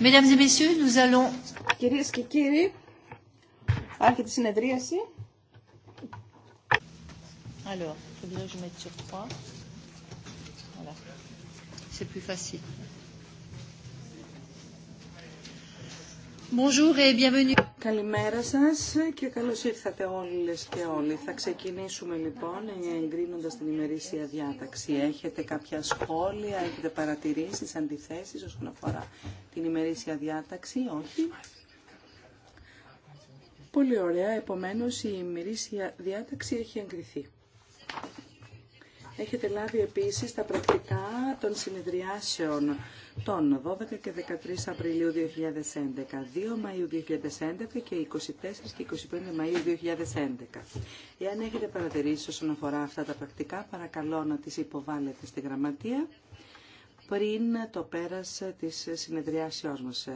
Mesdames et messieurs, nous allons... Κυρίες και κύριοι, άρχεται η συνεδρίαση. Alors, je voudrais que je mette sur 3. Voilà. C'est plus facile. Bonjour et bienvenue. Καλημέρα σας και καλώς ήρθατε όλες και όλοι. Θα ξεκινήσουμε λοιπόν εγκρίνοντας την ημερήσια διάταξη. Έχετε κάποια σχόλια, έχετε παρατηρήσεις, αντιθέσεις όσον αφορά την ημερήσια διάταξη, όχι. Πολύ ωραία, επομένως η ημερήσια διάταξη έχει εγκριθεί. Έχετε λάβει επίσης τα πρακτικά των συνεδριάσεων των 12 και 13 Απριλίου 2011, 2 Μαΐου 2011 και 24 και 25 Μαΐου 2011. Εάν έχετε παρατηρήσει όσον αφορά αυτά τα πρακτικά, παρακαλώ να τις υποβάλλετε στη γραμματεία πριν το πέρας της συνεδριάσεώς μας.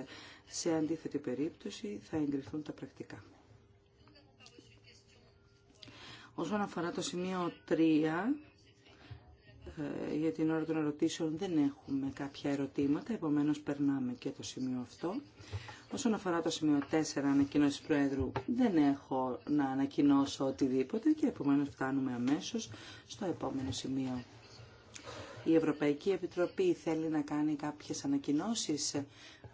Σε αντίθετη περίπτωση θα εγκριθούν τα πρακτικά. Όσον αφορά το σημείο 3, ε, για την ώρα των ερωτήσεων δεν έχουμε κάποια ερωτήματα, επομένως περνάμε και το σημείο αυτό. Όσον αφορά το σημείο 4, ανακοινώσει Προέδρου, δεν έχω να ανακοινώσω οτιδήποτε και επομένως φτάνουμε αμέσως στο επόμενο σημείο. Η Ευρωπαϊκή Επιτροπή θέλει να κάνει κάποιες ανακοινώσεις.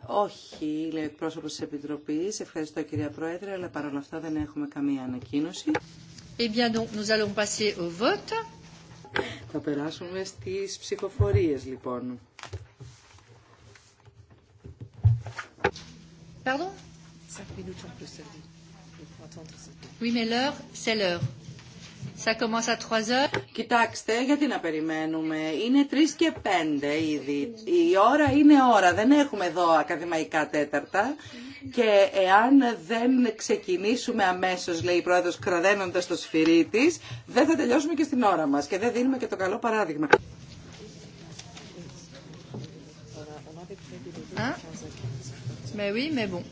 Όχι, λέει ο εκπρόσωπος της Επιτροπής. Ευχαριστώ κυρία Πρόεδρε, αλλά παρόλα αυτά δεν έχουμε καμία ανακοίνωση. Eh bien, donc, nous allons passer au vote. Θα περάσουμε στις ψυχοφορίες, λοιπόν. Pardon Oui, mais l'heure, c'est Ça commence à 3 heures. Κοιτάξτε, γιατί να περιμένουμε. Είναι 3 και 5 ήδη. Η ώρα είναι ώρα. Δεν έχουμε εδώ ακαδημαϊκά τέταρτα. Και εάν δεν ξεκινήσουμε αμέσω, λέει η πρόεδρο, κραδένοντα το σφυρί τη, δεν θα τελειώσουμε και στην ώρα μα. Και δεν δίνουμε και το καλό παράδειγμα. Hein? Mais oui, mais bon.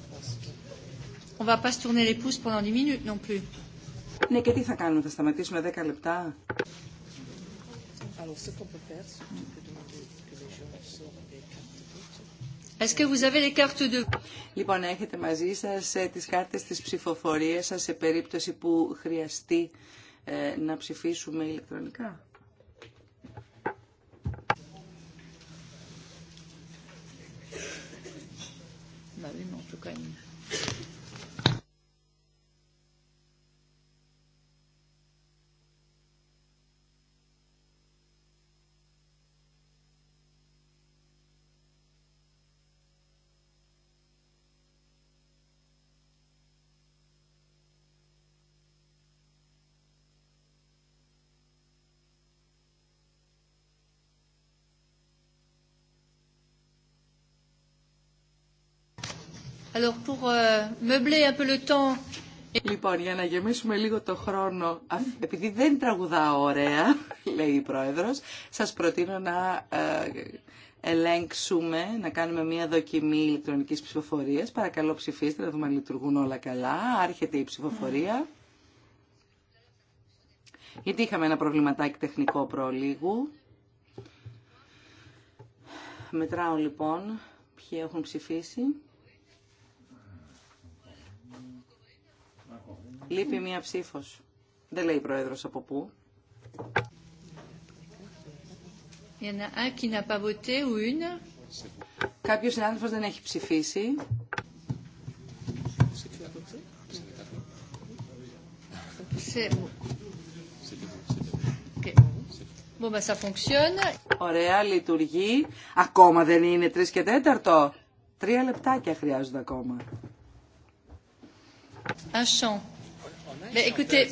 On va pas se tourner les pouces pendant 10 minutes non plus. Ναι, και τι θα κάνουμε, θα σταματήσουμε 10 λεπτά. Λοιπόν, έχετε μαζί σας ε, τις κάρτες της ψηφοφορίας σας σε περίπτωση που χρειαστεί ε, να ψηφίσουμε ηλεκτρονικά. Να δούμε κάνει. Euh, λοιπόν, για να γεμίσουμε λίγο το χρόνο, επειδή δεν τραγουδάω ωραία, λέει η Πρόεδρος, σας προτείνω να ε, ελέγξουμε, να κάνουμε μια δοκιμή ηλεκτρονικής ψηφοφορίας. Παρακαλώ ψηφίστε, να δούμε αν λειτουργούν όλα καλά. Άρχεται η ψηφοφορία. Γιατί είχαμε ένα προβληματάκι τεχνικό προλίγου. Μετράω λοιπόν ποιοι έχουν ψηφίσει. Λείπει μία ψήφο. Δεν λέει η Πρόεδρος από πού. Κάποιο συνάδελφο δεν έχει ψηφίσει. Ωραία, λειτουργεί. Ακόμα δεν είναι τρεις και τέταρτο. Τρία λεπτάκια χρειάζονται ακόμα. Ναι, ναι,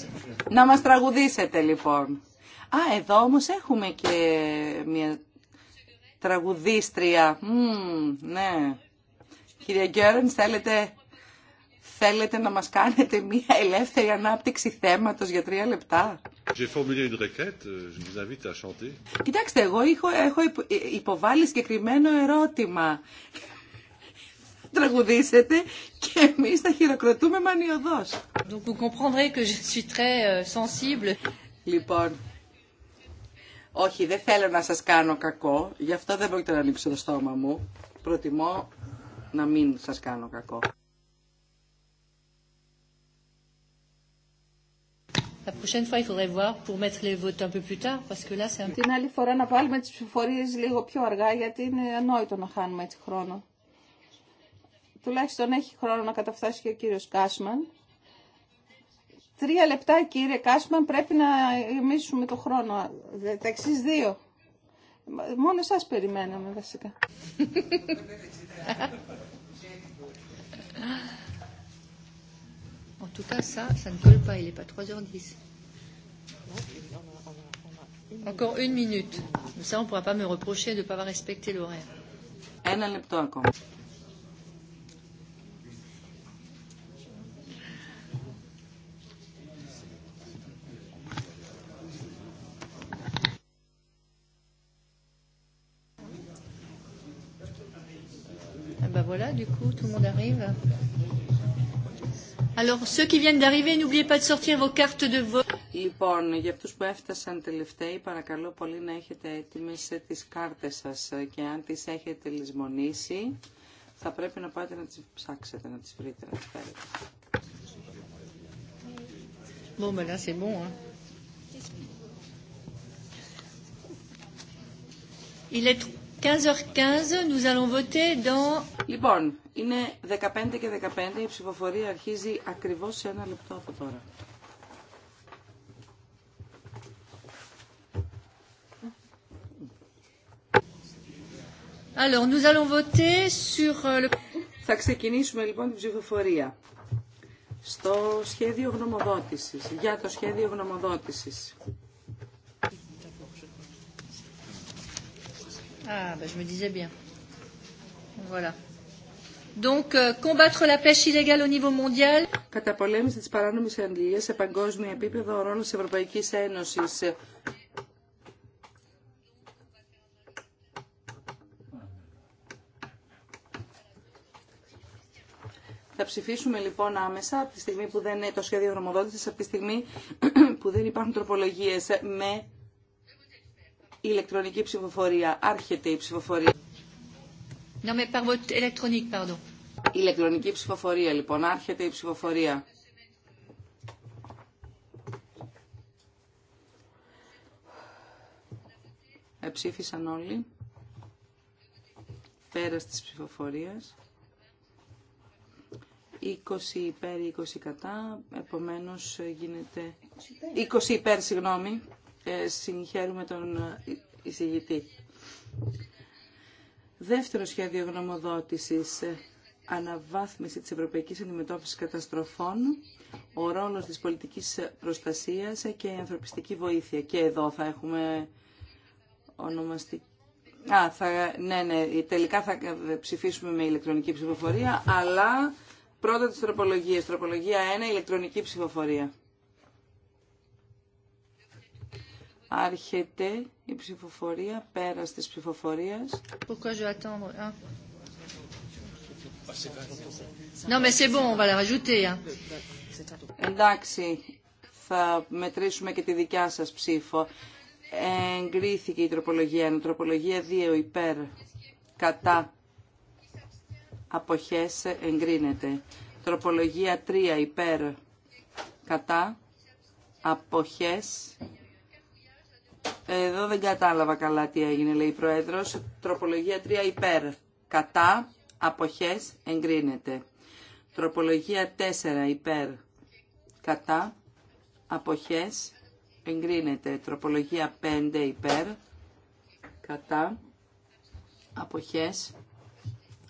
να μας τραγουδήσετε λοιπόν. Α, εδώ όμως έχουμε και μια τραγουδίστρια. ναι. Κυρία Γκέρεν, θέλετε, θέλετε να μας κάνετε μια ελεύθερη ανάπτυξη θέματος για τρία λεπτά. Euh, Κοιτάξτε, εγώ έχω υποβάλει συγκεκριμένο ερώτημα τραγουδήσετε και εμείς θα χειροκροτούμε μανιωδώς. Donc vous comprendrez que je suis très euh, sensible. Λοιπόν, όχι δεν θέλω να σας κάνω κακό, γι' αυτό δεν πρόκειται να ανοίξω το στόμα μου. Προτιμώ να μην σας κάνω κακό. Την άλλη φορά να βάλουμε τις ψηφορίες λίγο πιο αργά γιατί είναι ανόητο να χάνουμε έτσι χρόνο τουλάχιστον έχει χρόνο να καταφτάσει και ο κύριος Κάσμαν. Τρία λεπτά κύριε Κάσμαν πρέπει να γεμίσουμε το χρόνο. Τα εξής δύο. Μόνο σας περιμέναμε βασικά. En tout Encore une minute. Ένα λεπτό ακόμα. du coup, tout le monde arrive. Alors, ceux qui viennent d'arriver, n'oubliez pas de sortir vos cartes de vote. Λοιπόν, για αυτούς που έφτασαν τελευταίοι, παρακαλώ πολύ να έχετε έτοιμες τις κάρτες σας και αν τις έχετε λησμονήσει, θα πρέπει να πάτε να τις ψάξετε, να τις βρείτε, να τις φέρετε. Bon, ben là, c'est bon, hein. Il est 15h15, nous allons voter dans... Λοιπόν, είναι 15 και 15, η ψηφοφορία αρχίζει ακριβώς σε ένα λεπτό από τώρα. Alors, nous allons voter sur euh, le... Θα ξεκινήσουμε λοιπόν την ψηφοφορία στο σχέδιο γνωμοδότησης, για το σχέδιο γνωμοδότησης. Ah, ben, euh, Καταπολέμηση της παράνομης αλληλείας σε παγκόσμιο επίπεδο ο ρόλος της Ευρωπαϊκής Ένωσης. Θα ψηφίσουμε λοιπόν άμεσα από τη στιγμή που δεν είναι το σχέδιο γνωμοδότησης, από τη στιγμή που δεν υπάρχουν τροπολογίες με ηλεκτρονική ψηφοφορία. Άρχεται η ψηφοφορία. Non, mais électronique, pardon. Ηλεκτρονική ψηφοφορία, λοιπόν. Άρχεται η ψηφοφορία. Εψήφισαν όλοι. Πέρας της ψηφοφορίας. 20 υπέρ, 20 κατά. Επομένως γίνεται... 20 υπέρ, συγγνώμη συγχαίρουμε τον εισηγητή. Δεύτερο σχέδιο γνωμοδότησης αναβάθμιση της ευρωπαϊκής αντιμετώπισης καταστροφών, ο ρόλος της πολιτικής προστασίας και η ανθρωπιστική βοήθεια. Και εδώ θα έχουμε ονομαστική... Α, θα, ναι, ναι, τελικά θα ψηφίσουμε με ηλεκτρονική ψηφοφορία, αλλά πρώτα τις τροπολογίες. Τροπολογία 1, ηλεκτρονική ψηφοφορία. Άρχεται η ψηφοφορία, πέρας της ψηφοφορίας. je attendre Non mais c'est bon, on va la rajouter. Hein. Εντάξει, θα μετρήσουμε και τη δικιά σας ψήφο. Εγκρίθηκε η τροπολογία 1, τροπολογία 2 υπέρ, κατά, αποχές, εγκρίνεται. Τροπολογία 3 υπέρ, κατά, αποχές, εδώ δεν κατάλαβα καλά τι έγινε, λέει η Πρόεδρος. Τροπολογία 3 υπέρ. Κατά, αποχές, εγκρίνεται. Τροπολογία 4 υπέρ. Κατά, αποχές, εγκρίνεται. Τροπολογία 5 υπέρ. Κατά, αποχές,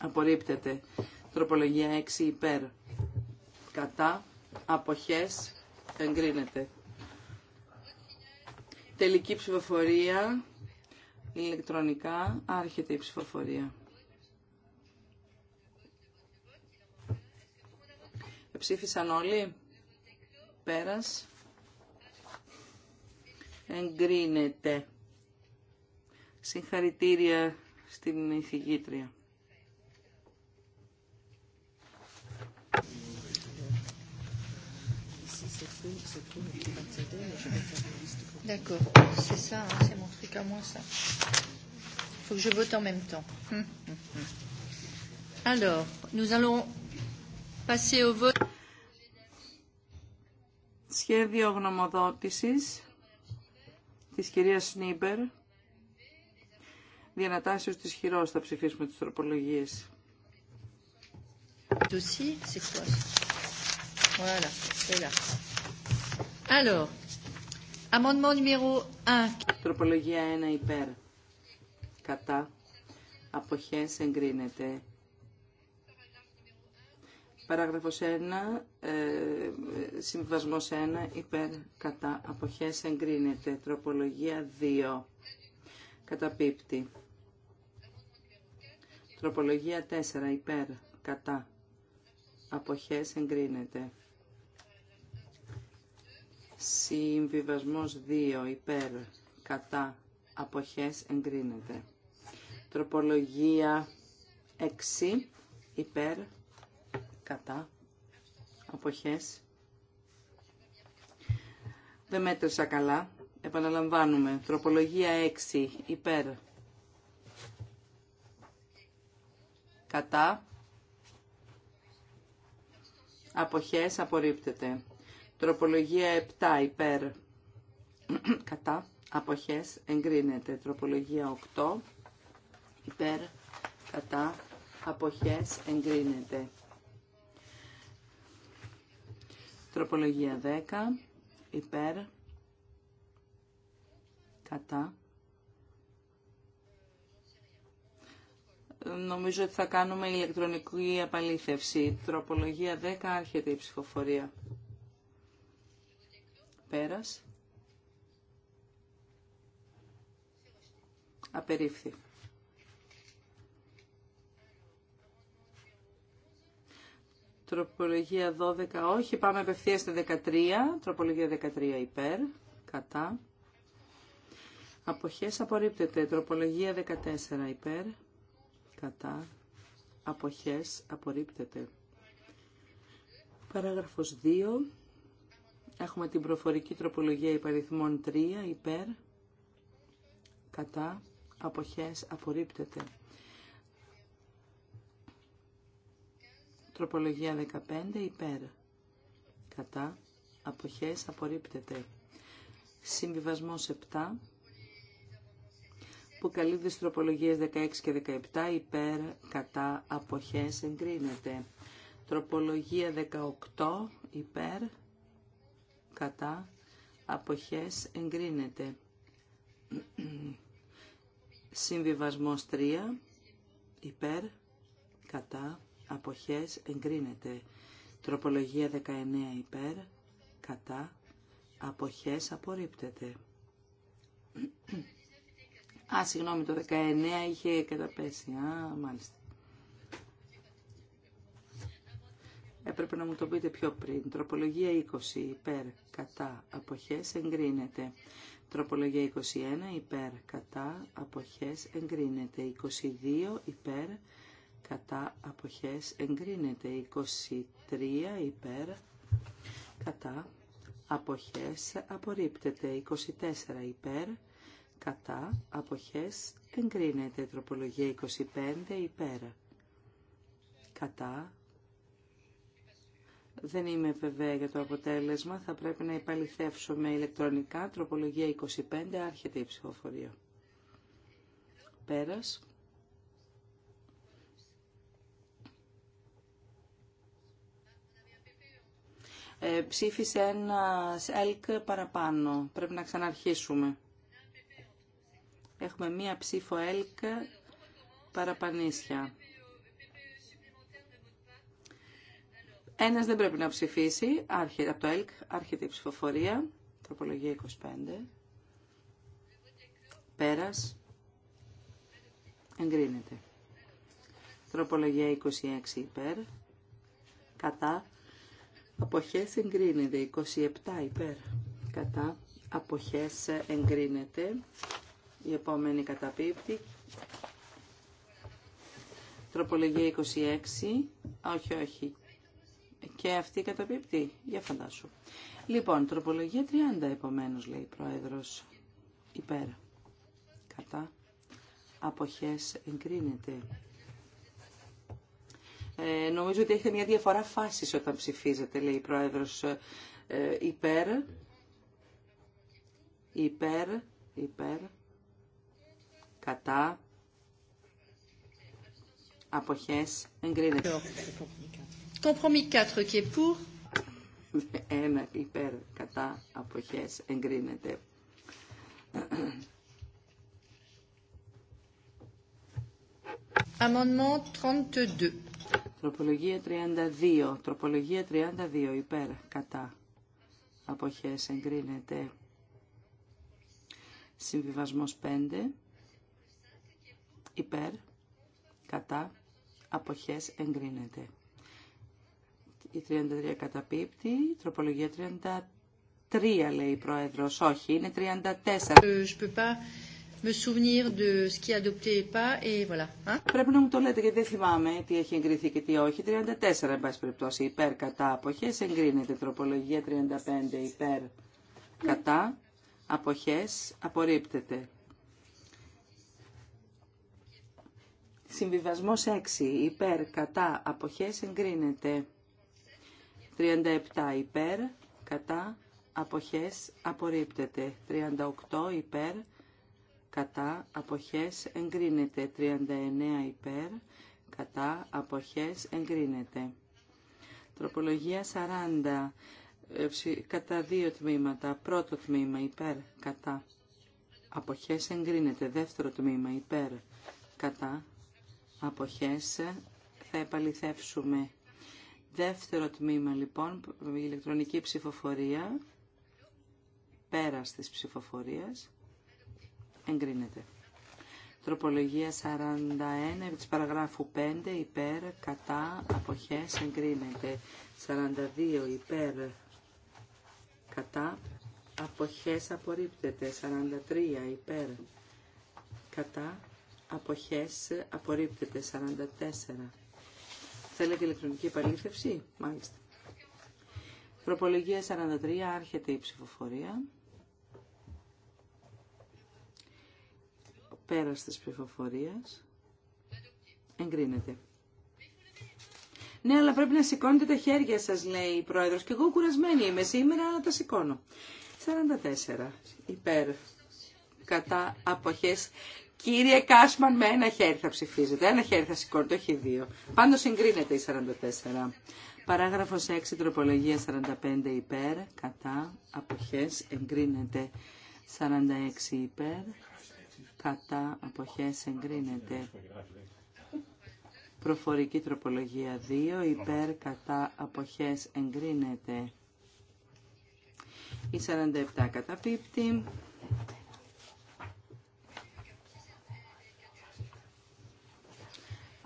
απορρίπτεται. Τροπολογία 6 υπέρ. Κατά, αποχές, εγκρίνεται. Τελική ψηφοφορία ηλεκτρονικά. Άρχεται η ψηφοφορία. Ψήφισαν όλοι. Πέρας. Εγκρίνεται. Συγχαρητήρια στην ηθηγήτρια. D'accord, c'est ça, hein, c'est mon truc à moi ça. Il faut que je vote en même temps. Alors, nous allons passer au vote. Σχέδιο γνωμοδότησης της κυρίας Σνίμπερ. Διανατάσεως της χειρός θα ψηφίσουμε τις τροπολογίες. Dossier, c'est quoi Voilà, c'est là. Alors, Amendement numéro 1. Τροπολογία 1 υπέρ. Κατά. Αποχές εγκρίνεται. Παράγραφος 1, ε, 1, υπέρ, κατά, αποχές εγκρίνεται. Τροπολογία 2, καταπίπτει. Τροπολογία 4, υπέρ, κατά, αποχές εγκρίνεται. Συμβιβασμός 2 υπέρ κατά αποχές εγκρίνεται. Τροπολογία 6 υπέρ κατά αποχές. Δεν μέτρησα καλά. Επαναλαμβάνουμε. Τροπολογία 6 υπέρ κατά αποχές απορρίπτεται. Τροπολογία 7 υπέρ κατά αποχές εγκρίνεται. Τροπολογία 8 υπέρ κατά αποχές εγκρίνεται. Τροπολογία 10 υπέρ κατά Νομίζω ότι θα κάνουμε ηλεκτρονική απαλήθευση. Τροπολογία 10 άρχεται η ψηφοφορία. Πέρας. Απερίφθη. Τροπολογία 12, όχι, πάμε απευθείας στη 13, τροπολογία 13 υπέρ, κατά. Αποχές απορρίπτεται, τροπολογία 14 υπέρ, κατά. Αποχές απορρίπτεται. Παράγραφος 2, Έχουμε την προφορική τροπολογία υπαριθμών 3 υπέρ, κατά, αποχές, απορρίπτεται. Τροπολογία 15 υπέρ, κατά, αποχές, απορρίπτεται. Συμβιβασμός 7 που καλύπτει τις τροπολογίες 16 και 17 υπέρ, κατά, αποχές, εγκρίνεται. Τροπολογία 18 υπέρ, κατά, αποχές, εγκρίνεται. Συμβιβασμός 3, υπέρ, κατά, αποχές, εγκρίνεται. Τροπολογία 19 υπέρ, κατά, αποχές, απορρίπτεται. Α, συγγνώμη, το 19 είχε καταπέσει. Α, μάλιστα. Έπρεπε να μου το πείτε πιο πριν. Τροπολογία 20 υπέρ κατά αποχές εγκρίνεται. Τροπολογία 21 υπέρ κατά αποχές εγκρίνεται. 22 υπέρ κατά αποχές εγκρίνεται. 23 υπέρ κατά αποχές απορρίπτεται. 24 υπέρ κατά αποχές εγκρίνεται. Τροπολογία 25 υπέρ κατά δεν είμαι βέβαια για το αποτέλεσμα. Θα πρέπει να υπαλληθεύσουμε ηλεκτρονικά. Τροπολογία 25. Άρχεται η ψηφοφορία. Πέρας. Ε, ψήφισε ένα ΕΛΚ παραπάνω. Πρέπει να ξαναρχίσουμε. Έχουμε μία ψήφο ΕΛΚ παραπανίσια. Ένα δεν πρέπει να ψηφίσει. από το ΕΛΚ. Άρχεται η ψηφοφορία. Τροπολογία 25. Πέρας. Εγκρίνεται. Τροπολογία 26 υπέρ. Κατά. Αποχές εγκρίνεται. 27 υπέρ. Κατά. Αποχές εγκρίνεται. Η επόμενη καταπίπτει. Τροπολογία 26. Όχι, όχι και αυτή καταπίπτει. Για φαντάσου. Λοιπόν, τροπολογία 30 επομένως λέει η Πρόεδρος. Υπέρ. Κατά. Αποχές εγκρίνεται. Ε, νομίζω ότι έχετε μια διαφορά φάσης όταν ψηφίζετε, λέει η Πρόεδρος. Ε, υπέρ. Υπέρ. Υπέρ. Κατά. Αποχές εγκρίνεται. Compromis 4 qui est pour. Ένα υπέρ κατά αποχές εγκρίνεται. Amendement 32. Τροπολογία 32. Τροπολογία 32 υπέρ κατά αποχές εγκρίνεται. Συμβιβασμός 5. Υπέρ κατά αποχές εγκρίνεται. Η 33 καταπίπτει. Η τροπολογία 33 λέει η Πρόεδρος. Όχι, είναι 34. Ε, Πρέπει να μου το λέτε γιατί δεν θυμάμαι τι έχει εγκριθεί και τι όχι. 34, εν πάση περιπτώσει, υπέρ κατά αποχές. Εγκρίνεται τροπολογία 35 υπέρ κατά αποχές. Απορρίπτεται. Συμβιβασμός 6 υπέρ κατά αποχές εγκρίνεται. 37 υπέρ, κατά, αποχές, απορρίπτεται. 38 υπέρ, κατά, αποχές, εγκρίνεται. 39 υπέρ, κατά, αποχές, εγκρίνεται. Τροπολογία 40 ε, κατά δύο τμήματα. Πρώτο τμήμα υπέρ, κατά. Αποχές εγκρίνεται. Δεύτερο τμήμα υπέρ, κατά. Αποχές θα επαληθεύσουμε Δεύτερο τμήμα λοιπόν, η ηλεκτρονική ψηφοφορία, πέρας της ψηφοφορίας, εγκρίνεται. Τροπολογία 41 της παραγράφου 5 υπέρ, κατά, αποχές, εγκρίνεται. 42 υπέρ, κατά, αποχές, απορρίπτεται. 43 υπέρ, κατά, αποχές, απορρίπτεται. 44 Θέλετε ηλεκτρονική επαλήθευση. Μάλιστα. Προπολογία 43. Άρχεται η ψηφοφορία. Πέρας της ψηφοφορίας. Εγκρίνεται. Ναι, αλλά πρέπει να σηκώνετε τα χέρια σας, λέει η πρόεδρος. Και εγώ κουρασμένη είμαι σήμερα, αλλά τα σηκώνω. 44. Υπέρ. Κατά αποχές Κύριε Κάσμαν, με ένα χέρι θα ψηφίζετε. Ένα χέρι θα σηκώνετε, όχι δύο. Πάντως συγκρίνεται η 44. Παράγραφος 6, τροπολογία 45 υπέρ, κατά, αποχές, εγκρίνεται 46 υπέρ, κατά, αποχές, εγκρίνεται. Προφορική τροπολογία 2, υπέρ, κατά, αποχές, εγκρίνεται. Η 47 καταπίπτει.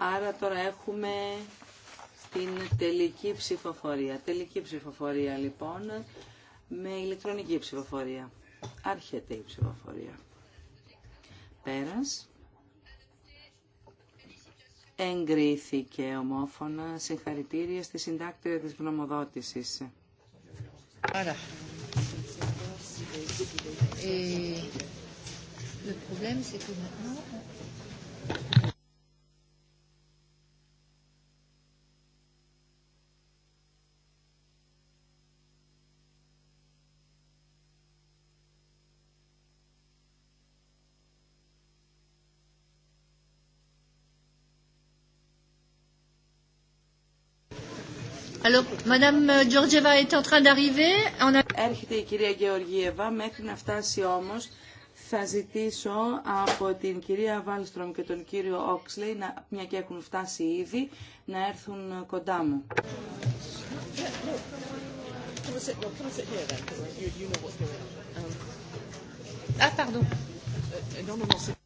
Άρα τώρα έχουμε την τελική ψηφοφορία. Τελική ψηφοφορία λοιπόν με ηλεκτρονική ψηφοφορία. Άρχεται η ψηφοφορία. Πέρας. Εγκρίθηκε ομόφωνα συγχαρητήρια στη συντάκτρια της γνωμοδότησης. Άρα. Ε, le Έρχεται η κυρία Γεωργίεβα. Μέχρι να φτάσει όμως θα ζητήσω από την κυρία Βάλστρομ και τον κύριο Όξλεϊ, να, μια και έχουν φτάσει ήδη, να έρθουν κοντά μου. Ah, uh, uh,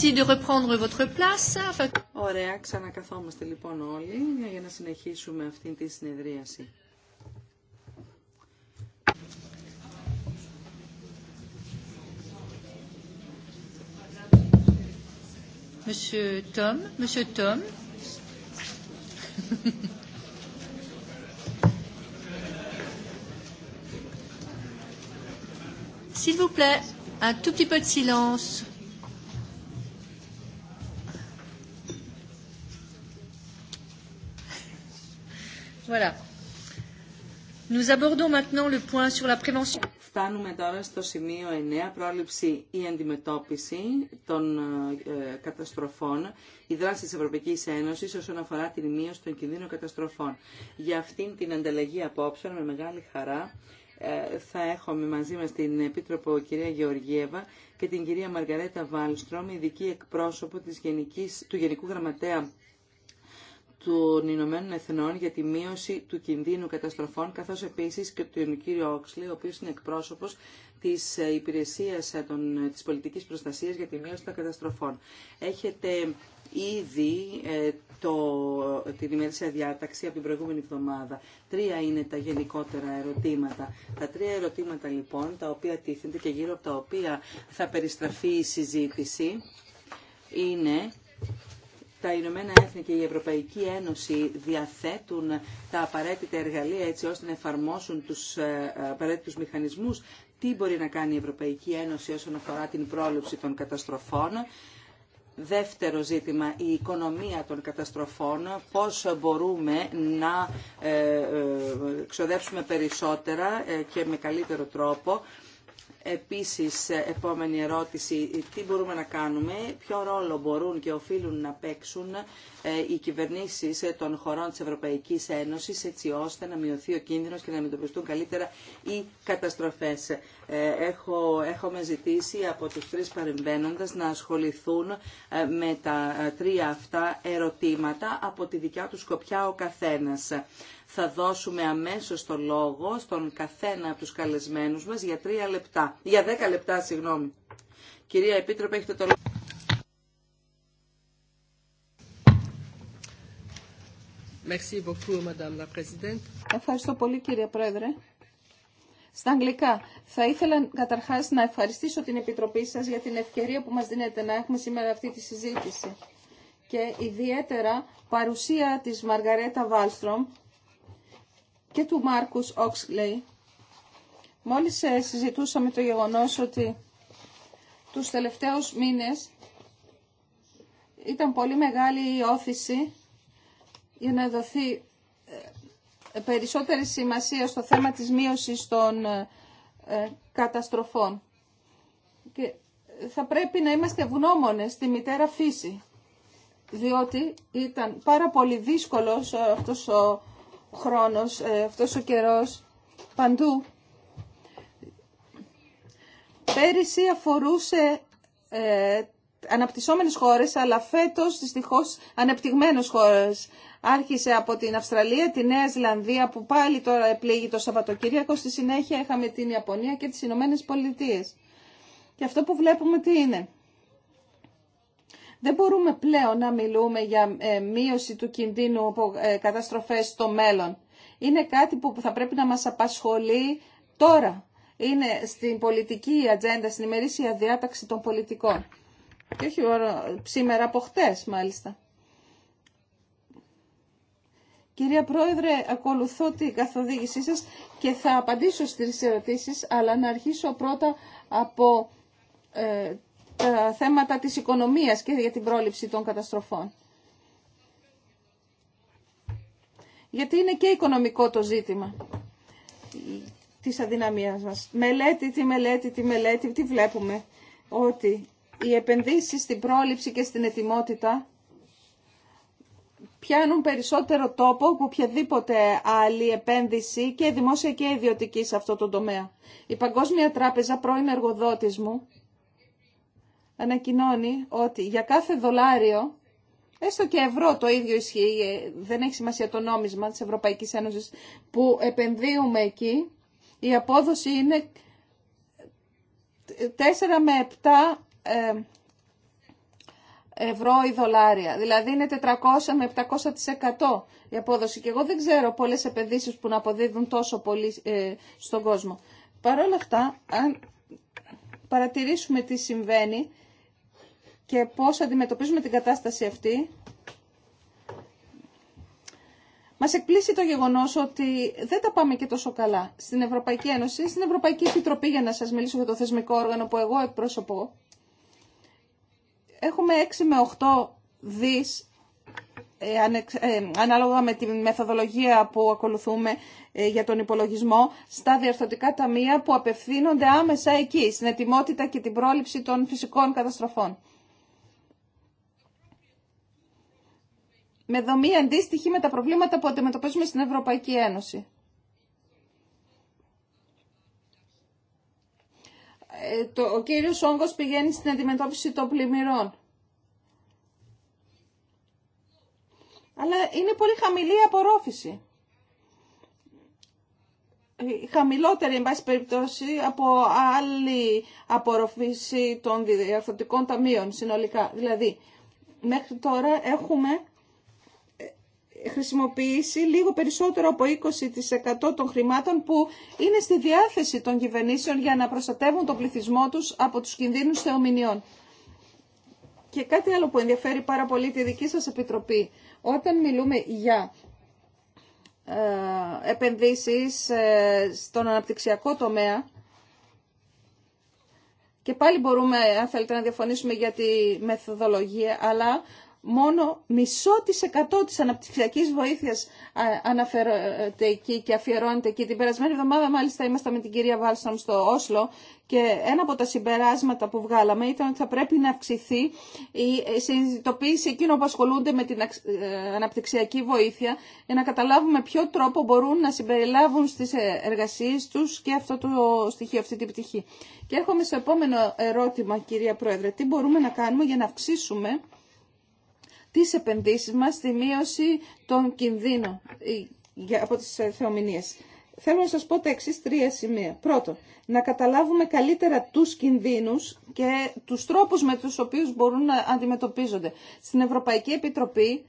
Merci de reprendre votre place. Ωραία, ξανακαθόμαστε λοιπόν όλοι για να συνεχίσουμε αυτή τη συνεδρίαση. Monsieur Tom, Monsieur Tom. S'il vous plaît, un tout petit peu de silence. Φτάνουμε τώρα στο σημείο 9, πρόληψη ή αντιμετώπιση των ε, καταστροφών, η δράση της Ευρωπαϊκής Ένωσης όσον αφορά την μείωση των κινδύνων καταστροφών. Για αυτήν την ανταλλαγή απόψεων με μεγάλη χαρά ε, θα έχουμε μαζί μας την Επίτροπο κυρία Γεωργίεβα και την κυρία Μαργαρέτα Βάλστρομ, ειδική εκπρόσωπο της Γενικής, του Γενικού Γραμματέα των Ηνωμένων Εθνών για τη μείωση του κινδύνου καταστροφών, καθώς επίσης και του κύριο Όξλη, ο οποίος είναι εκπρόσωπος της υπηρεσίας ε, τη ε, της πολιτικής προστασίας για τη μείωση των καταστροφών. Έχετε ήδη ε, το, την ημερήσια διάταξη από την προηγούμενη εβδομάδα. Τρία είναι τα γενικότερα ερωτήματα. Τα τρία ερωτήματα λοιπόν, τα οποία τίθενται και γύρω από τα οποία θα περιστραφεί η συζήτηση, είναι τα Ηνωμένα Έθνη και η Ευρωπαϊκή Ένωση διαθέτουν τα απαραίτητα εργαλεία έτσι ώστε να εφαρμόσουν τους ε, απαραίτητους μηχανισμούς, τι μπορεί να κάνει η Ευρωπαϊκή Ένωση όσον αφορά την πρόληψη των καταστροφών. Δεύτερο ζήτημα, η οικονομία των καταστροφών, πώς μπορούμε να ε, ε, ξοδέψουμε περισσότερα και με καλύτερο τρόπο Επίσης, επόμενη ερώτηση, τι μπορούμε να κάνουμε, ποιο ρόλο μπορούν και οφείλουν να παίξουν ε, οι κυβερνήσεις των χωρών της Ευρωπαϊκής Ένωσης έτσι ώστε να μειωθεί ο κίνδυνος και να αντιμετωπιστούν καλύτερα οι καταστροφές. Ε, έχω, έχουμε ζητήσει από τους τρεις παρεμβαίνοντας να ασχοληθούν ε, με τα τρία αυτά ερωτήματα από τη δικιά του σκοπιά ο καθένας θα δώσουμε αμέσως το λόγο στον καθένα από τους καλεσμένους μας για τρία λεπτά. Για δέκα λεπτά, συγγνώμη. Κυρία Επίτροπε, έχετε το λόγο. Ευχαριστώ πολύ κύριε Πρόεδρε. Στα αγγλικά, θα ήθελα καταρχάς να ευχαριστήσω την Επιτροπή σας για την ευκαιρία που μας δίνετε να έχουμε σήμερα αυτή τη συζήτηση και ιδιαίτερα παρουσία της Μαργαρέτα Βάλστρομ και του Μάρκους Όξλεϊ. Μόλις ε, συζητούσαμε το γεγονός ότι τους τελευταίους μήνες ήταν πολύ μεγάλη η όθηση για να δοθεί ε, περισσότερη σημασία στο θέμα της μείωσης των ε, καταστροφών. Και θα πρέπει να είμαστε ευγνώμονες στη μητέρα φύση, διότι ήταν πάρα πολύ δύσκολος αυτός ο χρόνος, ε, αυτός ο καιρός, παντού. Πέρυσι αφορούσε ε, αναπτυσσόμενες χώρες, αλλά φέτος δυστυχώς ανεπτυγμένες χώρες. Άρχισε από την Αυστραλία, τη Νέα Ζηλανδία που πάλι τώρα επλήγει το Σαββατοκύριακο. Στη συνέχεια είχαμε την Ιαπωνία και τις Ηνωμένε Πολιτείες. Και αυτό που βλέπουμε τι είναι. Δεν μπορούμε πλέον να μιλούμε για ε, μείωση του κινδύνου από ε, καταστροφές στο μέλλον. Είναι κάτι που θα πρέπει να μας απασχολεί τώρα. Είναι στην πολιτική ατζέντα, στην ημερήσια διάταξη των πολιτικών. Και όχι σήμερα από χτες, μάλιστα. Κυρία Πρόεδρε, ακολουθώ την καθοδήγησή σας και θα απαντήσω στις ερωτήσεις, αλλά να αρχίσω πρώτα από ε, τα ε, θέματα της οικονομίας και για την πρόληψη των καταστροφών. Γιατί είναι και οικονομικό το ζήτημα της αδυναμίας μας. Μελέτη, τι μελέτη, τι μελέτη, τι βλέπουμε. Ότι οι επενδύσεις στην πρόληψη και στην ετοιμότητα πιάνουν περισσότερο τόπο από οποιαδήποτε άλλη επένδυση και δημόσια και ιδιωτική σε αυτό το τομέα. Η Παγκόσμια Τράπεζα, πρώην εργοδότης μου, ανακοινώνει ότι για κάθε δολάριο, έστω και ευρώ το ίδιο ισχύει, ε, δεν έχει σημασία το νόμισμα της Ευρωπαϊκής Ένωσης, που επενδύουμε εκεί, η απόδοση είναι 4 με 7 ε, ευρώ ή δολάρια. Δηλαδή είναι 400 με 700% η απόδοση. Και εγώ δεν ξέρω πολλές επενδύσεις που να αποδίδουν τόσο πολύ ε, στον κόσμο. Παρ' αυτά, αν παρατηρήσουμε τι συμβαίνει, και πώς αντιμετωπίζουμε την κατάσταση αυτή. Μας εκπλήσει το γεγονός ότι δεν τα πάμε και τόσο καλά στην Ευρωπαϊκή Ένωση, στην Ευρωπαϊκή Επιτροπή για να σας μιλήσω για το θεσμικό όργανο που εγώ εκπροσωπώ. Έχουμε 6 με 8 δις ε, ε, ανάλογα με τη μεθοδολογία που ακολουθούμε ε, για τον υπολογισμό στα διαρθωτικά ταμεία που απευθύνονται άμεσα εκεί, στην ετοιμότητα και την πρόληψη των φυσικών καταστροφών. με δομή αντίστοιχη με τα προβλήματα που αντιμετωπίζουμε στην Ευρωπαϊκή Ένωση. Ε, το, ο κύριος Όγκος πηγαίνει στην αντιμετώπιση των πλημμυρών. Αλλά είναι πολύ χαμηλή η απορρόφηση. Ε, χαμηλότερη, εν πάση περιπτώσει, από άλλη απορροφήση των διαφορετικών ταμείων συνολικά. Δηλαδή, μέχρι τώρα έχουμε χρησιμοποιήσει λίγο περισσότερο από 20% των χρημάτων που είναι στη διάθεση των κυβερνήσεων για να προστατεύουν τον πληθυσμό τους από τους κινδύνους θεομηνιών. Και κάτι άλλο που ενδιαφέρει πάρα πολύ τη δική σας Επιτροπή. Όταν μιλούμε για ε, επενδύσεις ε, στον αναπτυξιακό τομέα, και πάλι μπορούμε, αν θέλετε, να διαφωνήσουμε για τη μεθοδολογία, αλλά μόνο μισό της εκατό της αναπτυξιακής βοήθειας ε, αναφέρεται εκεί και αφιερώνεται εκεί. Την περασμένη εβδομάδα μάλιστα ήμασταν με την κυρία Βάλστον στο Όσλο και ένα από τα συμπεράσματα που βγάλαμε ήταν ότι θα πρέπει να αυξηθεί η συνειδητοποίηση εκείνων που ασχολούνται με την ε, αναπτυξιακή βοήθεια για να καταλάβουμε ποιο τρόπο μπορούν να συμπεριλάβουν στις ε, εργασίες τους και αυτό το στοιχείο, αυτή την πτυχή. Και έρχομαι στο επόμενο ερώτημα, κυρία Πρόεδρε. Τι μπορούμε να κάνουμε για να αυξήσουμε τις επενδύσεις μας στη μείωση των κινδύνων ε, από τις ε, θεομηνίες. Θέλω να σας πω τα εξής τρία σημεία. Πρώτον, να καταλάβουμε καλύτερα τους κινδύνους και τους τρόπους με τους οποίους μπορούν να αντιμετωπίζονται. Στην Ευρωπαϊκή Επιτροπή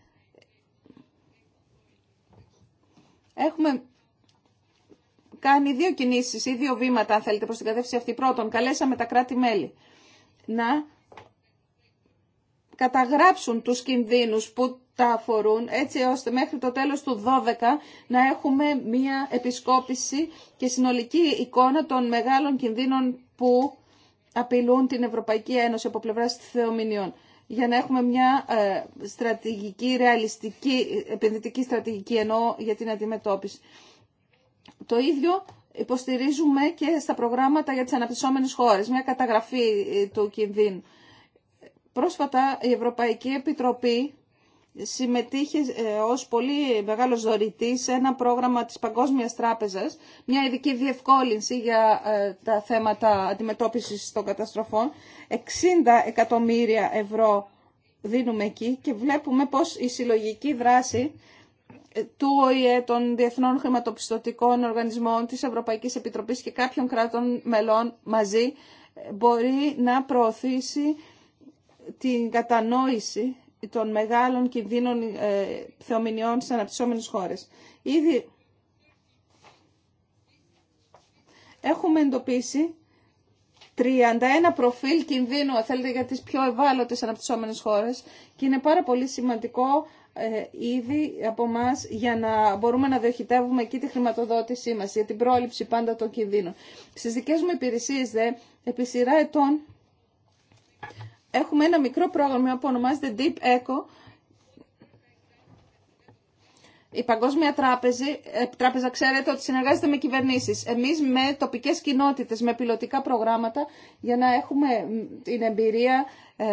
έχουμε κάνει δύο κινήσεις ή δύο βήματα, αν θέλετε, προς την κατεύθυνση αυτή. Πρώτον, καλέσαμε τα κράτη-μέλη να καταγράψουν τους κινδύνους που τα αφορούν, έτσι ώστε μέχρι το τέλος του 12 να έχουμε μία επισκόπηση και συνολική εικόνα των μεγάλων κινδύνων που απειλούν την Ευρωπαϊκή Ένωση από πλευράς θεομηνιών για να έχουμε μια ε, στρατηγική, ρεαλιστική, επενδυτική στρατηγική ενώ για την αντιμετώπιση. Το ίδιο υποστηρίζουμε και στα προγράμματα για τις αναπτυσσόμενες χώρες, μια καταγραφή ε, του κινδύνου. Πρόσφατα η Ευρωπαϊκή Επιτροπή συμμετείχε ε, ως πολύ μεγάλος δωρητής σε ένα πρόγραμμα της Παγκόσμιας Τράπεζας, μια ειδική διευκόλυνση για ε, τα θέματα αντιμετώπισης των καταστροφών. 60 εκατομμύρια ευρώ δίνουμε εκεί και βλέπουμε πως η συλλογική δράση ε, του ΟΗΕ, των Διεθνών Χρηματοπιστωτικών Οργανισμών, της Ευρωπαϊκής Επιτροπής και κάποιων κράτων μελών μαζί μπορεί να προωθήσει την κατανόηση των μεγάλων κινδύνων ε, θεομηνιών στις αναπτυσσόμενες χώρες. Ήδη έχουμε εντοπίσει 31 προφίλ κινδύνου, θέλετε, για τις πιο ευάλωτες αναπτυσσόμενες χώρες και είναι πάρα πολύ σημαντικό ε, ήδη από εμά για να μπορούμε να διοχετεύουμε εκεί τη χρηματοδότησή μας για την πρόληψη πάντα των κινδύνων. Στις δικές μου υπηρεσίες, δε, επί σειρά ετών, έχουμε ένα μικρό πρόγραμμα που ονομάζεται Deep Echo. Η Παγκόσμια Τράπεζα, ε, τράπεζα ξέρετε ότι συνεργάζεται με κυβερνήσεις. Εμείς με τοπικές κοινότητες, με πιλωτικά προγράμματα για να έχουμε την εμπειρία ε,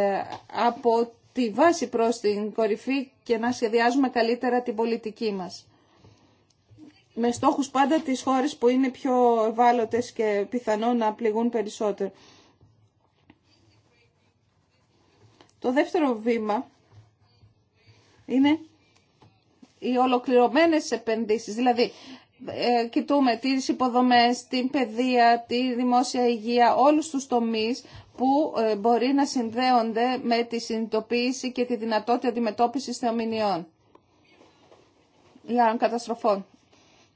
από τη βάση προς την κορυφή και να σχεδιάζουμε καλύτερα την πολιτική μας. Με στόχους πάντα τις χώρες που είναι πιο ευάλωτες και πιθανόν να πληγούν περισσότερο. Το δεύτερο βήμα είναι οι ολοκληρωμένες επενδύσεις, δηλαδή ε, κοιτούμε τις υποδομές, την παιδεία, τη δημόσια υγεία, όλους τους τομείς που ε, μπορεί να συνδέονται με τη συνειδητοποίηση και τη δυνατότητα αντιμετώπισης θεομηνιών λάρων καταστροφών.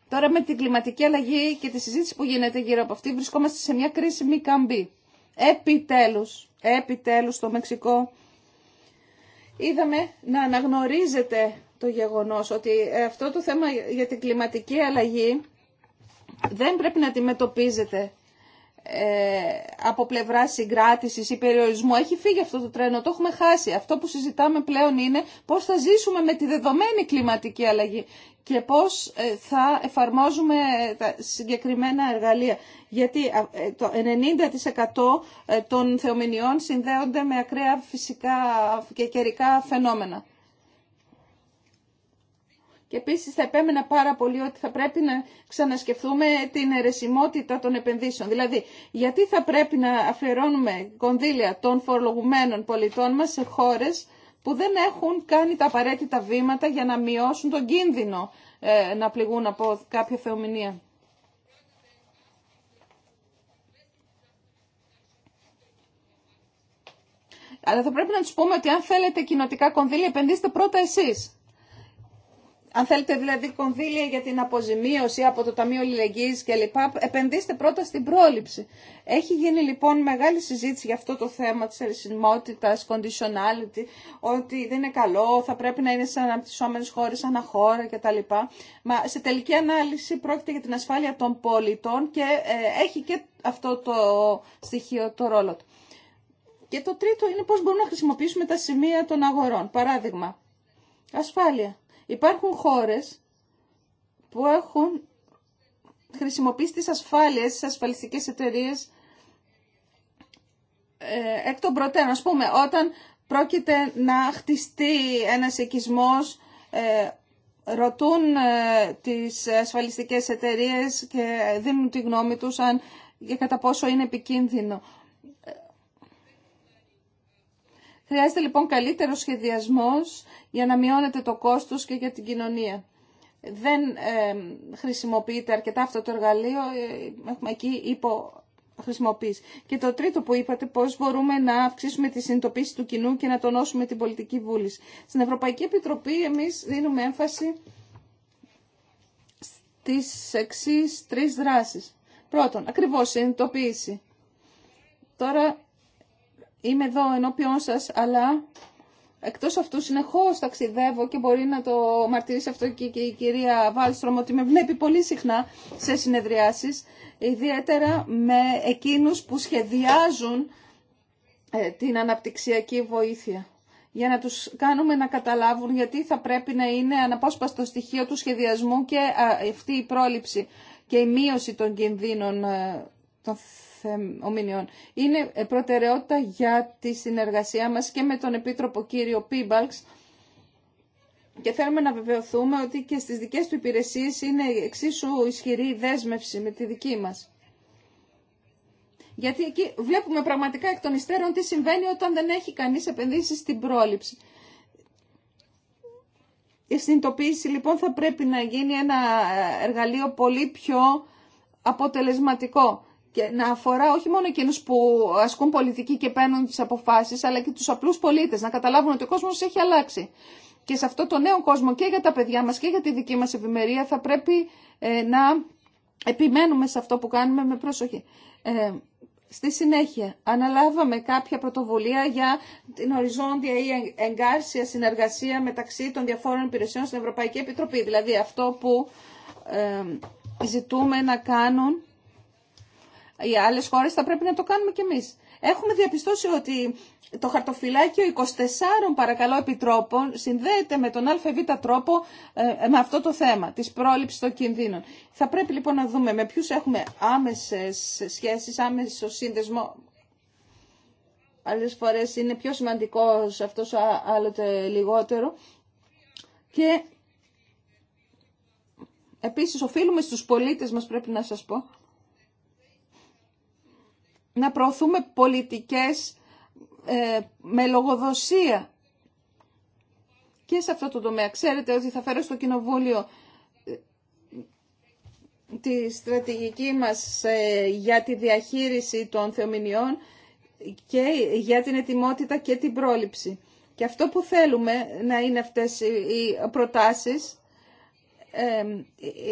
Τώρα με την κλιματική αλλαγή και τη συζήτηση που γίνεται γύρω από αυτή βρισκόμαστε σε μια κρίσιμη καμπή. Επιτέλους, επιτέλους στο Μεξικό είδαμε να αναγνωρίζεται το γεγονός ότι αυτό το θέμα για την κλιματική αλλαγή δεν πρέπει να αντιμετωπίζεται ε, από πλευρά συγκράτηση ή περιορισμού. Έχει φύγει αυτό το τρένο, το έχουμε χάσει. Αυτό που συζητάμε πλέον είναι πώς θα ζήσουμε με τη δεδομένη κλιματική αλλαγή και πώς ε, θα εφαρμόζουμε τα συγκεκριμένα εργαλεία. Γιατί ε, το 90% των θεομηνιών συνδέονται με ακραία φυσικά και καιρικά φαινόμενα. Και επίση θα επέμενα πάρα πολύ ότι θα πρέπει να ξανασκεφτούμε την αιρεσιμότητα των επενδύσεων. Δηλαδή, γιατί θα πρέπει να αφιερώνουμε κονδύλια των φορολογουμένων πολιτών μας σε χώρες που δεν έχουν κάνει τα απαραίτητα βήματα για να μειώσουν τον κίνδυνο ε, να πληγούν από κάποια θεομηνία. Αλλά θα πρέπει να τους πούμε ότι αν θέλετε κοινοτικά κονδύλια επενδύστε πρώτα εσείς αν θέλετε δηλαδή κονδύλια για την αποζημίωση από το Ταμείο Λιλεγγύης κλπ, επενδύστε πρώτα στην πρόληψη. Έχει γίνει λοιπόν μεγάλη συζήτηση για αυτό το θέμα της αρισιμότητας, conditionality, ότι δεν είναι καλό, θα πρέπει να είναι σε αναπτυσσόμενες χώρες, αναχώρα κτλ. Μα σε τελική ανάλυση πρόκειται για την ασφάλεια των πολιτών και ε, έχει και αυτό το στοιχείο το ρόλο του. Και το τρίτο είναι πώς μπορούμε να χρησιμοποιήσουμε τα σημεία των αγορών. Παράδειγμα, ασφάλεια. Υπάρχουν χώρες που έχουν χρησιμοποιήσει τις ασφάλειες, τις ασφαλιστικές εταιρείες ε, εκ των προτέρων. Ας πούμε, όταν πρόκειται να χτιστεί ένας οικισμός, ε, ρωτούν ε, τις ασφαλιστικές εταιρείες και δίνουν τη γνώμη τους αν για κατά πόσο είναι επικίνδυνο Χρειάζεται λοιπόν καλύτερο σχεδιασμός για να μειώνεται το κόστος και για την κοινωνία. Δεν ε, χρησιμοποιείται αρκετά αυτό το εργαλείο, ε, έχουμε εκεί υπό Και το τρίτο που είπατε, πώς μπορούμε να αυξήσουμε τη συνειδητοποίηση του κοινού και να τονώσουμε την πολιτική βούληση. Στην Ευρωπαϊκή Επιτροπή εμείς δίνουμε έμφαση στις εξή τρεις δράσεις. Πρώτον, ακριβώς συνειδητοποίηση. Τώρα είμαι εδώ ενώπιόν σας, αλλά εκτός αυτού συνεχώς ταξιδεύω και μπορεί να το μαρτυρήσει αυτό και η κυρία Βάλστρομ ότι με βλέπει πολύ συχνά σε συνεδριάσεις, ιδιαίτερα με εκείνους που σχεδιάζουν ε, την αναπτυξιακή βοήθεια για να τους κάνουμε να καταλάβουν γιατί θα πρέπει να είναι αναπόσπαστο στοιχείο του σχεδιασμού και αυτή η πρόληψη και η μείωση των κινδύνων ε, των ομιλιών. Είναι προτεραιότητα για τη συνεργασία μας και με τον Επίτροπο κύριο Πίμπαλξ και θέλουμε να βεβαιωθούμε ότι και στις δικές του υπηρεσίες είναι εξίσου ισχυρή δέσμευση με τη δική μας. Γιατί εκεί βλέπουμε πραγματικά εκ των υστέρων τι συμβαίνει όταν δεν έχει κανείς επενδύσει στην πρόληψη. Η συνειδητοποίηση λοιπόν θα πρέπει να γίνει ένα εργαλείο πολύ πιο αποτελεσματικό και να αφορά όχι μόνο εκείνους που ασκούν πολιτική και παίρνουν τις αποφάσεις, αλλά και τους απλούς πολίτες, να καταλάβουν ότι ο κόσμος έχει αλλάξει. Και σε αυτό το νέο κόσμο και για τα παιδιά μας και για τη δική μας ευημερία θα πρέπει ε, να επιμένουμε σε αυτό που κάνουμε με πρόσοχη. Ε, στη συνέχεια, αναλάβαμε κάποια πρωτοβουλία για την οριζόντια ή εγκάρσια συνεργασία μεταξύ των διαφόρων υπηρεσιών στην Ευρωπαϊκή Επιτροπή. Δηλαδή αυτό που ε, ζητούμε να κάνουν οι άλλες χώρες θα πρέπει να το κάνουμε κι εμείς. Έχουμε διαπιστώσει ότι το χαρτοφυλάκιο 24 παρακαλώ επιτρόπων συνδέεται με τον ΑΒ τρόπο ε, με αυτό το θέμα της πρόληψης των κινδύνων. Θα πρέπει λοιπόν να δούμε με ποιους έχουμε άμεσες σχέσεις, άμεσο σύνδεσμο. Άλλες φορές είναι πιο σημαντικός αυτός άλλοτε λιγότερο. Και επίσης οφείλουμε στους πολίτες μας πρέπει να σας πω να προωθούμε πολιτικές ε, με λογοδοσία και σε αυτό το τομέα. Ξέρετε ότι θα φέρω στο Κοινοβούλιο ε, τη στρατηγική μας ε, για τη διαχείριση των θεομηνιών και για την ετοιμότητα και την πρόληψη. Και αυτό που θέλουμε να είναι αυτές οι προτάσεις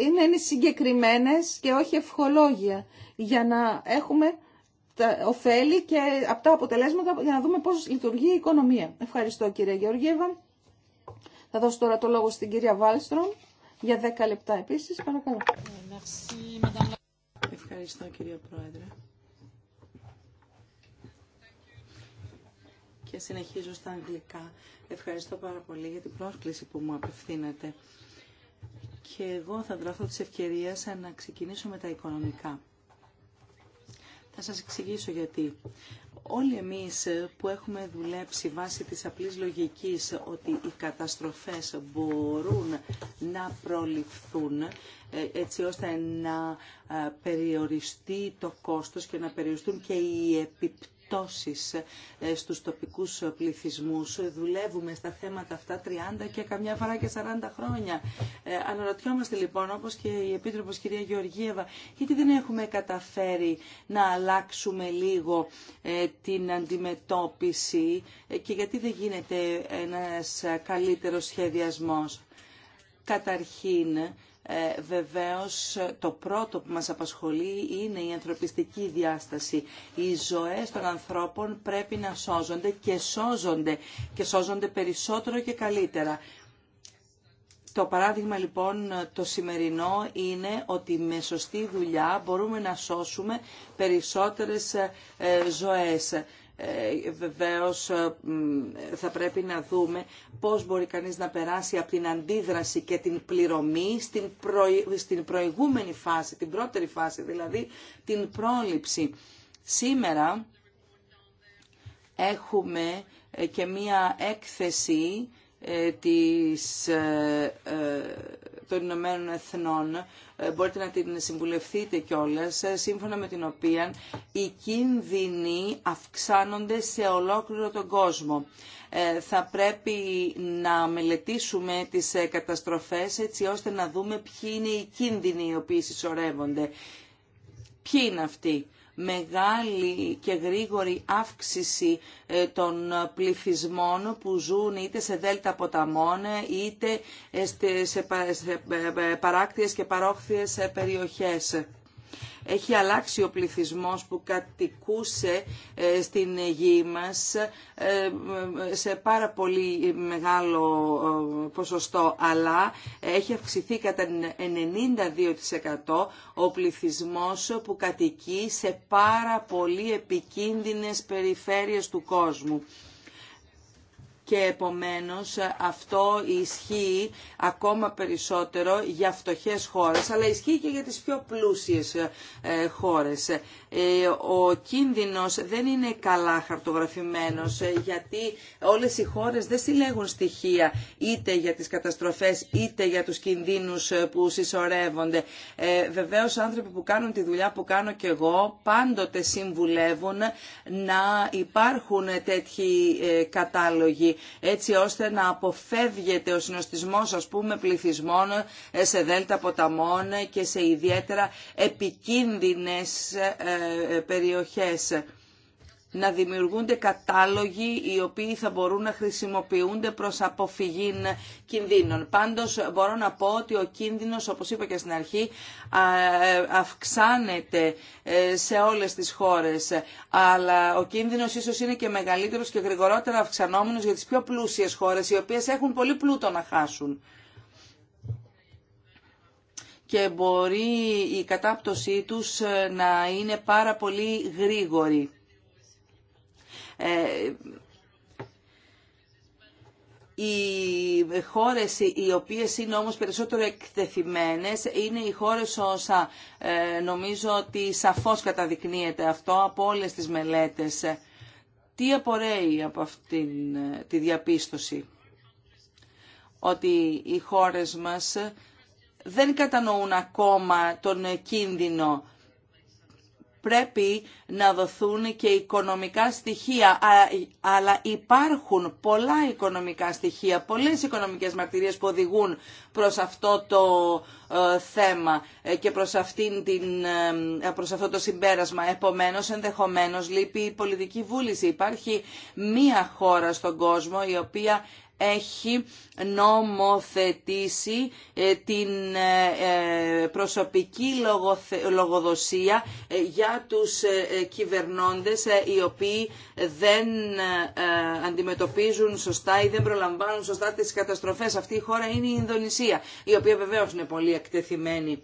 είναι συγκεκριμένες και όχι ευχολόγια για να έχουμε τα ωφέλη και από τα αποτελέσματα για να δούμε πώς λειτουργεί η οικονομία. Ευχαριστώ κυρία Γεωργίευα. Θα δώσω τώρα το λόγο στην κυρία Βάλστρομ για 10 λεπτά επίσης. Παρακαλώ. Ευχαριστώ κυρία Πρόεδρε. Και συνεχίζω στα αγγλικά. Ευχαριστώ πάρα πολύ για την πρόσκληση που μου απευθύνεται. Και εγώ θα δραθώ της ευκαιρίας να ξεκινήσω με τα οικονομικά. Θα σας εξηγήσω γιατί. Όλοι εμείς που έχουμε δουλέψει βάσει της απλής λογικής ότι οι καταστροφές μπορούν να προληφθούν ε, έτσι ώστε να ε, περιοριστεί το κόστος και να περιοριστούν και οι επιπτώσεις επιπτώσεις ε, στους τοπικούς πληθυσμούς. Δουλεύουμε στα θέματα αυτά 30 και καμιά φορά και 40 χρόνια. Ε, αναρωτιόμαστε λοιπόν, όπως και η Επίτροπος κυρία Γεωργίευα, γιατί δεν έχουμε καταφέρει να αλλάξουμε λίγο ε, την αντιμετώπιση και γιατί δεν γίνεται ένας καλύτερος σχεδιασμός. Καταρχήν, ε, βεβαίως το πρώτο που μας απασχολεί είναι η ανθρωπιστική διάσταση. Οι ζωές των ανθρώπων πρέπει να σώζονται και σώζονται και σώζονται περισσότερο και καλύτερα. Το παράδειγμα λοιπόν το σημερινό είναι ότι με σωστή δουλειά μπορούμε να σώσουμε περισσότερες ε, ζωές. Ε, βεβαίως ε, θα πρέπει να δούμε πώς μπορεί κανείς να περάσει από την αντίδραση και την πληρωμή στην προηγούμενη φάση, την πρώτερη φάση, δηλαδή την πρόληψη. Σήμερα έχουμε ε, και μία έκθεση ε, της, ε, ε, των Ηνωμένων Εθνών, μπορείτε να την συμβουλευτείτε κιόλας, σύμφωνα με την οποία οι κίνδυνοι αυξάνονται σε ολόκληρο τον κόσμο. Θα πρέπει να μελετήσουμε τις καταστροφές έτσι ώστε να δούμε ποιοι είναι οι κίνδυνοι οι οποίοι συσσωρεύονται. Ποιοι είναι αυτοί μεγάλη και γρήγορη αύξηση ε, των πληθυσμών που ζουν είτε σε δέλτα ποταμών είτε ε, σε ε, παράκτιες και παρόχθιες περιοχές. Έχει αλλάξει ο πληθυσμός που κατοικούσε ε, στην γη μας ε, ε, σε πάρα πολύ μεγάλο ποσοστό, αλλά έχει αυξηθεί κατά 92% ο πληθυσμός που κατοικεί σε πάρα πολύ επικίνδυνες περιφέρειες του κόσμου και επομένως αυτό ισχύει ακόμα περισσότερο για φτωχές χώρες αλλά ισχύει και για τις πιο πλούσιες ε, χώρες. Ε, ο κίνδυνος δεν είναι καλά χαρτογραφημένος ε, γιατί όλες οι χώρες δεν συλλέγουν στοιχεία είτε για τις καταστροφές είτε για τους κινδύνους που συσσωρεύονται. Βεβαίως άνθρωποι που κάνουν τη δουλειά που κάνω και εγώ πάντοτε συμβουλεύουν να υπάρχουν τέτοιοι κατάλογοι έτσι ώστε να αποφεύγεται ο συνοστισμός ας πούμε πληθυσμών ε, σε δέλτα ποταμών και σε ιδιαίτερα επικίνδυνες ε, ε, περιοχές να δημιουργούνται κατάλογοι οι οποίοι θα μπορούν να χρησιμοποιούνται προς αποφυγή κινδύνων. Πάντως μπορώ να πω ότι ο κίνδυνος, όπως είπα και στην αρχή, ε, αυξάνεται ε, σε όλες τις χώρες. Αλλά ο κίνδυνος ίσως είναι και μεγαλύτερος και γρηγορότερα αυξανόμενος για τις πιο πλούσιες χώρες, οι οποίες έχουν πολύ πλούτο να χάσουν και μπορεί η κατάπτωσή τους ε, να είναι πάρα πολύ γρήγορη. Ε, οι χώρες οι οποίες είναι όμως περισσότερο εκτεθειμένες είναι οι χώρες όσα ε, νομίζω ότι σαφώς καταδεικνύεται αυτό από όλες τις μελέτες. Τι απορρέει από αυτή ε, τη διαπίστωση ότι οι χώρες μας δεν κατανοούν ακόμα τον κίνδυνο πρέπει να δοθούν και οικονομικά στοιχεία, αλλά υπάρχουν πολλά οικονομικά στοιχεία, πολλές οικονομικές μαρτυρίες που οδηγούν προς αυτό το ε, θέμα ε, και προς, αυτήν την, ε, προς αυτό το συμπέρασμα. Επομένως, ενδεχομένως, λείπει η πολιτική βούληση. Υπάρχει μία χώρα στον κόσμο η οποία έχει νομοθετήσει ε, την ε, ε, προσωπική λογοδοσία για τους κυβερνώντες οι οποίοι δεν αντιμετωπίζουν σωστά ή δεν προλαμβάνουν σωστά τις καταστροφές. Αυτή η χώρα είναι η Ινδονησία, η οποία βεβαίως είναι πολύ εκτεθειμένη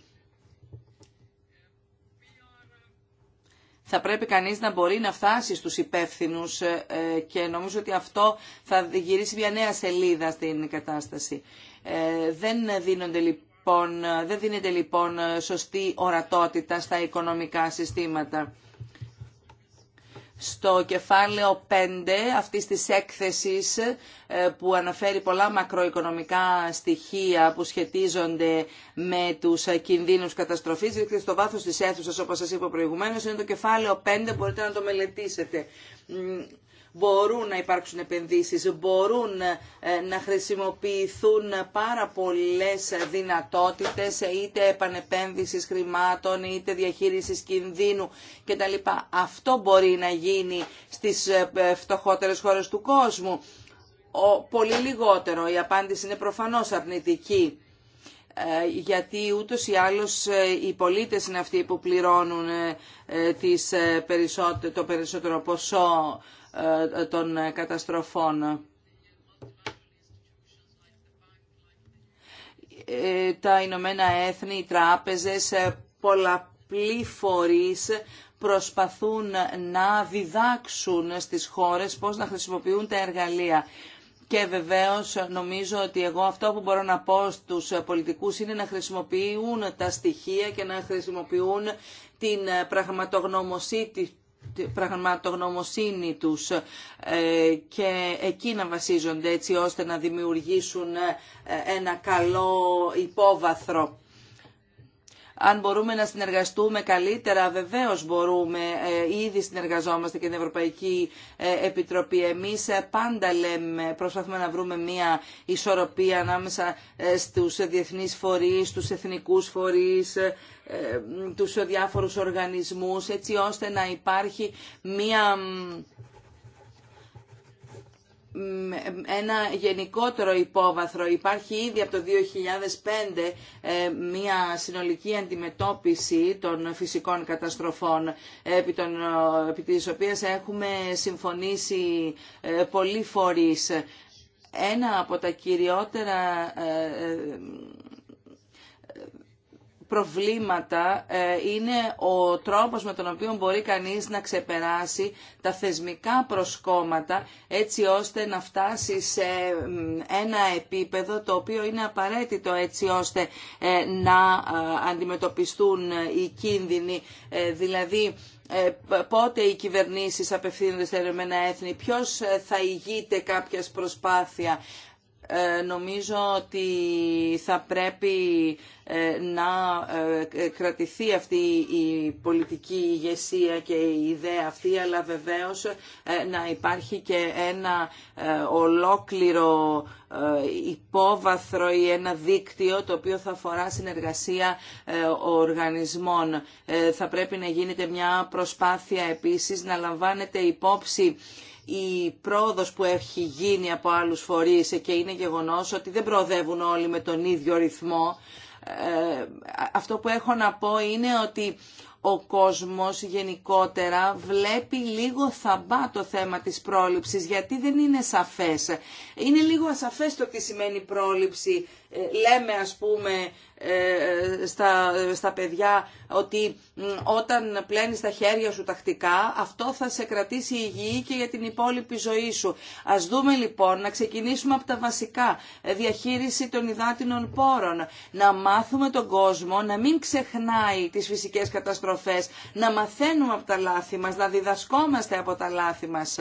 θα πρέπει κανείς να μπορεί να φτάσει στους υπεύθυνου ε, ε, και νομίζω ότι αυτό θα γυρίσει μια νέα σελίδα στην κατάσταση. Ε, δεν δίνονται λοιπόν, δεν δίνεται λοιπόν σωστή ορατότητα στα οικονομικά συστήματα στο κεφάλαιο 5 αυτής της έκθεσης ε, που αναφέρει πολλά μακροοικονομικά στοιχεία που σχετίζονται με τους κινδύνους καταστροφής. Δείχνει στο βάθος της αίθουσας, όπως σας είπα προηγουμένως, είναι το κεφάλαιο 5, μπορείτε να το μελετήσετε μπορούν να υπάρξουν επενδύσεις, μπορούν ε, να χρησιμοποιηθούν πάρα πολλές δυνατότητες είτε επανεπένδυσης χρημάτων, είτε διαχείρισης κινδύνου κτλ. Αυτό μπορεί να γίνει στις ε, ε, φτωχότερες χώρες του κόσμου. Ο Πολύ λιγότερο. Η απάντηση είναι προφανώς αρνητική γιατί ούτως ή άλλως οι πολίτες είναι αυτοί που πληρώνουν τις το περισσότερο ποσό ε, των καταστροφών. Ε, τα Ηνωμένα Έθνη, οι τράπεζες, ε, πολλαπλή φορείς προσπαθούν να διδάξουν στις χώρες πώς να χρησιμοποιούν τα εργαλεία. Και βεβαίως νομίζω ότι εγώ αυτό που μπορώ να πω στους πολιτικούς είναι να χρησιμοποιούν τα στοιχεία και να χρησιμοποιούν την πραγματογνωμοσύνη πραγματογνωμοσύνη τους ε, και εκεί να βασίζονται έτσι ώστε να δημιουργήσουν ε, ένα καλό υπόβαθρο αν μπορούμε να συνεργαστούμε καλύτερα, βεβαίως μπορούμε. Ε, ήδη συνεργαζόμαστε και την Ευρωπαϊκή ε, Επιτροπή. Εμείς ε, πάντα λέμε, προσπαθούμε να βρούμε μια ισορροπία ανάμεσα στους διεθνεί φορείς, στους εθνικούς φορείς, τους διάφορου οργανισμούς, έτσι ώστε να υπάρχει μια ένα γενικότερο υπόβαθρο. Υπάρχει ήδη από το 2005 ε, μια συνολική αντιμετώπιση των φυσικών καταστροφών επί, των, ε, έχουμε συμφωνήσει ε, πολλοί φορείς. Ένα από τα κυριότερα προβλήματα ε, είναι ο τρόπος με τον οποίο μπορεί κανείς να ξεπεράσει τα θεσμικά προσκόμματα έτσι ώστε να φτάσει σε ένα επίπεδο το οποίο είναι απαραίτητο έτσι ώστε ε, να ε, αντιμετωπιστούν οι κίνδυνοι δηλαδή πότε οι κυβερνήσεις απευθύνονται στα Ηνωμένα Έθνη, ποιος θα ηγείται κάποιας προσπάθεια, ε, νομίζω ότι θα πρέπει ε, να ε, κρατηθεί αυτή η πολιτική ηγεσία και η ιδέα αυτή, αλλά βεβαίως να υπάρχει και ένα ολόκληρο υπόβαθρο ή ένα δίκτυο το οποίο θα αφορά συνεργασία οργανισμών. Θα πρέπει να γίνεται μια προσπάθεια επίσης να λαμβάνεται υπόψη η πρόοδος που έχει γίνει από άλλους φορείς και είναι γεγονός ότι δεν προοδεύουν όλοι με τον ίδιο ρυθμό. Ε, αυτό που έχω να πω είναι ότι ο κόσμος γενικότερα βλέπει λίγο θαμπά το θέμα της πρόληψης γιατί δεν είναι σαφές. Είναι λίγο ασαφές το τι σημαίνει πρόληψη λέμε ας πούμε ε, στα, παιδιά ότι όταν πλένεις τα χέρια σου τακτικά αυτό θα σε κρατήσει υγιή και για την υπόλοιπη ζωή σου. Ας δούμε λοιπόν να ξεκινήσουμε από τα βασικά. Ε, διαχείριση των υδάτινων πόρων. Να μάθουμε τον κόσμο να μην ξεχνάει τις φυσικές καταστροφές. Να μαθαίνουμε από τα λάθη μας, να διδασκόμαστε από τα λάθη μας.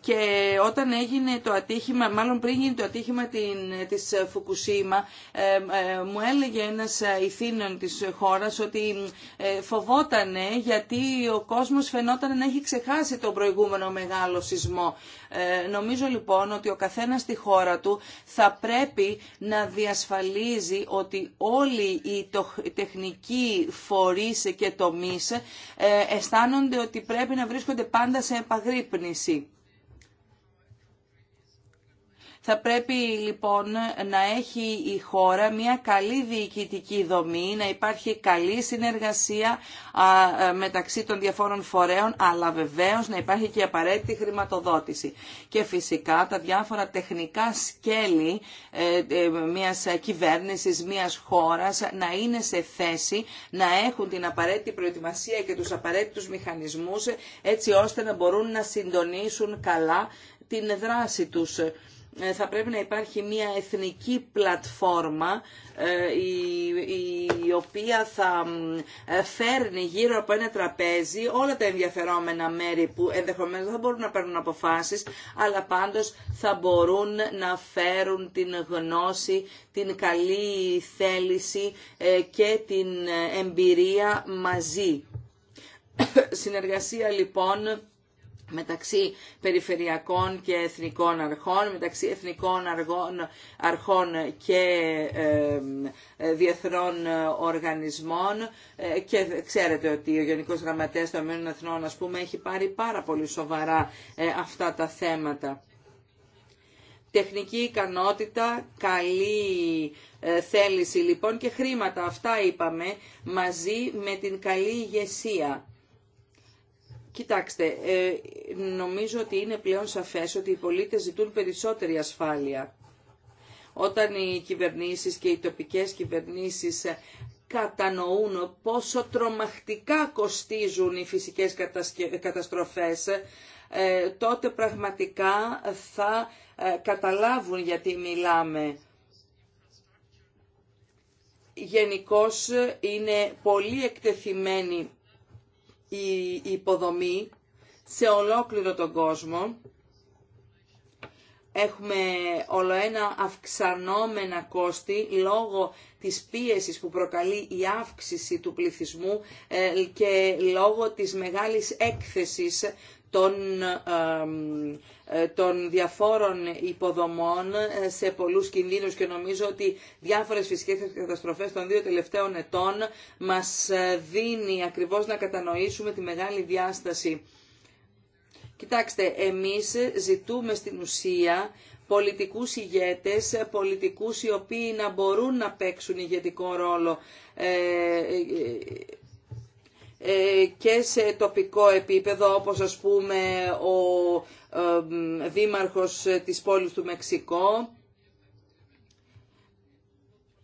και όταν έγινε το ατύχημα, μάλλον πριν γίνει το ατύχημα την, της Φουκουσίμα, ε, μου έλεγε ένας ηθήνων της χώρας ότι ε, φοβότανε γιατί ο κόσμος φαινόταν να έχει ξεχάσει τον προηγούμενο μεγάλο σεισμό. Ε, νομίζω λοιπόν ότι ο καθένας στη χώρα του θα πρέπει να διασφαλίζει ότι όλοι οι τεχνικοί φορείς και τομείς ε, αισθάνονται ότι πρέπει να βρίσκονται πάντα σε επαγρύπνηση. Θα πρέπει λοιπόν να έχει η χώρα μια καλή διοικητική δομή, να υπάρχει καλή συνεργασία ε, μεταξύ των διαφόρων φορέων, αλλά βεβαίως να υπάρχει και απαραίτητη χρηματοδότηση. Και φυσικά τα διάφορα τεχνικά σκέλη ε, ε, μιας κυβέρνησης, μιας χώρας να είναι σε θέση να έχουν την απαραίτητη προετοιμασία και τους απαραίτητους μηχανισμούς έτσι ώστε να μπορούν να συντονίσουν καλά την δράση τους ε, θα πρέπει να υπάρχει μια εθνική πλατφόρμα ε, η οποία θα ε, φέρνει γύρω από ένα τραπέζι όλα τα ενδιαφερόμενα μέρη που ενδεχομένως δεν μπορούν να παίρνουν αποφάσεις αλλά πάντως θα μπορούν να φέρουν την γνώση, την καλή θέληση και την εμπειρία μαζί. Συνεργασία λοιπόν μεταξύ περιφερειακών και εθνικών αρχών, μεταξύ εθνικών αργών, αρχών και διεθνών οργανισμών ε, και ξέρετε ότι ο Γενικός Γραμματέας των Ηνωμένων Εθνών ας πούμε έχει πάρει πάρα πολύ σοβαρά ε, αυτά τα θέματα. Τεχνική ικανότητα, καλή ε, θέληση λοιπόν και χρήματα αυτά είπαμε μαζί με την καλή ηγεσία Κοιτάξτε, ε, νομίζω ότι είναι πλέον σαφές ότι οι πολίτες ζητούν περισσότερη ασφάλεια. Όταν οι κυβερνήσεις και οι τοπικές κυβερνήσεις ε, κατανοούν πόσο τρομακτικά κοστίζουν οι φυσικές καταστροφές, ε, τότε πραγματικά θα καταλάβουν γιατί μιλάμε. Γενικώ είναι πολύ εκτεθειμένοι η υποδομή σε ολόκληρο τον κόσμο. Έχουμε ολο ένα αυξανόμενα κόστη λόγω της πίεσης που προκαλεί η αύξηση του πληθυσμού ε, και λόγω της μεγάλης έκθεσης των, ε, των διαφόρων υποδομών ε, σε πολλούς κινδύνους και νομίζω ότι διάφορες φυσικές καταστροφές των δύο τελευταίων ετών μας ε, δίνει ακριβώς να κατανοήσουμε τη μεγάλη διάσταση. Κοιτάξτε, εμείς ζητούμε στην ουσία πολιτικούς ηγέτες, πολιτικούς οι οποίοι να μπορούν να παίξουν ηγετικό ρόλο ε, και σε τοπικό επίπεδο όπως ας πούμε ο δήμαρχος της πόλης του Μεξικό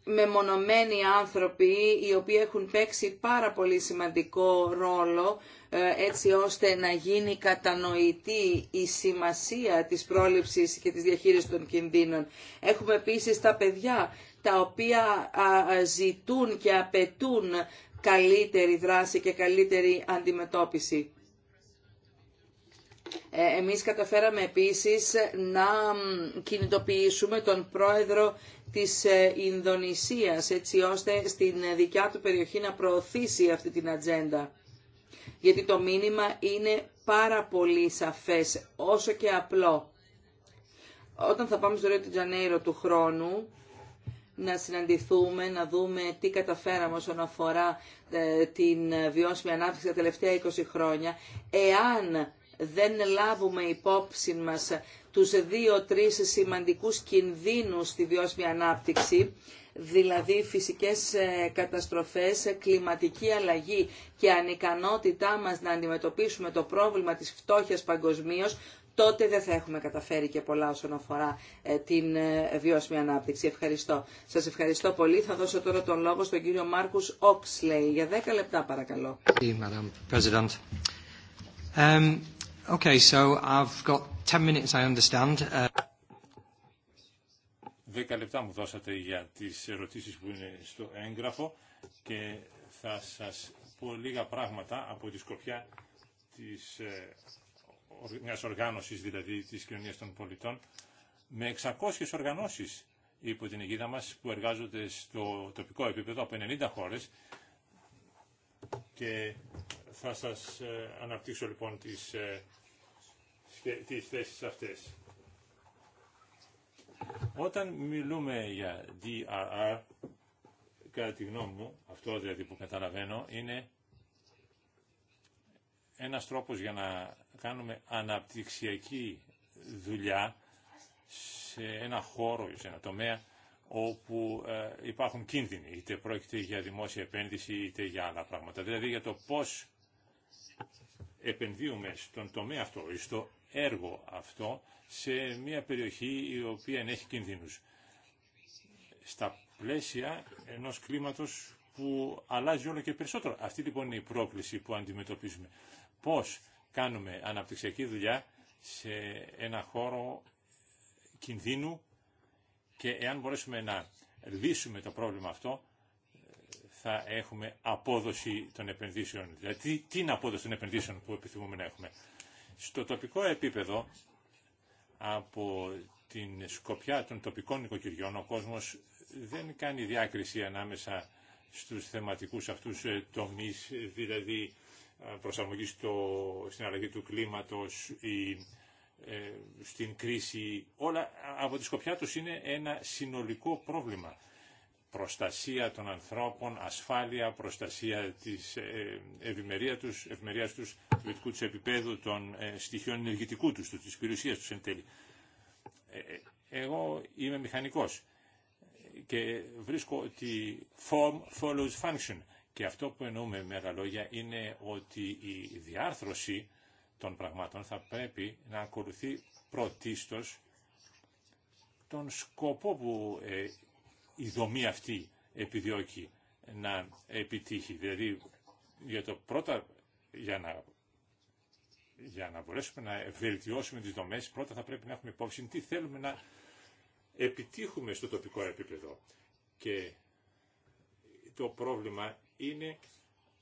με μονομένοι άνθρωποι οι οποίοι έχουν παίξει πάρα πολύ σημαντικό ρόλο ε, έτσι ώστε να γίνει κατανοητή η σημασία της πρόληψης και της διαχείρισης των κινδύνων. Έχουμε επίσης τα παιδιά τα οποία ζητούν και απαιτούν καλύτερη δράση και καλύτερη αντιμετώπιση. Ε, εμείς καταφέραμε επίσης να κινητοποιήσουμε τον πρόεδρο της ε, Ινδονησίας έτσι ώστε στην δικιά του περιοχή να προωθήσει αυτή την ατζέντα. Γιατί το μήνυμα είναι πάρα πολύ σαφές, όσο και απλό. Όταν θα πάμε στο Ρίο του Τζανέιρο του χρόνου, να συναντηθούμε, να δούμε τι καταφέραμε όσον αφορά ε, την βιώσιμη ανάπτυξη τα τελευταία 20 χρόνια. Εάν δεν λάβουμε υπόψη μας τους δύο-τρεις σημαντικούς κινδύνους στη βιώσιμη ανάπτυξη, δηλαδή φυσικές ε, καταστροφές, κλιματική αλλαγή και ανικανότητά μας να αντιμετωπίσουμε το πρόβλημα της φτώχειας παγκοσμίως, τότε δεν θα έχουμε καταφέρει και πολλά όσον αφορά ε, την ε, βιώσιμη ανάπτυξη. Ευχαριστώ. Σας ευχαριστώ πολύ. Θα δώσω τώρα τον λόγο στον κύριο Μάρκους Όξλεϊ. Για 10 λεπτά παρακαλώ. 10 um, uh, Δέκα λεπτά μου δώσατε για τις ερωτήσεις που είναι στο έγγραφο και θα σας πω λίγα πράγματα από τη σκοπιά της ε, μιας οργάνωσης δηλαδή της κοινωνίας των πολιτών με 600 οργανώσεις υπό την αιγίδα μας που εργάζονται στο τοπικό επίπεδο από 90 χώρες και θα σας ε, αναπτύξω λοιπόν τις, ε, τις θέσεις αυτές. Όταν μιλούμε για DRR, κατά τη γνώμη μου, αυτό δηλαδή που καταλαβαίνω, είναι ένας τρόπος για να κάνουμε αναπτυξιακή δουλειά σε ένα χώρο, σε ένα τομέα όπου ε, υπάρχουν κίνδυνοι, είτε πρόκειται για δημόσια επένδυση είτε για άλλα πράγματα. Δηλαδή για το πώς επενδύουμε στον τομέα αυτό ή στο έργο αυτό σε μια περιοχή η οποία έχει κινδύνους. Στα πλαίσια ενός κλίματος που αλλάζει όλο και περισσότερο. Αυτή λοιπόν είναι η πρόκληση που αντιμετωπίζουμε. Πώς κάνουμε αναπτυξιακή δουλειά σε ένα χώρο κινδύνου και εάν μπορέσουμε να λύσουμε το πρόβλημα αυτό θα έχουμε απόδοση των επενδύσεων. Δηλαδή την απόδοση των επενδύσεων που επιθυμούμε να έχουμε. Στο τοπικό επίπεδο από την σκοπιά των τοπικών οικοκυριών ο κόσμος δεν κάνει διάκριση ανάμεσα στους θεματικούς αυτούς τομείς, δηλαδή προσαρμογή στο, στην αλλαγή του κλίματος, ε, στην κρίση, όλα από τη σκοπιά τους είναι ένα συνολικό πρόβλημα. Προστασία των ανθρώπων, ασφάλεια, προστασία της ε, ευημερία τους, ευημερίας τους, του επίπεδου, των ε, στοιχείων ενεργητικού τους, της περιουσίας τους εν τέλει. Ε, εγώ είμαι μηχανικός και βρίσκω ότι form follows function και αυτό που εννοούμε με άλλα λόγια είναι ότι η διάρθρωση των πραγμάτων θα πρέπει να ακολουθεί πρωτίστως τον σκοπό που ε, η δομή αυτή επιδιώκει να επιτύχει. Δηλαδή για το πρώτα, για να, για να μπορέσουμε να βελτιώσουμε τις δομές, πρώτα θα πρέπει να έχουμε υπόψη τι θέλουμε να επιτύχουμε στο τοπικό επίπεδο. Και το πρόβλημα είναι,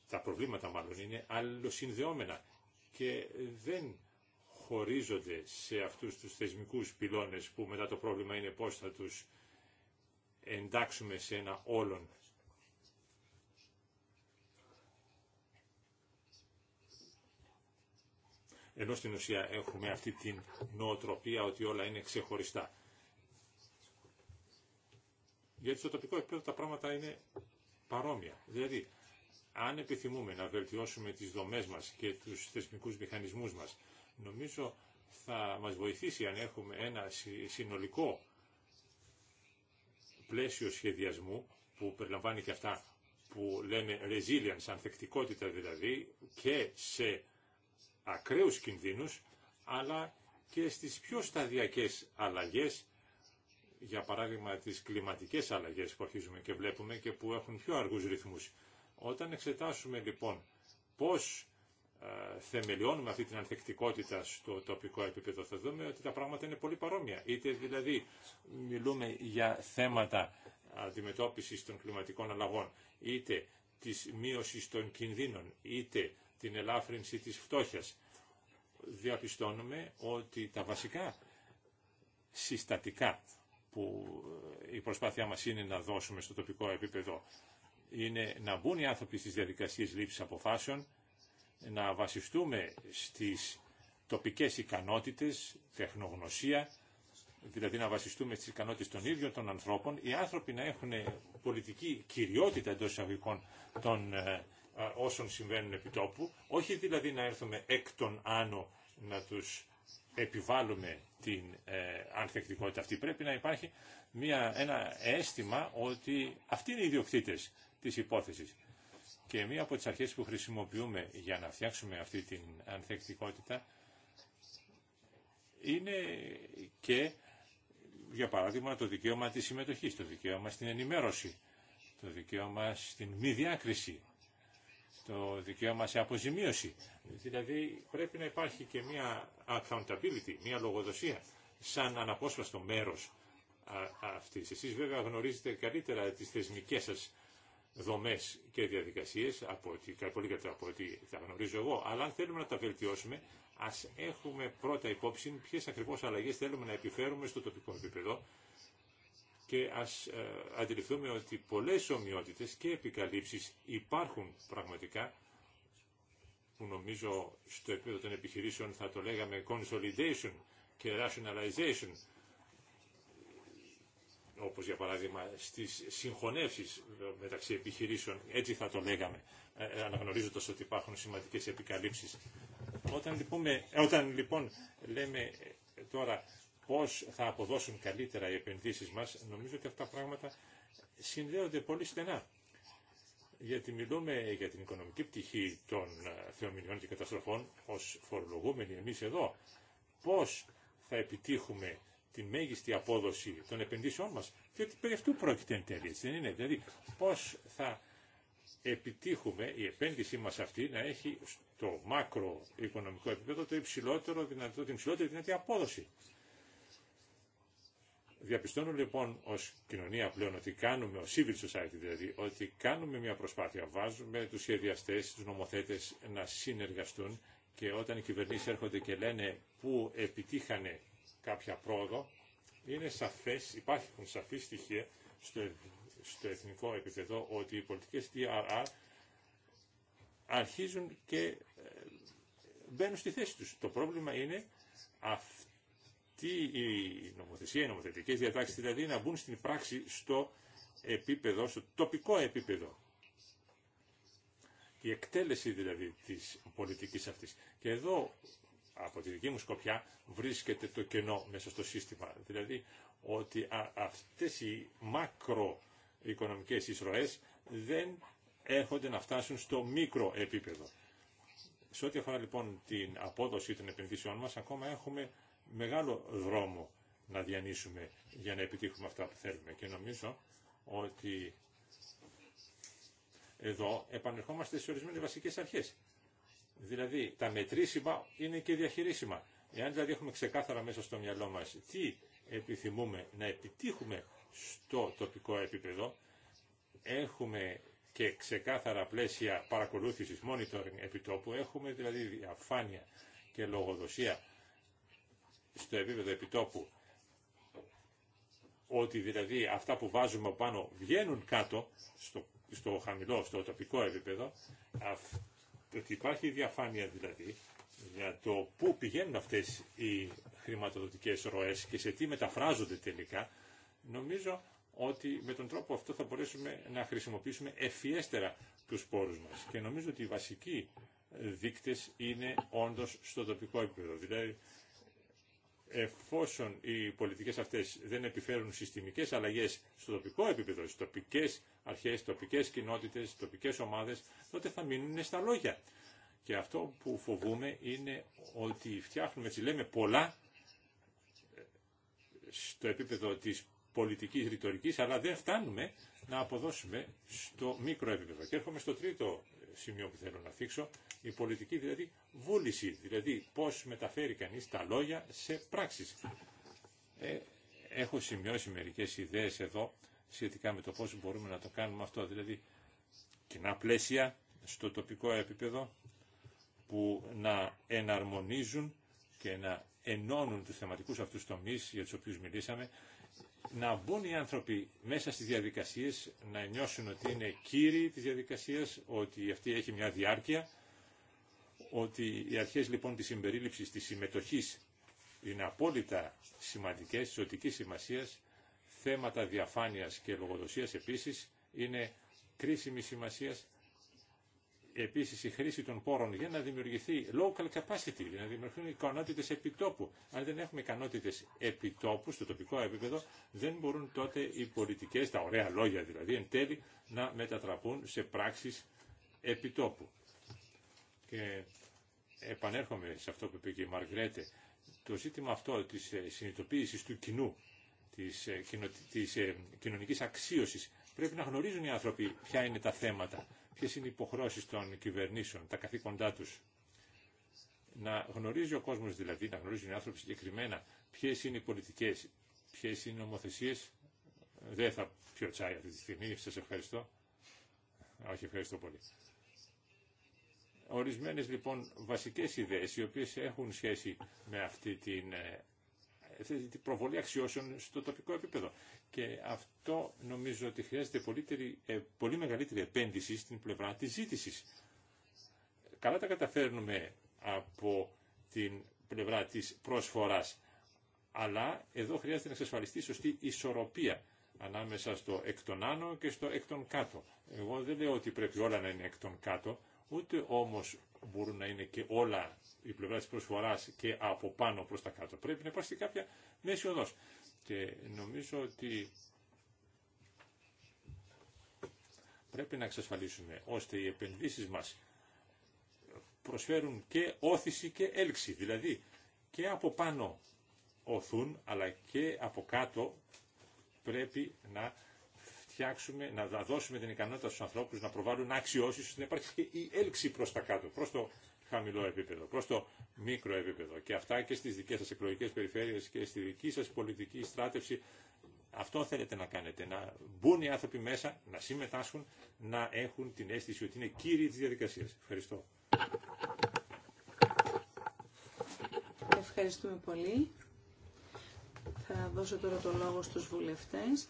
τα προβλήματα μάλλον είναι αλληλοσυνδεόμενα και δεν χωρίζονται σε αυτούς τους θεσμικούς πυλώνες που μετά το πρόβλημα είναι πώς θα τους εντάξουμε σε ένα όλον. Ενώ στην ουσία έχουμε αυτή την νοοτροπία ότι όλα είναι ξεχωριστά. Γιατί στο τοπικό επίπεδο τα πράγματα είναι παρόμοια. Δηλαδή, αν επιθυμούμε να βελτιώσουμε τις δομές μας και τους θεσμικούς μηχανισμούς μας, νομίζω θα μας βοηθήσει αν έχουμε ένα συνολικό πλαίσιο σχεδιασμού που περιλαμβάνει και αυτά που λέμε resilience, ανθεκτικότητα δηλαδή, και σε ακραίους κινδύνους, αλλά και στις πιο σταδιακές αλλαγές για παράδειγμα τις κλιματικές αλλαγές που αρχίζουμε και βλέπουμε και που έχουν πιο αργούς ρυθμούς. Όταν εξετάσουμε λοιπόν πώς ε, θεμελιώνουμε αυτή την ανθεκτικότητα στο τοπικό επίπεδο θα δούμε ότι τα πράγματα είναι πολύ παρόμοια. Είτε δηλαδή μιλούμε για θέματα αντιμετώπισης των κλιματικών αλλαγών, είτε της μείωσης των κινδύνων, είτε την ελάφρυνση της φτώχειας. Διαπιστώνουμε ότι τα βασικά συστατικά που ε, η προσπάθειά μας είναι να δώσουμε στο τοπικό επίπεδο είναι να μπουν οι άνθρωποι στις διαδικασίες λήψης αποφάσεων, να βασιστούμε στις τοπικές ικανότητες, τεχνογνωσία, δηλαδή να βασιστούμε στις ικανότητες των ίδιων των ανθρώπων, οι άνθρωποι να έχουν πολιτική κυριότητα εντός εισαγωγικών των ε, ε, όσων συμβαίνουν επί τόπου, όχι δηλαδή να έρθουμε εκ των άνω να τους επιβάλλουμε την ε, ανθεκτικότητα αυτή. Πρέπει να υπάρχει μια, ένα αίσθημα ότι αυτοί είναι οι ιδιοκτήτες της υπόθεσης. Και μία από τις αρχές που χρησιμοποιούμε για να φτιάξουμε αυτή την ανθεκτικότητα είναι και, για παράδειγμα, το δικαίωμα της συμμετοχής, το δικαίωμα στην ενημέρωση, το δικαίωμα στην μη διάκριση, το δικαίωμα σε αποζημίωση. Δηλαδή πρέπει να υπάρχει και μια accountability, μια λογοδοσία σαν αναπόσπαστο μέρος αυτής. Εσείς βέβαια γνωρίζετε καλύτερα τις θεσμικές σας δομές και διαδικασίες, από ότι, πολύ καλύτερα από ότι τα γνωρίζω εγώ, αλλά αν θέλουμε να τα βελτιώσουμε, ας έχουμε πρώτα υπόψη ποιες ακριβώς αλλαγές θέλουμε να επιφέρουμε στο τοπικό επίπεδο, και ας ε, αντιληφθούμε ότι πολλές ομοιότητες και επικαλύψεις υπάρχουν πραγματικά που νομίζω στο επίπεδο των επιχειρήσεων θα το λέγαμε consolidation και rationalization όπως για παράδειγμα στις συγχωνεύσεις μεταξύ επιχειρήσεων, έτσι θα το λέγαμε, ε, ε, αναγνωρίζοντας ότι υπάρχουν σημαντικές επικαλύψεις. Όταν, όταν λοιπόν λέμε τώρα πώς θα αποδώσουν καλύτερα οι επενδύσεις μας, νομίζω ότι αυτά τα πράγματα συνδέονται πολύ στενά. Γιατί μιλούμε για την οικονομική πτυχή των ε, θεομηνιών και καταστροφών ως φορολογούμενοι εμείς εδώ. Πώς θα επιτύχουμε τη μέγιστη απόδοση των επενδύσεών μας, γιατί περί αυτού πρόκειται εν τέλει, έτσι δεν είναι. Δηλαδή πώς θα επιτύχουμε η επένδυσή μας αυτή να έχει στο μάκρο οικονομικό επίπεδο το υψηλότερο δυνατό, την υψηλότερη δυνατή απόδοση. Διαπιστώνω λοιπόν ω κοινωνία πλέον ότι κάνουμε, ω civil society δηλαδή, ότι κάνουμε μια προσπάθεια, βάζουμε τους σχεδιαστέ, του νομοθέτες να συνεργαστούν και όταν οι κυβερνήσει έρχονται και λένε που επιτύχανε κάποια πρόοδο, είναι σαφές, υπάρχουν σαφή στοιχεία στο, στο εθνικό επίπεδο ότι οι πολιτικέ DRR αρχίζουν και ε, μπαίνουν στη θέση τους. Το πρόβλημα είναι αυτό. Τι η νομοθεσία, οι νομοθετικές διατάξεις δηλαδή να μπουν στην πράξη στο επίπεδο, στο τοπικό επίπεδο. Η εκτέλεση δηλαδή της πολιτικής αυτής. Και εδώ από τη δική μου σκοπιά βρίσκεται το κενό μέσα στο σύστημα. Δηλαδή ότι αυτές οι μακροοικονομικές εισρωές δεν έρχονται να φτάσουν στο μικρό επίπεδο. Σε ό,τι αφορά λοιπόν την απόδοση των επενδύσεών μας, ακόμα έχουμε μεγάλο δρόμο να διανύσουμε για να επιτύχουμε αυτά που θέλουμε. Και νομίζω ότι εδώ επανερχόμαστε σε ορισμένες βασικές αρχές. Δηλαδή τα μετρήσιμα είναι και διαχειρίσιμα. Εάν δηλαδή έχουμε ξεκάθαρα μέσα στο μυαλό μας τι επιθυμούμε να επιτύχουμε στο τοπικό επίπεδο, έχουμε και ξεκάθαρα πλαίσια παρακολούθησης, monitoring επιτόπου, έχουμε δηλαδή διαφάνεια και λογοδοσία στο επίπεδο επιτόπου ότι δηλαδή αυτά που βάζουμε πάνω βγαίνουν κάτω στο, στο χαμηλό, στο τοπικό επίπεδο ότι υπάρχει διαφάνεια δηλαδή για το πού πηγαίνουν αυτές οι χρηματοδοτικές ροές και σε τι μεταφράζονται τελικά νομίζω ότι με τον τρόπο αυτό θα μπορέσουμε να χρησιμοποιήσουμε ευφιέστερα τους πόρους μας. Και νομίζω ότι οι βασικοί δείκτες είναι όντως στο τοπικό επίπεδο. Δηλαδή, εφόσον οι πολιτικές αυτές δεν επιφέρουν συστημικές αλλαγές στο τοπικό επίπεδο, στις τοπικές αρχές, τοπικές κοινότητες, τοπικές ομάδες, τότε θα μείνουν στα λόγια. Και αυτό που φοβούμε είναι ότι φτιάχνουμε, έτσι λέμε, πολλά ε, στο επίπεδο της πολιτικής ρητορική, αλλά δεν φτάνουμε να αποδώσουμε στο μικρό επίπεδο. Και έρχομαι στο τρίτο σημείο που θέλω να θίξω, η πολιτική δηλαδή βούληση, δηλαδή πώς μεταφέρει κανείς τα λόγια σε πράξεις. Ε, έχω σημειώσει μερικές ιδέες εδώ σχετικά με το πώς μπορούμε να το κάνουμε αυτό, δηλαδή κοινά πλαίσια στο τοπικό επίπεδο που να εναρμονίζουν και να ενώνουν τους θεματικούς αυτούς τομείς για τους οποίους μιλήσαμε να μπουν οι άνθρωποι μέσα στις διαδικασίες, να νιώσουν ότι είναι κύριοι της διαδικασίας, ότι αυτή έχει μια διάρκεια, ότι οι αρχές λοιπόν της συμπερίληψης, της συμμετοχής είναι απόλυτα σημαντικές, ζωτικής σημασίας, θέματα διαφάνειας και λογοδοσίας επίσης είναι κρίσιμη σημασίας επίσης η χρήση των πόρων για να δημιουργηθεί local capacity, για να δημιουργηθούν ικανότητες επιτόπου. Αν δεν έχουμε ικανότητες επιτόπου στο τοπικό επίπεδο, δεν μπορούν τότε οι πολιτικές, τα ωραία λόγια δηλαδή, εν τέλει να μετατραπούν σε πράξεις επιτόπου. Και επανέρχομαι σε αυτό που είπε και η Μαργρέτε, το ζήτημα αυτό της ε, συνειδητοποίησης του κοινού, της, ε, της ε, κοινωνικής αξίωσης, πρέπει να γνωρίζουν οι άνθρωποι ποια είναι τα θέματα ποιες είναι οι υποχρώσεις των κυβερνήσεων, τα καθήκοντά τους. Να γνωρίζει ο κόσμος δηλαδή, να γνωρίζουν οι άνθρωποι συγκεκριμένα ποιες είναι οι πολιτικές, ποιες είναι οι νομοθεσίες. Δεν θα πιω τσάι αυτή τη στιγμή, σας ευχαριστώ. Όχι, ευχαριστώ πολύ. Ορισμένες λοιπόν βασικές ιδέες οι οποίες έχουν σχέση με αυτή την ε, την προβολή αξιώσεων στο τοπικό επίπεδο. Και αυτό νομίζω ότι χρειάζεται ε, πολύ μεγαλύτερη επένδυση στην πλευρά της ζήτησης. Καλά τα καταφέρνουμε από την πλευρά της προσφοράς, αλλά εδώ χρειάζεται να εξασφαλιστεί σωστή ισορροπία ανάμεσα στο εκ των άνω και στο εκ των κάτω. Εγώ δεν λέω ότι πρέπει όλα να είναι εκ των κάτω, ούτε όμως μπορούν να είναι και όλα η πλευρά της προσφοράς και από πάνω προς τα κάτω. Πρέπει να υπάρχει κάποια μέση οδός. Και νομίζω ότι πρέπει να εξασφαλίσουμε ώστε οι επενδύσεις μας προσφέρουν και όθηση και έλξη. Δηλαδή και από πάνω οθούν αλλά και από κάτω πρέπει να φτιάξουμε, να δώσουμε την ικανότητα στους ανθρώπους να προβάλλουν αξιώσεις, να υπάρχει και η έλξη προς τα κάτω, προς το χαμηλό επίπεδο, προς το μικρό επίπεδο. Και αυτά και στις δικές σας εκλογικές περιφέρειες και στη δική σας πολιτική στράτευση. Αυτό θέλετε να κάνετε, να μπουν οι άνθρωποι μέσα, να συμμετάσχουν, να έχουν την αίσθηση ότι είναι κύριοι της διαδικασίας. Ευχαριστώ. Ευχαριστούμε πολύ. Θα δώσω τώρα το λόγο στους βουλευτές.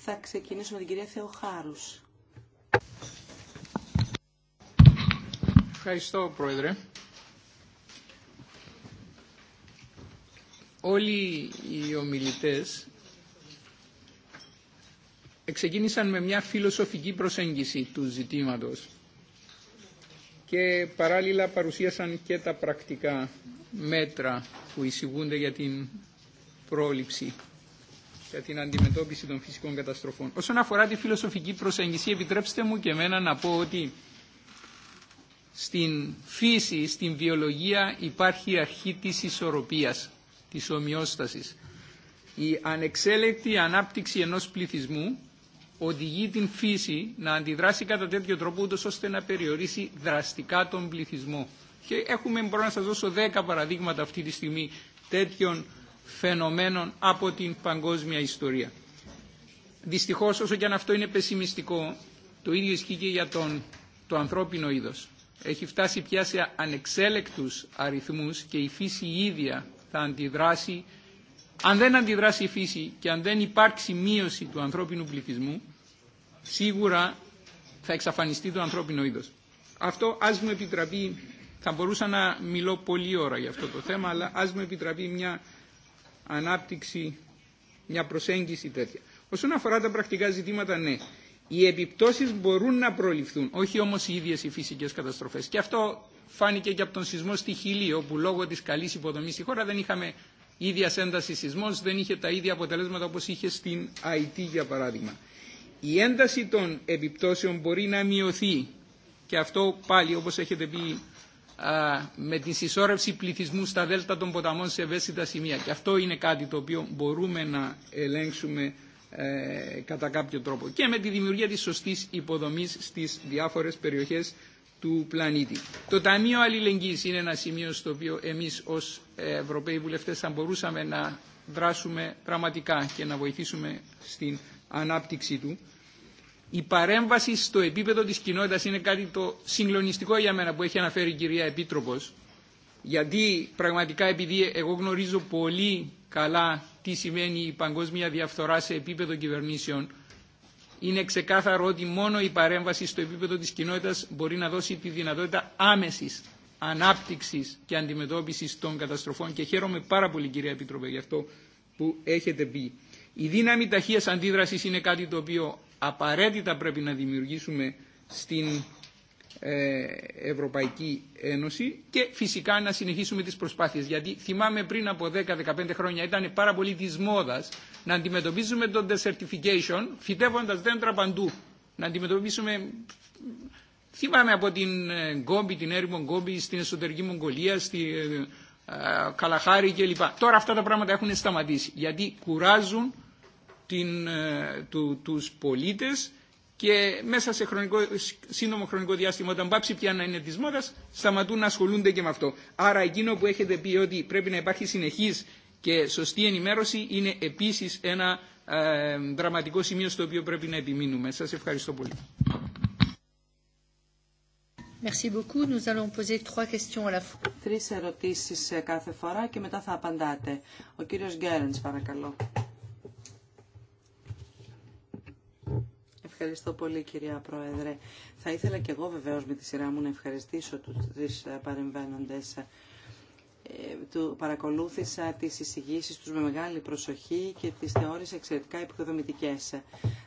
Θα ξεκινήσουμε την κυρία Θεοχάρους. Ευχαριστώ, Πρόεδρε. Όλοι οι ομιλητές ξεκίνησαν με μια φιλοσοφική προσέγγιση του ζητήματος και παράλληλα παρουσίασαν και τα πρακτικά μέτρα που εισηγούνται για την πρόληψη για την αντιμετώπιση των φυσικών καταστροφών. Όσον αφορά τη φιλοσοφική προσέγγιση, επιτρέψτε μου και εμένα να πω ότι στην φύση, στην βιολογία υπάρχει η αρχή της ισορροπίας, της ομοιόστασης. Η ανεξέλεκτη ανάπτυξη ενός πληθυσμού οδηγεί την φύση να αντιδράσει κατά τέτοιο τρόπο ούτως ώστε να περιορίσει δραστικά τον πληθυσμό. Και έχουμε, μπορώ να σας δώσω δέκα παραδείγματα αυτή τη στιγμή τέτοιων φαινομένων από την παγκόσμια ιστορία. Δυστυχώς όσο και αν αυτό είναι πεσημιστικό, το ίδιο ισχύει και για τον, το ανθρώπινο είδος. Έχει φτάσει πια σε ανεξέλεκτους αριθμούς και η φύση ίδια θα αντιδράσει. Αν δεν αντιδράσει η φύση και αν δεν υπάρξει μείωση του ανθρώπινου πληθυσμού, σίγουρα θα εξαφανιστεί το ανθρώπινο είδος. Αυτό ας μου επιτραπεί, θα μπορούσα να μιλώ πολλή ώρα για αυτό το θέμα, αλλά ας μου επιτραπεί μια ανάπτυξη, μια προσέγγιση τέτοια. Όσον αφορά τα πρακτικά ζητήματα, ναι. Οι επιπτώσει μπορούν να προληφθούν, όχι όμω οι ίδιες οι φυσικέ καταστροφέ. Και αυτό φάνηκε και από τον σεισμό στη Χιλή, όπου λόγω τη καλή υποδομή στη χώρα δεν είχαμε ίδια ένταση σεισμό, δεν είχε τα ίδια αποτελέσματα όπω είχε στην ΑΙΤ για παράδειγμα. Η ένταση των επιπτώσεων μπορεί να μειωθεί και αυτό πάλι όπω έχετε πει με τη συσσόρευση πληθυσμού στα δέλτα των ποταμών σε ευαίσθητα σημεία. Και αυτό είναι κάτι το οποίο μπορούμε να ελέγξουμε ε, κατά κάποιο τρόπο. Και με τη δημιουργία της σωστής υποδομής στις διάφορες περιοχές του πλανήτη. Το Ταμείο Αλληλεγγύης είναι ένα σημείο στο οποίο εμείς ως ε, Ευρωπαίοι Βουλευτές θα μπορούσαμε να δράσουμε πραγματικά και να βοηθήσουμε στην ανάπτυξη του. Η παρέμβαση στο επίπεδο της κοινότητας είναι κάτι το συγκλονιστικό για μένα που έχει αναφέρει η κυρία Επίτροπος γιατί πραγματικά επειδή εγώ γνωρίζω πολύ καλά τι σημαίνει η παγκόσμια διαφθορά σε επίπεδο κυβερνήσεων είναι ξεκάθαρο ότι μόνο η παρέμβαση στο επίπεδο της κοινότητας μπορεί να δώσει τη δυνατότητα άμεσης ανάπτυξης και αντιμετώπισης των καταστροφών και χαίρομαι πάρα πολύ κυρία Επίτροπε γι' αυτό που έχετε πει. Η δύναμη ταχεία αντίδρασης είναι κάτι το οποίο απαραίτητα πρέπει να δημιουργήσουμε στην ε, Ευρωπαϊκή Ένωση και φυσικά να συνεχίσουμε τις προσπάθειες. Γιατί θυμάμαι πριν από 10-15 χρόνια ήταν πάρα πολύ της μόδας να αντιμετωπίζουμε το desertification φυτεύοντας δέντρα παντού. Να αντιμετωπίσουμε... Θυμάμαι από την ε, Γκόμπη, την έρημο Γκόμπη, στην εσωτερική Μογγολία, στη ε, Καλαχάρη κλπ. Τώρα αυτά τα πράγματα έχουν σταματήσει γιατί κουράζουν την, ε, του, τους πολίτες και μέσα σε χρονικό, σύντομο χρονικό διάστημα όταν πάψει πια να είναι της μόδας σταματούν να ασχολούνται και με αυτό. Άρα εκείνο που έχετε πει ότι πρέπει να υπάρχει συνεχής και σωστή ενημέρωση είναι επίσης ένα ε, δραματικό σημείο στο οποίο πρέπει να επιμείνουμε. Σας ευχαριστώ πολύ. Merci beaucoup. Nous allons poser trois questions à la Τρεις ερωτήσεις ε, κάθε φορά και μετά θα απαντάτε. Ο κύριος παρακαλώ. Ευχαριστώ πολύ κυρία Πρόεδρε. Θα ήθελα και εγώ βεβαίως με τη σειρά μου να ευχαριστήσω τους ε, παρεμβαίνοντες ε, του παρακολούθησα τις εισηγήσεις τους με μεγάλη προσοχή και τις θεώρησα εξαιρετικά επικοδομητικές.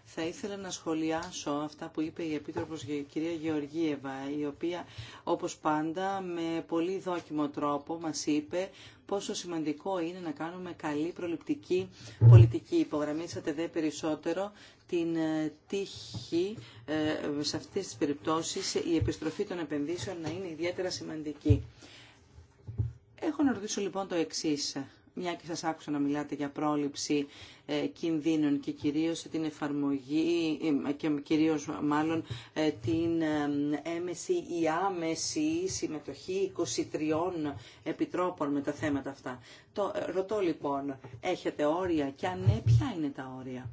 Θα ήθελα να σχολιάσω αυτά που είπε η Επίτροπος η κυρία Γεωργίευα, η οποία όπως πάντα με πολύ δόκιμο τρόπο μας είπε πόσο σημαντικό είναι να κάνουμε καλή προληπτική πολιτική. Υπογραμμίσατε δε περισσότερο την ε, τύχη ε, σε αυτές τις περιπτώσεις η επιστροφή των επενδύσεων να είναι ιδιαίτερα σημαντική. Έχω να ρωτήσω λοιπόν το εξής μια και σας άκουσα να μιλάτε για πρόληψη ε, κινδύνων και κυρίως την εφαρμογή ε, και κυρίως μάλλον ε, την έμεση ή άμεση συμμετοχή 23 επιτρόπων με τα θέματα αυτά. Το, ρωτώ λοιπόν, έχετε όρια και αν ναι, ποια είναι τα όρια.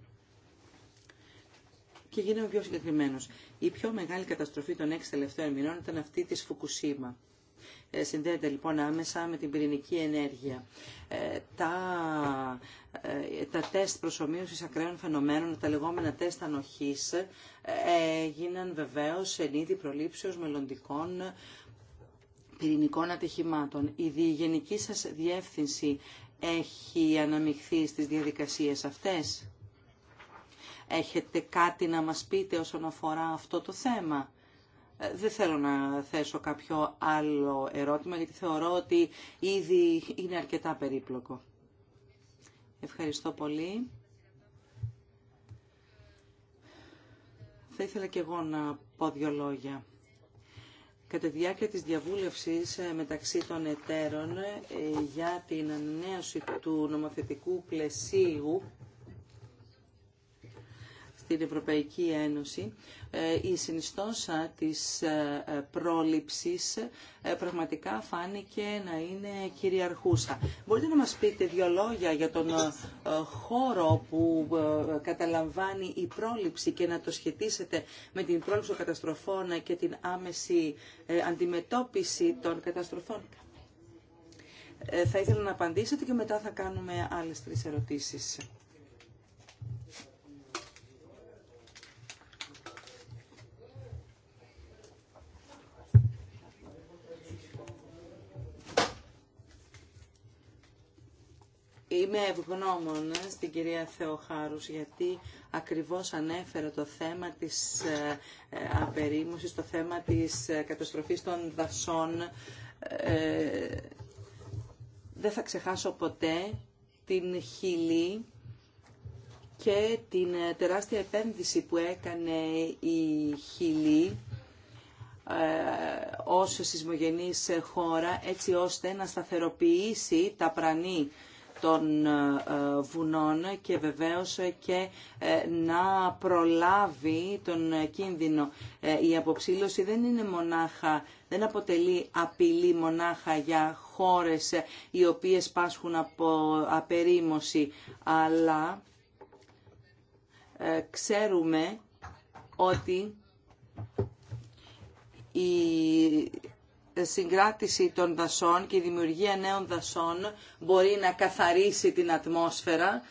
Και γίνομαι πιο συγκεκριμένο. Η πιο μεγάλη καταστροφή των έξι τελευταίων μηνών ήταν αυτή τη Φουκουσίμα. Ε, συνδέεται λοιπόν άμεσα με την πυρηνική ενέργεια. Ε, τα, ε, τα τεστ προσωμείωσης ακραίων φαινομένων, τα λεγόμενα τεστ ανοχής, έγιναν βεβαίως εν είδη προλήψεως μελλοντικών πυρηνικών ατυχημάτων. Η διηγενική σας διεύθυνση έχει αναμειχθεί στις διαδικασίες αυτές. Έχετε κάτι να μας πείτε όσον αφορά αυτό το θέμα. Ε, δεν θέλω να θέσω κάποιο άλλο ερώτημα, γιατί θεωρώ ότι ήδη είναι αρκετά περίπλοκο. Ευχαριστώ πολύ. Θα ήθελα και εγώ να πω δύο λόγια. Κατά τη διάρκεια της διαβούλευσης ε, μεταξύ των εταίρων ε, για την ανανέωση του νομοθετικού πλαισίου την Ευρωπαϊκή Ένωση, ε, η συνιστόσα της ε, ε, πρόληψης πραγματικά φάνηκε να είναι κυριαρχούσα. Μπορείτε να μας πείτε δύο λόγια για τον χώρο που καταλαμβάνει η πρόληψη και να το σχετίσετε με την πρόληψη των καταστροφών και την άμεση αντιμετώπιση των καταστροφών. Θα ήθελα να απαντήσετε και μετά θα κάνουμε άλλες τρεις ερωτήσεις. Είμαι ευγνώμων στην κυρία Θεοχάρους γιατί ακριβώς ανέφερε το θέμα της ε, ε, απερίμωσης, το θέμα της ε, καταστροφής των δασών. Δεν θα ξεχάσω ποτέ την χιλή και την τεράστια επένδυση που έκανε η χιλή ως σεισμογενής χώρα έτσι ώστε να σταθεροποιήσει τα πρανή των ε, ε, βουνών και βεβαίως και ε, να προλάβει τον κίνδυνο. Η αποψήλωση δεν είναι μονάχα, δεν αποτελεί απειλή μονάχα για χώρες οι οποίες πάσχουν από απερίμωση, αλλά ξέρουμε ότι η συγκράτηση των δασών και η δημιουργία νέων δασών μπορεί να καθαρίσει την ατμόσφαιρα.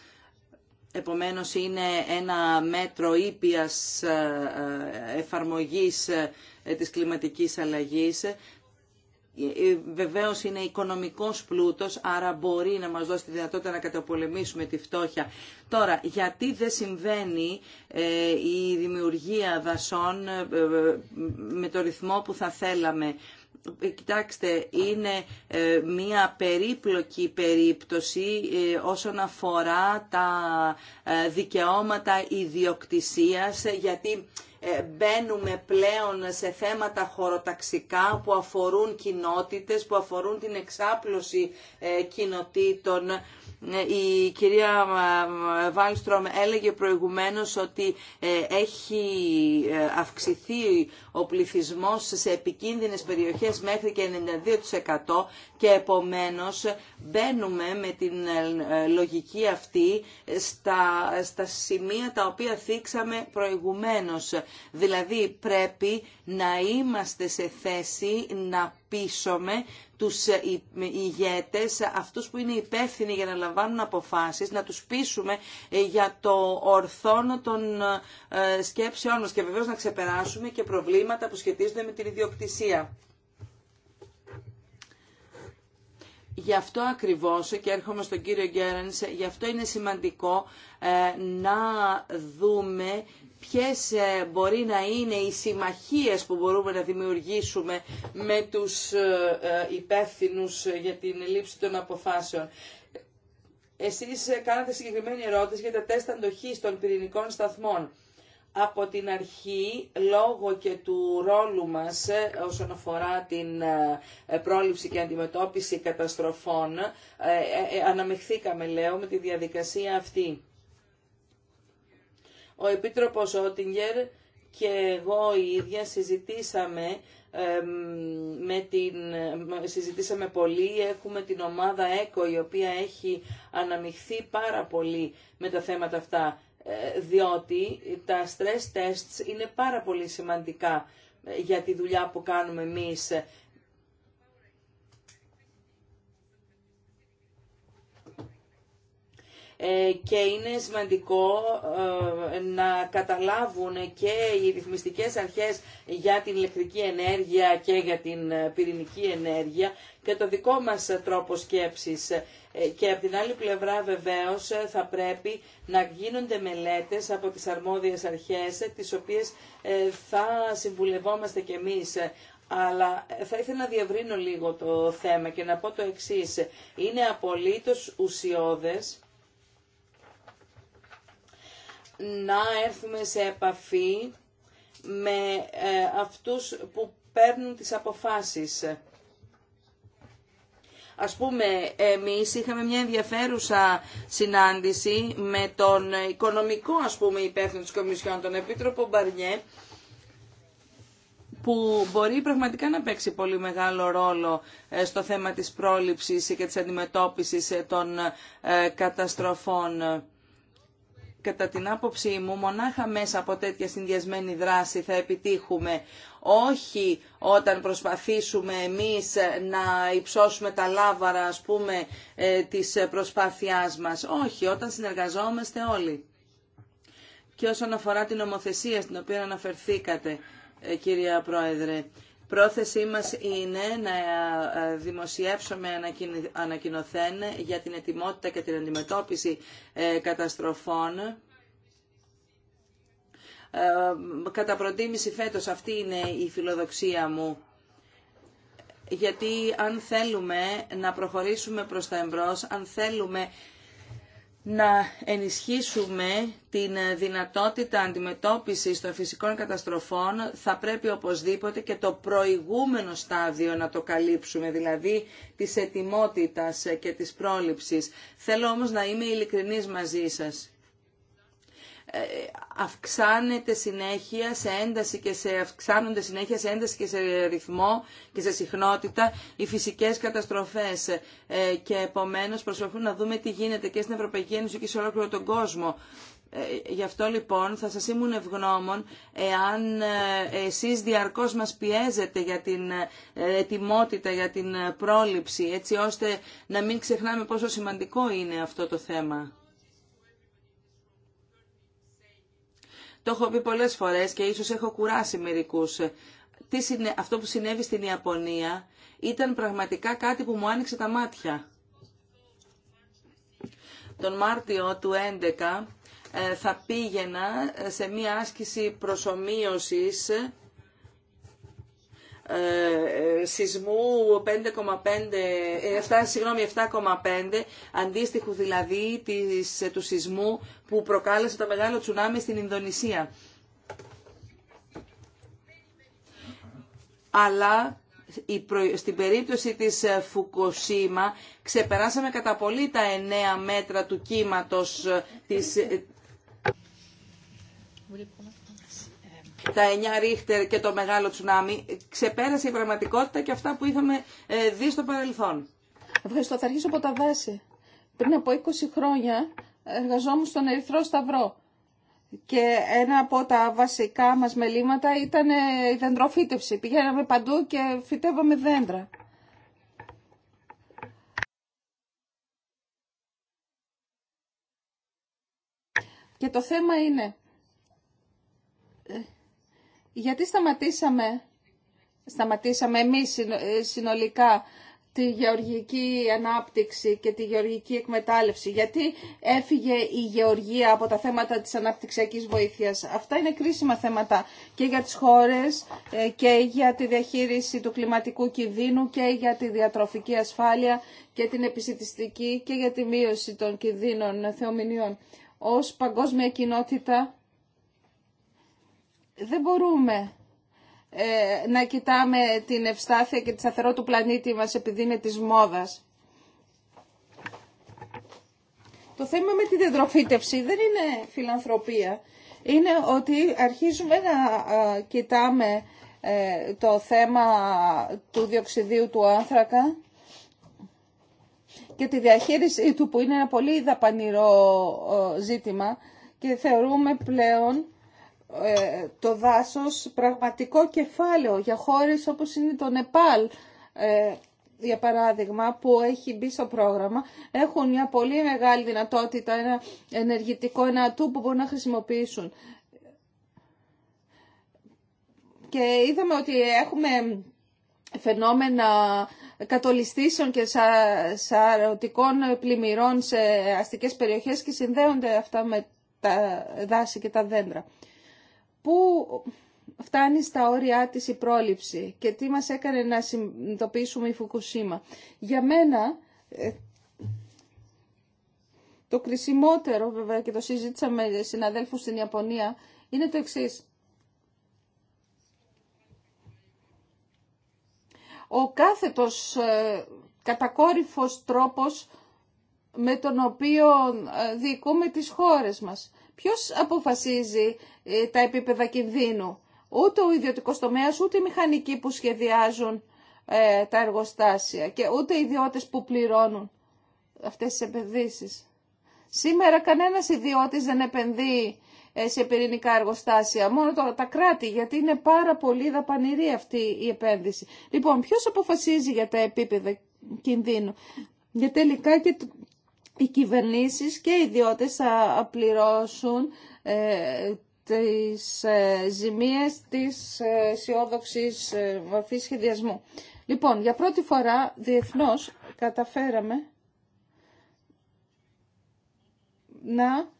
Επομένως είναι ένα μέτρο ήπιας ε, ε, εφαρμογής ε, της κλιματικής αλλαγής. Βεβαίως είναι οικονομικός πλούτος, άρα μπορεί να μας δώσει τη δυνατότητα να καταπολεμήσουμε τη φτώχεια. Τώρα, γιατί δεν συμβαίνει η δημιουργία δασών με το ρυθμό που θα θέλαμε. Ε, κοιτάξτε, είναι ε, μία περίπλοκη περίπτωση ε, όσον αφορά τα δικαιώματα ιδιοκτησίας, γιατί μπαίνουμε πλέον σε θέματα χωροταξικά που αφορούν κοινότητες, που αφορούν την εξάπλωση κοινοτήτων. Η κυρία Βάλστρομ έλεγε προηγουμένως ότι έχει αυξηθεί ο πληθυσμός σε επικίνδυνες περιοχές μέχρι και 92% και επομένως μπαίνουμε με την ε, ε, λογική αυτή στα, στα σημεία τα οποία θίξαμε προηγουμένως. Δηλαδή πρέπει να είμαστε σε θέση να πείσουμε τους ε, ηγέτες, αυτούς που είναι υπεύθυνοι για να λαμβάνουν αποφάσεις, να τους πείσουμε για το ορθόνο των σκέψεών μας και βεβαίως να ξεπεράσουμε και προβλήματα προβλήματα που σχετίζονται με την ιδιοκτησία. Γι' αυτό ακριβώς, και έρχομαι στον κύριο Γκέρανς, γι' αυτό είναι σημαντικό ε, να δούμε ποιες ε, μπορεί να είναι οι συμμαχίες που μπορούμε να δημιουργήσουμε με τους ε, υπεύθυνους για την λήψη των αποφάσεων. Εσείς κάνατε συγκεκριμένη ερώτηση για τα τεστ αντοχής των πυρηνικών σταθμών από την αρχή, λόγω και του ρόλου μας ε, όσον αφορά την ε, πρόληψη και αντιμετώπιση καταστροφών, ε, αναμεχθήκαμε, λέω, με τη διαδικασία αυτή. Ο Επίτροπος Ότιγκερ και εγώ η ίδια συζητήσαμε με την, συζητήσαμε πολύ, έχουμε την ομάδα ΕΚΟ η οποία έχει αναμειχθεί πάρα πολύ με τα θέματα αυτά. Ε, διότι τα stress tests είναι πάρα πολύ σημαντικά ε, για τη δουλειά που κάνουμε εμείς ε, Ε, και είναι σημαντικό ε, να καταλάβουν και οι ρυθμιστικές αρχές για την ηλεκτρική ενέργεια και για την ε, πυρηνική ενέργεια και το δικό μας τρόπο σκέψης. Και από την άλλη πλευρά βεβαίως θα πρέπει να γίνονται μελέτες από τις αρμόδιες αρχές τις οποίες θα συμβουλευόμαστε κι εμείς. Αλλά θα ήθελα να διαβρύνω λίγο το θέμα και να πω το εξής. Είναι απολύτως ουσιώδες να έρθουμε σε επαφή με ε, αυτούς που παίρνουν τις αποφάσεις. Ας πούμε, εμείς είχαμε μια ενδιαφέρουσα συνάντηση με τον οικονομικό, ας πούμε, υπεύθυνο της Κομισιόν, τον Επίτροπο Μπαρνιέ, που μπορεί πραγματικά να παίξει πολύ μεγάλο ρόλο ε, στο θέμα της πρόληψης και της αντιμετώπισης ε, των καταστροφών κατά την άποψή μου, μονάχα μέσα από τέτοια συνδυασμένη δράση θα επιτύχουμε. Όχι όταν προσπαθήσουμε εμείς να υψώσουμε τα λάβαρα, ας πούμε, ε, της προσπάθειάς μας. Όχι, όταν συνεργαζόμαστε όλοι. Και όσον αφορά την νομοθεσία στην οποία αναφερθήκατε, ε, κυρία Πρόεδρε, Πρόθεσή μας είναι να ε, δημοσιεύσουμε ανακοινωθέν για την ετοιμότητα και την αντιμετώπιση ε, καταστροφών ε, κατά προτίμηση φέτος αυτή είναι η φιλοδοξία μου. Γιατί αν θέλουμε να προχωρήσουμε προς τα εμπρός, αν θέλουμε να ενισχύσουμε την δυνατότητα αντιμετώπισης των φυσικών καταστροφών θα πρέπει οπωσδήποτε και το προηγούμενο στάδιο να το καλύψουμε, δηλαδή της ετοιμότητας και της πρόληψης. Θέλω όμως να είμαι ειλικρινής μαζί σας. Ε, αυξάνεται συνέχεια σε ένταση και σε αυξάνονται συνέχεια σε ένταση και σε ρυθμό και σε συχνότητα οι φυσικές καταστροφές ε, και επομένως προσπαθούμε να δούμε τι γίνεται και στην Ευρωπαϊκή Ένωση και σε ολόκληρο τον κόσμο. Ε, γι' αυτό λοιπόν θα σας ήμουν ευγνώμων εάν εσείς διαρκώς μας πιέζετε για την ετοιμότητα, για την πρόληψη, έτσι ώστε να μην ξεχνάμε πόσο σημαντικό είναι αυτό το θέμα. Το έχω πει πολλές φορές και ίσως έχω κουράσει μερικούς. Τι, αυτό που συνέβη στην Ιαπωνία ήταν πραγματικά κάτι που μου άνοιξε τα μάτια. Τον Μάρτιο του 2011 ε, θα πήγαινα σε μία άσκηση προσωμείωσης σεισμού 5,5, 7,5 ε, αντίστοιχου δηλαδή της, του σεισμού που προκάλεσε το μεγάλο τσουνάμι στην Ινδονησία. Αλλά στην περίπτωση της Φουκοσίμα ξεπεράσαμε κατά πολύ τα 9 μέτρα του κύματος της... Ε, τα εννιά ρίχτερ και το μεγάλο τσουνάμι. Ξεπέρασε η πραγματικότητα και αυτά που είχαμε ε, δει στο παρελθόν. Ευχαριστώ. Θα αρχίσω από τα βάση. Πριν από 20 χρόνια εργαζόμουν στον Ερυθρό Σταυρό και ένα από τα βασικά μας μελήματα ήταν ε, η δεντροφύτευση. Πηγαίναμε παντού και φυτεύαμε δέντρα. Και το θέμα είναι ε, γιατί σταματήσαμε, σταματήσαμε εμείς ε, συνολικά τη γεωργική ανάπτυξη και τη γεωργική εκμετάλλευση. Γιατί έφυγε η γεωργία από τα θέματα της αναπτυξιακής βοήθειας. Αυτά είναι κρίσιμα θέματα και για τις χώρες ε, και για τη διαχείριση του κλιματικού κινδύνου και για τη διατροφική ασφάλεια και την επιστημιστική και για τη μείωση των κινδύνων θεομηνιών. Ως παγκόσμια κοινότητα δεν μπορούμε ε, να κοιτάμε την ευστάθεια και τη σταθερό του πλανήτη μας επειδή είναι της μόδας. Το θέμα με τη διατροφήτευση δεν είναι φιλανθρωπία. Είναι ότι αρχίζουμε να ε, κοιτάμε ε, το θέμα του διοξιδίου του άνθρακα και τη διαχείριση του που είναι ένα πολύ δαπανηρό ζήτημα και θεωρούμε πλέον ε, το δάσος πραγματικό κεφάλαιο για χώρες όπως είναι το Νεπάλ, ε, για παράδειγμα, που έχει μπει στο πρόγραμμα, έχουν μια πολύ μεγάλη δυνατότητα, ένα ενεργητικό, ένα ατού που μπορούν να χρησιμοποιήσουν. Και είδαμε ότι έχουμε φαινόμενα κατολιστήσεων και σαρωτικών πλημμυρών σε αστικές περιοχές και συνδέονται αυτά με τα δάση και τα δέντρα πού φτάνει στα όρια της η πρόληψη και τι μας έκανε να συνειδητοποιήσουμε η Φουκουσίμα. Για μένα ε, το κρισιμότερο βέβαια και το συζήτησα με συναδέλφου στην Ιαπωνία είναι το εξή. Ο κάθετος ε, κατακόρυφος τρόπος με τον οποίο ε, διοικούμε τις χώρες μας. Ποιος αποφασίζει ε, τα επίπεδα κινδύνου. Ούτε ο ιδιωτικός τομέας, ούτε οι μηχανικοί που σχεδιάζουν ε, τα εργοστάσια και ούτε οι ιδιώτες που πληρώνουν αυτές τις επενδύσεις. Σήμερα κανένας ιδιώτης δεν επενδύει ε, σε πυρηνικά εργοστάσια, μόνο τα κράτη, γιατί είναι πάρα πολύ δαπανηρή αυτή η επένδυση. Λοιπόν, ποιος αποφασίζει για τα επίπεδα κινδύνου. Για τελικά και οι κυβερνήσεις και οι ιδιώτες θα πληρώσουν τις ε, ζημίες της ε, αισιόδοξη ε, βαφή σχεδιασμού. Λοιπόν, για πρώτη φορά διεθνώς καταφέραμε να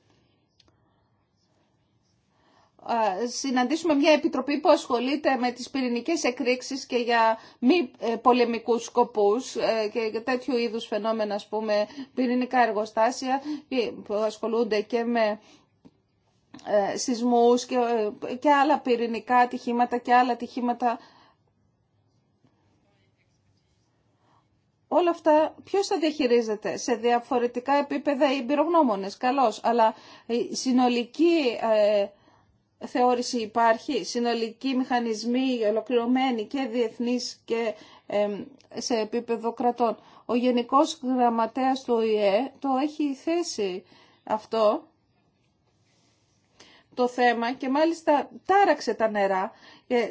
συναντήσουμε μια επιτροπή που ασχολείται με τις πυρηνικές εκρήξεις και για μη πολεμικούς σκοπούς και τέτοιου είδους φαινόμενα, ας πούμε, πυρηνικά εργοστάσια που ασχολούνται και με ε, σεισμούς και, ε, και άλλα πυρηνικά ατυχήματα και άλλα ατυχήματα. Όλα αυτά ποιος τα διαχειρίζεται σε διαφορετικά επίπεδα ή εμπειρογνώμονες, καλώς, αλλά συνολική ε, θεώρηση υπάρχει, συνολικοί μηχανισμοί ολοκληρωμένοι και διεθνείς και σε επίπεδο κρατών. Ο Γενικός Γραμματέας του ΟΗΕ το έχει θέσει αυτό το θέμα και μάλιστα τάραξε τα νερά.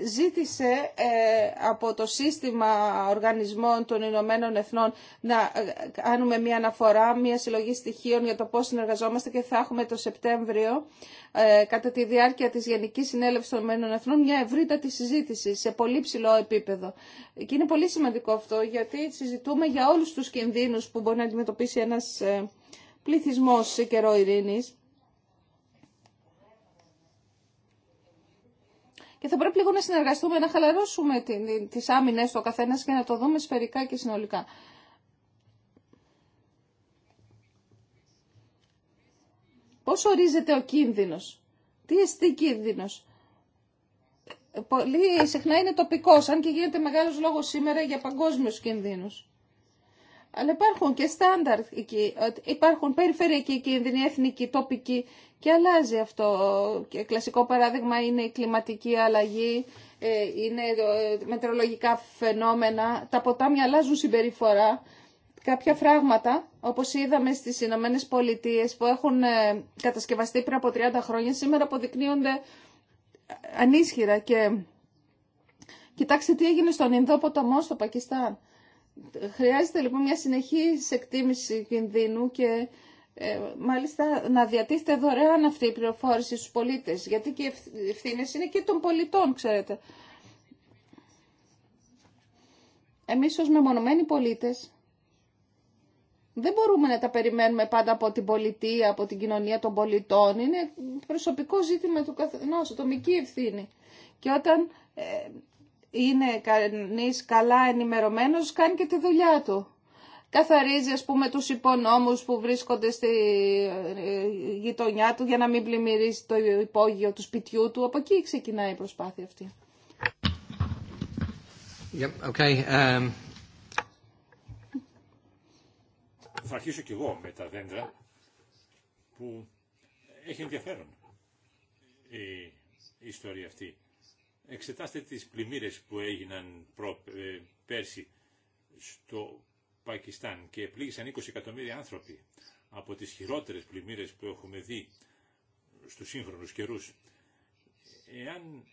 Ζήτησε ε, από το σύστημα οργανισμών των Ηνωμένων Εθνών να ε, κάνουμε μια αναφορά, μια συλλογή στοιχείων για το πώς συνεργαζόμαστε και θα έχουμε το Σεπτέμβριο ε, κατά τη διάρκεια της Γενικής Συνέλευσης των Ηνωμένων Εθνών μια ευρύτατη συζήτηση σε πολύ ψηλό επίπεδο. Και είναι πολύ σημαντικό αυτό γιατί συζητούμε για όλους τους κινδύνους που μπορεί να αντιμετωπίσει ένας πληθυσμός σε καιρό ειρήνης Και θα πρέπει λίγο να συνεργαστούμε, να χαλαρώσουμε τις άμυνες του καθένα και να το δούμε σφαιρικά και συνολικά. Πώς ορίζεται ο κίνδυνος. Τι εστί κίνδυνος. Ε, πολύ συχνά είναι τοπικός, αν και γίνεται μεγάλος λόγος σήμερα για παγκόσμιους κινδύνους. Αλλά υπάρχουν και στάνταρ εκεί, υπάρχουν περιφερειακοί κίνδυνοι, εθνικοί, τοπικοί και αλλάζει αυτό. Και κλασικό παράδειγμα είναι η κλιματική αλλαγή, ε, είναι ε, μετρολογικά φαινόμενα, τα ποτάμια αλλάζουν συμπεριφορά. Κάποια φράγματα, όπως είδαμε στις Ηνωμένε Πολιτείε που έχουν ε, κατασκευαστεί πριν από 30 χρόνια, σήμερα αποδεικνύονται ανίσχυρα και κοιτάξτε τι έγινε στον Ινδό ποταμό στο Πακιστάν. Χρειάζεται λοιπόν μια συνεχής εκτίμηση κινδύνου και ε, μάλιστα να διατίθεται δωρεάν αυτή η πληροφόρηση στους πολίτες, γιατί και οι ευθύνε είναι και των πολιτών, ξέρετε. Εμείς ως μεμονωμένοι πολίτες δεν μπορούμε να τα περιμένουμε πάντα από την πολιτεία, από την κοινωνία των πολιτών. Είναι προσωπικό ζήτημα του καθενός, ατομική ευθύνη. Και όταν ε, είναι κανείς καλά ενημερωμένος, κάνει και τη δουλειά του. Καθαρίζει, ας πούμε, τους υπονόμους που βρίσκονται στη ε, γειτονιά του για να μην πλημμυρίσει το υπόγειο του σπιτιού του. Από εκεί ξεκινάει η προσπάθεια αυτή. Yep, okay. um... Θα αρχίσω κι εγώ με τα δέντρα που έχει ενδιαφέρον η ιστορία αυτή. Εξετάστε τις πλημμύρες που έγιναν ε, πέρσι στο Πακιστάν και πλήγησαν 20 εκατομμύρια άνθρωποι από τις χειρότερες πλημμύρες που έχουμε δει στους σύγχρονους καιρούς. Εάν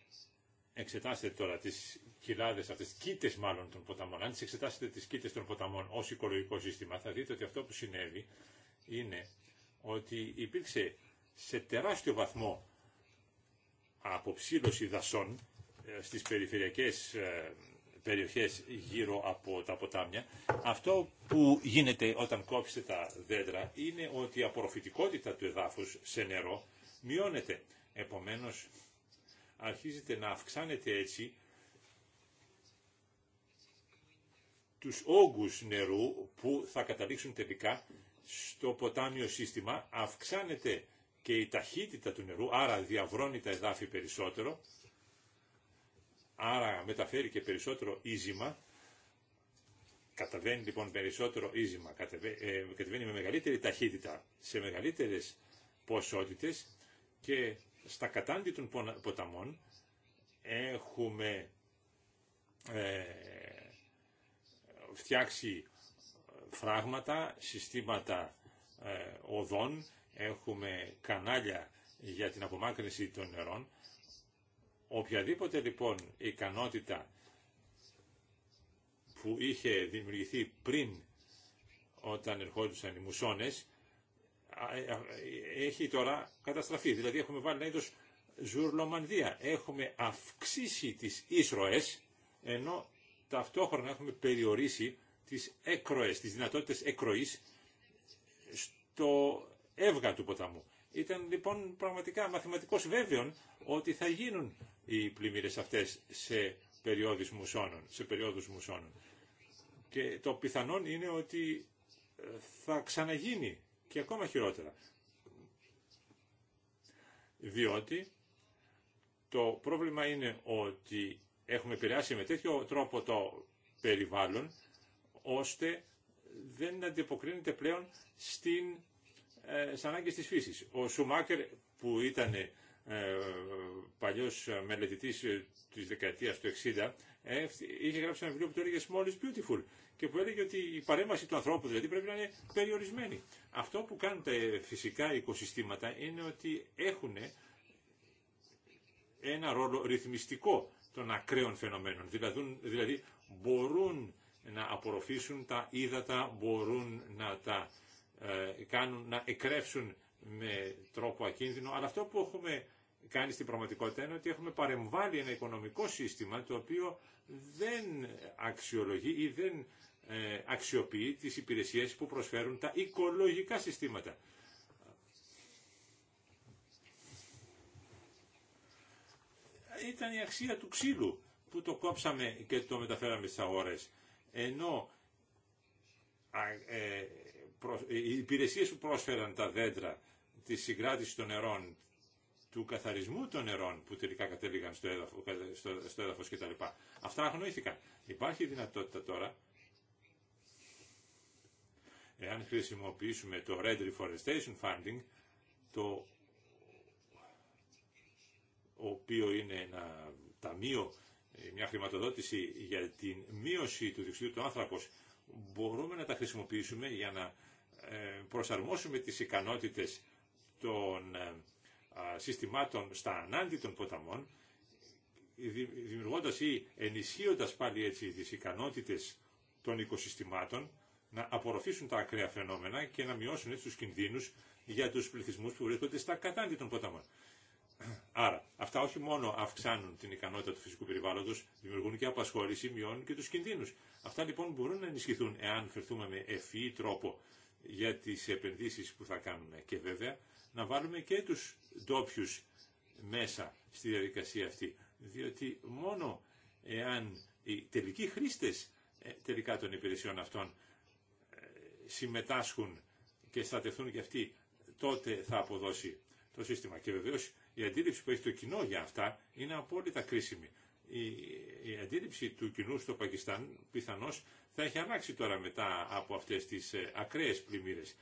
εξετάσετε τώρα τις κοιλάδες αυτές, κίτες μάλλον των ποταμών, αν τις εξετάσετε τις κίτες των ποταμών ως οικολογικό σύστημα, θα δείτε ότι αυτό που συνέβη είναι ότι υπήρξε σε τεράστιο βαθμό αποψήλωση δασών στις περιφερειακές ε, περιοχές γύρω από τα ποτάμια, αυτό που γίνεται όταν κόψετε τα δέντρα είναι ότι η απορροφητικότητα του εδάφους σε νερό μειώνεται. Επομένως, αρχίζετε να αυξάνεται έτσι τους όγκους νερού που θα καταλήξουν τελικά στο ποτάμιο σύστημα, αυξάνεται και η ταχύτητα του νερού, άρα διαβρώνει τα εδάφη περισσότερο άρα μεταφέρει και περισσότερο ίζημα, καταβαίνει λοιπόν περισσότερο ίζημα, ε, κατεβαίνει με μεγαλύτερη ταχύτητα σε μεγαλύτερες ποσότητες και στα κατάντη των ποταμών έχουμε ε, φτιάξει φράγματα, συστήματα ε, οδών, έχουμε κανάλια για την απομάκρυνση των νερών Οποιαδήποτε λοιπόν ικανότητα που είχε δημιουργηθεί πριν όταν ερχόντουσαν οι μουσώνες ε, έχει τώρα καταστραφεί. Δηλαδή έχουμε βάλει ένα είδος ζουρλομανδία. Έχουμε αυξήσει τις ίσροες ενώ ταυτόχρονα έχουμε περιορίσει τις έκροες, τις δυνατότητες έκροης στο έβγα του ποταμού. Ήταν λοιπόν πραγματικά μαθηματικός βέβαιον ότι θα γίνουν οι πλημμύρες αυτές σε περιόδους μουσώνων. Σε περιόδους μουσώνων. Και το πιθανόν είναι ότι ε, θα ξαναγίνει και ακόμα χειρότερα. Διότι το πρόβλημα είναι ότι έχουμε επηρεάσει με τέτοιο τρόπο το περιβάλλον, ώστε δεν αντιποκρίνεται πλέον στην, ε, ανάγκες της φύσης. Ο Σουμάκερ που ήταν ε, παλιός μελετητής ε, της δεκαετίας του 60 ε, είχε γράψει ένα βιβλίο που το έλεγε Small is Beautiful και που έλεγε ότι η παρέμβαση του ανθρώπου δηλαδή πρέπει να είναι περιορισμένη. Αυτό που κάνουν τα φυσικά οικοσυστήματα είναι ότι έχουν ένα ρόλο ρυθμιστικό των ακραίων φαινομένων. Δηλαδή, δηλαδή μπορούν να απορροφήσουν τα ύδατα, μπορούν να τα κάνουν, να εκρέψουν με τρόπο ακίνδυνο, αλλά αυτό που έχουμε κάνει στην πραγματικότητα είναι ότι έχουμε παρεμβάλει ένα οικονομικό σύστημα το οποίο δεν αξιολογεί ή δεν ε, αξιοποιεί τις υπηρεσίες που προσφέρουν τα οικολογικά συστήματα. Ήταν η αξία του ξύλου που το κόψαμε και το μεταφέραμε στις αγορές. Ενώ ε, ε, οι υπηρεσίες που πρόσφεραν τα δέντρα, τη συγκράτηση των νερών, του καθαρισμού των νερών που τελικά κατέληγαν στο, έδαφο, στο, στο έδαφος κτλ. Αυτά αγνοήθηκαν. Υπάρχει δυνατότητα τώρα, εάν χρησιμοποιήσουμε το Red Reforestation Funding, το οποίο είναι ένα ταμείο, μια χρηματοδότηση για την μείωση του διοξιδίου του άνθρακος, μπορούμε να τα χρησιμοποιήσουμε για να ε, προσαρμόσουμε τις ικανότητες των ε, συστημάτων στα ανάντι των ποταμών, δημιουργώντας ή ενισχύοντας πάλι έτσι τις ικανότητες των οικοσυστημάτων να απορροφήσουν τα ακραία φαινόμενα και να μειώσουν έτσι τους κινδύνους για τους πληθυσμούς που βρίσκονται στα κατάντι των ποταμών. Άρα, αυτά όχι μόνο αυξάνουν την ικανότητα του φυσικού περιβάλλοντο, δημιουργούν και απασχόληση, μειώνουν και του κινδύνου. Αυτά λοιπόν μπορούν να ενισχυθούν εάν φερθούμε με ευφυή τρόπο για τι επενδύσει που θα κάνουμε. Και βέβαια, να βάλουμε και τους ντόπιου μέσα στη διαδικασία αυτή. Διότι μόνο εάν οι τελικοί χρήστες ε, τελικά των υπηρεσιών αυτών ε, συμμετάσχουν και στατευθούν και αυτοί, τότε θα αποδώσει το σύστημα. Και βεβαίως η αντίληψη που έχει το κοινό για αυτά είναι απόλυτα κρίσιμη. Η, αντίληψη του κοινού στο Πακιστάν πιθανώς θα έχει αλλάξει τώρα μετά από αυτές τις ε, ακραίες πλημμύρες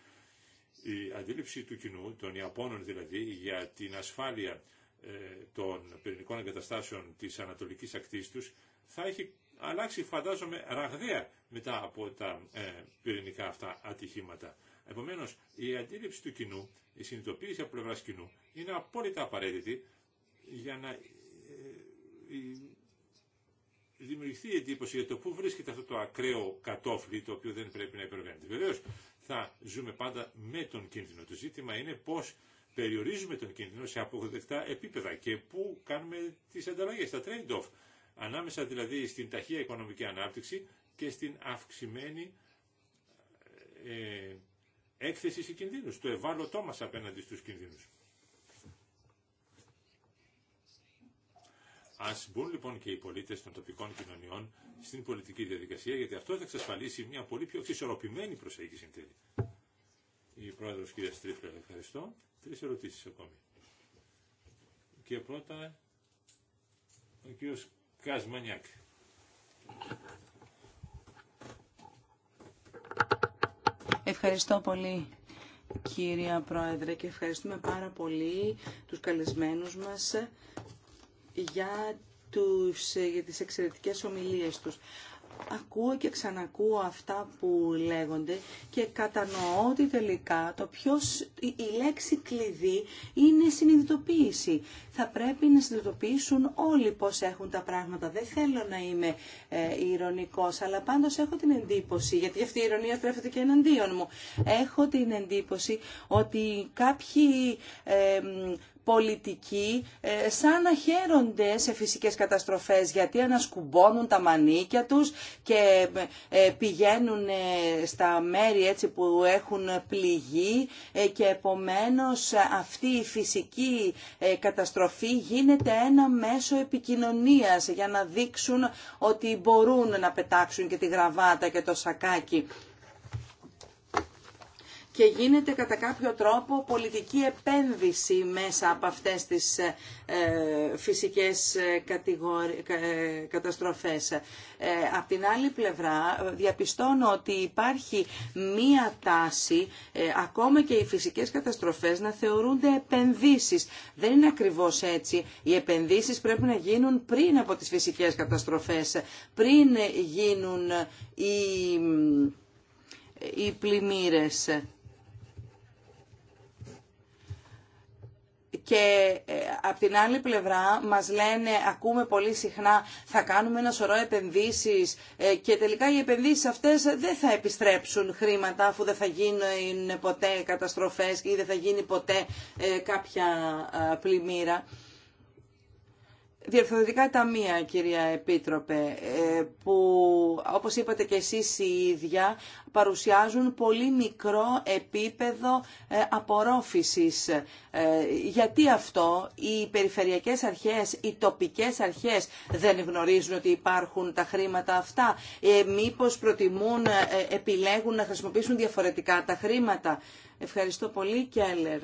η αντίληψη του κοινού, των Ιαπώνων δηλαδή, για την ασφάλεια ε, των πυρηνικών εγκαταστάσεων της ανατολικής ακτής τους θα έχει αλλάξει φαντάζομαι ραγδαία μετά από τα ε, πυρηνικά αυτά ατυχήματα. Επομένως, η αντίληψη του κοινού, η συνειδητοποίηση από πλευράς κοινού είναι απόλυτα απαραίτητη για να ε, δημιουργηθεί η εντύπωση για το πού βρίσκεται αυτό το ακραίο κατόφλι το οποίο δεν πρέπει να υπερβαίνεται. Βεβαίω θα ζούμε πάντα με τον κίνδυνο. Το ζήτημα είναι πώς περιορίζουμε τον κίνδυνο σε αποδεκτά επίπεδα και πού κάνουμε τις ανταλλαγές, τα trade-off. Ανάμεσα δηλαδή στην ταχεία οικονομική ανάπτυξη και στην αυξημένη ε, έκθεση σε κινδύνους, το ευάλωτό μας απέναντι στους κινδύνους. Ας μπουν λοιπόν και οι πολίτες των τοπικών κοινωνιών στην πολιτική διαδικασία, γιατί αυτό θα εξασφαλίσει μια πολύ πιο εξισορροπημένη προσέγγιση εν τέλει. Η πρόεδρος κυρία Στρίφλερ, ευχαριστώ. Τρεις ερωτήσεις ακόμη. Και πρώτα, ο κύριος Κασμανιάκ. Ευχαριστώ πολύ κύρια Πρόεδρε και ευχαριστούμε πάρα πολύ τους καλεσμένους μας για τους, ε, για τις εξαιρετικές ομιλίες τους. Ακούω και ξανακούω αυτά που λέγονται και κατανοώ ότι τελικά το ποιος, η λέξη κλειδί είναι συνειδητοποίηση. Θα πρέπει να συνειδητοποιήσουν όλοι πώς έχουν τα πράγματα. Δεν θέλω να είμαι ε, ηρωνικός, αλλά πάντως έχω την εντύπωση, γιατί αυτή η ηρωνία τρέφεται και εναντίον μου, έχω την εντύπωση ότι κάποιοι... Ε, πολιτικοί ε, σαν να χαίρονται σε φυσικές καταστροφές γιατί ανασκουμπώνουν τα μανίκια τους και ε, πηγαίνουν ε, στα μέρη έτσι που έχουν πληγή και επομένως αυτή η φυσική καταστροφή γίνεται ένα μέσο επικοινωνίας για να δείξουν ότι μπορούν να πετάξουν και τη γραβάτα και το σακάκι και γίνεται κατά κάποιο τρόπο πολιτική επένδυση μέσα από αυτές τις ε, φυσικές ε, ε, καταστροφές. Απ' την άλλη πλευρά διαπιστώνω ότι υπάρχει μία τάση, ακόμα και οι φυσικές καταστροφές, να θεωρούνται επενδύσεις. Δεν είναι ακριβώς έτσι. Οι επενδύσεις πρέπει να γίνουν πριν από τις φυσικές καταστροφές, πριν γίνουν οι, οι πλημμύρες. και ε, από την άλλη πλευρά μας λένε, ακούμε πολύ συχνά, θα κάνουμε ένα σωρό επενδύσεις ε, και τελικά οι επενδύσεις αυτές δεν θα επιστρέψουν χρήματα αφού δεν θα γίνουν ποτέ καταστροφές ή δεν θα γίνει ποτέ ε, κάποια πλημμύρα. Διευθυντικά ταμεία, κυρία Επίτροπε, ε, που όπως είπατε και εσείς οι ίδια παρουσιάζουν πολύ μικρό επίπεδο ε, απορρόφησης. Ε, γιατί αυτό οι περιφερειακές αρχές, οι τοπικές αρχές δεν γνωρίζουν ότι υπάρχουν τα χρήματα αυτά. Μήπως προτιμούν, επιλέγουν να χρησιμοποιήσουν διαφορετικά τα χρήματα. Ευχαριστώ πολύ, Κέλλερ.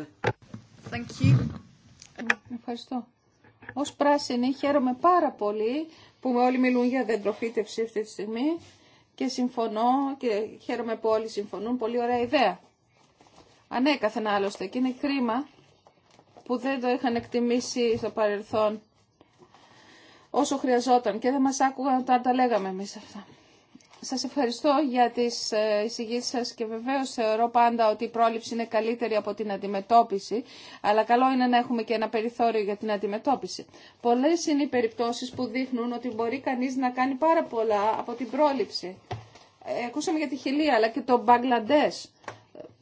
Ευχαριστώ. Ως πράσινη χαίρομαι πάρα πολύ που όλοι μιλούν για δεντροφύτευση αυτή τη στιγμή και συμφωνώ και χαίρομαι που όλοι συμφωνούν. Πολύ ωραία ιδέα. Ανέκαθεν άλλωστε και είναι κρίμα που δεν το είχαν εκτιμήσει στο παρελθόν όσο χρειαζόταν και δεν μας άκουγαν όταν τα λέγαμε εμείς αυτά. Σας ευχαριστώ για τις ε, εισηγήσεις σας και βεβαίως θεωρώ πάντα ότι η πρόληψη είναι καλύτερη από την αντιμετώπιση, αλλά καλό είναι να έχουμε και ένα περιθώριο για την αντιμετώπιση. Πολλές είναι οι περιπτώσεις που δείχνουν ότι μπορεί κανείς να κάνει πάρα πολλά από την πρόληψη. Ε, ακούσαμε για τη Χιλία, αλλά και το Μπαγκλαντές,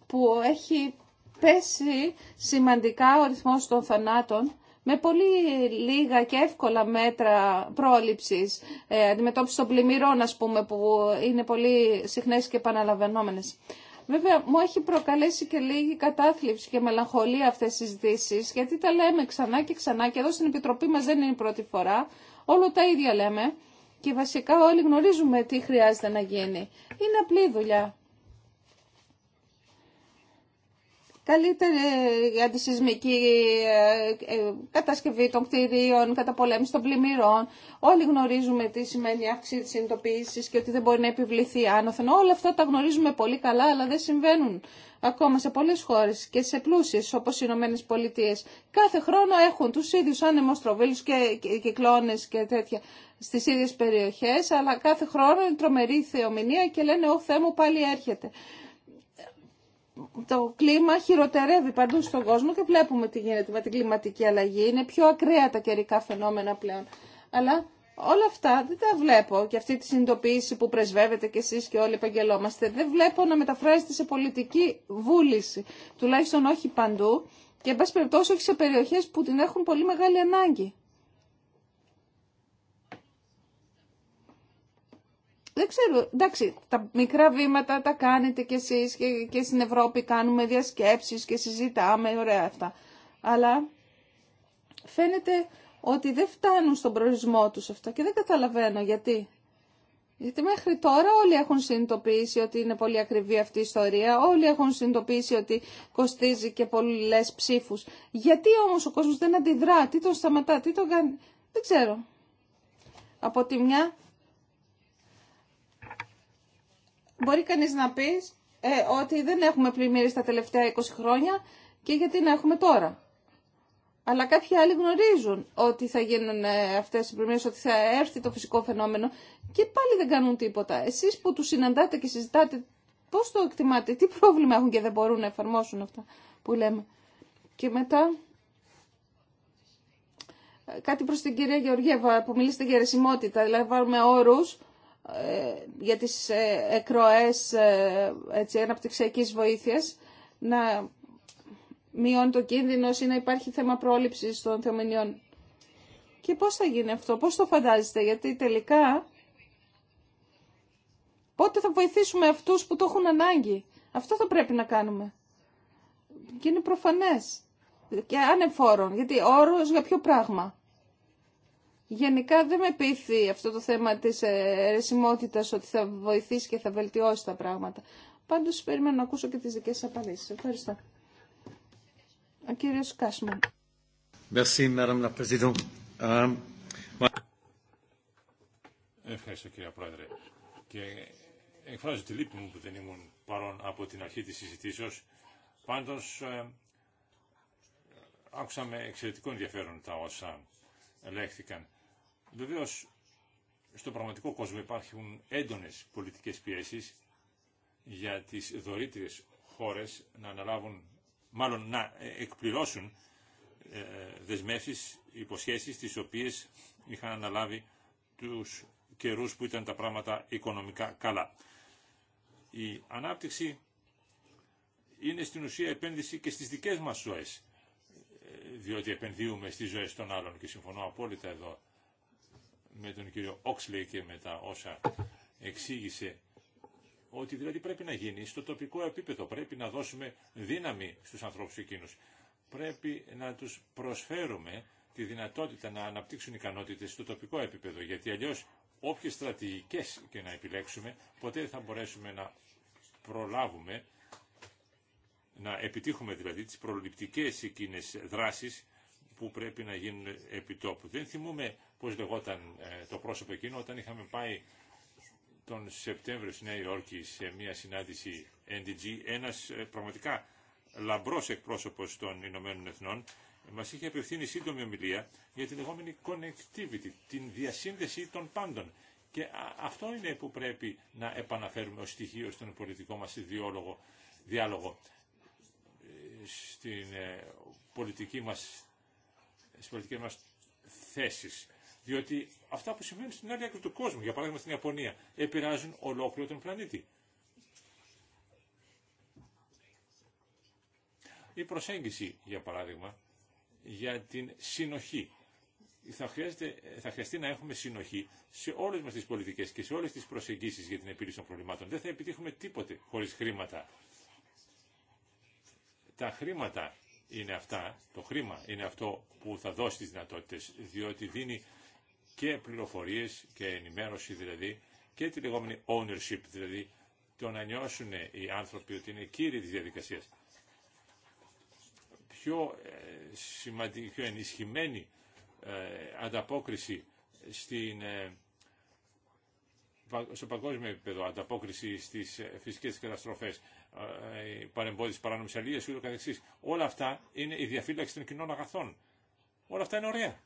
που έχει πέσει σημαντικά ο ρυθμός των θανάτων με πολύ λίγα και εύκολα μέτρα πρόληψης, ε, αντιμετώπιση των πλημμυρών, ας πούμε, που είναι πολύ συχνές και επαναλαμβανόμενες. Βέβαια, μου έχει προκαλέσει και λίγη κατάθλιψη και μελαγχολία αυτές τις συζητήσεις, γιατί τα λέμε ξανά και ξανά και εδώ στην Επιτροπή μας δεν είναι η πρώτη φορά. Όλο τα ίδια λέμε και βασικά όλοι γνωρίζουμε τι χρειάζεται να γίνει. Είναι απλή δουλειά. καλύτερη ε, αντισυσμική ε, ε, κατασκευή των κτηρίων, καταπολέμηση των πλημμυρών. Όλοι γνωρίζουμε τι σημαίνει αύξηση τη συνειδητοποίηση και ότι δεν μπορεί να επιβληθεί άνωθεν. Όλα αυτά τα γνωρίζουμε πολύ καλά, αλλά δεν συμβαίνουν ακόμα σε πολλέ χώρε και σε πλούσιε όπω οι Ηνωμένε Πολιτείε. Κάθε χρόνο έχουν του ίδιου άνεμος και κυκλώνε και τέτοια στι ίδιε περιοχέ, αλλά κάθε χρόνο είναι τρομερή θεομηνία και λένε «Ω Θεέ μου πάλι έρχεται» το κλίμα χειροτερεύει παντού στον κόσμο και βλέπουμε τι γίνεται με την κλιματική αλλαγή. Είναι πιο ακραία τα καιρικά φαινόμενα πλέον. Αλλά όλα αυτά δεν τα βλέπω και αυτή τη συνειδητοποίηση που πρεσβεύετε κι εσείς και όλοι επαγγελόμαστε. Δεν βλέπω να μεταφράζεται σε πολιτική βούληση, τουλάχιστον όχι παντού και εν πάση περιπτώσει όχι σε περιοχές που την έχουν πολύ μεγάλη ανάγκη. Δεν ξέρω, εντάξει, τα μικρά βήματα τα κάνετε κι εσείς και, και στην Ευρώπη κάνουμε διασκέψεις και συζητάμε, ωραία αυτά. Αλλά φαίνεται ότι δεν φτάνουν στον προορισμό τους αυτά και δεν καταλαβαίνω γιατί. Γιατί μέχρι τώρα όλοι έχουν συνειδητοποιήσει ότι είναι πολύ ακριβή αυτή η ιστορία, όλοι έχουν συνειδητοποιήσει ότι κοστίζει και πολλέ ψήφου. Γιατί όμω ο κόσμο δεν αντιδρά, τι τον σταματά, τι τον κάνει, δεν ξέρω. Από τη μια Μπορεί κανείς να πει ε, ότι δεν έχουμε πλημμύρες τα τελευταία 20 χρόνια και γιατί να έχουμε τώρα. Αλλά κάποιοι άλλοι γνωρίζουν ότι θα γίνουν ε, αυτές οι πλημμύρες, ότι θα έρθει το φυσικό φαινόμενο και πάλι δεν κάνουν τίποτα. Εσείς που τους συναντάτε και συζητάτε πώς το εκτιμάτε, τι πρόβλημα έχουν και δεν μπορούν να εφαρμόσουν αυτά που λέμε. Και μετά ε, κάτι προς την κυρία Γεωργίευα που μιλήσετε για ρεσιμότητα, δηλαδή βάλουμε όρους ε, για τις ε, εκροές ε, έτσι, αναπτυξιακής βοήθειας να μειώνει το κίνδυνο ή να υπάρχει θέμα πρόληψης των θεομηνιών. Και πώς θα γίνει αυτό, πώς το φαντάζεστε, γιατί τελικά πότε θα βοηθήσουμε αυτούς που το έχουν ανάγκη. Αυτό θα πρέπει να κάνουμε. Και είναι προφανές και ανεφόρον, γιατί όρος για ποιο πράγμα. Γενικά δεν με πείθει αυτό το θέμα της ερεσιμότητας ότι θα βοηθήσει και θα βελτιώσει τα πράγματα. Πάντως περιμένω να ακούσω και τις δικές σας απαντήσεις. Ευχαριστώ. Ο κύριος Κάσμαν. Um, Ευχαριστώ κύριε Πρόεδρε. Και εκφράζω τη λύπη μου που δεν ήμουν παρόν από την αρχή της συζητήσεως. Πάντως ε, άκουσα με εξαιρετικό ενδιαφέρον τα όσα ελέγχθηκαν. Βεβαίω, στον πραγματικό κόσμο υπάρχουν έντονες πολιτικές πιέσεις για τις δωρήτριε χώρες να αναλάβουν, μάλλον να ε, εκπληρώσουν ε, δεσμεύσεις, υποσχέσει τις οποίες είχαν αναλάβει τους καιρού που ήταν τα πράγματα οικονομικά καλά. Η ανάπτυξη είναι στην ουσία επένδυση και στις δικές μας ζωές, ε, διότι επενδύουμε στις ζωές των άλλων και συμφωνώ απόλυτα εδώ με τον κύριο Όξλε και με τα όσα εξήγησε ότι δηλαδή πρέπει να γίνει στο τοπικό επίπεδο, πρέπει να δώσουμε δύναμη στους ανθρώπους εκείνους. Πρέπει να τους προσφέρουμε τη δυνατότητα να αναπτύξουν ικανότητες στο τοπικό επίπεδο, γιατί αλλιώς όποιες στρατηγικές και να επιλέξουμε, ποτέ δεν θα μπορέσουμε να προλάβουμε, να επιτύχουμε δηλαδή τις προληπτικές εκείνες δράσεις που πρέπει να γίνουν επιτόπου. Δεν θυμούμε πώς λεγόταν ε, το πρόσωπο εκείνο όταν είχαμε πάει τον Σεπτέμβριο στη Νέα Υόρκη σε μια συνάντηση NDG, ένας ε, πραγματικά λαμπρός εκπρόσωπος των Ηνωμένων Εθνών, μας είχε απευθύνει σύντομη ομιλία για τη λεγόμενη connectivity, την διασύνδεση των πάντων. Και αυτό είναι που πρέπει να επαναφέρουμε ως στοιχείο στον πολιτικό μας διάλογο, ε, στην πολιτική μας στις πολιτικές μας θέσεις. Διότι αυτά που συμβαίνουν στην άλλη άκρη του κόσμου, για παράδειγμα στην Ιαπωνία, επηρεάζουν ολόκληρο τον πλανήτη. Η προσέγγιση, για παράδειγμα, για την συνοχή. Θα, θα χρειαστεί να έχουμε συνοχή σε όλες μας τις πολιτικές και σε όλες τις προσεγγίσεις για την επίλυση των προβλημάτων. Δεν θα επιτύχουμε τίποτε χωρίς χρήματα. Τα χρήματα είναι αυτά, το χρήμα είναι αυτό που θα δώσει τις δυνατότητες, διότι δίνει και πληροφορίες και ενημέρωση δηλαδή και τη λεγόμενη ownership, δηλαδή το να νιώσουν οι άνθρωποι ότι είναι κύριοι της διαδικασίας. Πιο, ε, σημαντική, ενισχυμένη ε, ανταπόκριση στην, ε, στο παγκόσμιο επίπεδο, ανταπόκριση στις φυσικές καταστροφές ε, παρεμπόδιση παράνομη αλληλεία ούτω καθεξή. Όλα αυτά είναι η διαφύλαξη των κοινών αγαθών. Όλα αυτά είναι ωραία.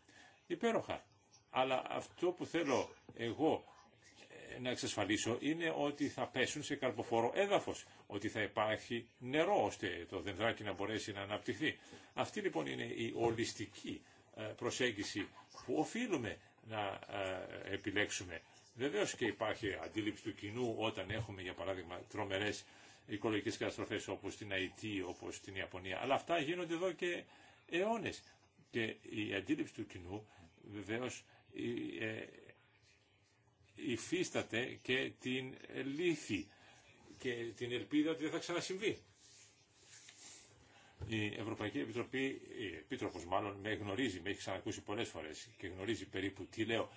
Υπέροχα. Αλλά αυτό που θέλω εγώ ε, να εξασφαλίσω είναι ότι θα πέσουν σε καρποφόρο έδαφο, ότι θα υπάρχει νερό ώστε το δενδράκι να μπορέσει να αναπτυχθεί. Αυτή λοιπόν είναι η ολιστική ε, προσέγγιση που οφείλουμε να επιλέξουμε. Βεβαίω και υπάρχει αντίληψη του κοινού όταν έχουμε για παράδειγμα τρομερές οικολογικές καταστροφές όπως στην Αϊτή, όπως στην Ιαπωνία. Αλλά αυτά γίνονται εδώ και αιώνες. Και η αντίληψη του κοινού βεβαίως ε, ε, υφίσταται και την λύθη και την ελπίδα ότι δεν θα ξανασυμβεί. Η Ευρωπαϊκή Επιτροπή, η Επίτροπο μάλλον, με γνωρίζει, με έχει ξανακούσει πολλέ φορέ και γνωρίζει περίπου τι λέω.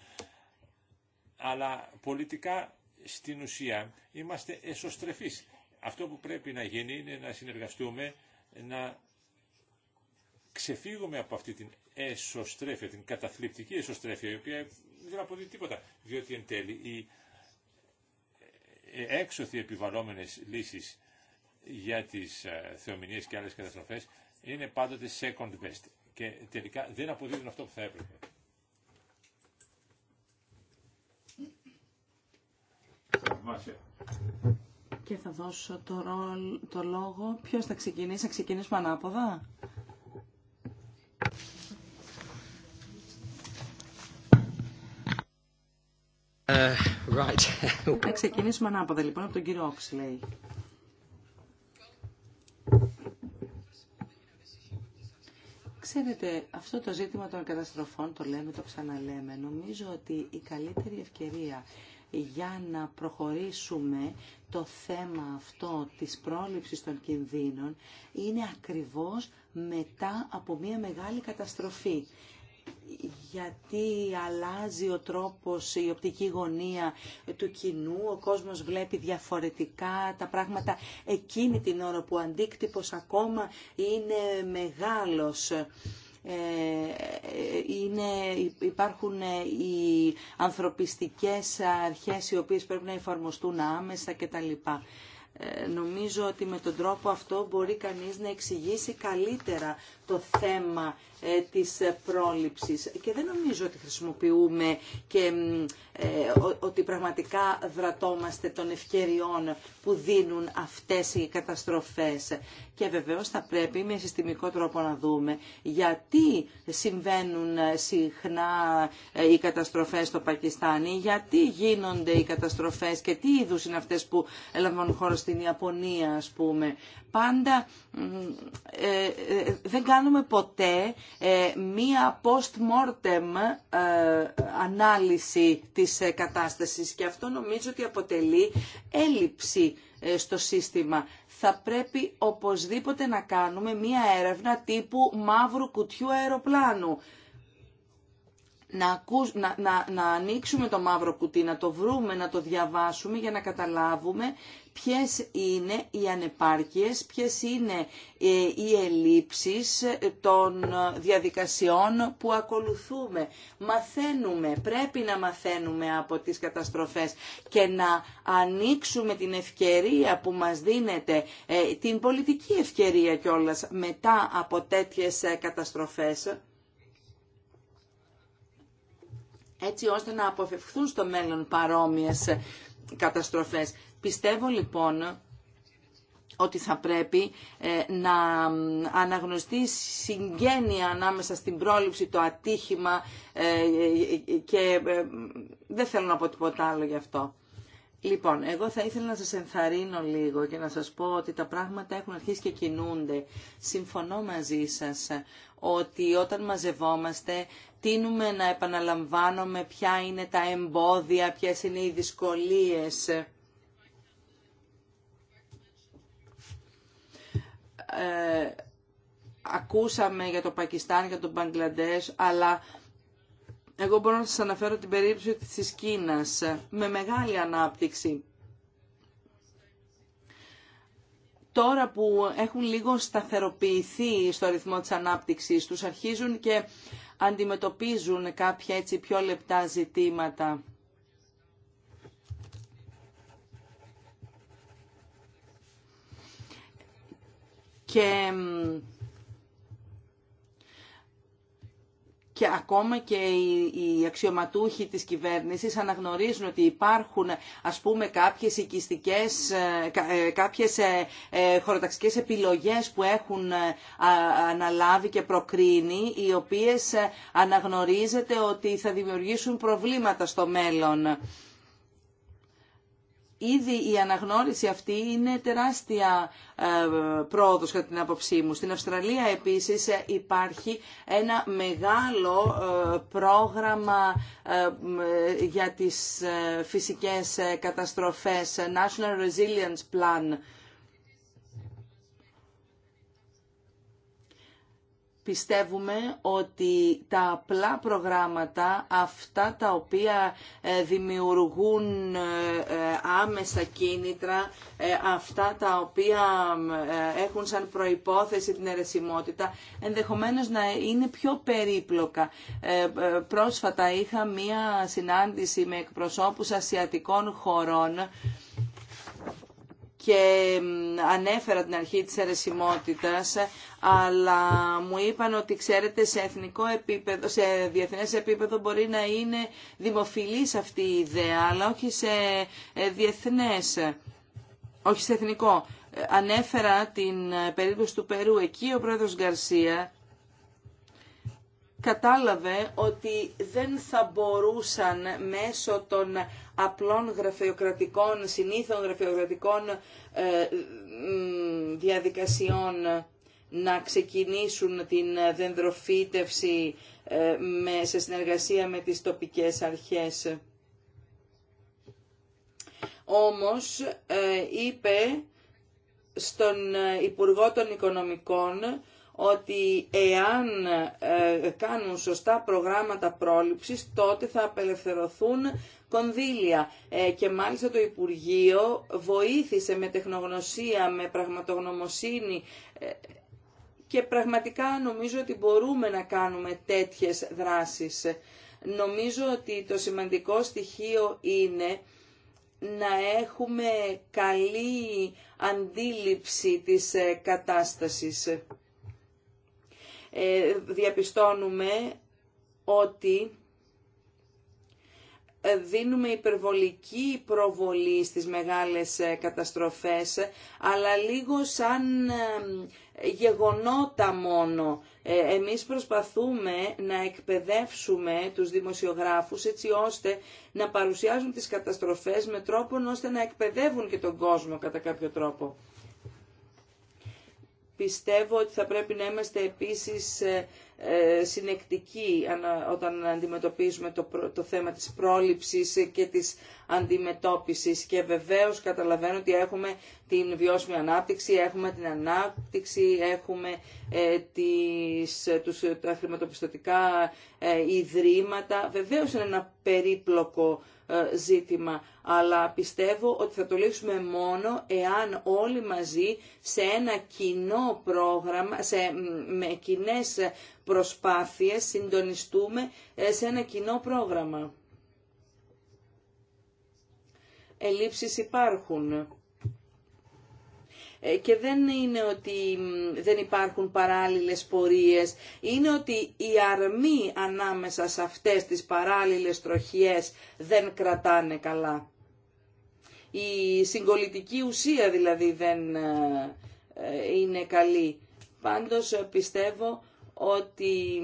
Αλλά πολιτικά στην ουσία είμαστε εσωστρεφείς αυτό που πρέπει να γίνει είναι να συνεργαστούμε, να ξεφύγουμε από αυτή την εσωστρέφεια, την καταθλιπτική εσωστρέφεια, η οποία δεν αποδίδει τίποτα. Διότι εν τέλει οι έξωθοι επιβαλλόμενες λύσεις για τις ε, θεομηνίες και άλλες καταστροφές είναι πάντοτε second best και τελικά δεν αποδίδουν αυτό που θα έπρεπε. Και θα δώσω το, ρολ, λόγο. Ποιος θα ξεκινήσει, θα ξεκινήσουμε ανάποδα. Uh, Θα ξεκινήσουμε ανάποδα λοιπόν από τον κύριο Όξλεϊ. Ξέρετε, αυτό το ζήτημα των καταστροφών το λέμε, το ξαναλέμε. Νομίζω ότι η καλύτερη ευκαιρία για να προχωρήσουμε το θέμα αυτό της πρόληψης των κινδύνων είναι ακριβώς μετά από μια μεγάλη καταστροφή γιατί αλλάζει ο τρόπος, η οπτική γωνία του κοινού, ο κόσμος βλέπει διαφορετικά τα πράγματα εκείνη την ώρα που ο αντίκτυπος ακόμα είναι μεγάλος. Ε, ε, είναι, υπάρχουν ε, οι ανθρωπιστικές αρχές οι οποίες πρέπει να εφαρμοστούν άμεσα κτλ. Νομίζω ότι με τον τρόπο αυτό μπορεί κανείς να εξηγήσει καλύτερα το θέμα ε, της ε, πρόληψης και δεν νομίζω ότι χρησιμοποιούμε και ε, ότι πραγματικά δρατόμαστε των ευκαιριών που δίνουν αυτές οι καταστροφές. Και βεβαίως θα πρέπει με συστημικό τρόπο να δούμε γιατί συμβαίνουν συχνά οι καταστροφές στο Πακιστάνι, γιατί γίνονται οι καταστροφές και τι είδους είναι αυτές που λαμβάνουν χώρο στην Ιαπωνία ας πούμε πάντα ε, ε, δεν κάνουμε ποτέ ε, μία post-mortem ανάλυση της κατάστασης και αυτό νομίζω ότι αποτελεί έλλειψη στο σύστημα. Θα πρέπει οπωσδήποτε να κάνουμε μία έρευνα τύπου μαύρου κουτιού αεροπλάνου να, να, να, ανοίξουμε το μαύρο κουτί, να το βρούμε, να το διαβάσουμε για να καταλάβουμε ποιες είναι οι ανεπάρκειες, ποιες είναι ε, οι ελλείψεις ε, των ε, διαδικασιών που ακολουθούμε. Μαθαίνουμε, πρέπει να μαθαίνουμε από τις καταστροφές και να ανοίξουμε την ευκαιρία που μας δίνεται, την πολιτική ευκαιρία κιόλας μετά από τέτοιες καταστροφές έτσι ώστε να αποφευχθούν στο μέλλον παρόμοιες καταστροφές. Πιστεύω λοιπόν ότι θα πρέπει ε, να αναγνωστεί συγγένεια ανάμεσα στην πρόληψη, το ατύχημα ε, ε, και δεν θέλω να πω τίποτα άλλο γι' αυτό. Λοιπόν, εγώ θα ήθελα να σας ενθαρρύνω λίγο και να σας πω ότι τα πράγματα έχουν αρχίσει και κινούνται. Συμφωνώ μαζί σας ότι όταν μαζευόμαστε τίνουμε να επαναλαμβάνουμε ποια είναι τα εμπόδια, ποιες είναι οι δυσκολίες. Ε, ακούσαμε για το Πακιστάν, για τον Μπαγκλαντές, αλλά εγώ μπορώ να σας αναφέρω την περίπτωση της Κίνας με μεγάλη ανάπτυξη. Τώρα που έχουν λίγο σταθεροποιηθεί στο ρυθμό της ανάπτυξης τους, αρχίζουν και αντιμετωπίζουν κάποια έτσι πιο λεπτά ζητήματα. Και και ακόμα και οι αξιωματούχοι της κυβέρνησης αναγνωρίζουν ότι υπάρχουν ας πούμε κάποιες οικιστικές, ε, ε, κάποιες ε, χωροταξικές επιλογές που έχουν αναλάβει και προκρίνει, οι οποίες αναγνωρίζεται ότι θα δημιουργήσουν προβλήματα στο μέλλον. Ήδη η αναγνώριση αυτή είναι τεράστια ε, πρόοδος κατά την άποψή μου. Στην Αυστραλία επίσης ε, υπάρχει ένα μεγάλο ε, πρόγραμμα για τις φυσικές καταστροφές, National Resilience Plan, Πιστεύουμε ότι τα απλά προγράμματα, αυτά τα οποία ε, δημιουργούν ε, ε, άμεσα κίνητρα, αυτά τα οποία έχουν σαν προϋπόθεση την αιρεσιμότητα, ενδεχομένως να είναι πιο περίπλοκα. Πρόσφατα είχα μία συνάντηση με εκπροσώπους ασιατικών χωρών, και ανέφερα την αρχή της αιρεσιμότητας, αλλά μου είπαν ότι ξέρετε σε εθνικό επίπεδο, σε διεθνές επίπεδο μπορεί να είναι δημοφιλής αυτή η ιδέα, αλλά όχι σε ε, διεθνές, όχι σε εθνικό. Ε, ανέφερα την ε, περίπτωση του Περού. Εκεί ο πρόεδρος Γκαρσία κατάλαβε ότι δεν θα μπορούσαν μέσω των απλών γραφειοκρατικών, συνήθων γραφειοκρατικών ε, διαδικασιών να ξεκινήσουν την δενδροφύτευση ε, με, σε συνεργασία με τις τοπικές αρχές. Όμως ε, είπε στον Υπουργό των Οικονομικών ότι εάν κάνουν σωστά προγράμματα πρόληψης τότε θα απελευθερωθούν κονδύλια. Ε, και μάλιστα το Υπουργείο βοήθησε με τεχνογνωσία, με πραγματογνωμοσύνη ε, και πραγματικά νομίζω ότι μπορούμε να κάνουμε τέτοιες δράσεις. Νομίζω ότι το σημαντικό στοιχείο είναι να έχουμε καλή αντίληψη της ε, κατάστασης. Διαπιστώνουμε ότι ε, δίνουμε υπερβολική προβολή στις μεγάλες ε, καταστροφές, αλλά λίγο σαν ε, γεγονότα μόνο. Εμείς προσπαθούμε να εκπαιδεύσουμε τους δημοσιογράφους έτσι ώστε να παρουσιάζουν τις καταστροφές με τρόπο ώστε να εκπαιδεύουν και τον κόσμο κατά κάποιο τρόπο. Πιστεύω ότι θα πρέπει να είμαστε επίσης ε, συνεκτική όταν αντιμετωπίζουμε το, θέμα της πρόληψης και της αντιμετώπισης και βεβαίως καταλαβαίνω ότι έχουμε την βιώσιμη ανάπτυξη, έχουμε την ανάπτυξη, έχουμε ε, τους, τα χρηματοπιστωτικά ε, ιδρύματα. Βεβαίως είναι ένα περίπλοκο ζήτημα, αλλά πιστεύω ότι θα το λύσουμε μόνο εάν όλοι μαζί σε ένα κοινό πρόγραμμα, σε, με προσπάθειες συντονιστούμε ε, σε ένα κοινό πρόγραμμα. Ελλείψεις υπάρχουν. Ε, και δεν είναι ότι δεν υπάρχουν παράλληλες πορείες, είναι ότι η αρμή ανάμεσα σε αυτές τις παράλληλες τροχιές δεν κρατάνε καλά. Η συγκολητική ουσία δηλαδή δεν ε, είναι καλή. Πάντως πιστεύω ότι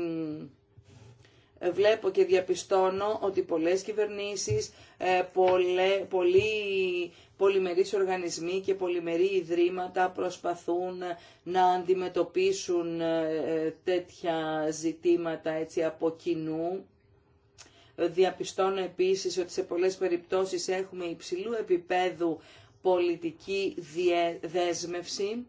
βλέπω και διαπιστώνω ότι πολλές κυβερνήσεις, ε, πολλέ, πολλοί πολυμερείς οργανισμοί και πολυμερεί ιδρύματα προσπαθούν ε, να αντιμετωπίσουν ε, τέτοια ζητήματα έτσι από κοινού. Διαπιστώνω επίσης ότι σε πολλές περιπτώσεις έχουμε υψηλού επίπεδου πολιτική δέσμευση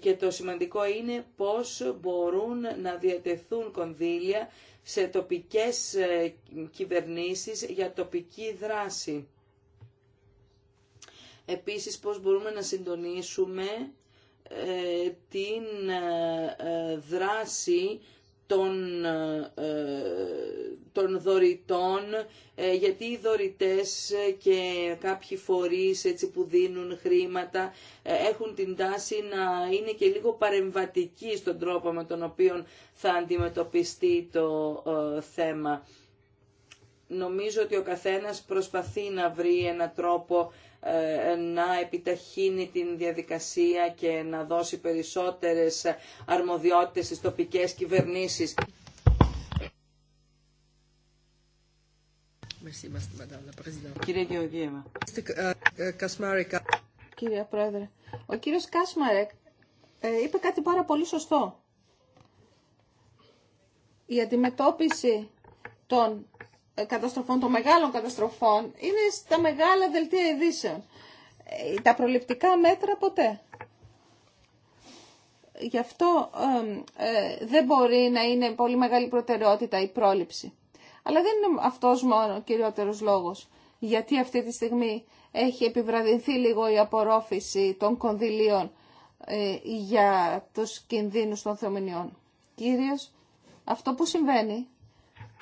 και το σημαντικό είναι πώς μπορούν να διατεθούν κονδύλια σε τοπικές ε, κυβερνήσεις για τοπική δράση. Επίσης πώς μπορούμε να συντονίσουμε ε, την ε, δράση των, ε, ε, των δωρητών, ε, γιατί οι δωρητές και κάποιοι φορείς έτσι, που δίνουν χρήματα έχουν την τάση να είναι και λίγο παρεμβατικοί στον τρόπο με τον οποίο θα αντιμετωπιστεί το θέμα. Νομίζω ότι ο καθένας προσπαθεί να βρει ένα τρόπο ε, να επιταχύνει την διαδικασία και να δώσει περισσότερες αρμοδιότητες στις τοπικές κυβερνήσεις. Κύριε ε, Κύριε Πρόεδρε, ο κύριος Κάσμαρεκ ε, είπε κάτι πάρα πολύ σωστό. Η αντιμετώπιση των ε, καταστροφών, των μεγάλων καταστροφών, είναι στα μεγάλα δελτία ειδήσεων. Ε, τα προληπτικά μέτρα ποτέ. Γι' αυτό ε, δεν μπορεί να είναι πολύ μεγάλη προτεραιότητα η πρόληψη. Αλλά δεν είναι αυτός μόνο ο κυριότερος λόγος. Γιατί αυτή τη στιγμή έχει επιβραδυνθεί λίγο η απορρόφηση των κονδυλίων ε, για τους κινδύνους των θεομηνιών. Κύριος, αυτό που συμβαίνει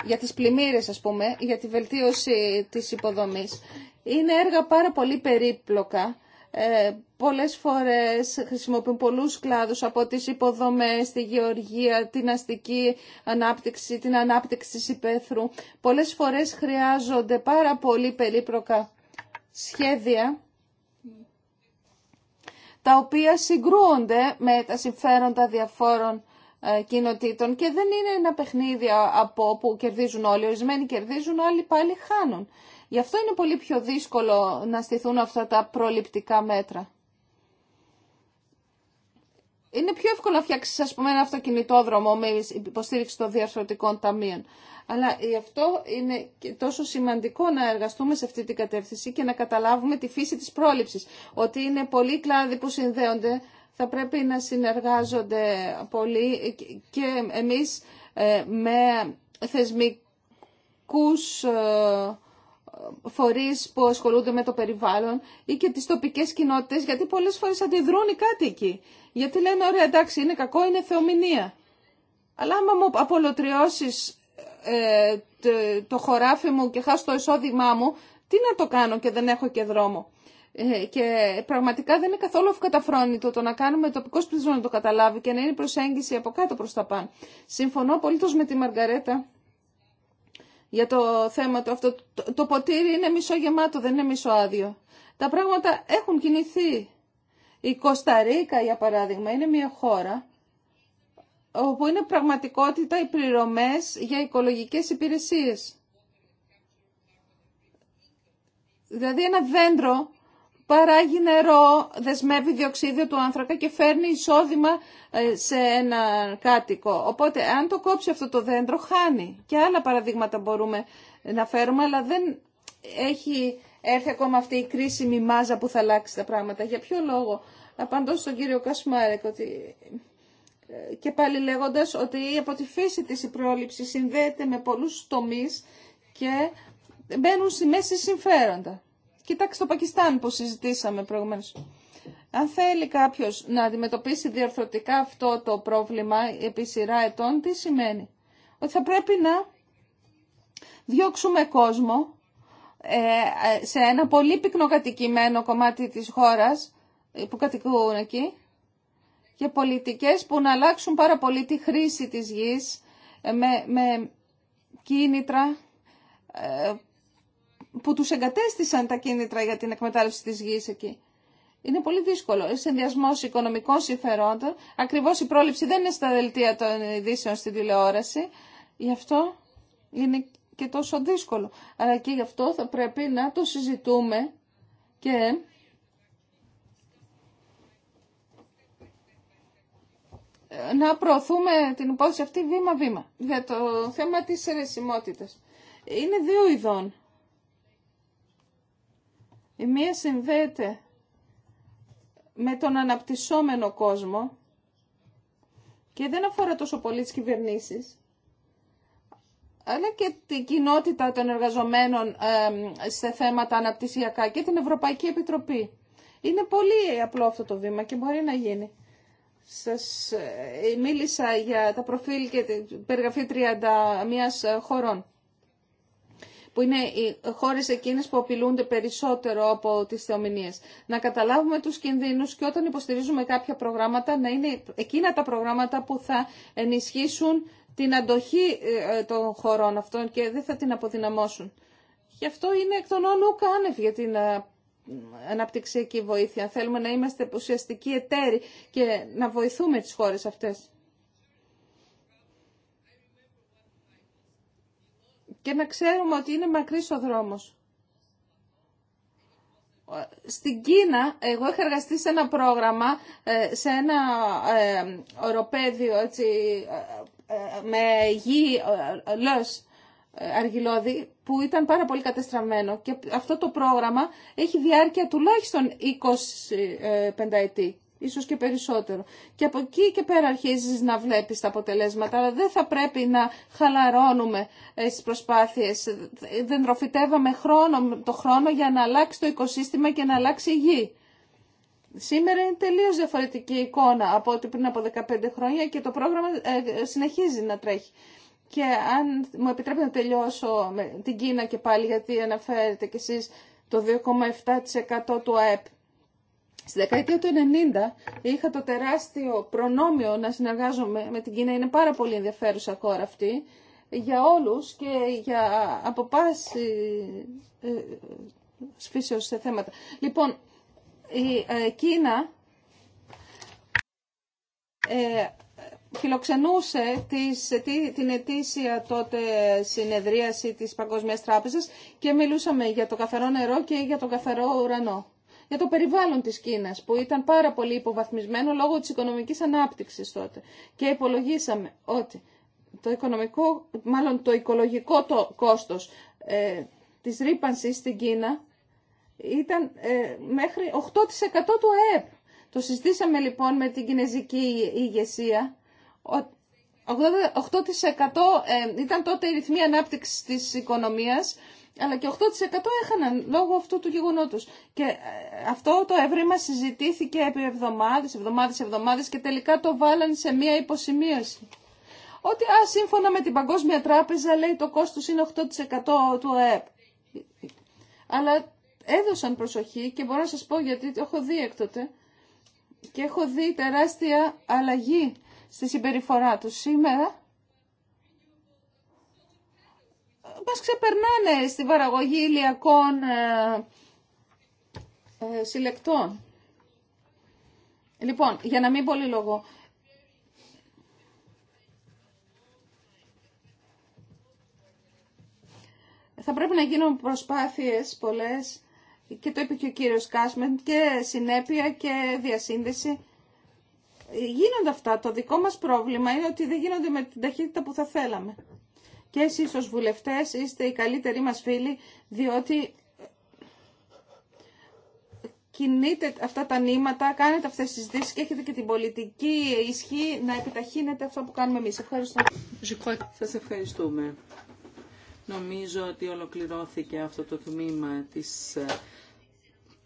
για τις πλημμύρες ας πούμε, για τη βελτίωση της υποδομής. Είναι έργα πάρα πολύ περίπλοκα. Ε, πολλές φορές χρησιμοποιούν πολλούς κλάδους από τις υποδομές, τη γεωργία, την αστική ανάπτυξη, την ανάπτυξη της υπαίθρου. Πολλές φορές χρειάζονται πάρα πολύ περίπλοκα σχέδια τα οποία συγκρούονται με τα συμφέροντα διαφόρων ε, κοινοτήτων και δεν είναι ένα παιχνίδι από που κερδίζουν όλοι. Ορισμένοι κερδίζουν, άλλοι πάλι χάνουν. Γι' αυτό είναι πολύ πιο δύσκολο να στηθούν αυτά τα προληπτικά μέτρα. Είναι πιο εύκολο να φτιάξει, α πούμε, ένα αυτοκινητόδρομο με υποστήριξη των διαρθρωτικών ταμείων. Αλλά γι' αυτό είναι τόσο σημαντικό να εργαστούμε σε αυτή την κατεύθυνση και να καταλάβουμε τη φύση τη πρόληψη. Ότι είναι πολλοί κλάδοι που συνδέονται θα πρέπει να συνεργάζονται πολύ και εμείς ε, με θεσμικούς ε, φορείς που ασχολούνται με το περιβάλλον ή και τις τοπικές κοινότητες, γιατί πολλές φορές αντιδρούν οι κάτοικοι. Γιατί λένε, ωραία, εντάξει, είναι κακό, είναι θεομηνία. Αλλά άμα μου απολωτριώσεις ε, το χωράφι μου και χάσω το εισόδημά μου, τι να το κάνω και δεν έχω και δρόμο. Ε, και πραγματικά δεν είναι καθόλου αυκαταφρόνητο το να κάνουμε τοπικό πληθυσμό να το καταλάβει και να είναι προσέγγιση από κάτω προς τα πάνω. Συμφωνώ απολύτως με τη Μαργαρέτα για το θέμα του αυτό. Το ποτήρι είναι μισό γεμάτο, δεν είναι μισό άδειο. Τα πράγματα έχουν κινηθεί. Η Κωνσταντίνα, για παράδειγμα, είναι μια χώρα όπου είναι πραγματικότητα οι πληρωμές για οικολογικές υπηρεσίες. Δηλαδή ένα δέντρο παράγει νερό, δεσμεύει διοξίδιο του άνθρακα και φέρνει εισόδημα ε, σε ένα κάτοικο. Οπότε αν το κόψει αυτό το δέντρο χάνει. Και άλλα παραδείγματα μπορούμε να φέρουμε, αλλά δεν έχει έρθει ακόμα αυτή η κρίσιμη μάζα που θα αλλάξει τα πράγματα. Για ποιο λόγο. Απαντώ στον κύριο Κασμάρεκ ότι... Ε, και πάλι λέγοντας ότι από τη φύση της η πρόληψη συνδέεται με πολλούς τομείς και μπαίνουν στη μέση συμφέροντα. Κοιτάξτε το Πακιστάν που συζητήσαμε προηγουμένως. Αν θέλει κάποιος να αντιμετωπίσει διορθωτικά αυτό το πρόβλημα επί σειρά ετών, τι σημαίνει. Ότι θα πρέπει να διώξουμε κόσμο ε, σε ένα πολύ πυκνοκατοικημένο κομμάτι της χώρας που κατοικούν εκεί και πολιτικές που να αλλάξουν πάρα πολύ τη χρήση της γης ε, με, με κίνητρα ε, που τους εγκατέστησαν τα κίνητρα για την εκμετάλλευση της γης εκεί. Είναι πολύ δύσκολο. Είναι συνδυασμό οικονομικών συμφερόντων, ακριβώ η πρόληψη δεν είναι στα δελτία των ειδήσεων στην τηλεόραση. Γι' αυτό είναι και τόσο δύσκολο. Αλλά και γι' αυτό θα πρέπει να το συζητούμε και να προωθούμε την υπόθεση αυτή βήμα-βήμα. Για το θέμα της αιρεσιμότητας. Είναι δύο ειδών η μία συνδέεται με τον αναπτυσσόμενο κόσμο και δεν αφορά τόσο πολύ τις κυβερνήσεις, αλλά και την κοινότητα των εργαζομένων σε θέματα αναπτυσσιακά και την Ευρωπαϊκή Επιτροπή. Είναι πολύ απλό αυτό το βήμα και μπορεί να γίνει. Σας ε, μίλησα για τα προφίλ και την περιγραφή 31 ε, χωρών που είναι οι χώρες εκείνες που απειλούνται περισσότερο από τις θεομηνίες. Να καταλάβουμε τους κινδύνους και όταν υποστηρίζουμε κάποια προγράμματα να είναι εκείνα τα προγράμματα που θα ενισχύσουν την αντοχή ε, των χωρών αυτών και δεν θα την αποδυναμώσουν. Γι' αυτό είναι εκ των όνου κάνευ για την ε, αναπτυξιακή βοήθεια. Θέλουμε να είμαστε ουσιαστικοί εταίροι και να βοηθούμε τις χώρες αυτές. και να ξέρουμε ότι είναι μακρύς ο δρόμος. Στην Κίνα, εγώ είχα εργαστεί σε ένα πρόγραμμα, ε, σε ένα ε, οροπέδιο έτσι, ε, με γη λος αργυλώδη που ήταν πάρα πολύ κατεστραμμένο και αυτό το πρόγραμμα έχει διάρκεια τουλάχιστον 25 ετή ίσως και περισσότερο. Και από εκεί και πέρα αρχίζεις να βλέπεις τα αποτελέσματα, αλλά δεν θα πρέπει να χαλαρώνουμε ε, στις προσπάθειες. Δεν τροφιτεύαμε χρόνο, το χρόνο για να αλλάξει το οικοσύστημα και να αλλάξει η γη. Σήμερα είναι τελείως διαφορετική εικόνα από ό,τι πριν από 15 χρόνια και το πρόγραμμα ε, συνεχίζει να τρέχει. Και αν μου επιτρέπετε να τελειώσω με την Κίνα και πάλι, γιατί αναφέρετε κι εσείς το 2,7% του ΑΕΠ. Στη δεκαετία του 90 είχα το τεράστιο προνόμιο να συνεργάζομαι με την Κίνα. Είναι πάρα πολύ ενδιαφέρουσα χώρα αυτή για όλους και για από πάση ε, σε θέματα. Λοιπόν, η ε, Κίνα ε, φιλοξενούσε την ετήσια τότε συνεδρίαση της Παγκόσμιας Τράπεζας και μιλούσαμε για το καθαρό νερό και για το καθαρό ουρανό για το περιβάλλον της Κίνας που ήταν πάρα πολύ υποβαθμισμένο λόγω της οικονομικής ανάπτυξης τότε. Και υπολογίσαμε ότι το, οικονομικό, μάλλον το οικολογικό το κόστος ε, της ρήπανσης στην Κίνα ήταν ε, μέχρι 8% του ΑΕΠ. Το συζητήσαμε λοιπόν με την κινέζικη ηγεσία. 8% ε, ήταν τότε η ρυθμή ανάπτυξης της οικονομίας αλλά και 8% έχαναν λόγω αυτού του γεγονότος. Και ε, αυτό το εύρημα συζητήθηκε επί εβδομάδες, εβδομάδες, εβδομάδες και τελικά το βάλαν σε μία υποσημείωση. Ότι α, σύμφωνα με την Παγκόσμια Τράπεζα λέει το κόστος είναι 8% του ΑΕΠ. Αλλά έδωσαν προσοχή και μπορώ να σας πω γιατί το έχω δει έκτοτε και έχω δει τεράστια αλλαγή στη συμπεριφορά του Σήμερα μας ξεπερνάνε στην παραγωγή ηλιακών ε, ε, συλλεκτών. Λοιπόν, για να μην πολύ λόγο. Θα πρέπει να γίνουν προσπάθειες πολλές και το είπε και ο κύριος Κάσμεν και συνέπεια και διασύνδεση. Γίνονται αυτά. Το δικό μας πρόβλημα είναι ότι δεν γίνονται με την ταχύτητα που θα θέλαμε και εσείς ως βουλευτές είστε οι καλύτεροι μας φίλοι, διότι ε, κινείτε αυτά τα νήματα, κάνετε αυτές τις συζητήσεις και έχετε και την πολιτική ισχύ να επιταχύνετε αυτό που κάνουμε εμείς. Ευχαριστώ. Σας ευχαριστούμε. Νομίζω ότι ολοκληρώθηκε αυτό το τμήμα της ε,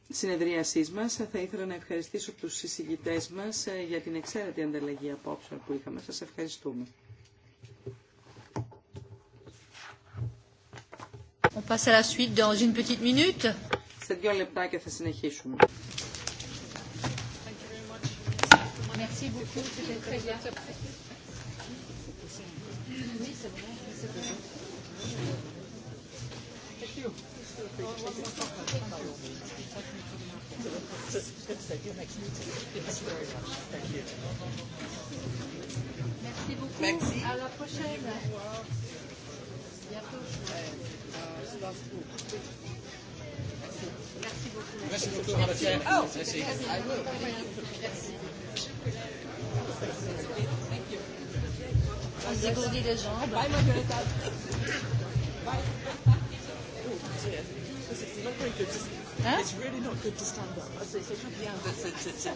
συνεδρίασής μας. Θα ήθελα να ευχαριστήσω τους συζητητές μας ε, για την εξαίρετη ανταλλαγή απόψε που είχαμε. Σας ευχαριστούμε. On passe à la suite dans une petite minute. Σε δύο λεπτά και θα συνεχίσουμε. Merci beaucoup, c'était très bien. Oui, c'est vrai, c'est vrai. Merci beaucoup. Merci. À la prochaine. Merci beaucoup, beaucoup. Merci. On Merci les jambes. Bye, Merci Bye. It's really not good to stand up. de se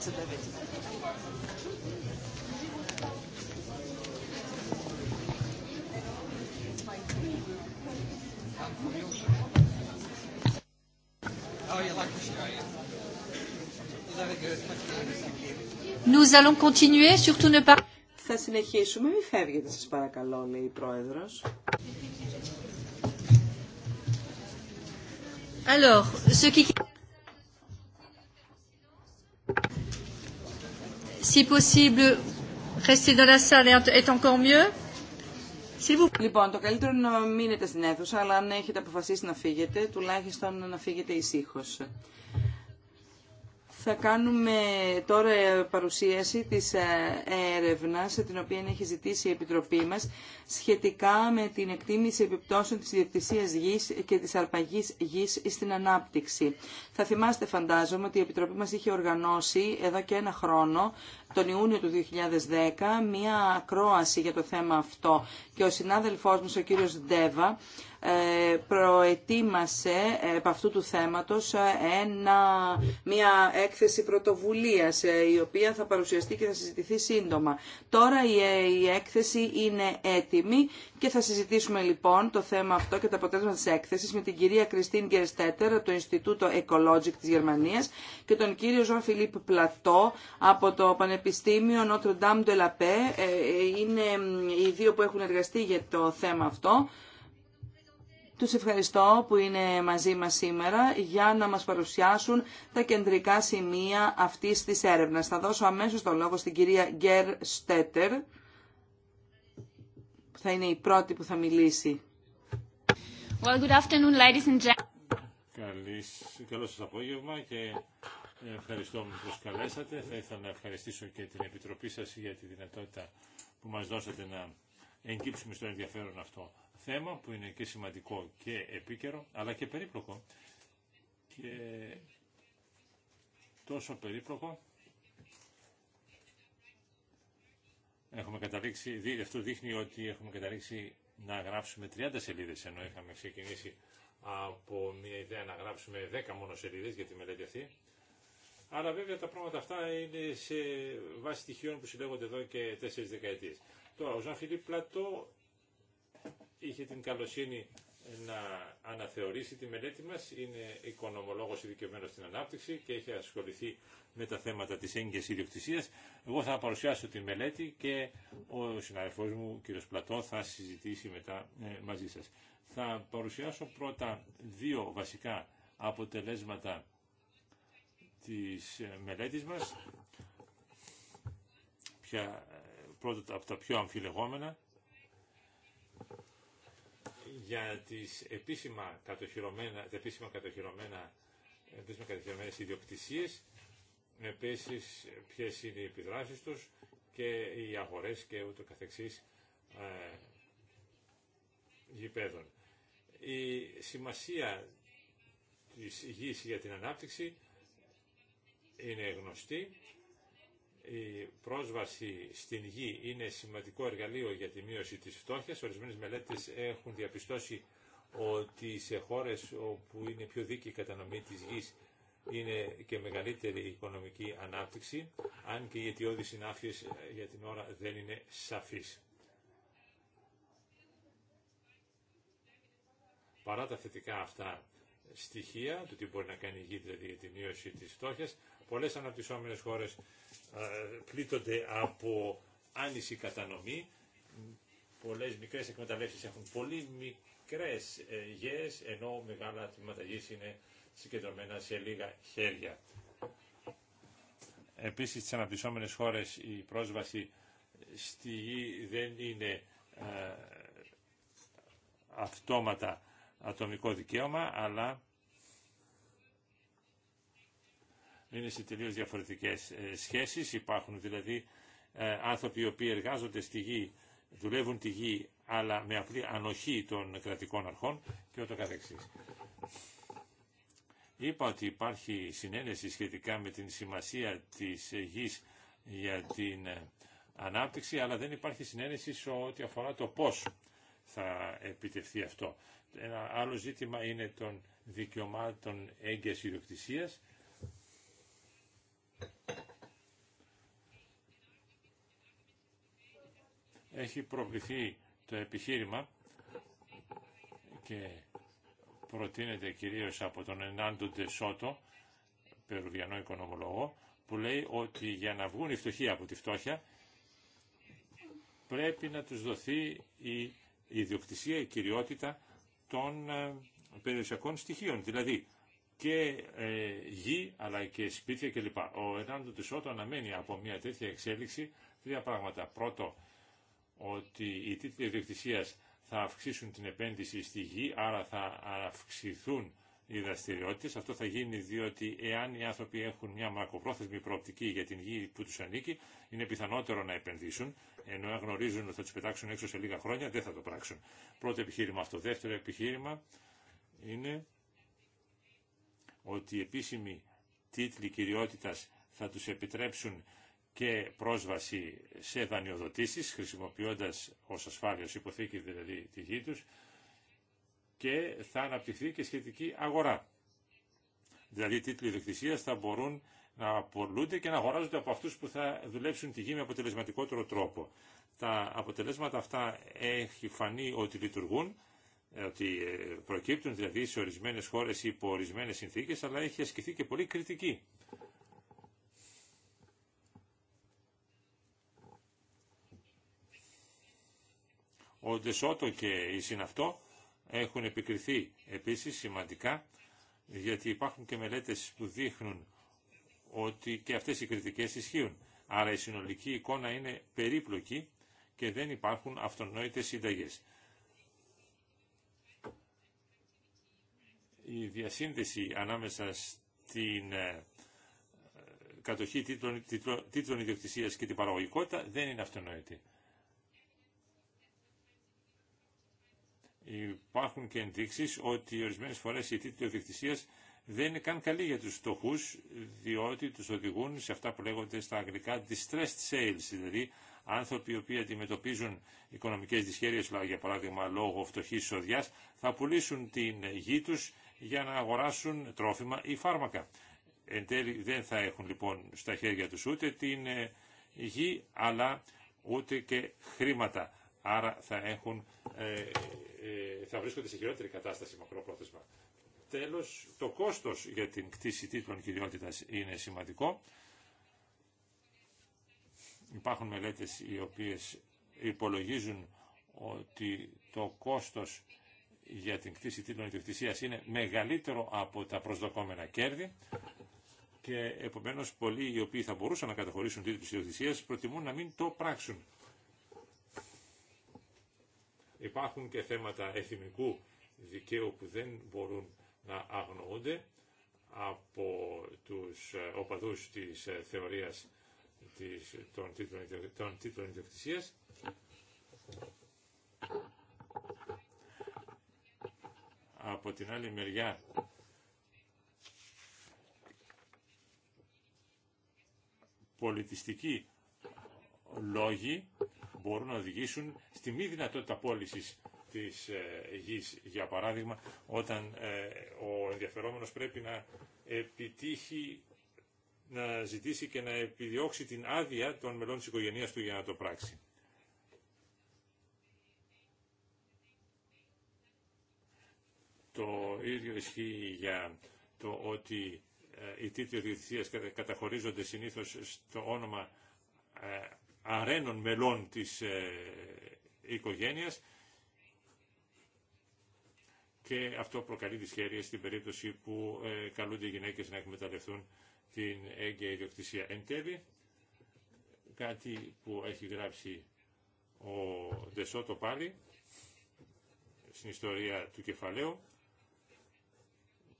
Nous allons continuer, surtout ne pas... Θα συνεχίσουμε, μην φεύγετε σας παρακαλώ, λέει η Πρόεδρος. Alors, ce qui... Si possible, rester dans la salle est encore mieux. Λοιπόν, το καλύτερο είναι να μείνετε στην αίθουσα, αλλά αν έχετε αποφασίσει να φύγετε, τουλάχιστον να φύγετε ησύχως. Θα κάνουμε τώρα παρουσίαση της ε, έρευνας την οποία έχει ζητήσει η Επιτροπή μας σχετικά με την εκτίμηση επιπτώσεων της διεκτησίας γης και της αρπαγής γης στην ανάπτυξη. Θα θυμάστε φαντάζομαι ότι η Επιτροπή μας είχε οργανώσει εδώ και ένα χρόνο τον Ιούνιο του 2010 μία ακρόαση για το θέμα αυτό και ο συνάδελφός μας ο κύριος Ντέβα ε, προετοίμασε από ε, αυτού του θέματος ε, ένα, μια έκθεση πρωτοβουλίας η οποία θα παρουσιαστεί και θα συζητηθεί σύντομα. Τώρα η, έκθεση είναι έτοιμη και θα συζητήσουμε λοιπόν το θέμα αυτό και τα αποτέλεσμα της έκθεσης με την κυρία Κριστίν Γκερστέτερ από το Ινστιτούτο Ecologic της Γερμανίας και τον κύριο Ζωάν Φιλίπ Πλατό από το Πανεπιστήμιο Notre Dame de la Paix. Είναι οι δύο που έχουν εργαστεί για το θέμα αυτό. Τους ευχαριστώ που είναι μαζί μας σήμερα για να μας παρουσιάσουν τα κεντρικά σημεία αυτής της έρευνας. Θα δώσω αμέσως τον λόγο στην κυρία Γκέρ Στέτερ, που θα είναι η πρώτη που θα μιλήσει. Well, good afternoon, ladies and gentlemen. Καλής, καλό σας απόγευμα και ευχαριστώ που μας καλέσατε. Θα ήθελα να ευχαριστήσω και την Επιτροπή σας για τη δυνατότητα που μας δώσατε να εγκύψουμε στο ενδιαφέρον αυτό θέμα που είναι και σημαντικό και επίκαιρο αλλά και περίπλοκο και τόσο περίπλοκο έχουμε καταλήξει, αυτό δείχνει ότι έχουμε καταλήξει να γράψουμε 30 σελίδες ενώ είχαμε ξεκινήσει από μια ιδέα να γράψουμε 10 μόνο σελίδες για τη μελέτη αυτή αλλά βέβαια τα πράγματα αυτά είναι σε βάση στοιχείων που συλλέγονται εδώ και 4 δεκαετίες. Τώρα, ο Ζαν Φιλίπ Πλατό είχε την καλοσύνη να αναθεωρήσει τη μελέτη μας. Είναι οικονομολόγος ειδικευμένος στην ανάπτυξη και έχει ασχοληθεί με τα θέματα της έγκυας ιδιοκτησίας. Εγώ θα παρουσιάσω τη μελέτη και ο συναδελφός μου, κύριος Πλατώ, θα συζητήσει μετά ε, μαζί σας. Θα παρουσιάσω πρώτα δύο βασικά αποτελέσματα της ε, μελέτης μας, ε, πρώτα από τα πιο αμφιλεγόμενα για τις επίσημα κατοχυρωμένα, τα επίσημα κατοχυρωμένα επίσημα κατοχυρωμένες ιδιοκτησίες, επίσης ποιες είναι οι επιδράσεις τους και οι αγορές και ούτω καθεξής ε, γηπέδων. Η σημασία της γης για την ανάπτυξη είναι γνωστή η πρόσβαση στην γη είναι σημαντικό εργαλείο για τη μείωση της φτώχειας. Ορισμένες μελέτες έχουν διαπιστώσει ότι σε χώρες όπου είναι πιο δίκαιη η κατανομή της γης είναι και μεγαλύτερη οικονομική ανάπτυξη, αν και οι αιτιώδεις συνάφειες για την ώρα δεν είναι σαφείς. Παρά τα θετικά αυτά στοιχεία του τι μπορεί να κάνει η γη δηλαδή για τη μείωση της φτώχειας. Πολλές αναπτυσσόμενες χώρες ε, πλήττονται από άνηση κατανομή. Πολλές μικρές εκμεταλλεύσεις έχουν πολύ μικρές ε, γης ενώ μεγάλα τμήματα γης είναι συγκεντρωμένα σε λίγα χέρια. Επίσης, στις αναπτυσσόμενες χώρες η πρόσβαση στη γη δεν είναι ε, αυτόματα ατομικό δικαίωμα, αλλά είναι σε τελείως διαφορετικές ε, σχέσεις. Υπάρχουν δηλαδή ε, άνθρωποι οι οποίοι εργάζονται στη γη, δουλεύουν τη γη, αλλά με απλή ανοχή των κρατικών αρχών και ούτω καθεξής. Είπα ότι υπάρχει συνένεση σχετικά με την σημασία της γης για την ε, ανάπτυξη, αλλά δεν υπάρχει συνένεση σε ό,τι αφορά το πώς θα επιτευχθεί αυτό. Ένα άλλο ζήτημα είναι των δικαιωμάτων έγκαιας ιδιοκτησίας. Έχει προβληθεί το επιχείρημα και προτείνεται κυρίως από τον Ενάντο Ντεσότο, περουβιανό οικονομολόγο, που λέει ότι για να βγουν οι φτωχοί από τη φτώχεια πρέπει να τους δοθεί η ιδιοκτησία, η κυριότητα των ε, περιουσιακών στοιχείων, δηλαδή και ε, γη αλλά και σπίτια κλπ. Ο Ενάντο Τουσότο αναμένει από μια τέτοια εξέλιξη τρία πράγματα. Πρώτο, ότι οι τίτλοι ιδιοκτησίας θα αυξήσουν την επένδυση στη γη, άρα θα αυξηθούν οι δραστηριότητε. Αυτό θα γίνει διότι εάν οι άνθρωποι έχουν μια μακροπρόθεσμη προοπτική για την γη που του ανήκει, είναι πιθανότερο να επενδύσουν, ενώ αν γνωρίζουν ότι θα του πετάξουν έξω σε λίγα χρόνια, δεν θα το πράξουν. Πρώτο επιχείρημα αυτό. Δεύτερο επιχείρημα είναι ότι οι επίσημοι τίτλοι κυριότητα θα του επιτρέψουν και πρόσβαση σε δανειοδοτήσεις, χρησιμοποιώντας ως ασφάλεια υποθήκη δηλαδή τη γη τους, και θα αναπτυχθεί και σχετική αγορά. Δηλαδή οι τίτλοι ιδιοκτησία θα μπορούν να απολούνται και να αγοράζονται από αυτούς που θα δουλέψουν τη γη με αποτελεσματικότερο τρόπο. Τα αποτελέσματα αυτά έχει φανεί ότι λειτουργούν, ε, ότι ε, προκύπτουν δηλαδή σε ορισμένες χώρες ή υπό ορισμένες συνθήκες, αλλά έχει ασκηθεί και πολύ κριτική. Ο Ντεσότο και η Συναυτό έχουν επικριθεί επίσης σημαντικά γιατί υπάρχουν και μελέτες που δείχνουν ότι και αυτές οι κριτικές ισχύουν. Άρα η συνολική εικόνα είναι περίπλοκη και δεν υπάρχουν αυτονόητες συνταγές. Η διασύνδεση ανάμεσα στην ε, κατοχή τίτλων, τίτλων ιδιοκτησίας και την παραγωγικότητα δεν είναι αυτονόητη. Υπάρχουν και ενδείξει ότι ορισμένες φορές η τίτλοι διοκτησίας δεν είναι καν καλοί για του φτωχού, διότι του οδηγούν σε αυτά που λέγονται στα αγγλικά distressed sales, δηλαδή άνθρωποι οι οποίοι αντιμετωπίζουν οικονομικές δυσχέρειες, για παράδειγμα λόγω φτωχή εισοδιά, θα πουλήσουν την γη του για να αγοράσουν τρόφιμα ή φάρμακα. Εν τέλει δεν θα έχουν λοιπόν στα χέρια τους ούτε την ε, γη, αλλά ούτε και χρήματα άρα θα, έχουν, ε, ε, θα βρίσκονται σε χειρότερη κατάσταση μακροπρόθεσμα. Τέλος, το κόστος για την κτήση τίτλων κυριότητας είναι σημαντικό. Υπάρχουν μελέτες οι οποίες υπολογίζουν ότι το κόστος για την κτήση τίτλων ιδιοκτησίας είναι μεγαλύτερο από τα προσδοκόμενα κέρδη και επομένως πολλοί οι οποίοι θα μπορούσαν να καταχωρήσουν τίτλους ιδιοκτησίας προτιμούν να μην το πράξουν. Υπάρχουν και θέματα εθνικού δικαίου που δεν μπορούν να αγνοούνται από τους ε, οπαδούς της ε, θεωρίας της, των, τίτλων, των τίτλων ιδιοκτησίας. Από την άλλη μεριά πολιτιστική λόγοι μπορούν να οδηγήσουν στη μη δυνατότητα πώληση της ε, γης, για παράδειγμα, όταν ε, ο ενδιαφερόμενος πρέπει να επιτύχει να ζητήσει και να επιδιώξει την άδεια των μελών της οικογένειας του για να το πράξει. Το ίδιο ισχύει για το ότι ε, οι τίτλοι διοικησίας καταχωρίζονται συνήθως στο όνομα αρένων μελών της ε, οικογένειας και αυτό προκαλεί δυσχέρειες στην περίπτωση που ε, καλούνται οι γυναίκες να εκμεταλλευτούν την έγκαια ιδιοκτησία. Εν τέλει, κάτι που έχει γράψει ο Δεσότο πάλι στην ιστορία του κεφαλαίου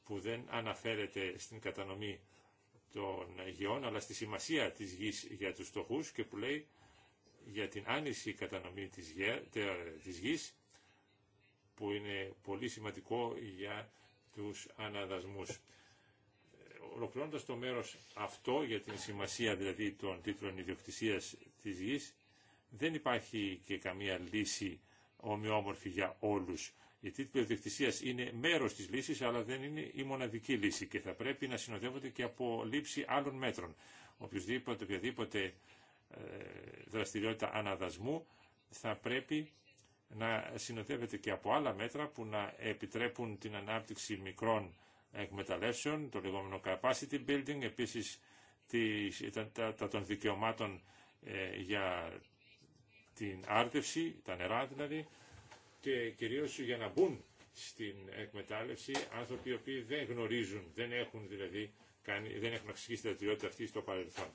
που δεν αναφέρεται στην κατανομή των γεών αλλά στη σημασία της γης για τους στοχούς και που λέει για την άνηση κατανομή της, γε, της γης που είναι πολύ σημαντικό για τους αναδασμούς. Ολοκληρώνοντας το μέρος αυτό για την σημασία δηλαδή των τίτλων ιδιοκτησίας της γης δεν υπάρχει και καμία λύση ομοιόμορφη για όλους. Η τίτλη ιδιοκτησίας είναι μέρος της λύσης, αλλά δεν είναι η μοναδική λύση και θα πρέπει να συνοδεύονται και από λήψη άλλων μέτρων. Οποιοδήποτε, οποιαδήποτε ε, δραστηριότητα αναδασμού θα πρέπει να συνοδεύεται και από άλλα μέτρα που να επιτρέπουν την ανάπτυξη μικρών εκμεταλλεύσεων, το λεγόμενο capacity building, επίσης τα, των δικαιωμάτων ε, για την άρτευση, τα νερά δηλαδή, και κυρίως για να μπουν στην εκμετάλλευση άνθρωποι οι οποίοι δεν γνωρίζουν, δεν έχουν δηλαδή κάνει, δεν έχουν αξιχεί τα δραστηριότητα αυτή στο παρελθόν.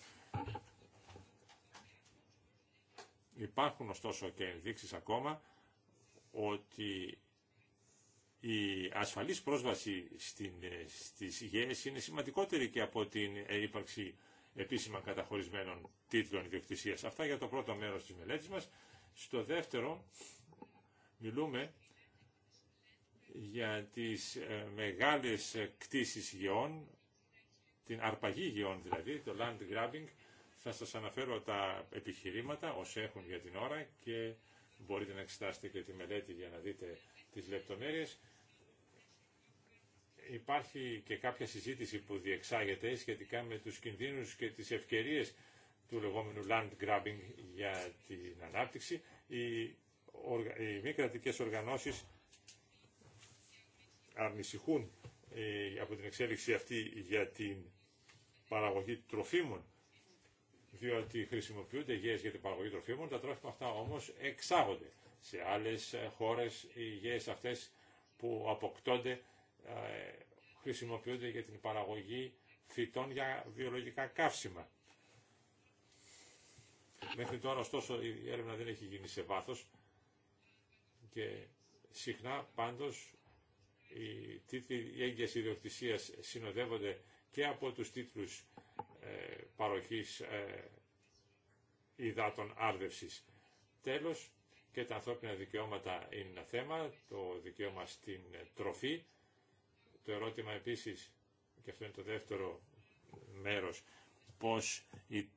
Υπάρχουν ωστόσο και ενδείξεις ακόμα ότι η ασφαλής πρόσβαση στην, στις είναι σημαντικότερη και από την ύπαρξη επίσημα καταχωρισμένων τίτλων ιδιοκτησίας. Αυτά για το πρώτο μέρος της μελέτης μας. Στο δεύτερο Μιλούμε για τις ε, μεγάλες κτίσεις γεών, την αρπαγή γεών δηλαδή, το land grabbing. Θα σας αναφέρω τα επιχειρήματα όσοι έχουν για την ώρα και μπορείτε να εξετάσετε και τη μελέτη για να δείτε τις λεπτομέρειες. Υπάρχει και κάποια συζήτηση που διεξάγεται σχετικά με τους κινδύνους και τις ευκαιρίες του λεγόμενου land grabbing για την ανάπτυξη. Η οι μη κρατικέ οργανώσεις ανησυχούν ε, από την εξέλιξη αυτή για την παραγωγή τροφίμων, διότι χρησιμοποιούνται γέες για την παραγωγή τροφίμων, τα τρόφιμα αυτά όμως εξάγονται σε άλλες χώρες, οι γέες αυτές που αποκτώνται ε, χρησιμοποιούνται για την παραγωγή φυτών για βιολογικά καύσιμα. Μέχρι τώρα, ωστόσο, η έρευνα δεν έχει γίνει σε βάθος και συχνά πάντως οι τίτλοι έγκες ιδιοκτησίας συνοδεύονται και από τους τίτλους ε, παροχής ε, υδάτων άρδευσης. Τέλος, και τα ανθρώπινα δικαιώματα είναι ένα θέμα, το δικαίωμα στην τροφή. Το ερώτημα επίσης, και αυτό είναι το δεύτερο μέρος, πώς η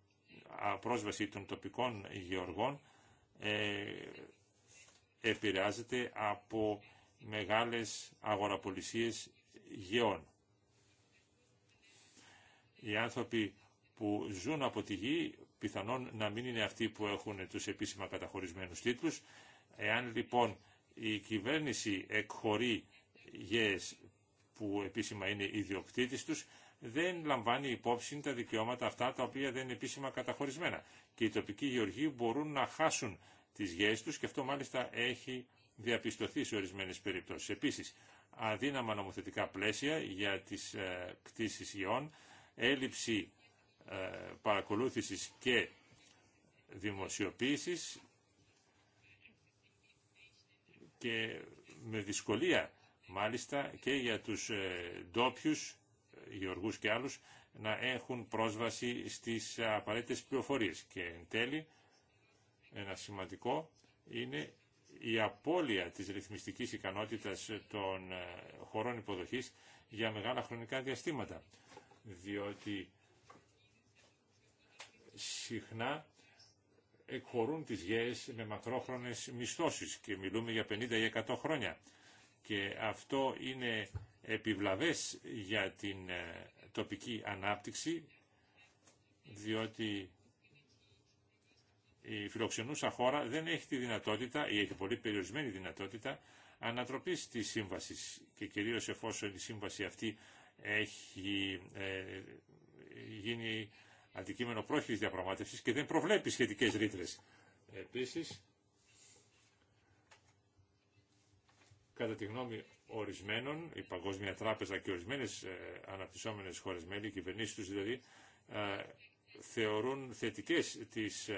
πρόσβαση των τοπικών γεωργών ε, επηρεάζεται από μεγάλες αγοραπολισίες γεών. Οι άνθρωποι που ζουν από τη γη πιθανόν να μην είναι αυτοί που έχουν τους επίσημα καταχωρισμένους τίτλους. Εάν λοιπόν η κυβέρνηση εκχωρεί γέες που επίσημα είναι ιδιοκτήτης τους, δεν λαμβάνει υπόψη τα δικαιώματα αυτά τα οποία δεν είναι επίσημα καταχωρισμένα. Και οι τοπικοί γεωργοί μπορούν να χάσουν τις γέες τους και αυτό μάλιστα έχει διαπιστωθεί σε ορισμένες περιπτώσεις. Επίσης, αδύναμα νομοθετικά πλαίσια για τις ε, κτήσεις γεών, έλλειψη ε, παρακολούθησης και δημοσιοποίησης και με δυσκολία μάλιστα και για τους ε, ντόπιου, γεωργούς και άλλους, να έχουν πρόσβαση στις ε, απαραίτητες πληροφορίες. Και εν τέλει, ένα σημαντικό είναι η απώλεια της ρυθμιστικής ικανότητας των ε, χωρών υποδοχής για μεγάλα χρονικά διαστήματα. Διότι συχνά εκχωρούν τις γέες με μακρόχρονες μισθώσεις και μιλούμε για 50 ή 100 χρόνια. Και αυτό είναι επιβλαβές για την ε, τοπική ανάπτυξη διότι η φιλοξενούσα χώρα δεν έχει τη δυνατότητα ή έχει πολύ περιορισμένη δυνατότητα ανατροπής της σύμβασης και κυρίως εφόσον η σύμβαση αυτή έχει ε, γίνει αντικείμενο πρόχειρης διαπραγμάτευσης και δεν προβλέπει σχετικές ρήτρες. Επίσης, κατά τη γνώμη ορισμένων, η Παγκόσμια Τράπεζα και ορισμένες ε, αναπτυσσόμενες χώρες μέλη, οι κυβερνήσεις τους δηλαδή, ε, θεωρούν θετικές τις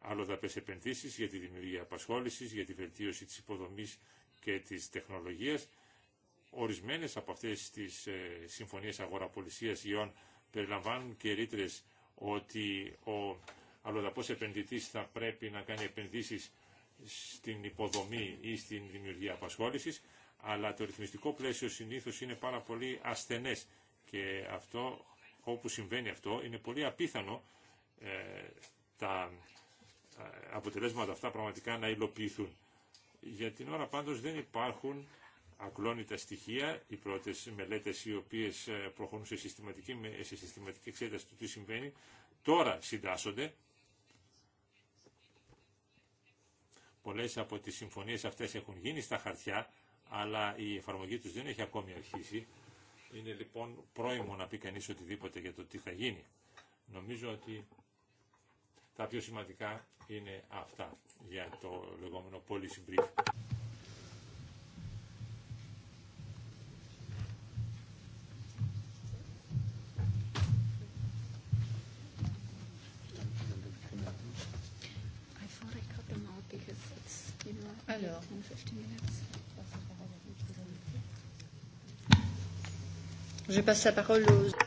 αλλοδαπές επενδύσεις για τη δημιουργία απασχόλησης, για τη βελτίωση της υποδομής και της τεχνολογίας. Ορισμένες από αυτές τις ε, συμφωνίες αγοραπολισίας γεών περιλαμβάνουν και ρήτρες ότι ο αλλοδαπός επενδυτής θα πρέπει να κάνει επενδύσεις στην υποδομή ή στην δημιουργία απασχόλησης, αλλά το ρυθμιστικό πλαίσιο συνήθως είναι πάρα πολύ ασθενές και αυτό, όπου συμβαίνει αυτό, είναι πολύ απίθανο ε, τα αποτελέσματα αυτά πραγματικά να υλοποιηθούν. Για την ώρα πάντως δεν υπάρχουν ακλόνητα στοιχεία, οι πρώτες μελέτες οι οποίες ε, προχωρούν σε συστηματική, σε συστηματική εξέταση του τι συμβαίνει, τώρα συντάσσονται. Πολλές από τις συμφωνίες αυτές έχουν γίνει στα χαρτιά, αλλά η εφαρμογή τους δεν έχει ακόμη αρχίσει. Είναι λοιπόν πρόημο να πει κανείς οτιδήποτε για το τι θα γίνει. Νομίζω ότι τα πιο σημαντικά είναι αυτά για το λεγόμενο policy brief.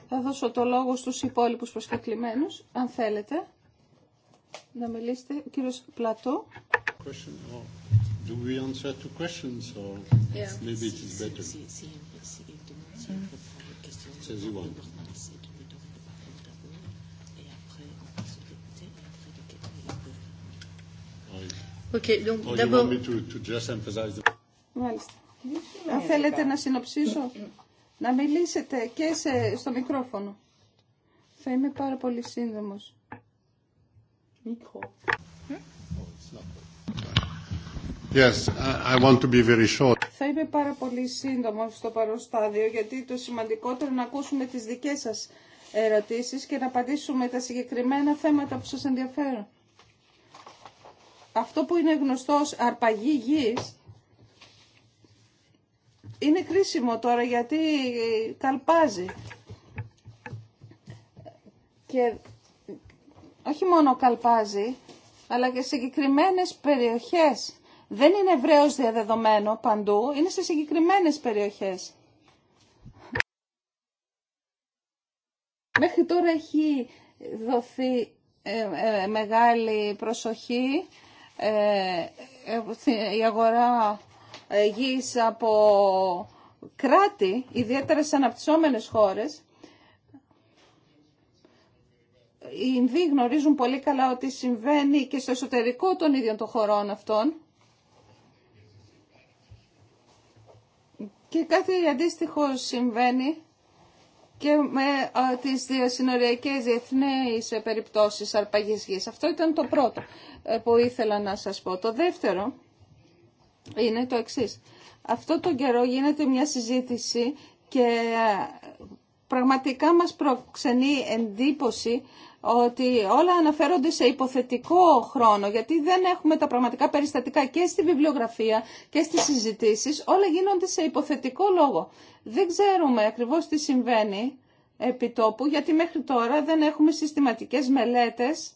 Θα δώσω το λόγο στους υπόλοιπους προσκεκλημένους, αν θέλετε να μιλήσετε. Ο κύριος Πλατό. Do we answer to questions or maybe it is better? Okay, oh, donc d'abord. Μάλιστα. Αν θέλετε να συνοψίσω, να μιλήσετε και σε, στο μικρόφωνο. Θα είμαι πάρα πολύ σύντομος. Yes, Θα είμαι πάρα πολύ σύντομο στο παρόν γιατί το σημαντικότερο είναι να ακούσουμε τις δικές σας ερωτήσεις και να απαντήσουμε τα συγκεκριμένα θέματα που σας ενδιαφέρουν. Αυτό που είναι γνωστό ως αρπαγή γης, είναι κρίσιμο τώρα γιατί καλπάζει. Και όχι μόνο καλπάζει, αλλά και συγκεκριμένες περιοχές. Δεν είναι ευρέω διαδεδομένο παντού, είναι σε συγκεκριμένες περιοχές. Μέχρι τώρα έχει δοθεί ε, ε, μεγάλη προσοχή ε, ε η αγορά γης από κράτη, ιδιαίτερα σε αναπτυσσόμενες χώρες, οι Ινδοί γνωρίζουν πολύ καλά ότι συμβαίνει και στο εσωτερικό των ίδιων των χωρών αυτών. Και κάτι αντίστοιχο συμβαίνει και με τις διασυνοριακές διεθνείς ε, περιπτώσεις αρπαγής γης. Αυτό ήταν το πρώτο ε, που ήθελα να σας πω. Το δεύτερο είναι το εξής. Αυτό τον καιρό γίνεται μια συζήτηση και ε, πραγματικά μας προξενεί εντύπωση ότι όλα αναφέρονται σε υποθετικό χρόνο, γιατί δεν έχουμε τα πραγματικά περιστατικά και στη βιβλιογραφία και στις συζητήσεις, όλα γίνονται σε υποθετικό λόγο. Δεν ξέρουμε ακριβώς τι συμβαίνει επί τόπου, γιατί μέχρι τώρα δεν έχουμε συστηματικές μελέτες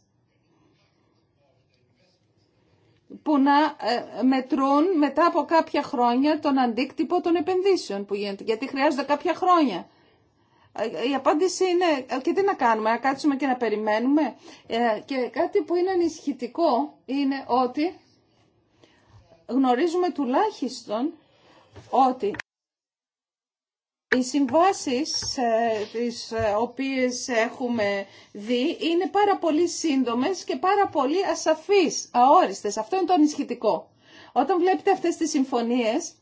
που να ε, μετρούν μετά από κάποια χρόνια τον αντίκτυπο των επενδύσεων που γίνεται, γιατί χρειάζονται κάποια χρόνια ε, η απάντηση είναι ε, και τι να κάνουμε, να κάτσουμε και να περιμένουμε. Ε, και κάτι που είναι ανησυχητικό είναι ότι γνωρίζουμε τουλάχιστον ότι οι συμβάσεις ε, τις οποίες έχουμε δει είναι πάρα πολύ σύντομες και πάρα πολύ ασαφείς, αόριστες. Αυτό είναι το ανησυχητικό. Όταν βλέπετε αυτές τις συμφωνίες,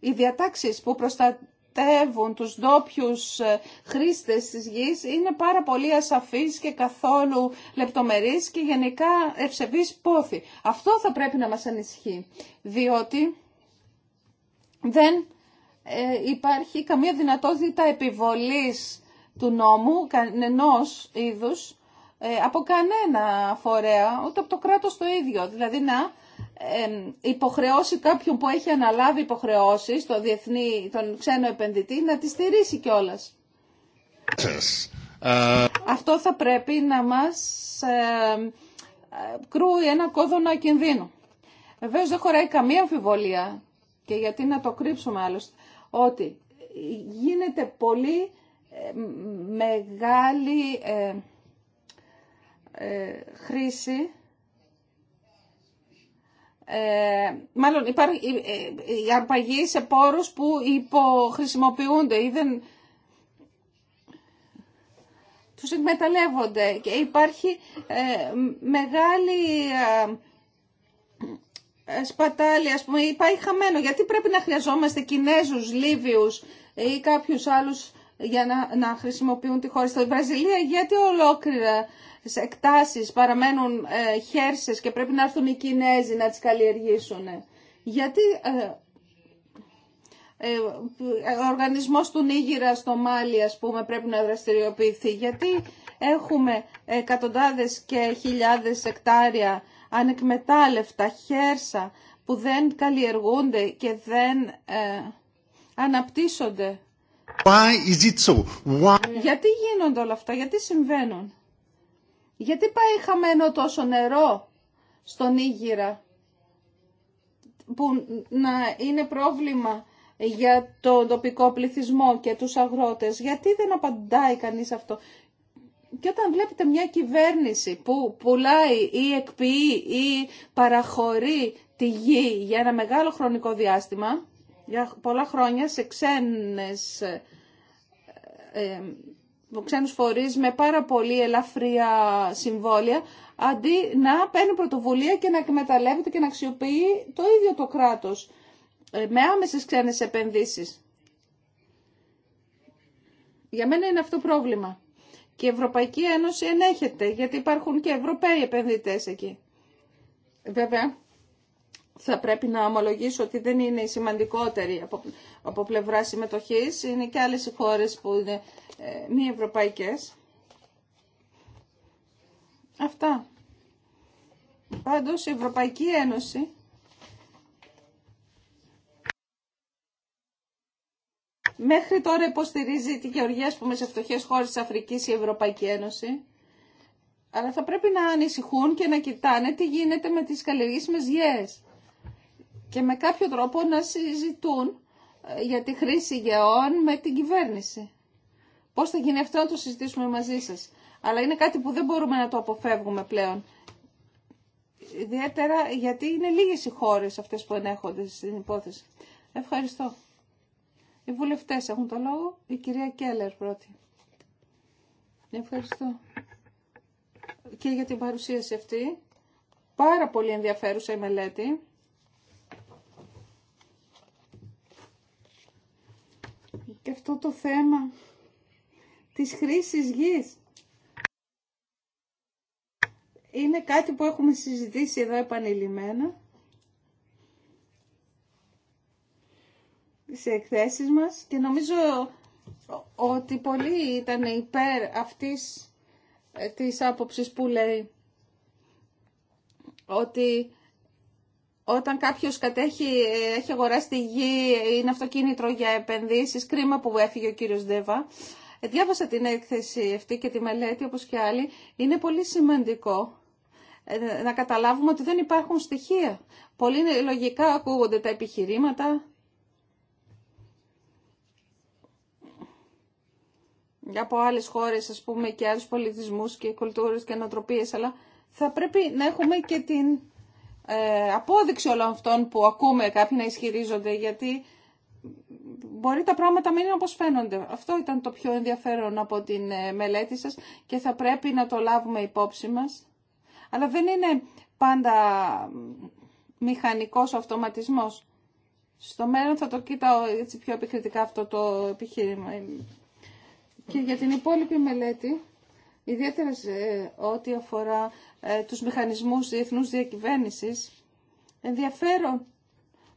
οι διατάξεις που προστα προστατεύουν τους ντόπιου ε, χρήστες της γης είναι πάρα πολύ ασαφής και καθόλου λεπτομερής και γενικά ευσεβής πόθη. Αυτό θα πρέπει να μας ανησυχεί, διότι δεν ε, υπάρχει καμία δυνατότητα επιβολής του νόμου, κανενός είδους, ε, από κανένα φορέα, ούτε από το κράτος το ίδιο. Δηλαδή να υποχρεώσει κάποιον που έχει αναλάβει υποχρεώσει το διεθνή, τον ξένο επενδυτή, να τη στηρίσει κιόλας. Uh... Αυτό θα πρέπει να μας ε, κρούει ένα κόδωνα κινδύνου. Βεβαίω δεν χωράει καμία αμφιβολία, και γιατί να το κρύψουμε άλλωστε, ότι γίνεται πολύ μεγάλη ε, χρήση ε, μάλλον υπάρχει ε, η αρπαγή σε πόρους που υποχρησιμοποιούνται ή δεν τους εκμεταλλεύονται και υπάρχει ε, μεγάλη ε, σπατάλη ας πούμε ή χαμένο γιατί πρέπει να χρειαζόμαστε Κινέζους, Λίβιους ή κάποιους άλλους για να, να χρησιμοποιούν τη χώρα. Στη Βραζιλία γιατί ολόκληρα σε εκτάσεις παραμένουν ε, χέρσες και πρέπει να έρθουν οι Κινέζοι να τις καλλιεργήσουν. Γιατί ε, ε, ο οργανισμός του Νίγηρα στο Μάλι ας πούμε πρέπει να δραστηριοποιηθεί γιατί έχουμε εκατοντάδες και χιλιάδες εκτάρια ανεκμετάλλευτα χέρσα που δεν καλλιεργούνται και δεν αναπτύσσονται Why is it so? γιατί γίνονται όλα αυτά, γιατί συμβαίνουν γιατί πάει χαμένο τόσο νερό στον Ήγυρα που να είναι πρόβλημα για τον τοπικό πληθυσμό και τους αγρότες. Γιατί δεν απαντάει κανείς αυτό. Και όταν βλέπετε μια κυβέρνηση που πουλάει ή εκποιεί ή παραχωρεί τη γη για ένα μεγάλο χρονικό διάστημα, για πολλά χρόνια σε ξένες ε, ε, ξένους φορείς με πάρα πολύ ελαφρία συμβόλια αντί να παίρνει πρωτοβουλία και να εκμεταλλεύεται και να αξιοποιεί το ίδιο το κράτος ε, με άμεσες ξένες επενδύσεις. Για μένα είναι αυτό πρόβλημα. Και η Ευρωπαϊκή Ένωση ενέχεται, γιατί υπάρχουν και Ευρωπαίοι επενδυτές εκεί. Βέβαια, θα πρέπει να ομολογήσω ότι δεν είναι η σημαντικότερη από, από πλευρά συμμετοχή. Είναι και άλλες οι χώρες που είναι ε, μη ευρωπαϊκές. Αυτά. Πάντως η Ευρωπαϊκή Ένωση μέχρι τώρα υποστηρίζει τη γεωργία ας πούμε, σε φτωχές χώρες της Αφρικής η Ευρωπαϊκή Ένωση. Αλλά θα πρέπει να ανησυχούν και να κοιτάνε τι γίνεται με τις καλλιεργήσιμες γέες και με κάποιο τρόπο να συζητούν ε, για τη χρήση γεών με την κυβέρνηση. Πώς θα γίνει αυτό να το συζητήσουμε μαζί σας. Αλλά είναι κάτι που δεν μπορούμε να το αποφεύγουμε πλέον. Ιδιαίτερα γιατί είναι λίγες οι χώρες αυτές που ενέχονται στην υπόθεση. Ευχαριστώ. Οι βουλευτές έχουν το λόγο. Η κυρία Κέλλερ πρώτη. Ευχαριστώ. Και για την παρουσίαση αυτή. Πάρα πολύ ενδιαφέρουσα η μελέτη. και αυτό το θέμα της χρήσης γης. Είναι κάτι που έχουμε συζητήσει εδώ επανειλημμένα σε εκθέσεις μας και νομίζω ότι πολλοί ήταν υπέρ αυτής ε, της άποψης που λέει ότι όταν κάποιος κατέχει, ε, έχει αγοράσει τη γη, είναι αυτοκίνητρο για επενδύσεις, κρίμα που έφυγε ο κύριος Δέβα. Ε, διάβασα την έκθεση αυτή και τη μελέτη όπως και άλλοι. Είναι πολύ σημαντικό ε, να καταλάβουμε ότι δεν υπάρχουν στοιχεία. Πολύ λογικά ακούγονται τα επιχειρήματα. από άλλες χώρες, ας πούμε, και άλλους πολιτισμούς και κουλτούρες και ανατροπίες, αλλά θα πρέπει να έχουμε και την ε, απόδειξη όλων αυτών που ακούμε κάποιοι να ισχυρίζονται γιατί μπορεί τα πράγματα μην είναι όπως φαίνονται. Αυτό ήταν το πιο ενδιαφέρον από την ε, μελέτη σας και θα πρέπει να το λάβουμε υπόψη μας. Αλλά δεν είναι πάντα μηχανικός αυτοματισμός. Στο μέλλον θα το κοίταω έτσι πιο επικριτικά αυτό το επιχείρημα. Και για την υπόλοιπη μελέτη ιδιαίτερα σε ό,τι αφορά ε, τους μηχανισμούς διεθνούς διακυβέρνησης. Ενδιαφέρον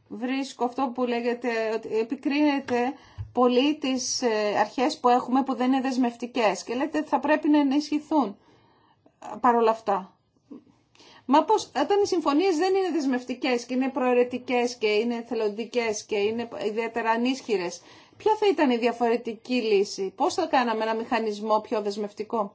βρίσκω αυτό που λέγεται ότι επικρίνεται πολύ τις ε, αρχές που έχουμε που δεν είναι δεσμευτικές και λέτε θα πρέπει να ενισχυθούν παρόλα αυτά. Μα πώς, όταν οι συμφωνίες δεν είναι δεσμευτικές και είναι προαιρετικές και είναι θελοντικές και είναι ιδιαίτερα ανίσχυρες, ποια θα ήταν η διαφορετική λύση, πώς θα κάναμε ένα μηχανισμό πιο δεσμευτικό.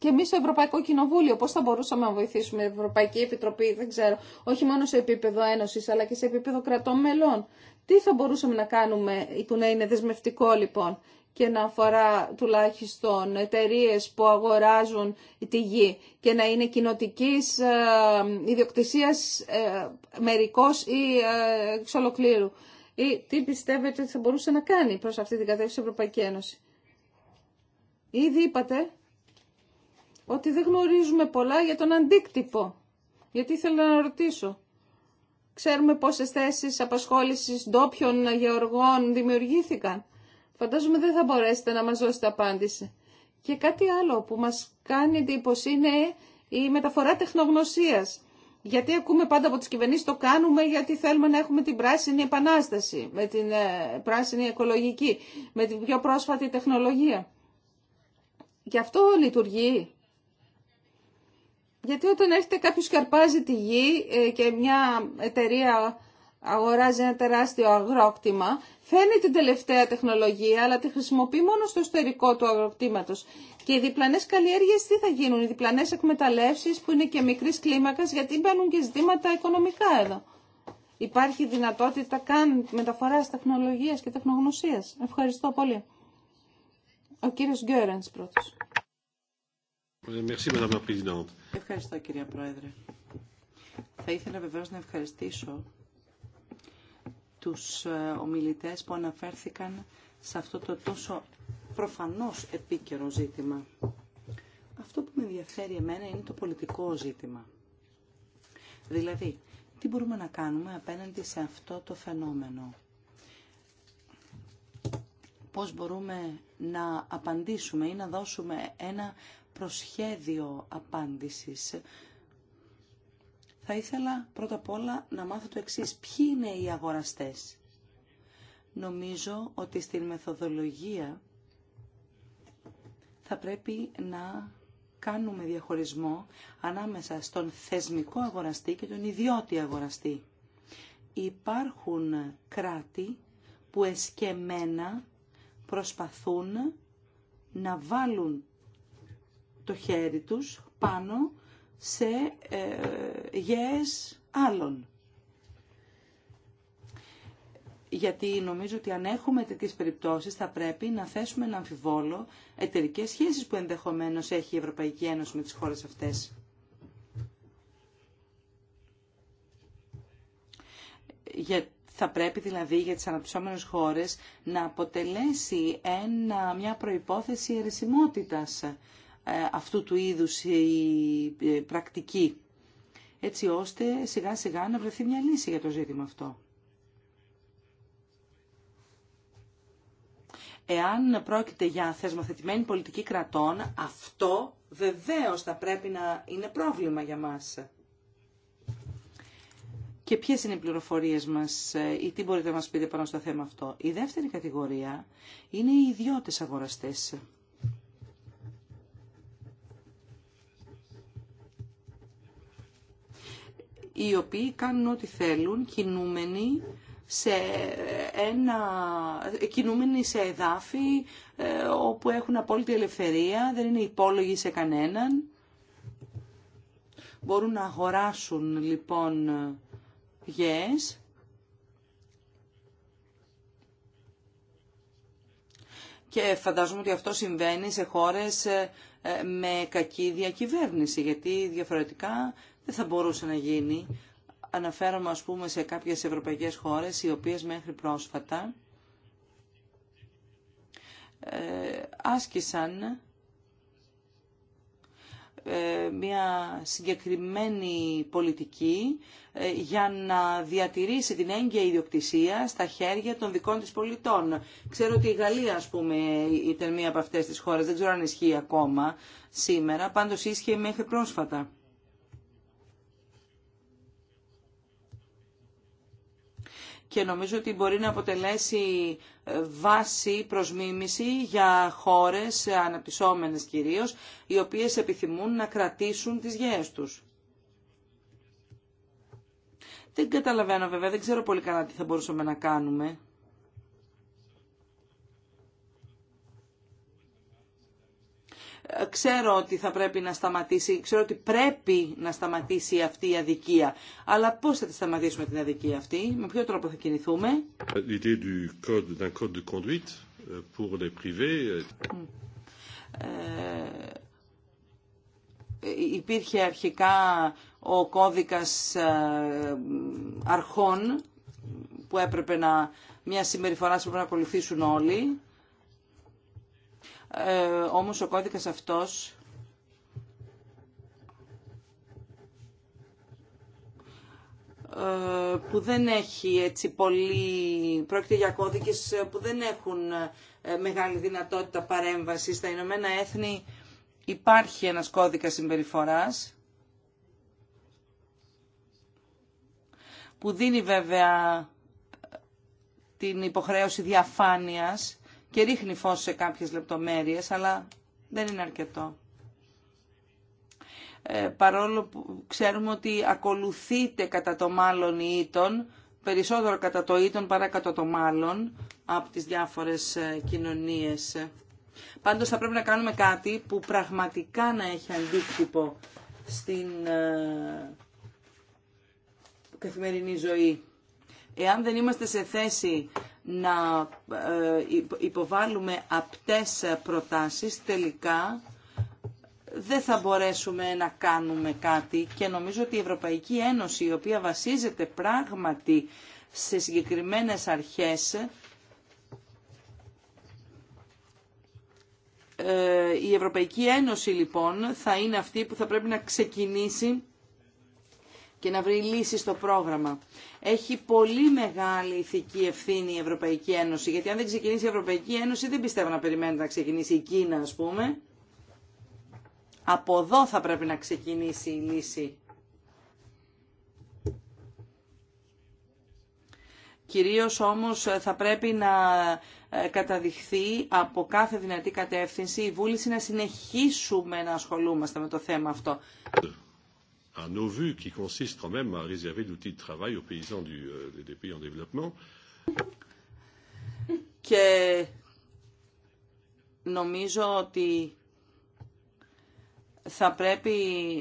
Και εμεί στο Ευρωπαϊκό Κοινοβούλιο, πώ θα μπορούσαμε να βοηθήσουμε, η Ευρωπαϊκή Επιτροπή, δεν ξέρω, όχι μόνο σε επίπεδο Ένωση, αλλά και σε επίπεδο κρατών μελών. Τι θα μπορούσαμε να κάνουμε που να είναι δεσμευτικό λοιπόν και να αφορά τουλάχιστον εταιρείε που αγοράζουν τη γη και να είναι κοινοτική ε, ιδιοκτησία ε, μερικώ ή ε, εξ ολοκλήρου. Ή τι πιστεύετε ότι θα μπορούσε να μερικό η Ευρωπαϊκή Ένωση. Ήδη είπατε ότι δεν γνωρίζουμε πολλά για τον αντίκτυπο. Γιατί ήθελα να ρωτήσω. Ξέρουμε πόσες θέσεις απασχόλησης ντόπιων γεωργών δημιουργήθηκαν. Φαντάζομαι δεν θα μπορέσετε να μας δώσετε απάντηση. Και κάτι άλλο που μας κάνει εντύπωση είναι η μεταφορά τεχνογνωσίας. Γιατί ακούμε πάντα από τις κυβερνήσεις το κάνουμε γιατί θέλουμε να έχουμε την πράσινη επανάσταση, με την ε, πράσινη οικολογική, με την πιο πρόσφατη τεχνολογία. Και αυτό λειτουργεί. Γιατί όταν έρχεται κάποιος και αρπάζει τη γη ε, και μια εταιρεία αγοράζει ένα τεράστιο αγρόκτημα, φαίνει την τελευταία τεχνολογία, αλλά τη χρησιμοποιεί μόνο στο εσωτερικό του αγροκτήματος. Και οι διπλανές καλλιέργειες τι θα γίνουν, οι διπλανές εκμεταλλεύσεις που είναι και μικρής κλίμακας, γιατί μπαίνουν και ζητήματα οικονομικά εδώ. Υπάρχει δυνατότητα καν μεταφοράς τεχνολογίας και τεχνογνωσίας. Ευχαριστώ πολύ. Ο κύριος Γκέρενς πρώτος. Merci, Madame la Ευχαριστώ κυρία Πρόεδρε. Θα ήθελα βεβαίως να ευχαριστήσω τους ε, ομιλητές που αναφέρθηκαν σε αυτό το τόσο προφανώς επίκαιρο ζήτημα. Αυτό που με ενδιαφέρει εμένα είναι το πολιτικό ζήτημα. Δηλαδή, τι μπορούμε να κάνουμε απέναντι σε αυτό το φαινόμενο. Πώς μπορούμε να απαντήσουμε ή να δώσουμε ένα προσχέδιο απάντησης. Θα ήθελα πρώτα απ' όλα να μάθω το εξής. Ποιοι είναι οι αγοραστές. Νομίζω ότι στην μεθοδολογία θα πρέπει να κάνουμε διαχωρισμό ανάμεσα στον θεσμικό αγοραστή και τον ιδιώτη αγοραστή. Υπάρχουν κράτη που εσκεμένα προσπαθούν να βάλουν το χέρι τους πάνω σε ε, γέες άλλων. Γιατί νομίζω ότι αν έχουμε τέτοιες περιπτώσεις θα πρέπει να θέσουμε ένα αμφιβόλο εταιρικέ σχέσεις που ενδεχομένως έχει η Ευρωπαϊκή Ένωση με τις χώρες αυτές. Για, θα πρέπει δηλαδή για τις αναπτυσσόμενες χώρες να αποτελέσει ένα, μια προϋπόθεση αιρεσιμότητας ε, αυτού του είδους η πρακτική, έτσι ώστε σιγά σιγά να βρεθεί μια λύση για το ζήτημα αυτό. Εάν πρόκειται για θεσμοθετημένη πολιτική κρατών, αυτό βεβαίως θα πρέπει να είναι πρόβλημα για μας. Και ποιες είναι οι πληροφορίες μας ε, ή τι μπορείτε να μας πείτε πάνω στο θέμα αυτό. Η δεύτερη κατηγορία είναι οι ιδιώτες αγοραστές. οι οποίοι κάνουν ό,τι θέλουν, κινούμενοι σε, ένα, κινούμενοι σε εδάφη ε, όπου έχουν απόλυτη ελευθερία, δεν είναι υπόλογοι σε κανέναν. Μπορούν να αγοράσουν λοιπόν γες. Και φαντάζομαι ότι αυτό συμβαίνει σε χώρες ε, με κακή διακυβέρνηση, γιατί διαφορετικά δεν θα μπορούσε να γίνει. Αναφέρομαι ας πούμε σε κάποιες ευρωπαϊκές χώρες οι οποίες μέχρι πρόσφατα ε, άσκησαν ε, μια συγκεκριμένη πολιτική ε, για να διατηρήσει την έγκαιη ιδιοκτησία στα χέρια των δικών της πολιτών. Ξέρω ότι η Γαλλία, ας πούμε, ήταν μία από αυτές τις χώρες, δεν ξέρω αν ισχύει ακόμα σήμερα, πάντως ίσχυε μέχρι πρόσφατα. και νομίζω ότι μπορεί να αποτελέσει ε, βάση προς για χώρες ε, αναπτυσσόμενες κυρίως, οι οποίες επιθυμούν να κρατήσουν τις γέες τους. Δεν καταλαβαίνω βέβαια, δεν ξέρω πολύ καλά τι θα μπορούσαμε να κάνουμε. ξέρω ότι θα πρέπει να σταματήσει, ξέρω ότι πρέπει να σταματήσει αυτή η αδικία. Αλλά πώς θα τη σταματήσουμε την αδικία αυτή, με ποιο τρόπο θα κινηθούμε. υπήρχε αρχικά ο κώδικας ε, αρχών που έπρεπε να, μια συμπεριφορά που έπρεπε να ακολουθήσουν όλοι ε, όμως ο κώδικας αυτός ε, που δεν έχει έτσι πολύ, πρόκειται για κώδικες που δεν έχουν ε, μεγάλη δυνατότητα παρέμβασης. Στα Ηνωμένα Έθνη υπάρχει ένας κώδικας συμπεριφοράς που δίνει βέβαια την υποχρέωση διαφάνειας και ρίχνει φως σε κάποιες λεπτομέρειες, αλλά δεν είναι αρκετό. Ε, παρόλο που ξέρουμε ότι ακολουθείται κατά το μάλλον ή ήτον, περισσότερο κατά το ήτον παρά κατά το μάλλον, από τις διάφορες ε, κοινωνίες. Πάντως θα πρέπει να κάνουμε κάτι που πραγματικά να έχει αντίκτυπο στην ε, καθημερινή ζωή. Εάν δεν είμαστε σε θέση να ε, υποβάλουμε απτές προτάσεις τελικά δεν θα μπορέσουμε να κάνουμε κάτι και νομίζω ότι η Ευρωπαϊκή Ένωση η οποία βασίζεται πράγματι σε συγκεκριμένες αρχές ε, η Ευρωπαϊκή Ένωση λοιπόν θα είναι αυτή που θα πρέπει να ξεκινήσει και να βρει λύση στο πρόγραμμα. Έχει πολύ μεγάλη ηθική ευθύνη η Ευρωπαϊκή Ένωση, γιατί αν δεν ξεκινήσει η Ευρωπαϊκή Ένωση δεν πιστεύω να περιμένετε να ξεκινήσει η Κίνα, ας πούμε. Από εδώ θα πρέπει να ξεκινήσει η λύση. Κυρίως όμως ε, θα πρέπει να ε, καταδειχθεί από κάθε δυνατή κατεύθυνση η βούληση να συνεχίσουμε να ασχολούμαστε με το θέμα αυτό. Και euh, νομίζω ότι θα πρέπει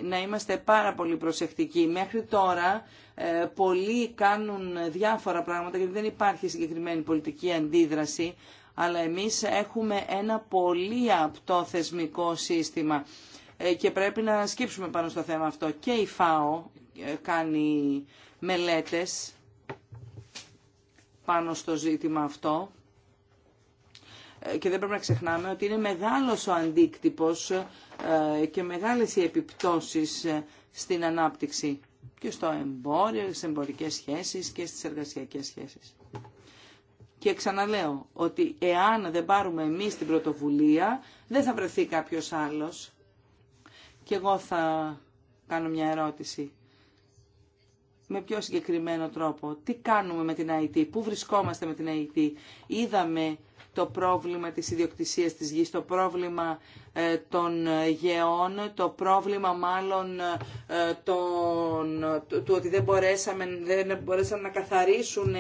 να είμαστε πάρα πολύ προσεκτικοί. Μέχρι τώρα ε, πολλοί κάνουν διάφορα πράγματα γιατί δεν υπάρχει συγκεκριμένη πολιτική αντίδραση, αλλά εμείς έχουμε ένα πολύ απτό θεσμικό σύστημα ε, και πρέπει να σκύψουμε πάνω στο θέμα αυτό. Και η ΦΑΟ ε, κάνει μελέτες πάνω στο ζήτημα αυτό ε, και δεν πρέπει να ξεχνάμε ότι είναι μεγάλος ο αντίκτυπος και μεγάλες οι επιπτώσεις στην ανάπτυξη και στο εμπόριο, στις εμπορικές σχέσεις και στις εργασιακές σχέσεις. Και ξαναλέω ότι εάν δεν πάρουμε εμείς την πρωτοβουλία, δεν θα βρεθεί κάποιος άλλος και εγώ θα κάνω μια ερώτηση. Με πιο συγκεκριμένο τρόπο. Τι κάνουμε με την ΑΕΤ, πού βρισκόμαστε με την ΑΕΤ. Είδαμε το πρόβλημα της ιδιοκτησίας της γης, το πρόβλημα ε, των γεών, το πρόβλημα μάλλον ε, του, ότι δεν μπορέσαμε, δεν μπορέσαμε να καθαρίσουν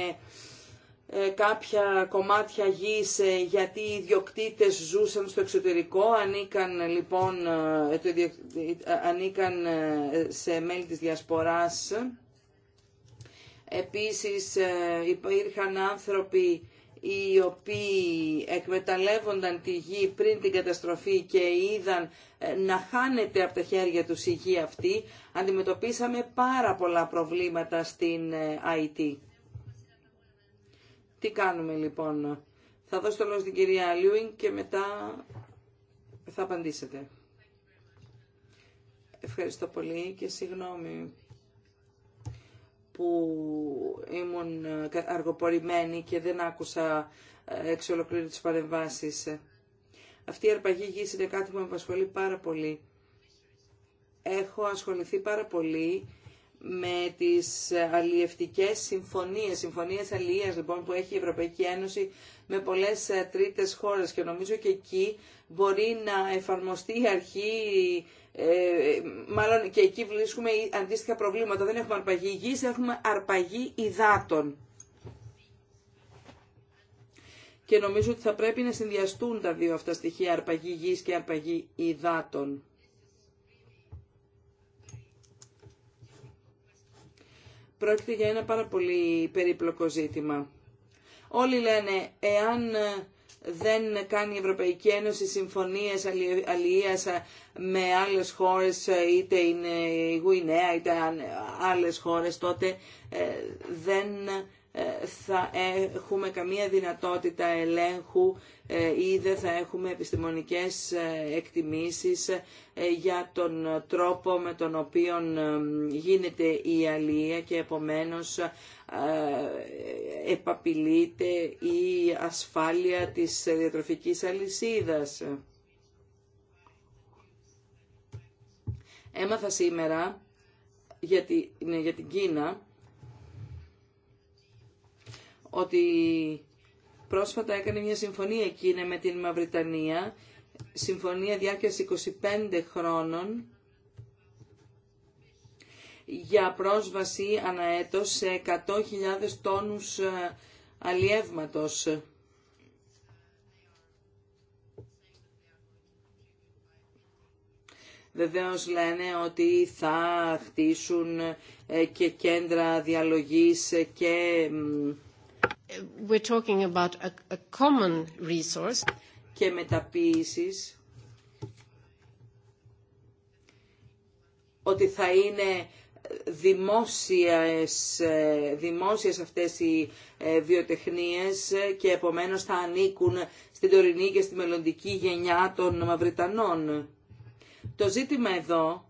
ε, κάποια κομμάτια γης ε, γιατί οι ιδιοκτήτες ζούσαν στο εξωτερικό, ανήκαν λοιπόν ε, ανήκαν σε μέλη της διασποράς. Επίσης υπήρχαν άνθρωποι οι οποίοι εκμεταλλεύονταν τη γη πριν την καταστροφή και είδαν να χάνεται από τα χέρια τους η γη αυτή, αντιμετωπίσαμε πάρα πολλά προβλήματα στην IT. Τι κάνουμε λοιπόν. Θα δώσω το λόγο στην κυρία Λιούινγκ και μετά θα απαντήσετε. Ευχαριστώ πολύ και συγγνώμη που ήμουν αργοπορημένη και δεν άκουσα ε, εξ ολοκλήρου τις παρεμβάσεις. Αυτή η αρπαγή γης είναι κάτι που με απασχολεί πάρα πολύ. Έχω ασχοληθεί πάρα πολύ με τις αλλιευτικές συμφωνίες, συμφωνίες αλλιείας λοιπόν που έχει η Ευρωπαϊκή Ένωση με πολλές ε, τρίτες χώρες και νομίζω και εκεί μπορεί να εφαρμοστεί η αρχή ε, μάλλον και εκεί βρίσκουμε αντίστοιχα προβλήματα. Δεν έχουμε αρπαγή γης, έχουμε αρπαγή υδάτων. Και νομίζω ότι θα πρέπει να συνδυαστούν τα δύο αυτά στοιχεία, αρπαγή γης και αρπαγή υδάτων. Πρόκειται για ένα πάρα πολύ περίπλοκο ζήτημα. Όλοι λένε, εάν ε, δεν κάνει η Ευρωπαϊκή Ένωση συμφωνίες αλληλείας ε, με άλλες χώρες, ε, είτε είναι η Γουινέα, είτε άλλες χώρες, τότε δεν θα έχουμε καμία δυνατότητα ελέγχου ε, ή δεν θα έχουμε επιστημονικές ε, εκτιμήσεις ε, για τον τρόπο με τον οποίο γίνεται η αλία και επομένως επαπειλείται η ασφάλεια της διατροφικής αλυσίδας. Έμαθα σήμερα για την, ναι, για την Κίνα ότι πρόσφατα έκανε μια συμφωνία εκείνη με την Μαυριτανία, συμφωνία διάρκειας 25 χρόνων, για πρόσβαση αναέτος σε 100.000 τόνους ε, αλλιεύματος. Βεβαίως λένε ότι θα χτίσουν ε, και κέντρα διαλογής ε, και we're talking about a, common resource. Και μεταποίησης ότι θα είναι δημόσιες, ε, δημόσιες αυτές οι ε, βιοτεχνίες και επομένως θα ανήκουν στην τωρινή και στη μελλοντική γενιά των Μαυριτανών. Το ζήτημα εδώ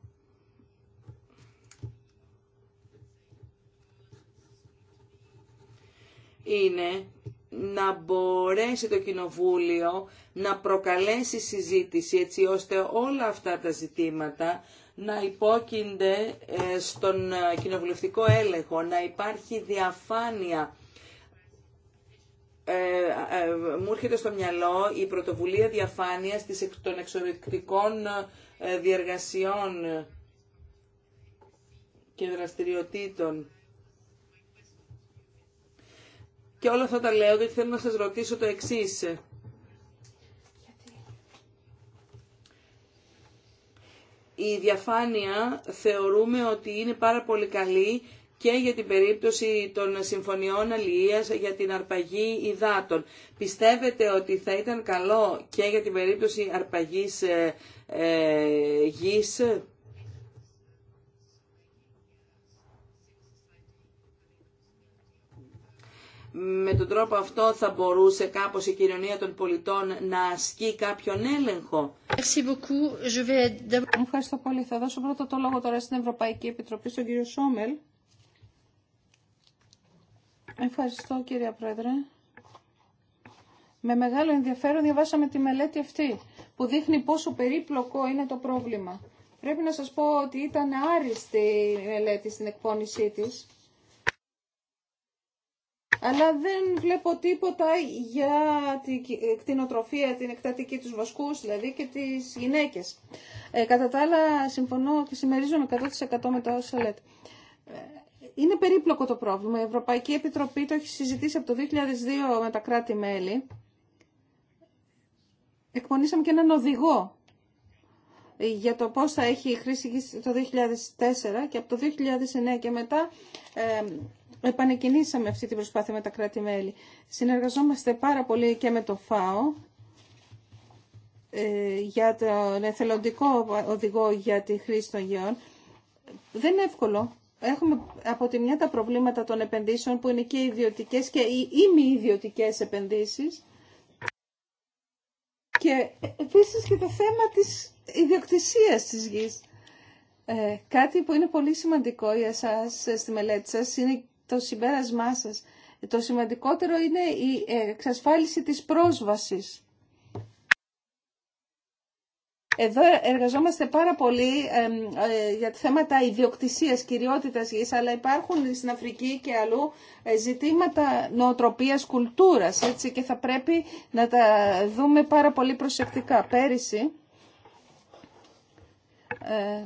είναι να μπορέσει το Κοινοβούλιο να προκαλέσει συζήτηση έτσι ώστε όλα αυτά τα ζητήματα να υπόκεινται ε, στον ε, κοινοβουλευτικό έλεγχο, να υπάρχει διαφάνεια. Ε, ε, μου έρχεται στο μυαλό η πρωτοβουλία διαφάνειας των εξορρυκτικών διεργασιών και δραστηριοτήτων. Και όλα αυτά τα λέω γιατί θέλω να σας ρωτήσω το εξής. Η διαφάνεια θεωρούμε ότι είναι πάρα πολύ καλή και για την περίπτωση των συμφωνιών αλληλείας για την αρπαγή υδάτων. Πιστεύετε ότι θα ήταν καλό και για την περίπτωση αρπαγής ε, ε γης. Με τον τρόπο αυτό θα μπορούσε κάπως η κοινωνία των πολιτών να ασκεί κάποιον έλεγχο. Ευχαριστώ πολύ. Θα δώσω πρώτα το λόγο τώρα στην Ευρωπαϊκή Επιτροπή, στον κύριο Σόμελ. Ευχαριστώ κύριε Πρόεδρε. Με μεγάλο ενδιαφέρον διαβάσαμε τη μελέτη αυτή που δείχνει πόσο περίπλοκο είναι το πρόβλημα. Πρέπει να σας πω ότι ήταν άριστη η μελέτη στην εκπόνησή της αλλά δεν βλέπω τίποτα για την κτηνοτροφία, την εκτατική τους βασκούς δηλαδή και τις γυναίκες. Ε, κατά τα άλλα συμφωνώ και συμμερίζομαι 100% με τα όσα λέτε. Ε, είναι περίπλοκο το πρόβλημα. Η Ευρωπαϊκή Επιτροπή το έχει συζητήσει από το 2002 με τα κράτη-μέλη. Εκπονήσαμε και έναν οδηγό για το πώς θα έχει η χρήση το 2004 και από το 2009 και μετά ε, επανεκκινήσαμε αυτή την προσπάθεια με τα κράτη-μέλη. Συνεργαζόμαστε πάρα πολύ και με το ΦΑΟ ε, για τον εθελοντικό οδηγό για τη χρήση των γεών. Δεν είναι εύκολο. Έχουμε από τη μια τα προβλήματα των επενδύσεων που είναι και ιδιωτικές και οι μη ιδιωτικές επενδύσεις και επίσης και το θέμα της ιδιοκτησίας της γης. Ε, κάτι που είναι πολύ σημαντικό για σας ε, στη μελέτη σας είναι το συμπέρασμά σας. Το σημαντικότερο είναι η ε, εξασφάλιση της πρόσβασης εδώ εργαζόμαστε πάρα πολύ ε, για θέματα ιδιοκτησίας, κυριότητας γης, αλλά υπάρχουν στην Αφρική και αλλού ε, ζητήματα νοοτροπίας κουλτούρας, έτσι, και θα πρέπει να τα δούμε πάρα πολύ προσεκτικά. Πέρυσι ε,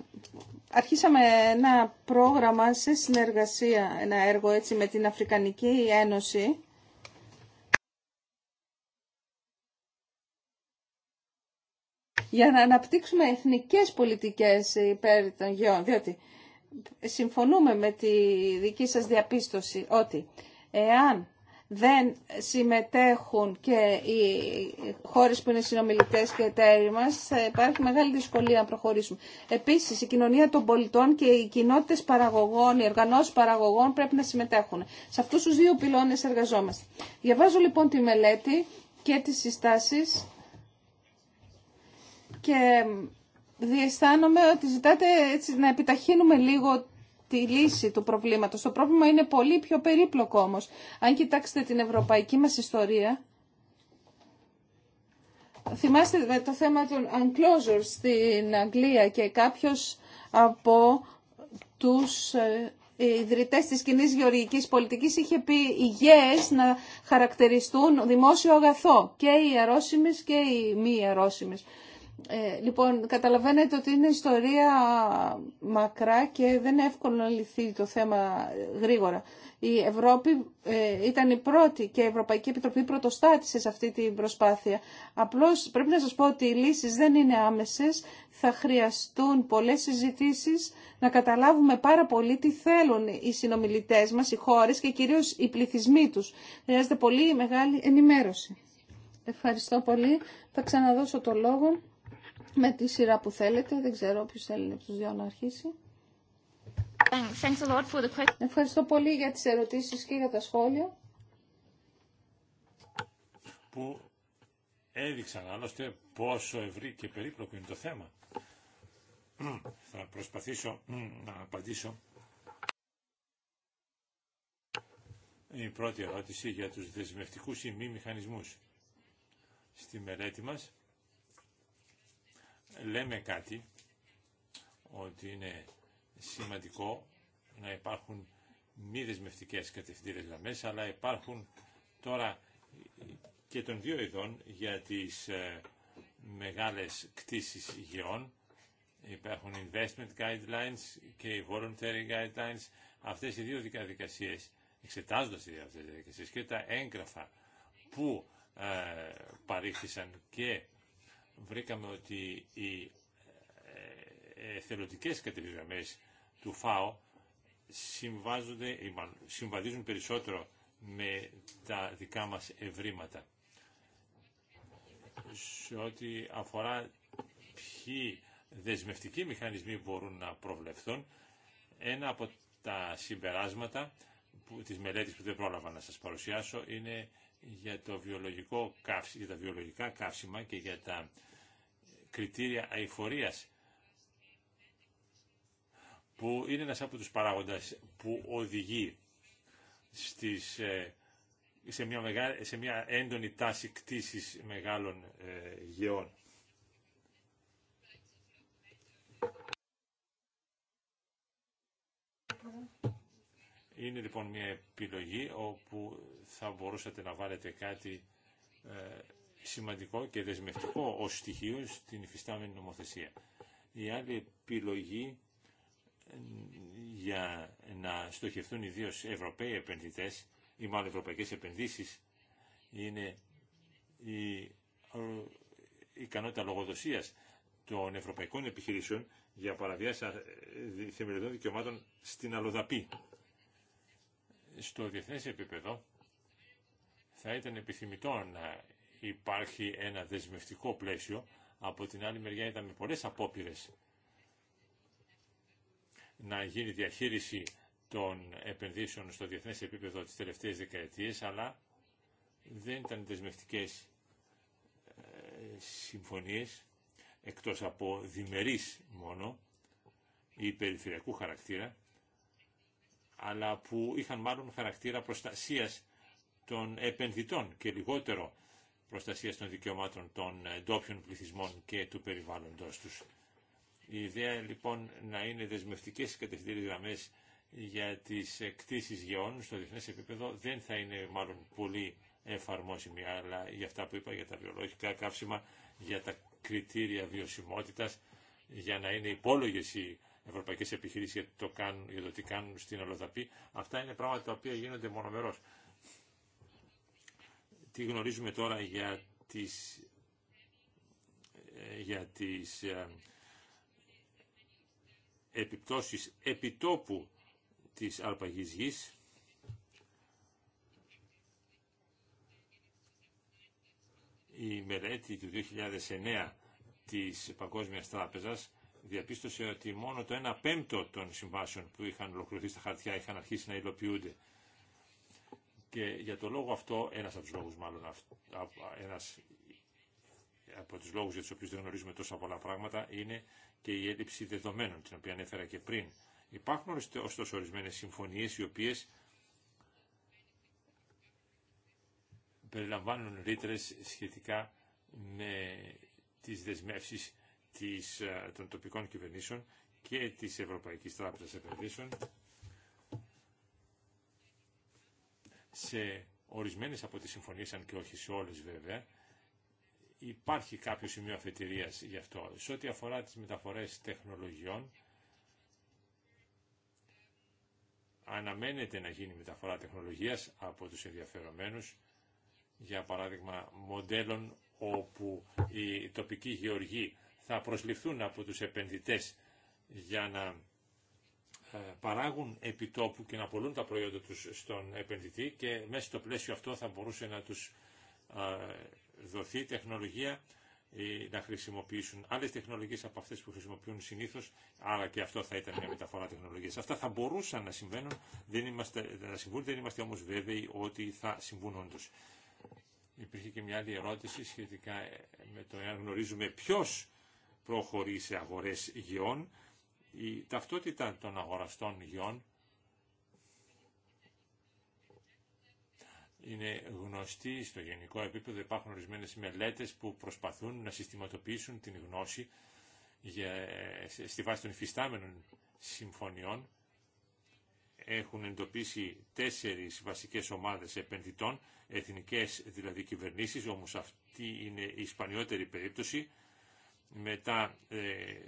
αρχίσαμε ένα πρόγραμμα σε συνεργασία, ένα έργο έτσι με την Αφρικανική Ένωση, για να αναπτύξουμε εθνικές πολιτικές υπέρ των γεών. Διότι συμφωνούμε με τη δική σας διαπίστωση ότι εάν δεν συμμετέχουν και οι χώρες που είναι συνομιλητές και εταίροι μας, θα υπάρχει μεγάλη δυσκολία να προχωρήσουμε. Επίσης, η κοινωνία των πολιτών και οι κοινότητες παραγωγών, οι οργανώσεις παραγωγών πρέπει να συμμετέχουν. Σε αυτούς τους δύο πυλώνες εργαζόμαστε. Διαβάζω λοιπόν τη μελέτη και τις συστάσεις και διαισθάνομαι ότι ζητάτε να επιταχύνουμε λίγο τη λύση του προβλήματος. Το πρόβλημα είναι πολύ πιο περίπλοκο όμως. Αν κοιτάξετε την ευρωπαϊκή μας ιστορία, θυμάστε το θέμα των enclosures στην Αγγλία και κάποιος από τους ε, ιδρυτές της κοινή γεωργικής πολιτικής είχε πει «οι γέες να χαρακτηριστούν δημόσιο αγαθό και οι αρρώσιμες και οι μη αρρώσιμες. Ε, λοιπόν, καταλαβαίνετε ότι είναι ιστορία μακρά και δεν είναι εύκολο να λυθεί το θέμα ε, γρήγορα. Η Ευρώπη ε, ήταν η πρώτη και η Ευρωπαϊκή Επιτροπή πρωτοστάτησε σε αυτή την προσπάθεια. Απλώς πρέπει να σας πω ότι οι λύσεις δεν είναι άμεσες, θα χρειαστούν πολλές συζητήσεις, να καταλάβουμε πάρα πολύ τι θέλουν οι συνομιλητές μας, οι χώρες και κυρίως οι πληθυσμοί τους. Χρειάζεται πολύ μεγάλη ενημέρωση. Ευχαριστώ πολύ. Θα ξαναδώσω το λόγο με τη σειρά που θέλετε. Δεν ξέρω ποιος θέλει από τους δύο να αρχίσει. Thanks for the Ευχαριστώ πολύ για τις ερωτήσεις και για τα σχόλια. Που έδειξαν άλλωστε πόσο ευρύ και περίπλοκο είναι το θέμα. Θα προσπαθήσω να απαντήσω. Η πρώτη ερώτηση για τους δεσμευτικούς ή μη μηχανισμούς. Στη μελέτη μας λέμε κάτι ότι είναι σημαντικό να υπάρχουν μη δεσμευτικέ κατευθυντήρε γραμμέ, αλλά υπάρχουν τώρα και των δύο ειδών για τις ε, μεγάλες κτήσεις υγειών. Υπάρχουν investment guidelines και voluntary guidelines. Αυτές οι δύο διαδικασίε, εξετάζοντα οι δύο αυτές τις και τα έγγραφα που ε, παρήχθησαν και βρήκαμε ότι οι ε, ε, εθελοντικές κατευθυνές του ΦΑΟ συμβαδίζουν περισσότερο με τα δικά μας ευρήματα. Σε ό,τι αφορά ποιοι δεσμευτικοί μηχανισμοί μπορούν να προβλεφθούν, ένα από τα συμπεράσματα που, της μελέτης που δεν πρόλαβα να σας παρουσιάσω είναι για, το βιολογικό για τα βιολογικά καύσιμα και για τα κριτήρια αηφορίας που είναι ένας από τους παράγοντες που οδηγεί στις, ε, σε, μια έντονη τάση κτήσης μεγάλων ε, γεών. Είναι λοιπόν μια επιλογή όπου θα μπορούσατε να βάλετε κάτι ε, σημαντικό και δεσμευτικό ως στοιχείο στην υφιστάμενη νομοθεσία. Η άλλη επιλογή ε, για να στοχευτούν ιδίω Ευρωπαίοι επενδυτές ή μάλλον ευρωπαϊκές επενδύσεις είναι η ικανότητα λογοδοσίας των ευρωπαϊκών επιχειρήσεων για παραβιάση ε, θεμελιωδών δικαιωμάτων στην Αλοδαπή στο διεθνές επίπεδο θα ήταν επιθυμητό να υπάρχει ένα δεσμευτικό πλαίσιο. Από την άλλη μεριά με πολλές απόπειρες να γίνει διαχείριση των επενδύσεων στο διεθνές επίπεδο τις τελευταίες δεκαετίες, αλλά δεν ήταν δεσμευτικές ε, συμφωνίες, εκτός από διμερείς μόνο, ή περιφερειακού χαρακτήρα, αλλά που είχαν μάλλον χαρακτήρα προστασίας των επενδυτών και λιγότερο προστασίας των δικαιωμάτων των ντόπιων πληθυσμών και του περιβάλλοντος τους. Η ιδέα λοιπόν να είναι δεσμευτικές οι κατευθυντήριες γραμμές για τις εκτίσεις γεών στο διεθνές επίπεδο δεν θα είναι μάλλον πολύ εφαρμόσιμη, αλλά για αυτά που είπα για τα βιολογικά καύσιμα, για τα κριτήρια βιωσιμότητας, για να είναι υπόλογες οι ευρωπαϊκές επιχειρήσεις για το, κάνουν, για το τι κάνουν στην Ολοδαπή. Αυτά είναι πράγματα τα οποία γίνονται μονομερώς. Τι γνωρίζουμε τώρα για τις, ε, για τις ε, επιπτώσεις επιτόπου της αρπαγής γης. Η μελέτη του 2009 της Παγκόσμιας Τράπεζας διαπίστωσε ότι μόνο το 1 πέμπτο των συμβάσεων που είχαν ολοκληρωθεί στα χαρτιά είχαν αρχίσει να υλοποιούνται. Και για το λόγο αυτό, ένας από τους λόγους μάλλον, ένας από τους λόγους για τους οποίους δεν γνωρίζουμε τόσα πολλά πράγματα είναι και η έλλειψη δεδομένων, την οποία ανέφερα και πριν. Υπάρχουν ωστόσο ορισμένε συμφωνίες οι οποίες περιλαμβάνουν ρήτρε σχετικά με τις δεσμεύσεις της, ε, των τοπικών κυβερνήσεων και της Ευρωπαϊκής Τράπεζας Επενδύσεων σε ορισμένες από τις συμφωνίες, αν και όχι σε όλες βέβαια, υπάρχει κάποιο σημείο αφετηρίας γι' αυτό. Σε ό,τι αφορά τις μεταφορές τεχνολογιών, αναμένεται να γίνει μεταφορά τεχνολογίας από τους ενδιαφερομένους, για παράδειγμα μοντέλων όπου η τοπική γεωργοί θα προσληφθούν από τους επενδυτές για να ε, παράγουν επιτόπου και να πολλούν τα προϊόντα τους στον επενδυτή και μέσα στο πλαίσιο αυτό θα μπορούσε να τους ε, δοθεί τεχνολογία ή να χρησιμοποιήσουν άλλες τεχνολογίες από αυτές που χρησιμοποιούν συνήθως, άρα και αυτό θα ήταν μια μεταφορά τεχνολογίας. Αυτά θα μπορούσαν να συμβαίνουν, δεν είμαστε, να συμβούν, δεν είμαστε όμως βέβαιοι ότι θα συμβούν όντω. Υπήρχε και μια άλλη ερώτηση σχετικά με το εάν γνωρίζουμε ποιος προχωρεί σε αγορές γεών. Η ταυτότητα των αγοραστών γεών είναι γνωστή στο γενικό επίπεδο. Υπάρχουν ορισμένε μελέτες που προσπαθούν να συστηματοποιήσουν την γνώση για, στη βάση των υφιστάμενων συμφωνιών. Έχουν εντοπίσει τέσσερις βασικές ομάδες επενδυτών, εθνικές δηλαδή κυβερνήσεις, όμως αυτή είναι η σπανιότερη περίπτωση μετά τα ε,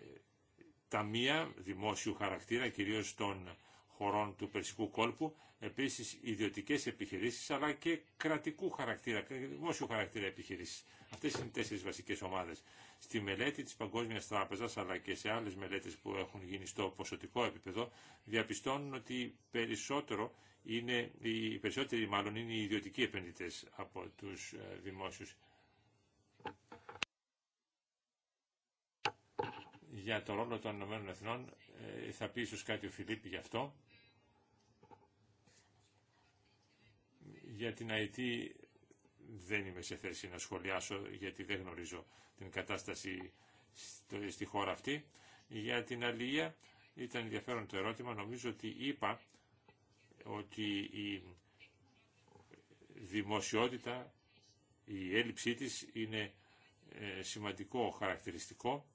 ταμεία δημόσιου χαρακτήρα, κυρίως των χωρών του Περσικού κόλπου, επίσης ιδιωτικές επιχειρήσεις, αλλά και κρατικού χαρακτήρα, δημόσιου χαρακτήρα επιχειρήσεις. Αυτές είναι οι τέσσερις βασικές ομάδες. Στη μελέτη της Παγκόσμιας Τράπεζας, αλλά και σε άλλες μελέτες που έχουν γίνει στο ποσοτικό επίπεδο, διαπιστώνουν ότι περισσότερο είναι, οι περισσότεροι μάλλον είναι οι ιδιωτικοί επενδυτές από τους ε, δημόσιους. για το ρόλο των Ηνωμένων Εθνών. Ε, θα πει ίσως κάτι ο Φιλίππη γι' αυτό. Για την ΑΕΤ δεν είμαι σε θέση να σχολιάσω γιατί δεν γνωρίζω την κατάσταση στη χώρα αυτή. Για την αλληλεία ήταν ενδιαφέρον το ερώτημα. Νομίζω ότι είπα ότι η δημοσιότητα, η έλλειψή της είναι ε, σημαντικό χαρακτηριστικό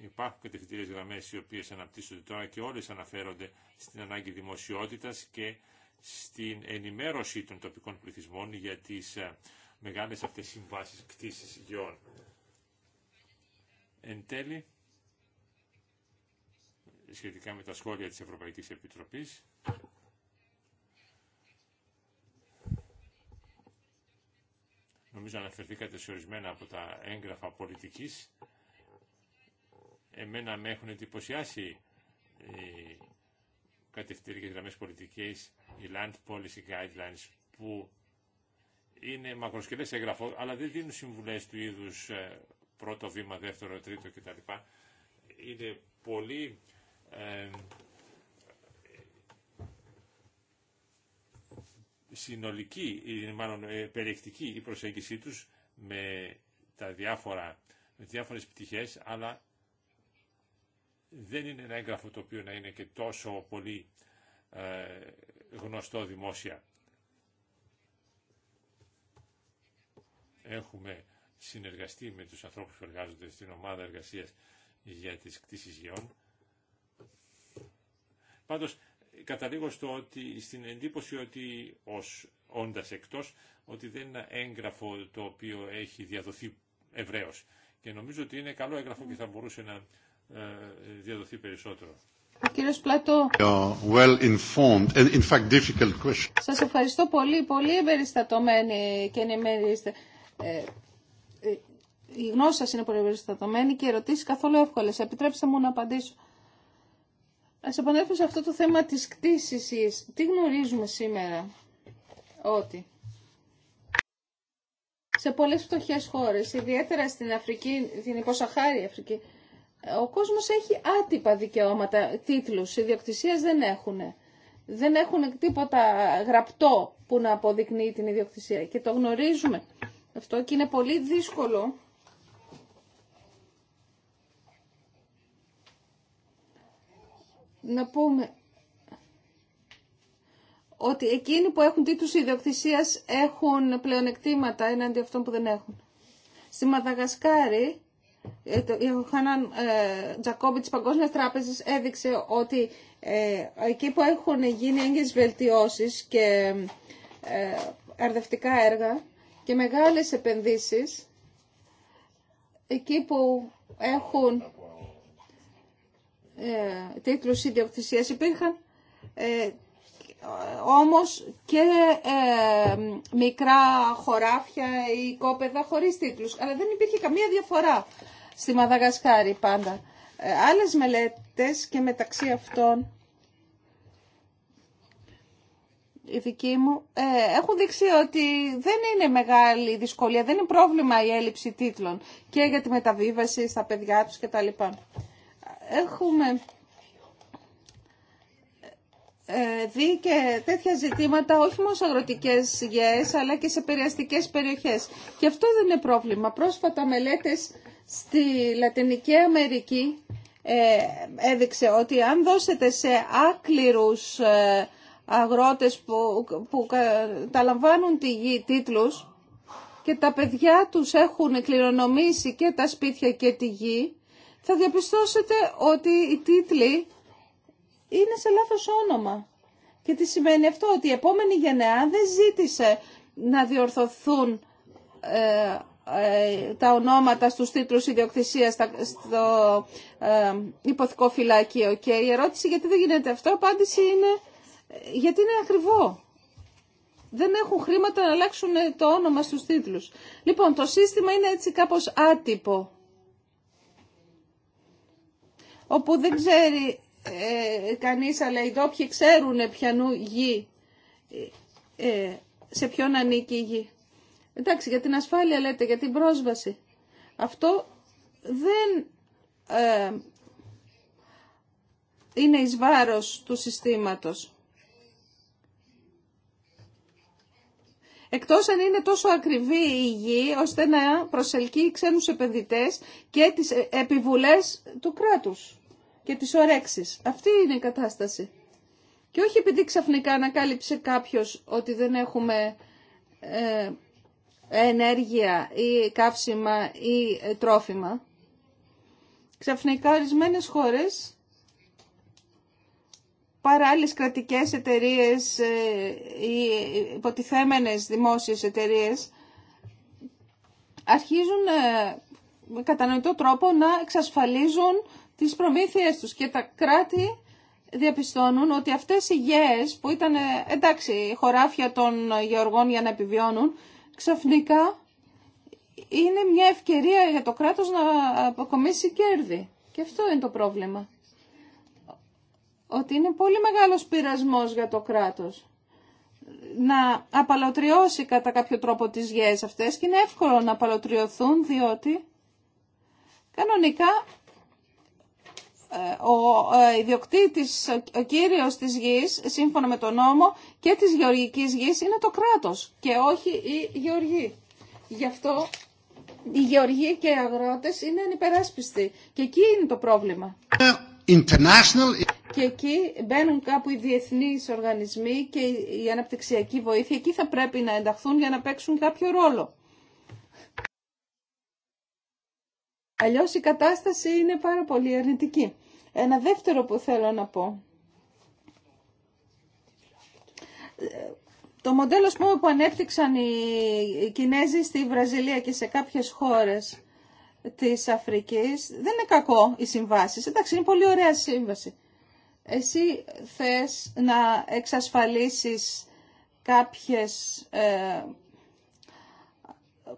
Υπάρχουν κατευθυντήριες γραμμές οι οποίες αναπτύσσονται τώρα και όλες αναφέρονται στην ανάγκη δημοσιότητας και στην ενημέρωση των τοπικών πληθυσμών για τις ε, μεγάλες αυτές συμβάσεις κτήσης γεών. Εν τέλει, σχετικά με τα σχόλια της Ευρωπαϊκής Επιτροπής, νομίζω αναφερθήκατε σε ορισμένα από τα έγγραφα πολιτικής Εμένα με έχουν εντυπωσιάσει οι κατευθυντήριες γραμμές πολιτική, οι Land Policy Guidelines, που είναι μακροσκελές έγγραφο, αλλά δεν δίνουν συμβουλές του είδους ε, πρώτο βήμα, δεύτερο, τρίτο κτλ. Είναι πολύ ε, συνολική, είναι μάλλον ε, περιεκτική η προσέγγιση τους με τα διάφορα, με διάφορες πτυχές, αλλά δεν είναι ένα έγγραφο το οποίο να είναι και τόσο πολύ ε, γνωστό δημόσια. Έχουμε συνεργαστεί με τους ανθρώπους που εργάζονται στην ομάδα εργασίας για τις κτίσεις γεών. Πάντως, καταλήγω στο ότι, στην εντύπωση ότι ως όντας εκτός, ότι δεν είναι ένα έγγραφο το οποίο έχει διαδοθεί ευρέως. Και νομίζω ότι είναι καλό έγγραφο και θα μπορούσε να ε, διαδοθεί περισσότερο. Κύριος Πλατώ, ε, well informed and ε, in fact difficult question. σας ευχαριστώ πολύ, πολύ εμπεριστατωμένη και ενημερίστε. Ε, η γνώση σας είναι πολύ εμπεριστατωμένη και οι ερωτήσεις καθόλου εύκολες. Επιτρέψτε μου να απαντήσω. Ας επανέλθω σε αυτό το θέμα της κτήσης. Τι γνωρίζουμε σήμερα ότι σε πολλές φτωχές χώρες, ιδιαίτερα στην Αφρική, την υποσαχάρη Αφρική, ο κόσμος έχει άτυπα δικαιώματα, τίτλους, ιδιοκτησίας δεν έχουν. Δεν έχουν τίποτα γραπτό που να αποδεικνύει την ιδιοκτησία και το γνωρίζουμε αυτό και είναι πολύ δύσκολο να πούμε ότι εκείνοι που έχουν τίτλους ιδιοκτησίας έχουν πλεονεκτήματα έναντι αυτών που δεν έχουν. Στη Μαδαγασκάρη ε, ο Χάναν ε, Τζακόμπι τη Παγκόσμια Τράπεζα, έδειξε ότι ε, εκεί που έχουν γίνει έγκαιε βελτιώσει και αρδευτικά έργα και μεγάλες επενδύσεις, εκεί που έχουν τίτλους ιδιοκτησίας υπήρχαν όμως και ε, μικρά χωράφια ή κόπεδα χωρίς τίτλους. Αλλά δεν υπήρχε καμία διαφορά στη Μαδαγασκάρη πάντα. Ε, άλλες μελέτες και μεταξύ αυτών η κοπεδα χωρις τιτλους αλλα δεν υπηρχε καμια διαφορα στη μαδαγασκαρη παντα ε αλλες μελετες και μεταξυ αυτων οι δικοι μου έχουν δείξει ότι δεν είναι μεγάλη δυσκολία, δεν είναι πρόβλημα η έλλειψη τίτλων και για τη μεταβίβαση στα παιδιά τους κτλ. Έχουμε ε, δει και τέτοια ζητήματα όχι μόνο σε αγροτικές γεές αλλά και σε περιαστικές περιοχές. Και αυτό δεν είναι πρόβλημα. Πρόσφατα μελέτες στη Λατινική Αμερική ε, έδειξε ότι αν δώσετε σε άκληρους ε, αγρότες που, που λαμβάνουν τη γη τίτλους και τα παιδιά τους έχουν κληρονομήσει και τα σπίτια και τη γη, θα διαπιστώσετε ότι οι τίτλοι είναι σε λάθος όνομα. Και τι σημαίνει αυτό, ότι η επόμενη γενεά δεν ζήτησε να διορθωθούν ε, ε, τα ονόματα στους τίτλους ιδιοκτησίας στο ε, υποθικό φυλάκιο. Και η ερώτηση γιατί δεν γίνεται αυτό, η απάντηση είναι ε, γιατί είναι ακριβό. Δεν έχουν χρήματα να αλλάξουν το όνομα στους τίτλους. Λοιπόν, το σύστημα είναι έτσι κάπως άτυπο. Όπου δεν ξέρει ε, κανείς, αλλά οι ντόπιοι ξέρουν ποιανού γη, ε, σε ποιον ανήκει η γη. Εντάξει, για την ασφάλεια λέτε, για την πρόσβαση. Αυτό δεν ε, είναι εις βάρος του συστήματος. Εκτός αν είναι τόσο ακριβή η γη, ώστε να προσελκύει ξένους επενδυτές και τις επιβουλές του κράτους και τις ορέξεις. Αυτή είναι η κατάσταση. Και όχι επειδή ξαφνικά ανακάλυψε κάποιος ότι δεν έχουμε ε, ενέργεια ή καύσιμα ή ε, τρόφιμα. Ξαφνικά ορισμένε χώρες, άλλες κρατικές εταιρείες ε, ή υποτιθέμενες δημόσιες εταιρείες, αρχίζουν με κατανοητό τρόπο να εξασφαλίζουν τις προμήθειες τους και τα κράτη διαπιστώνουν ότι αυτές οι γέες που ήταν ε, εντάξει χωράφια των γεωργών για να επιβιώνουν ξαφνικά είναι μια ευκαιρία για το κράτος να αποκομίσει κέρδη. Και αυτό είναι το πρόβλημα. Ότι είναι πολύ μεγάλος πειρασμός για το κράτος να απαλωτριώσει κατά κάποιο τρόπο τις γέες αυτές και είναι εύκολο να απαλωτριωθούν διότι κανονικά ε, ο ε, ιδιοκτήτης, ο κύριος της γης, σύμφωνα με τον νόμο, και της γεωργικής γης είναι το κράτος και όχι η γεωργή. Γι' αυτό οι γεωργοί και οι αγρότες είναι ανυπεράσπιστοι. Και εκεί είναι το πρόβλημα. Και εκεί μπαίνουν κάπου οι διεθνείς οργανισμοί και η αναπτυξιακή βοήθεια. Εκεί θα πρέπει να ενταχθούν για να παίξουν κάποιο ρόλο. Αλλιώς η κατάσταση είναι πάρα πολύ αρνητική. Ένα δεύτερο που θέλω να πω. Το μοντέλο που ανέπτυξαν οι Κινέζοι στη Βραζιλία και σε κάποιες χώρες της Αφρικής δεν είναι κακό οι συμβάσεις. Εντάξει, είναι πολύ ωραία σύμβαση. Εσύ θες να εξασφαλίσεις κάποιες ε,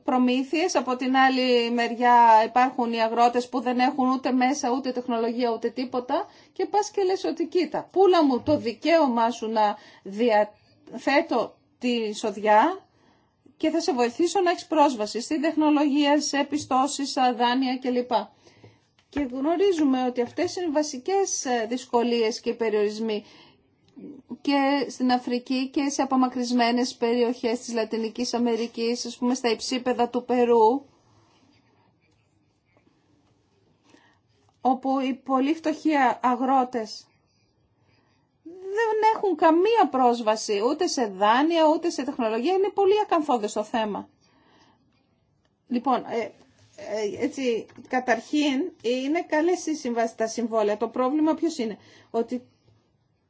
προμήθειες, από την άλλη μεριά υπάρχουν οι αγρότες που δεν έχουν ούτε μέσα, ούτε τεχνολογία, ούτε τίποτα και πας και λες ότι κοίτα, πούλα μου το δικαίωμά σου να διαθέτω τη σοδιά και θα σε βοηθήσω να έχεις πρόσβαση στην τεχνολογία, σε σε δάνεια κλπ. Και γνωρίζουμε ότι αυτές είναι οι βασικές ε, δυσκολίες και περιορισμοί και στην Αφρική και σε απομακρυσμένες περιοχές της Λατινικής Αμερικής, ας πούμε στα υψίπεδα του Περού, όπου οι πολύ φτωχοί αγρότες δεν έχουν καμία πρόσβαση ούτε σε δάνεια, ούτε σε τεχνολογία. Είναι πολύ ακαθόδες το θέμα. Λοιπόν, ε, ε, έτσι, καταρχήν είναι καλές οι συμβάσεις τα συμβόλαια. Το πρόβλημα ποιος είναι, ότι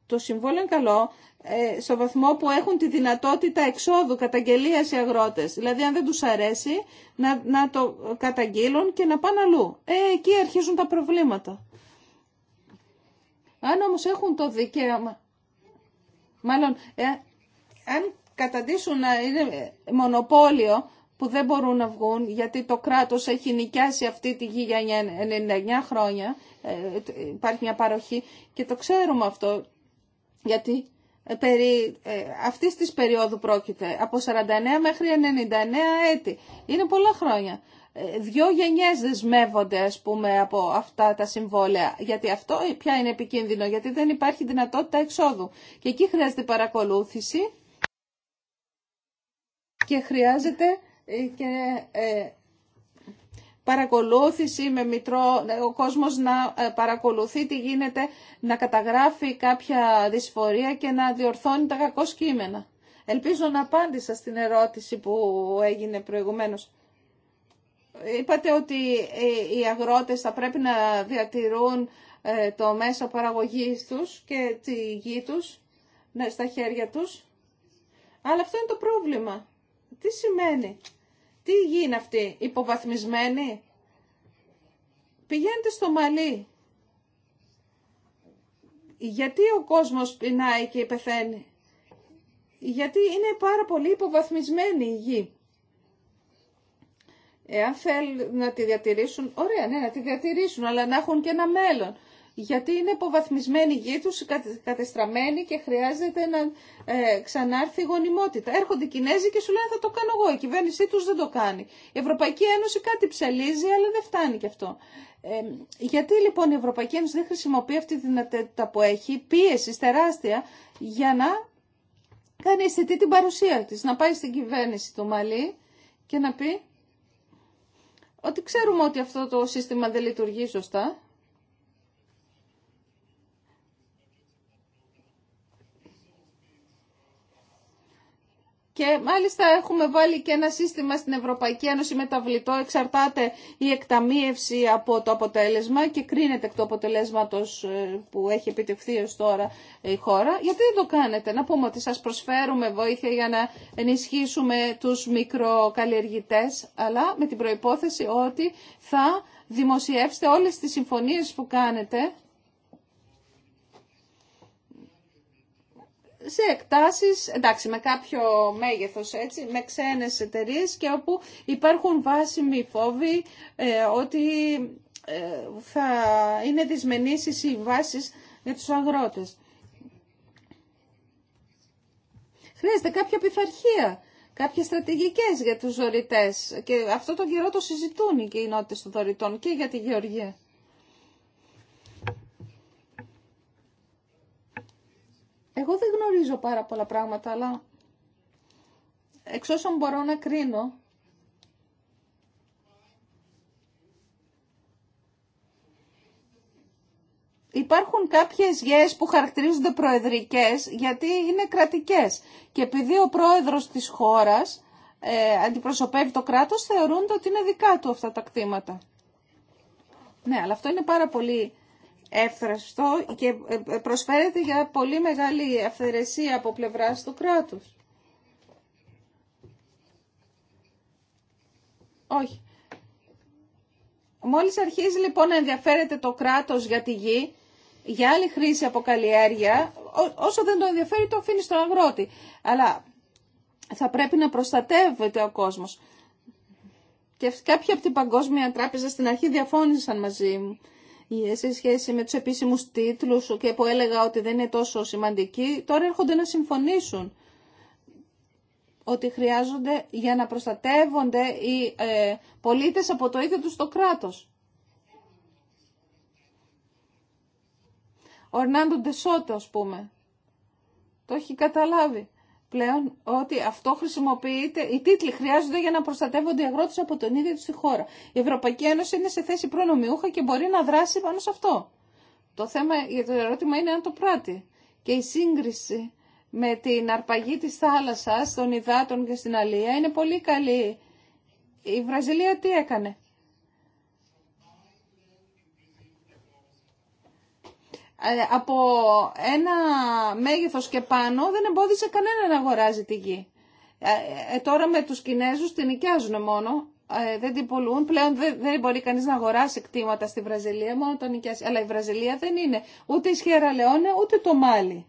το συμβόλαιο είναι καλό ε, στο βαθμό που έχουν τη δυνατότητα εξόδου καταγγελία οι αγρότε. Δηλαδή αν δεν τους αρέσει να, να το καταγγείλουν και να πάνε αλλού. Ε, εκεί αρχίζουν τα προβλήματα. Αν όμω έχουν το δικαίωμα, μάλλον ε, αν καταντήσουν να είναι μονοπόλιο που δεν μπορούν να βγουν γιατί το κράτος έχει νοικιάσει αυτή τη γη για 99 χρόνια, ε, υπάρχει μια παροχή και το ξέρουμε αυτό γιατί ε, περί ε, αυτής της περίοδου πρόκειται, από 49 μέχρι 99 έτη. Είναι πολλά χρόνια. Ε, δυο γενιές δεσμεύονται, ας πούμε, από αυτά τα συμβόλαια. Γιατί αυτό πια είναι επικίνδυνο, γιατί δεν υπάρχει δυνατότητα εξόδου. Και εκεί χρειάζεται παρακολούθηση και χρειάζεται και παρακολούθηση με μητρό, ο κόσμος να ε, παρακολουθεί τι γίνεται, να καταγράφει κάποια δυσφορία και να διορθώνει τα κακό κείμενα. Ελπίζω να απάντησα στην ερώτηση που έγινε προηγουμένως. Είπατε ότι ε, οι αγρότες θα πρέπει να διατηρούν ε, το μέσο παραγωγής τους και τη γη τους ναι, στα χέρια τους. Αλλά αυτό είναι το πρόβλημα. Τι σημαίνει τι γη είναι αυτή, υποβαθμισμένη. Πηγαίνετε στο Μαλί. Γιατί ο κόσμος πεινάει και πεθαίνει. Γιατί είναι πάρα πολύ υποβαθμισμένη η γη. Εάν θέλουν να τη διατηρήσουν, ωραία, ναι, να τη διατηρήσουν, αλλά να έχουν και ένα μέλλον γιατί είναι υποβαθμισμένη η γη τους, κατεστραμμένη και χρειάζεται να ε, ξανάρθει η γονιμότητα. Έρχονται οι Κινέζοι και σου λένε θα το κάνω εγώ, η κυβέρνησή τους δεν το κάνει. Η Ευρωπαϊκή Ένωση κάτι ψελίζει, αλλά δεν φτάνει και αυτό. Ε, γιατί λοιπόν η Ευρωπαϊκή Ένωση δεν χρησιμοποιεί αυτή τη δυνατότητα που έχει, πίεση τεράστια, για να κάνει αισθητή την παρουσία της, να πάει στην κυβέρνηση του Μαλή και να πει ότι ξέρουμε ότι αυτό το σύστημα δεν λειτουργεί σωστά, Και μάλιστα έχουμε βάλει και ένα σύστημα στην Ευρωπαϊκή Ένωση μεταβλητό, εξαρτάται η εκταμείευση από το αποτέλεσμα και κρίνεται εκ του αποτελέσματο ε, που έχει επιτευχθεί ως τώρα η χώρα. Γιατί δεν το κάνετε, να πούμε ότι σα προσφέρουμε βοήθεια για να ενισχύσουμε τους μικροκαλλιεργητέ, αλλά με την προϋπόθεση ότι θα δημοσιεύσετε όλες τις συμφωνίες που κάνετε σε εκτάσεις, εντάξει με κάποιο μέγεθος έτσι, με ξένες εταιρείε και όπου υπάρχουν βάσιμοι φόβοι ε, ότι ε, θα είναι δυσμενήσεις οι βάσεις για τους αγρότες. Χρειάζεται κάποια πειθαρχία, κάποιες στρατηγικές για τους δωρητές και αυτό τον καιρό το συζητούν οι κοινότητες των δωρητών και για τη γεωργία. Εγώ δεν γνωρίζω πάρα πολλά πράγματα, αλλά εξ όσων μπορώ να κρίνω, Υπάρχουν κάποιες γιές που χαρακτηρίζονται προεδρικές γιατί είναι κρατικές και επειδή ο πρόεδρος της χώρας ε, αντιπροσωπεύει το κράτος θεωρούνται ότι είναι δικά του αυτά τα κτήματα. Ναι, αλλά αυτό είναι πάρα πολύ εύθραστο και προσφέρεται για πολύ μεγάλη αυθαιρεσία από πλευράς του κράτους. Όχι. Μόλις αρχίζει λοιπόν να ενδιαφέρεται το κράτος για τη γη, για άλλη χρήση από καλλιέργεια, όσο δεν το ενδιαφέρει το αφήνει στον αγρότη. Αλλά θα πρέπει να προστατεύεται ο κόσμος. Και κάποιοι από την Παγκόσμια Τράπεζα στην αρχή διαφώνησαν μαζί μου. Ε, σε σχέση με τους επίσημους τίτλους και που έλεγα ότι δεν είναι τόσο σημαντικοί, τώρα έρχονται να συμφωνήσουν ότι χρειάζονται για να προστατεύονται οι ε, πολίτες από το ίδιο τους το κράτος. Ο Ερνάντο Ντεσότα, ας πούμε, το έχει καταλάβει πλέον ότι αυτό χρησιμοποιείται, οι τίτλοι χρειάζονται για να προστατεύονται οι αγρότες από τον ίδιο του τη χώρα. Η Ευρωπαϊκή Ένωση είναι σε θέση προνομιούχα και μπορεί να δράσει πάνω σε αυτό. Το θέμα για το ερώτημα είναι αν το πράττει. Και η σύγκριση με την αρπαγή της θάλασσας, των υδάτων και στην αλία είναι πολύ καλή. Η Βραζιλία τι έκανε. Ε, από ένα μέγεθος και πάνω δεν εμπόδισε κανένα να αγοράζει τη γη. Ε, ε, τώρα με τους Κινέζους την νοικιάζουν μόνο, δεν την πολλούν. Πλέον δεν, δεν μπορεί κανείς να αγοράσει κτήματα στη Βραζιλία, μόνο το νοικιάζει. Αλλά η Βραζιλία δεν είναι ούτε η Σιέρα Λεόνε ούτε το Μάλι.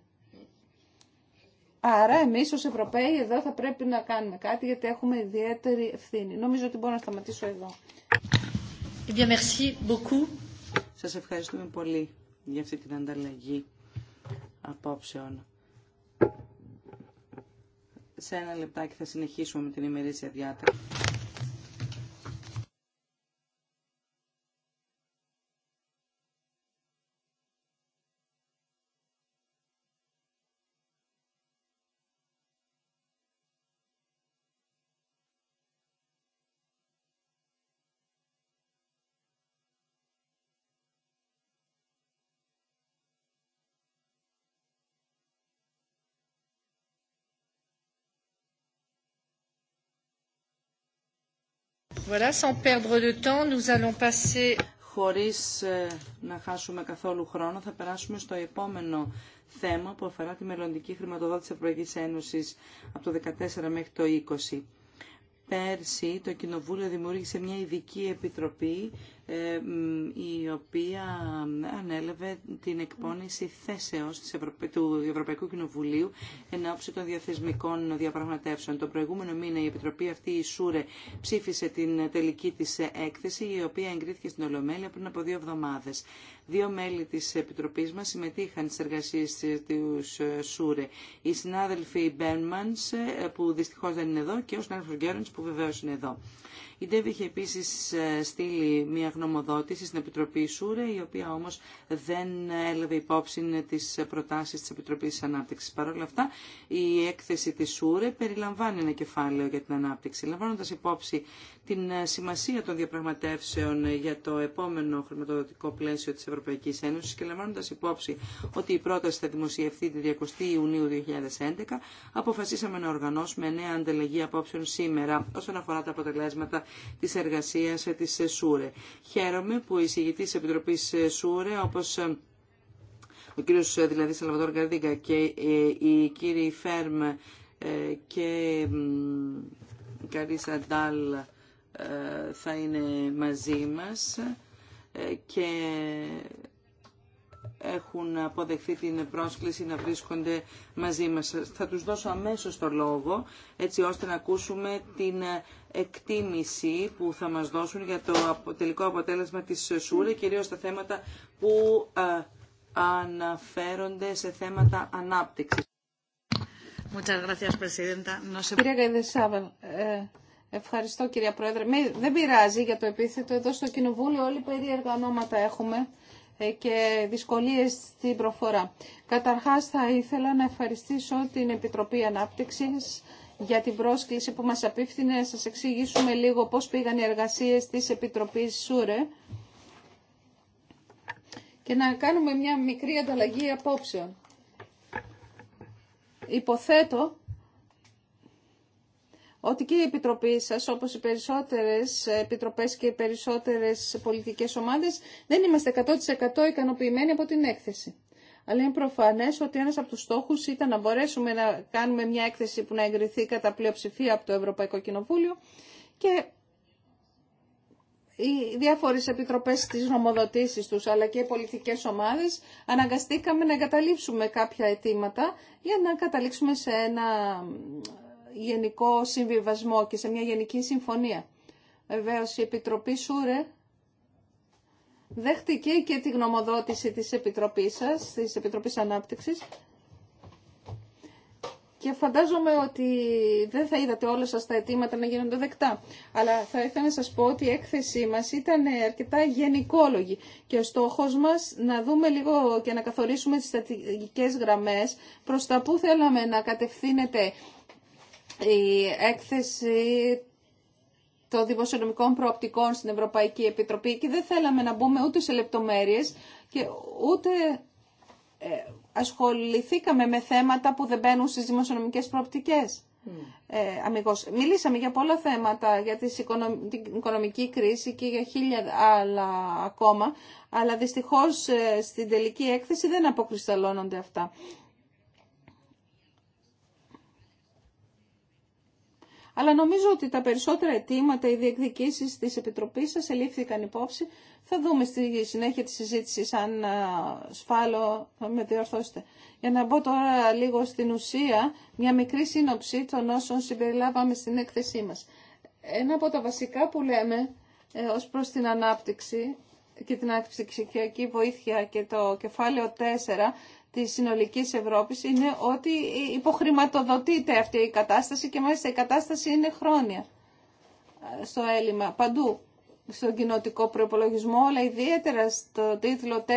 Άρα εμείς ως Ευρωπαίοι εδώ θα πρέπει να κάνουμε κάτι γιατί έχουμε ιδιαίτερη ευθύνη. Νομίζω ότι μπορώ να σταματήσω εδώ. Eh Σας ευχαριστούμε πολύ για αυτή την ανταλλαγή απόψεων. Σε ένα λεπτάκι θα συνεχίσουμε με την ημερήσια διάταξη. Voilà, Χωρίς ε, να χάσουμε καθόλου χρόνο, θα περάσουμε στο επόμενο θέμα που αφορά τη μελλοντική χρηματοδότηση της Ευρωπαϊκής Ένωσης από το 2014 μέχρι το 2020. Πέρσι το Κοινοβούλιο δημιούργησε μια ειδική επιτροπή η οποία ανέλαβε την εκπόνηση θέσεως του Ευρωπαϊκού Κοινοβουλίου εν ώψη των διαθεσμικών διαπραγματεύσεων. Το προηγούμενο μήνα η Επιτροπή αυτή, η ΣΟΥΡΕ, ψήφισε την τελική της έκθεση, η οποία εγκρίθηκε στην Ολομέλεια πριν από δύο εβδομάδες. Δύο μέλη της Επιτροπής μας συμμετείχαν στις εργασίες της ΣΟΥΡΕ. Οι συνάδελφοι Μπέρμανς, που δυστυχώς δεν είναι εδώ, και ο συνάδελφος Γκέρνς, που βεβαίως είναι εδώ. Η ΔΕΒ είχε επίσης ε, στείλει μια γνωμοδότηση στην Επιτροπή ΣΟΥΡΕ, η οποία όμω δεν έλαβε υπόψη τι προτάσεις τη επιτροπή ανάπτυξη. Παρ' όλα αυτά, η έκθεση της ΣΟΥΡΕ περιλαμβάνει ένα κεφάλαιο για την ανάπτυξη. Λαμβάνοντας υπόψη την ε, σημασία των διαπραγματεύσεων για το επόμενο χρηματοδοτικό πλαίσιο της Ευρωπαϊκής Ένωσης και λαμβάνοντας υπόψη ότι η πρόταση θα δημοσιευθεί τη 20 Ιουνίου 2011, αποφασίσαμε να οργανώσουμε νέα ανταλλαγή απόψεων σήμερα όσον αφορά τα αποτελέσματα της εργασίας της ΣΟΥΡΕ. Χαίρομαι που η συγητής Επιτροπής ΣΟΥΡΕ, όπως ε, ο κύριος ε, δηλαδή Σαλβαδόρ Καρδίγκα και η κύριοι Φέρμ και Καρίσα Ντάλ θα είναι μαζί μας ε, και έχουν αποδεχθεί την πρόσκληση να βρίσκονται μαζί μας. Θα τους δώσω αμέσως το λόγο, έτσι ώστε να ακούσουμε την εκτίμηση που θα μας δώσουν για το τελικό αποτέλεσμα της ΣΟΥΡΕ, κυρίως τα θέματα που ε, αναφέρονται σε θέματα ανάπτυξης. Muchas gracias, Ευχαριστώ κυρία Πρόεδρε. δεν πειράζει για το επίθετο. Εδώ στο Κοινοβούλιο όλοι περίεργα ονόματα έχουμε ε, και δυσκολίες στην προφορά. Καταρχάς θα ήθελα να ευχαριστήσω την Επιτροπή Ανάπτυξης για την πρόσκληση που μας απίφθηνε σας εξηγήσουμε λίγο πώς πήγαν οι εργασίες της Επιτροπής ΣΟΥΡΕ και να κάνουμε μια μικρή ανταλλαγή απόψεων. Υποθέτω ότι και η Επιτροπή σας, όπως οι περισσότερες επιτροπές και οι περισσότερες πολιτικές ομάδες, δεν είμαστε 100% ικανοποιημένοι από την έκθεση. Αλλά είναι προφανές ότι ένας από τους στόχους ήταν να μπορέσουμε να κάνουμε μια έκθεση που να εγκριθεί κατά πλειοψηφία από το Ευρωπαϊκό Κοινοβούλιο και οι διάφορες επιτροπές της νομοδοτήση τους αλλά και οι πολιτικές ομάδες αναγκαστήκαμε να εγκαταλείψουμε κάποια αιτήματα για να καταλήξουμε σε ένα γενικό συμβιβασμό και σε μια γενική συμφωνία. Βεβαίω η Επιτροπή Σούρε δέχτηκε και τη γνωμοδότηση της Επιτροπής σας, της Επιτροπής Ανάπτυξης. Και φαντάζομαι ότι δεν θα είδατε όλα σας τα αιτήματα να γίνονται δεκτά. Αλλά θα ήθελα να σας πω ότι η έκθεσή μας ήταν αρκετά γενικόλογη. Και ο στόχος μας να δούμε λίγο και να καθορίσουμε τις στατικές γραμμές προς τα που θέλαμε να κατευθύνεται η έκθεση των δημοσιονομικών προοπτικών στην Ευρωπαϊκή Επιτροπή και δεν θέλαμε να μπούμε ούτε σε λεπτομέρειες και ούτε ε, ασχοληθήκαμε με θέματα που δεν μπαίνουν στις δημοσιονομικές προοπτικές. Ε, Μιλήσαμε για πολλά θέματα, για τις την οικονομική κρίση και για χίλια άλλα ακόμα, αλλά δυστυχώς ε, στην τελική έκθεση δεν αποκρισταλώνονται αυτά. Αλλά νομίζω ότι τα περισσότερα αιτήματα, οι διεκδικήσεις της Επιτροπής σας ελήφθηκαν υπόψη. Θα δούμε στη συνέχεια τη συζήτηση αν σφάλω με διορθώστε. Για να μπω τώρα λίγο στην ουσία, μια μικρή σύνοψη των όσων συμπεριλάβαμε στην έκθεσή μας. Ένα από τα βασικά που λέμε ε, ως προς την ανάπτυξη και την ανάπτυξη ψυχιακή βοήθεια και το κεφάλαιο 4 τη συνολικής Ευρώπης είναι ότι υποχρηματοδοτείται αυτή η κατάσταση και μάλιστα η κατάσταση είναι χρόνια στο έλλειμμα παντού στον κοινοτικό προπολογισμό, αλλά ιδιαίτερα στο τίτλο 4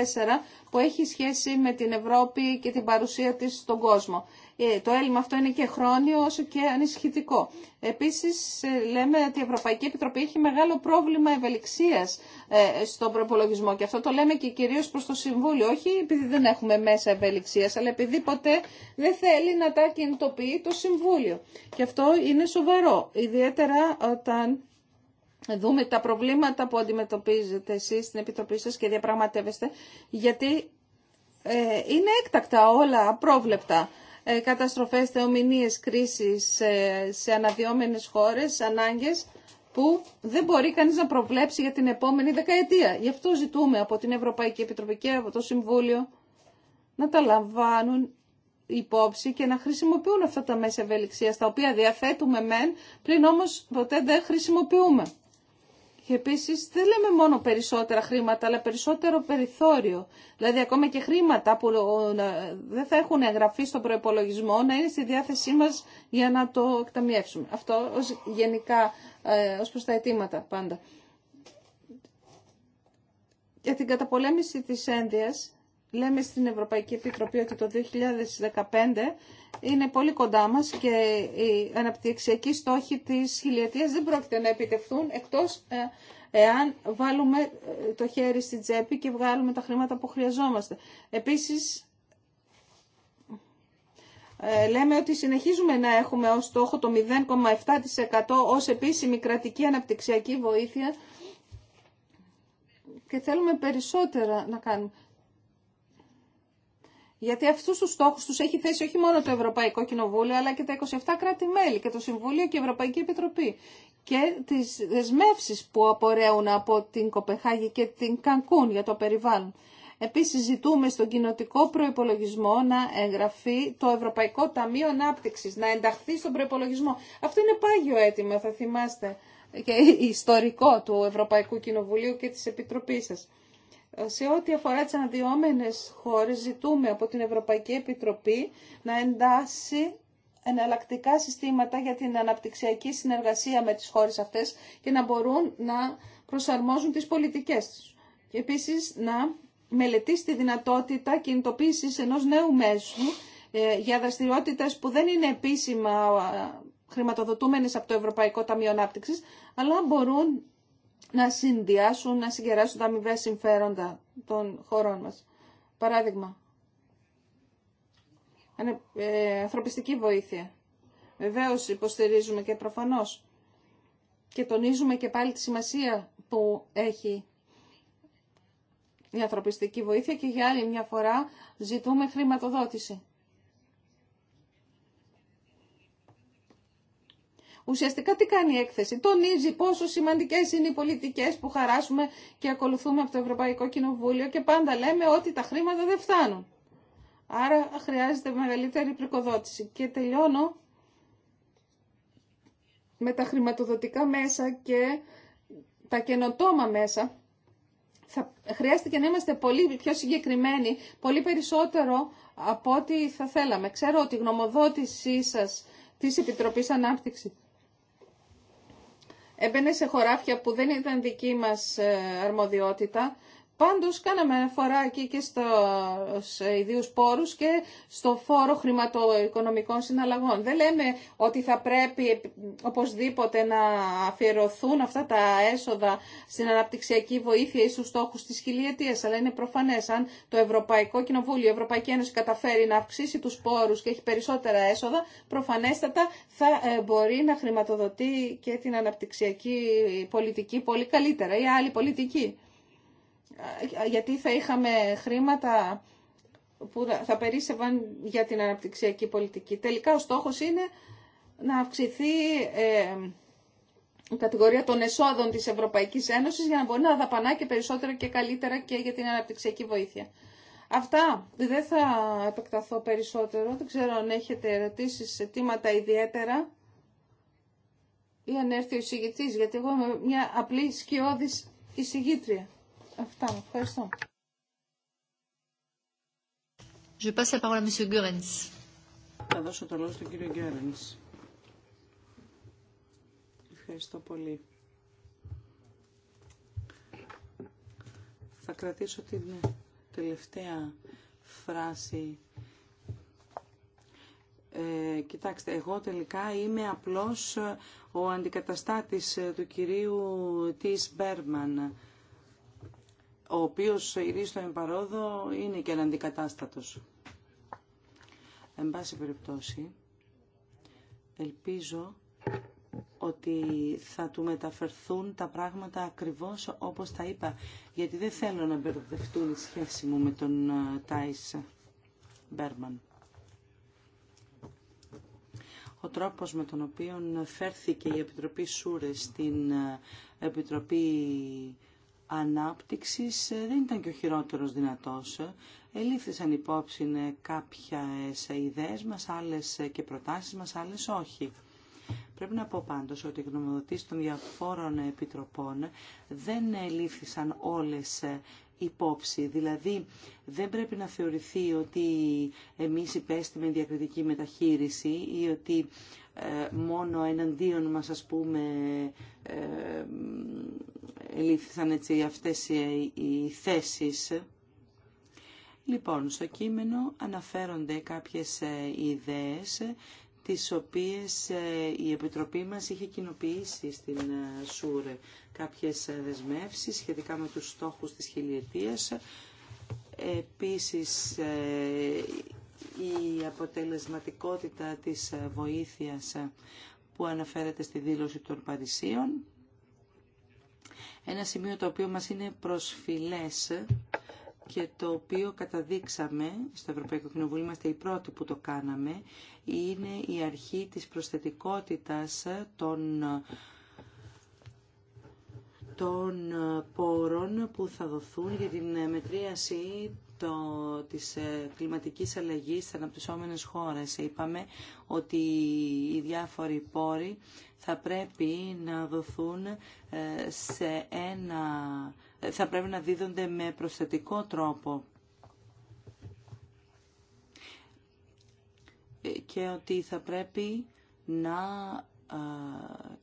που έχει σχέση με την Ευρώπη και την παρουσία της στον κόσμο. Ε, το έλλειμμα αυτό είναι και χρόνιο όσο και ανησυχητικό. Επίσης ε, λέμε ότι η Ευρωπαϊκή Επιτροπή έχει μεγάλο πρόβλημα ευελιξίας ε, στον προπολογισμό και αυτό το λέμε και κυρίως προς το Συμβούλιο, όχι επειδή δεν έχουμε μέσα ευελιξίας, αλλά επειδή ποτέ δεν θέλει να τα κινητοποιεί το Συμβούλιο. Και αυτό είναι σοβαρό, ιδιαίτερα όταν δούμε τα προβλήματα που αντιμετωπίζετε εσείς στην Επιτροπή σας και διαπραγματεύεστε, γιατί είναι έκτακτα όλα, απρόβλεπτα. Ε, καταστροφές, θεομηνίες, κρίσεις ε, σε αναδυόμενες χώρες, ανάγκες που δεν μπορεί κανείς να προβλέψει για την επόμενη δεκαετία. Γι' αυτό ζητούμε από την Ευρωπαϊκή Επιτροπή και από το Συμβούλιο να τα λαμβάνουν υπόψη και να χρησιμοποιούν αυτά τα μέσα ευελιξίας, τα οποία διαθέτουμε μεν, πριν όμως ποτέ δεν χρησιμοποιούμε. Και επίσης δεν λέμε μόνο περισσότερα χρήματα, αλλά περισσότερο περιθώριο. Δηλαδή ακόμα και χρήματα που ε, δεν θα έχουν εγγραφεί στον προπολογισμό να είναι στη διάθεσή μας για να το εκταμιεύσουμε. Αυτό γενικά, ε, ως προς τα αιτήματα πάντα. Για την καταπολέμηση της ένδυας, λέμε στην Ευρωπαϊκή Επιτροπή ότι το 2015 είναι πολύ κοντά μας και οι αναπτυξιακοί στόχοι της χιλιετίας δεν πρόκειται να επιτευχθούν εκτός ε, εάν βάλουμε ε, το χέρι στην τσέπη και βγάλουμε τα χρήματα που χρειαζόμαστε. Επίσης, ε, λέμε ότι συνεχίζουμε να έχουμε ως στόχο το 0,7% ως επίσημη κρατική αναπτυξιακή βοήθεια και θέλουμε περισσότερα να κάνουμε. Γιατί αυτού του στόχου του έχει θέσει όχι μόνο το Ευρωπαϊκό Κοινοβούλιο, αλλά και τα 27 κράτη-μέλη και το Συμβούλιο και η Ευρωπαϊκή Επιτροπή. Και τι δεσμεύσει που απορρέουν από την Κοπεχάγη και την Κανκούν για το περιβάλλον. Επίση, ζητούμε στον κοινοτικό προϋπολογισμό να εγγραφεί το Ευρωπαϊκό Ταμείο ανάπτυξη, να ενταχθεί στον προπολογισμό. Αυτό είναι πάγιο αίτημα, θα θυμάστε, και ιστορικό του Ευρωπαϊκού Κοινοβουλίου και τη Επιτροπή σα. Σε ό,τι αφορά τις αναδυόμενες χώρες, ζητούμε από την Ευρωπαϊκή Επιτροπή να εντάσει εναλλακτικά συστήματα για την αναπτυξιακή συνεργασία με τις χώρες αυτές και να μπορούν να προσαρμόζουν τις πολιτικές τους. Και επίσης να μελετήσει τη δυνατότητα κινητοποίησης ενός νέου μέσου ε, για δραστηριότητες που δεν είναι επίσημα χρηματοδοτούμενες από το Ευρωπαϊκό Ταμείο Ανάπτυξης, αλλά μπορούν να συνδυάσουν, να συγκεράσουν τα αμοιβέ συμφέροντα των χωρών μας. Παράδειγμα, ε, ανθρωπιστική βοήθεια. Βεβαίως υποστηρίζουμε και προφανώς και τονίζουμε και πάλι τη σημασία που έχει η ανθρωπιστική βοήθεια και για άλλη μια φορά ζητούμε χρηματοδότηση. Ουσιαστικά τι κάνει η έκθεση. Τονίζει πόσο σημαντικέ είναι οι πολιτικές που χαράσουμε και ακολουθούμε από το Ευρωπαϊκό Κοινοβούλιο και πάντα λέμε ότι τα χρήματα δεν φτάνουν. Άρα χρειάζεται μεγαλύτερη πρικοδότηση. Και τελειώνω με τα χρηματοδοτικά μέσα και τα καινοτόμα μέσα. Θα χρειάστηκε να είμαστε πολύ πιο συγκεκριμένοι, πολύ περισσότερο από ό,τι θα θέλαμε. Ξέρω ότι η γνωμοδότησή σας της Επιτροπής Ανάπτυξης έμπαινε σε χωράφια που δεν ήταν δική μας ε, αρμοδιότητα Πάντως κάναμε αναφορά εκεί και στους ιδίους πόρους και στο φόρο χρηματοοικονομικών συναλλαγών. Δεν λέμε ότι θα πρέπει οπωσδήποτε να αφιερωθούν αυτά τα έσοδα στην αναπτυξιακή βοήθεια ή στους στόχους της χιλιετίας, αλλά είναι προφανές αν το Ευρωπαϊκό Κοινοβούλιο, η Ευρωπαϊκή Ένωση καταφέρει να αυξήσει τους πόρους και έχει περισσότερα έσοδα, προφανέστατα θα ε, μπορεί να χρηματοδοτεί και την αναπτυξιακή πολιτική πολύ καλύτερα ή άλλη πολιτική γιατί θα είχαμε χρήματα που θα περίσσευαν για την αναπτυξιακή πολιτική. Τελικά ο στόχος είναι να αυξηθεί ε, η κατηγορία των εσόδων της Ευρωπαϊκής Ένωσης για να μπορεί να δαπανά και περισσότερο και καλύτερα και για την αναπτυξιακή βοήθεια. Αυτά δεν θα επεκταθώ περισσότερο. Δεν ξέρω αν έχετε ερωτήσεις σε ιδιαίτερα ή αν έρθει ο εισηγητής, γιατί εγώ είμαι μια απλή σκιώδης εισηγήτρια. Αυτά. Ευχαριστώ. Je passe la parole à Monsieur Θα δώσω το λόγο στον κύριο Γκέρενς. Ευχαριστώ πολύ. Θα κρατήσω την τελευταία φράση. Ε, κοιτάξτε, εγώ τελικά είμαι απλώς ο αντικαταστάτης του κυρίου Τις Μπέρμαν ο οποίος ήδη στο εμπαρόδο είναι και αντικατάστατος. Εν πάση περιπτώσει, ελπίζω ότι θα του μεταφερθούν τα πράγματα ακριβώς όπως τα είπα, γιατί δεν θέλω να μπερδευτούν η σχέση μου με τον ε, Τάις Μπέρμαν. Ο τρόπος με τον οποίο φέρθηκε η Επιτροπή Σούρε στην ε, Επιτροπή ανάπτυξης ε, δεν ήταν και ο χειρότερος δυνατός. Ε, ελήφθησαν υπόψη ε, κάποιες ιδέες μας, άλλες και προτάσεις μας, άλλες όχι. Πρέπει να πω πάντως ότι οι γνωμοδοτήσεις των διαφόρων επιτροπών δεν ελήφθησαν όλες υπόψη. Δηλαδή δεν πρέπει να θεωρηθεί ότι εμείς υπέστημε διακριτική μεταχείριση ή ότι ε, μόνο εναντίον μας ας πούμε ε, ελήφθησαν έτσι αυτές οι θέσεις. Λοιπόν, στο κείμενο αναφέρονται κάποιες ε, ιδέες τις οποίες η Επιτροπή μας είχε κοινοποιήσει στην ΣΟΥΡΕ κάποιες δεσμεύσεις σχετικά με τους στόχους της χιλιετίας. Επίσης η αποτελεσματικότητα της βοήθειας που αναφέρεται στη δήλωση των Παρισίων. Ένα σημείο το οποίο μας είναι προσφυλές και το οποίο καταδείξαμε στο Ευρωπαϊκό Κοινοβούλιο, είμαστε οι πρώτοι που το κάναμε, είναι η αρχή της προσθετικότητας των των ε, πόρων που θα δοθούν για την ε, μετρίαση το, της ε, κλιματικής αλλαγής στις αναπτυσσόμενες χώρες. Είπαμε ότι οι διάφοροι πόροι θα πρέπει να δοθούν σε ένα... θα πρέπει να δίδονται με προσθετικό τρόπο. Και ότι θα πρέπει να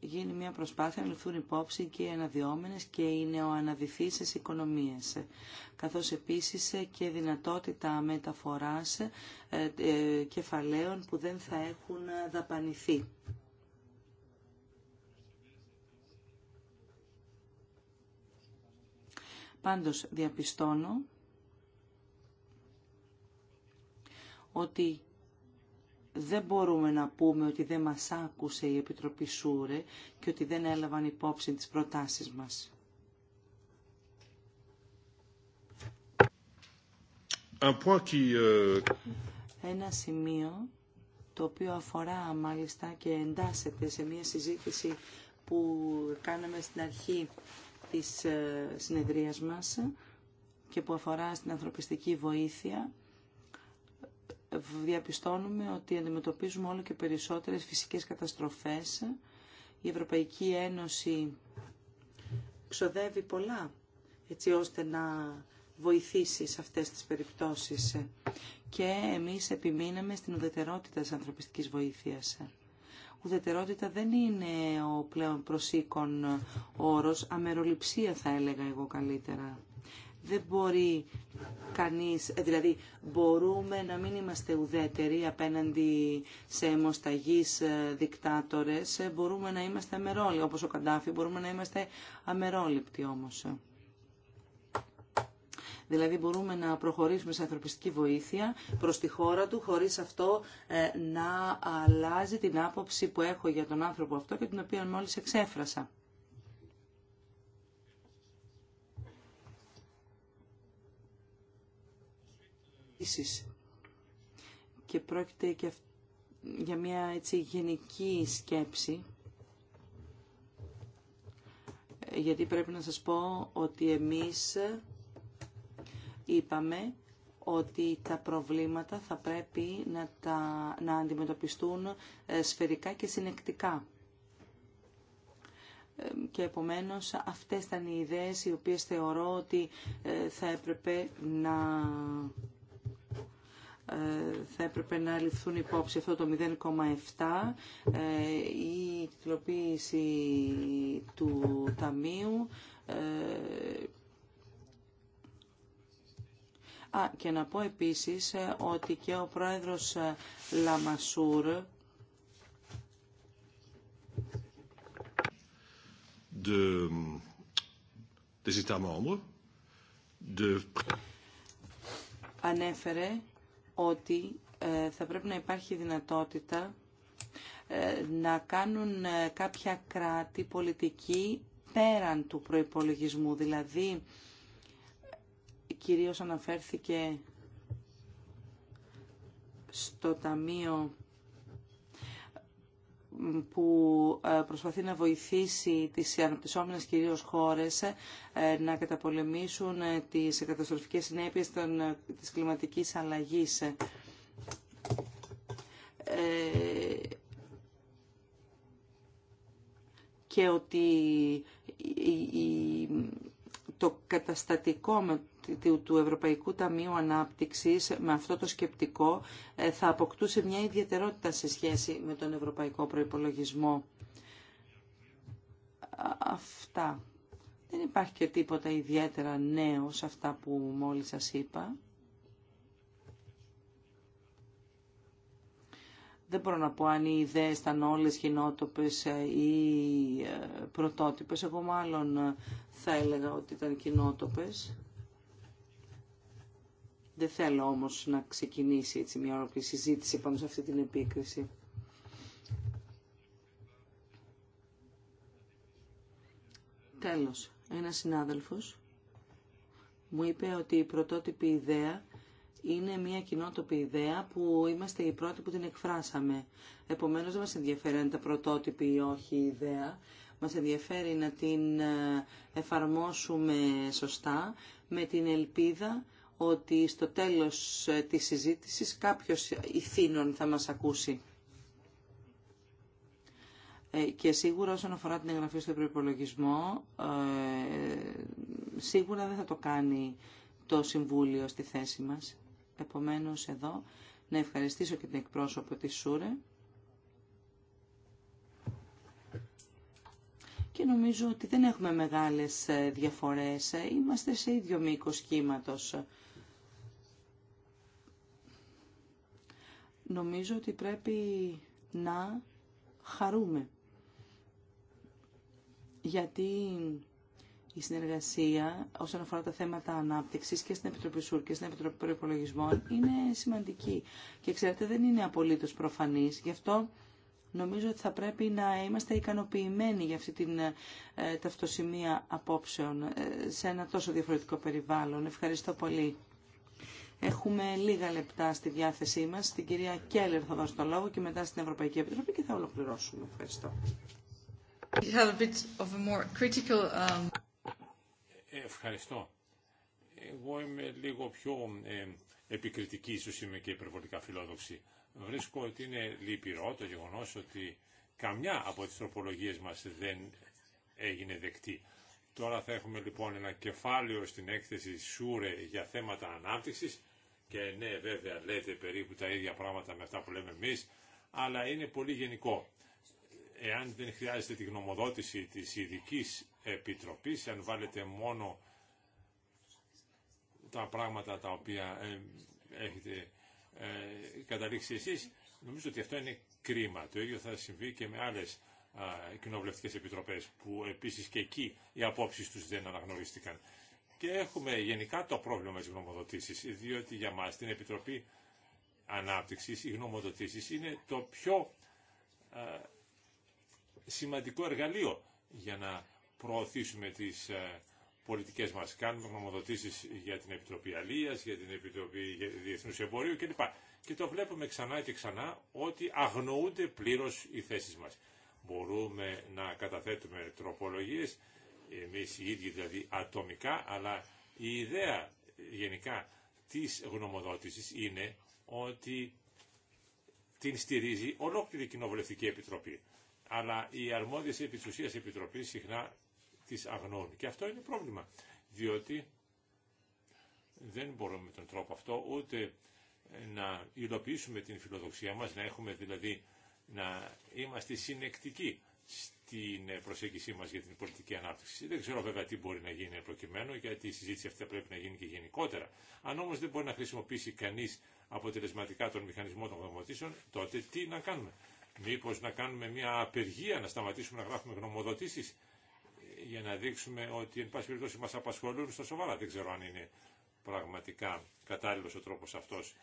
γίνει μια προσπάθεια να ληφθούν υπόψη και οι αναδυόμενες και οι νεοαναδυθήσεις οικονομίες, καθώς επίσης και δυνατότητα μεταφοράς ε, ε, κεφαλαίων που δεν θα έχουν δαπανηθεί. Πάντως διαπιστώνω ότι δεν μπορούμε να πούμε ότι δεν μας άκουσε η Επιτροπή Σούρε και ότι δεν έλαβαν υπόψη τις προτάσεις μας. Euh, Ένα σημείο το οποίο αφορά μάλιστα και εντάσσεται σε μια συζήτηση που κάναμε στην αρχή της ε, συνεδρίας μας και που αφορά στην ανθρωπιστική βοήθεια διαπιστώνουμε ότι αντιμετωπίζουμε όλο και περισσότερες φυσικές καταστροφές. Η Ευρωπαϊκή Ένωση ξοδεύει πολλά έτσι ώστε να βοηθήσει σε αυτές τις περιπτώσεις. Και εμείς επιμείναμε στην ουδετερότητα της ανθρωπιστικής βοήθειας. Ουδετερότητα δεν είναι ο πλέον προσήκον όρος, αμεροληψία θα έλεγα εγώ καλύτερα. Δεν μπορεί κανείς, ε, δηλαδή μπορούμε να μην είμαστε ουδέτεροι απέναντι σε αιμοσταγείς ε, δικτάτορες, ε, μπορούμε να είμαστε αμερόληπτοι, όπως ο Καντάφη, μπορούμε να είμαστε αμερόληπτοι όμως. Δηλαδή μπορούμε να προχωρήσουμε σε ανθρωπιστική βοήθεια προς τη χώρα του χωρίς αυτό να αλλάζει την άποψη που έχω για τον άνθρωπο αυτό και την οποία μόλις εξέφρασα. Και πρόκειται και για μια έτσι γενική σκέψη, ε, γιατί πρέπει να σας πω ότι εμείς ε, είπαμε ότι τα προβλήματα θα πρέπει να, να αντιμετωπιστούν ε, σφαιρικά και συνεκτικά. Και επομένως αυτές ήταν οι ιδέες οι οποίες θεωρώ ότι θα έπρεπε να θα έπρεπε να ληφθούν υπόψη αυτό το 0,7 ε, η τυπλοποίηση του Ταμείου ε, Α, και να πω επίσης ε, ότι και ο πρόεδρος Λαμασούρ de, de... ανέφερε ότι ε, θα πρέπει να υπάρχει δυνατότητα ε, να κάνουν ε, κάποια κράτη πολιτική πέραν του προϋπολογισμού. Δηλαδή, κυρίως αναφέρθηκε στο Ταμείο που ε, προσπαθεί να βοηθήσει τις αναπτυσσόμενες κυρίως χώρες ε, να καταπολεμήσουν ε, τις καταστροφικές συνέπειες των, της κλιματικής αλλαγής. και ότι η, το καταστατικό του Ευρωπαϊκού Ταμείου Ανάπτυξης με αυτό το σκεπτικό ε, θα αποκτούσε μια ιδιαιτερότητα σε σχέση με τον Ευρωπαϊκό Προϋπολογισμό. Αυτά. Δεν υπάρχει και τίποτα ιδιαίτερα νέο σε αυτά που μόλις σας είπα. Δεν μπορώ να πω αν οι ιδέε ε, ε, θα έλεγα ότι ήταν κοινότοπες. Δεν θέλω όμως όλε αυτή την επίκριση. Τέλος, ένας συνάδελφος μου είπε ότι η πρωτότυπε. εγω μαλλον θα ελεγα οτι ηταν κοινοτοπε δεν θελω ομως να ξεκινησει ετσι μια ολοκληρη ιδέα είναι μια κοινότοπη ιδέα που είμαστε οι πρώτοι που την εκφράσαμε. Επομένως δεν μας ενδιαφέρει αν είναι τα πρωτότυπη ή όχι η ιδέα. Μας ενδιαφέρει να την ε, εφαρμόσουμε σωστά με την ελπίδα ότι στο τέλος ε, της συζήτησης κάποιος ηθήνων θα μας ακούσει. Ε, και σίγουρα όσον αφορά την εγγραφή στο προπολογισμό, σίγουρα δεν θα το κάνει το Συμβούλιο στη θέση μας. Επομένως εδώ να ευχαριστήσω και την εκπρόσωπο της ΣΟΥΡΕ και νομίζω ότι δεν έχουμε μεγάλες ε, διαφορές. Ε, είμαστε σε ίδιο μήκος κύματος. Νομίζω ότι πρέπει να χαρούμε γιατί η συνεργασία όσον αφορά τα θέματα ανάπτυξης και στην Επιτροπή ΣΟΥΡ και στην Επιτροπή προπολογισμών είναι σημαντική. Και ξέρετε δεν είναι απολύτως προφανής. Γι' αυτό νομίζω ότι θα πρέπει να είμαστε ικανοποιημένοι για αυτή την ε, ταυτοσημεία απόψεων ε, σε ένα τόσο διαφορετικό περιβάλλον. Ευχαριστώ πολύ. Έχουμε λίγα λεπτά στη διάθεσή μας. Στην κυρία Κέλλερ θα δώσω το λόγο και μετά στην Ευρωπαϊκή Επιτροπή και θα ολοκληρώσουμε. Ευχαριστώ. You have a bit of a more critical, um ευχαριστώ. Εγώ είμαι λίγο πιο ε, επικριτική, ίσως είμαι και υπερβολικά φιλόδοξη. Βρίσκω ότι είναι λυπηρό το γεγονός ότι καμιά από τις τροπολογίες μας δεν έγινε δεκτή. Τώρα θα έχουμε λοιπόν ένα κεφάλαιο στην έκθεση Σούρε για θέματα ανάπτυξης και ναι βέβαια λέτε περίπου τα ίδια πράγματα με αυτά που λέμε εμείς, αλλά είναι πολύ γενικό. Εάν δεν χρειάζεται τη γνωμοδότηση της ειδική Επιτροπής, αν βάλετε μόνο τα πράγματα τα οποία ε, έχετε ε, καταλήξει εσείς, νομίζω ότι αυτό είναι κρίμα. Το ίδιο θα συμβεί και με άλλες ε, κοινοβουλευτικές επιτροπές, που επίσης και εκεί οι απόψεις τους δεν αναγνωρίστηκαν. Και έχουμε γενικά το πρόβλημα της γνωμοδοτήσης διότι για μας την Επιτροπή Ανάπτυξης οι γνωμοδοτήσει είναι το πιο σημαντικό εργαλείο για να προωθήσουμε τις ε, πολιτικές μας. Κάνουμε γνωμοδοτήσεις για την Επιτροπή Αλίας, για την Επιτροπή Διεθνούς Εμπορίου κλπ. Και το βλέπουμε ξανά και ξανά ότι αγνοούνται πλήρως οι θέσεις μας. Μπορούμε να καταθέτουμε τροπολογίες, εμείς οι ίδιοι δηλαδή ατομικά, αλλά η ιδέα γενικά της γνωμοδότησης είναι ότι την στηρίζει ολόκληρη η Κοινοβουλευτική Επιτροπή. Αλλά οι αρμόδιες επί της συχνά της αγνών. Και αυτό είναι πρόβλημα, διότι δεν μπορούμε με τον τρόπο αυτό ούτε να υλοποιήσουμε την φιλοδοξία μας, να έχουμε δηλαδή να είμαστε συνεκτικοί στην προσέγγιση μας για την πολιτική ανάπτυξη. Δεν ξέρω βέβαια τι μπορεί να γίνει προκειμένου, γιατί η συζήτηση αυτή πρέπει να γίνει και γενικότερα. Αν όμως δεν μπορεί να χρησιμοποιήσει κανείς αποτελεσματικά τον μηχανισμό των γνωμοτήσεων, τότε τι να κάνουμε. Μήπως να κάνουμε μια απεργία, να σταματήσουμε να γράφουμε γνωμοδοτήσεις, για να δείξουμε ότι εν πάση περιπτώσει μας απασχολούν στα σοβαρά. Δεν ξέρω αν είναι πραγματικά κατάλληλος ο τρόπος αυτός.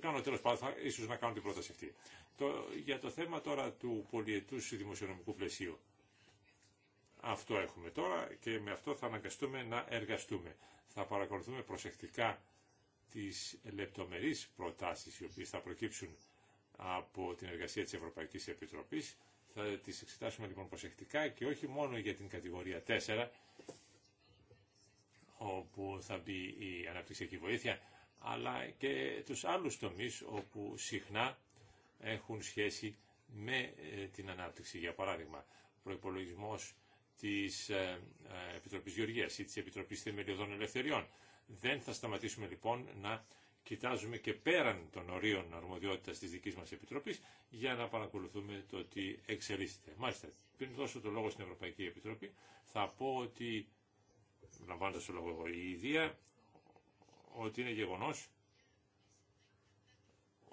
Κάνω τέλος πάντων, ίσως να κάνω την πρόταση αυτή. Το, για το θέμα τώρα του πολιετούς δημοσιονομικού πλαισίου. Αυτό έχουμε τώρα και με αυτό θα αναγκαστούμε να εργαστούμε. Θα παρακολουθούμε προσεκτικά τις λεπτομερείς προτάσεις οι οποίες θα προκύψουν από την εργασία της Ευρωπαϊκής Επιτροπής θα τις εξετάσουμε λοιπόν προσεκτικά και όχι μόνο για την κατηγορία 4, όπου θα μπει η αναπτυξιακή βοήθεια, αλλά και τους άλλους τομείς όπου συχνά έχουν σχέση με ε, την ανάπτυξη. Για παράδειγμα, προϋπολογισμός της ε, ε, Επιτροπής Γεωργίας ή της Επιτροπής Θεμελιωδών Ελευθεριών. Δεν θα σταματήσουμε λοιπόν να κοιτάζουμε και πέραν των ορίων αρμοδιότητας της δικής μας Επιτροπής για να παρακολουθούμε το ότι εξελίσσεται. Μάλιστα, πριν δώσω το λόγο στην Ευρωπαϊκή Επιτροπή, θα πω ότι, λαμβάνοντας το λόγο εγώ, η ιδία ότι είναι γεγονός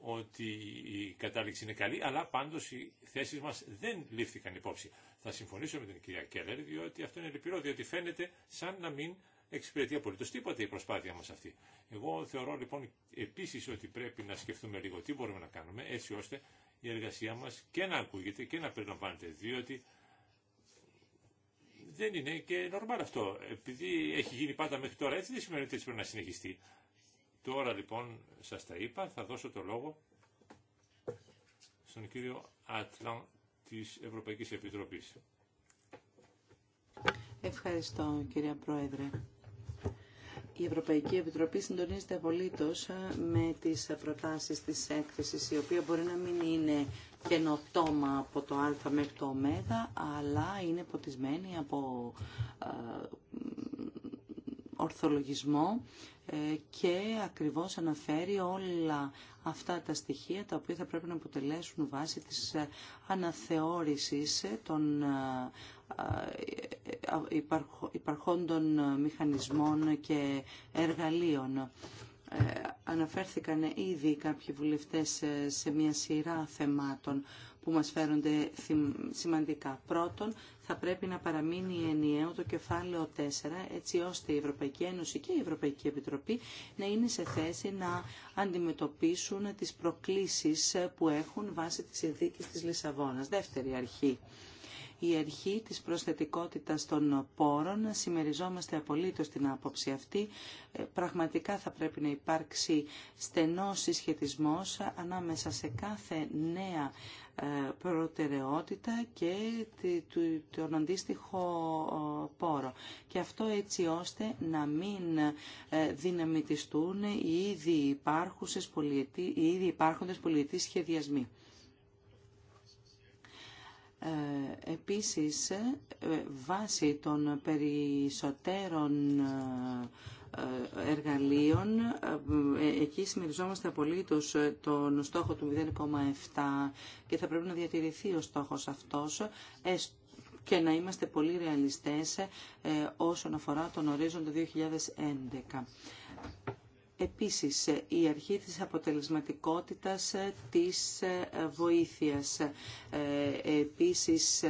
ότι η κατάληξη είναι καλή, αλλά πάντω οι θέσει μας δεν λήφθηκαν υπόψη. Θα συμφωνήσω με την κυρία Κέλλερ, διότι αυτό είναι λυπηρό, διότι φαίνεται σαν να μην εξυπηρετεί απολύτως τίποτα η προσπάθεια μας αυτή. Εγώ θεωρώ λοιπόν επίσης ότι πρέπει να σκεφτούμε λίγο τι μπορούμε να κάνουμε έτσι ώστε η εργασία μας και να ακούγεται και να περιλαμβάνεται διότι δεν είναι και νορμάλ αυτό. Επειδή έχει γίνει πάντα μέχρι τώρα έτσι δεν σημαίνει ότι έτσι πρέπει να συνεχιστεί. Τώρα λοιπόν σα τα είπα, θα δώσω το λόγο στον κύριο Άτλαν της Ευρωπαϊκής Επιτροπής. Ευχαριστώ κύριε Πρόεδρε η Ευρωπαϊκή Επιτροπή συντονίζεται απολύτω ε, με τις προτάσεις τη έκθεση, η οποία μπορεί να μην είναι καινοτόμα από το α μέχρι το ω, αλλά είναι ποτισμένη από ε, ορθολογισμό ε, και ακριβώς αναφέρει όλα αυτά τα στοιχεία τα οποία θα πρέπει να αποτελέσουν βάση της ε, αναθεώρησης ε, των υπαρχόντων μηχανισμών και εργαλείων. Αναφέρθηκαν ήδη κάποιοι βουλευτές σε μια σειρά θεμάτων που μας φέρονται σημαντικά. Πρώτον, θα πρέπει να παραμείνει ενιαίο το κεφάλαιο 4, έτσι ώστε η Ευρωπαϊκή Ένωση και η Ευρωπαϊκή Επιτροπή να είναι σε θέση να αντιμετωπίσουν τις προκλήσεις που έχουν βάσει της συνθήκη της Λισαβόνας. Δεύτερη αρχή η αρχή της προσθετικότητας των πόρων. Συμμεριζόμαστε απολύτως την άποψη αυτή. Ε, πραγματικά θα πρέπει να υπάρξει στενός συσχετισμός ανάμεσα σε κάθε νέα ε, προτεραιότητα και τον αντίστοιχο ε, πόρο. Και αυτό έτσι ώστε να μην ε, δυναμητιστούν οι ήδη, πολιετή, οι ήδη υπάρχοντες σχεδιασμοί. Επίσης, βάσει των περισσότερων εργαλείων. Ε, εκεί συμμεριζόμαστε απολύτω τον στόχο του 0,7 και θα πρέπει να διατηρηθεί ο στόχο αυτό, και να είμαστε πολύ ρεαλιστές ε, όσον αφορά τον ορίζοντα 2011. Επίσης, η αρχή της αποτελεσματικότητας ε, της ε, βοήθειας. Ε, επίσης,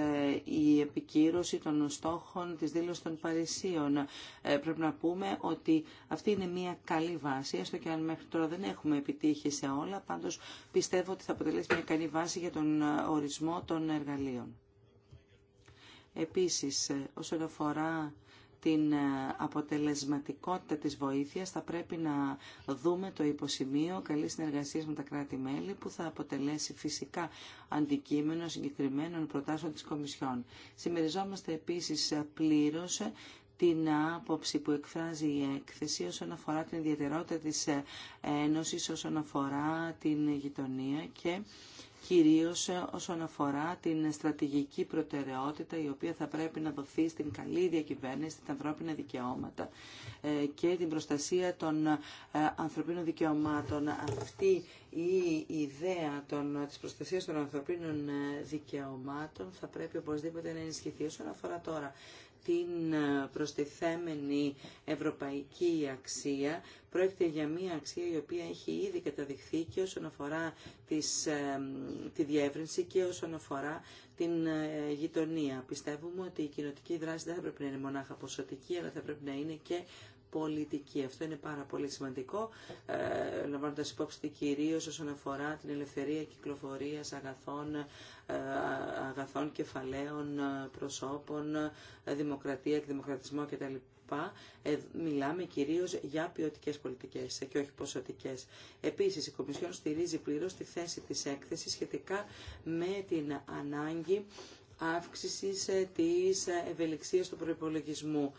η επικύρωση των στόχων της δήλωσης των Παρισίων. Πρέπει να πούμε ότι αυτή είναι μια καλή βάση, έστω και αν μέχρι τώρα δεν έχουμε επιτύχει σε όλα, πάντως πιστεύω ότι θα αποτελέσει μια καλή βάση για τον ορισμό των εργαλείων. Επίσης, όσον αφορά την ε, αποτελεσματικότητα της βοήθειας θα πρέπει να δούμε το υποσημείο καλή συνεργασία με τα κράτη-μέλη που θα αποτελέσει φυσικά αντικείμενο συγκεκριμένων προτάσεων της Κομισιόν. Συμμεριζόμαστε επίσης πλήρως την άποψη που εκφράζει η έκθεση όσον αφορά την ιδιαιτερότητα της ε, Ένωσης, όσον αφορά την γειτονία και κυρίως ε, όσον αφορά την στρατηγική προτεραιότητα η οποία θα πρέπει να δοθεί στην καλή διακυβέρνηση, στην ανθρώπινα δικαιώματα ε, και την προστασία των ε, ανθρωπίνων δικαιωμάτων. Αυτή η ιδέα των, της προστασίας των ανθρωπίνων δικαιωμάτων θα πρέπει οπωσδήποτε να ενισχυθεί. Όσον αφορά τώρα την ε, προστιθέμενη ευρωπαϊκή αξία. Πρόκειται για μια αξία η οποία έχει ήδη καταδειχθεί και όσον αφορά ε, τη διεύρυνση και όσον αφορά την ε, γειτονία. Πιστεύουμε ότι η κοινοτική δράση δεν θα πρέπει να είναι μονάχα ποσοτική, αλλά θα πρέπει να είναι και πολιτική. Αυτό είναι πάρα πολύ σημαντικό, ε, λαμβάνοντας υπόψη κυρίως όσον αφορά την ελευθερία κυκλοφορίας αγαθών, ε, αγαθών κεφαλαίων, ε, προσώπων, ε, δημοκρατία, εκδημοκρατισμό κτλ. Ε, μιλάμε κυρίως για ποιοτικέ πολιτικές και όχι ποσοτικές. Επίσης, η Κομισιόν στηρίζει πλήρως τη θέση της έκθεσης σχετικά με την ανάγκη αύξησης της ευελιξίας του προϋπολογισμού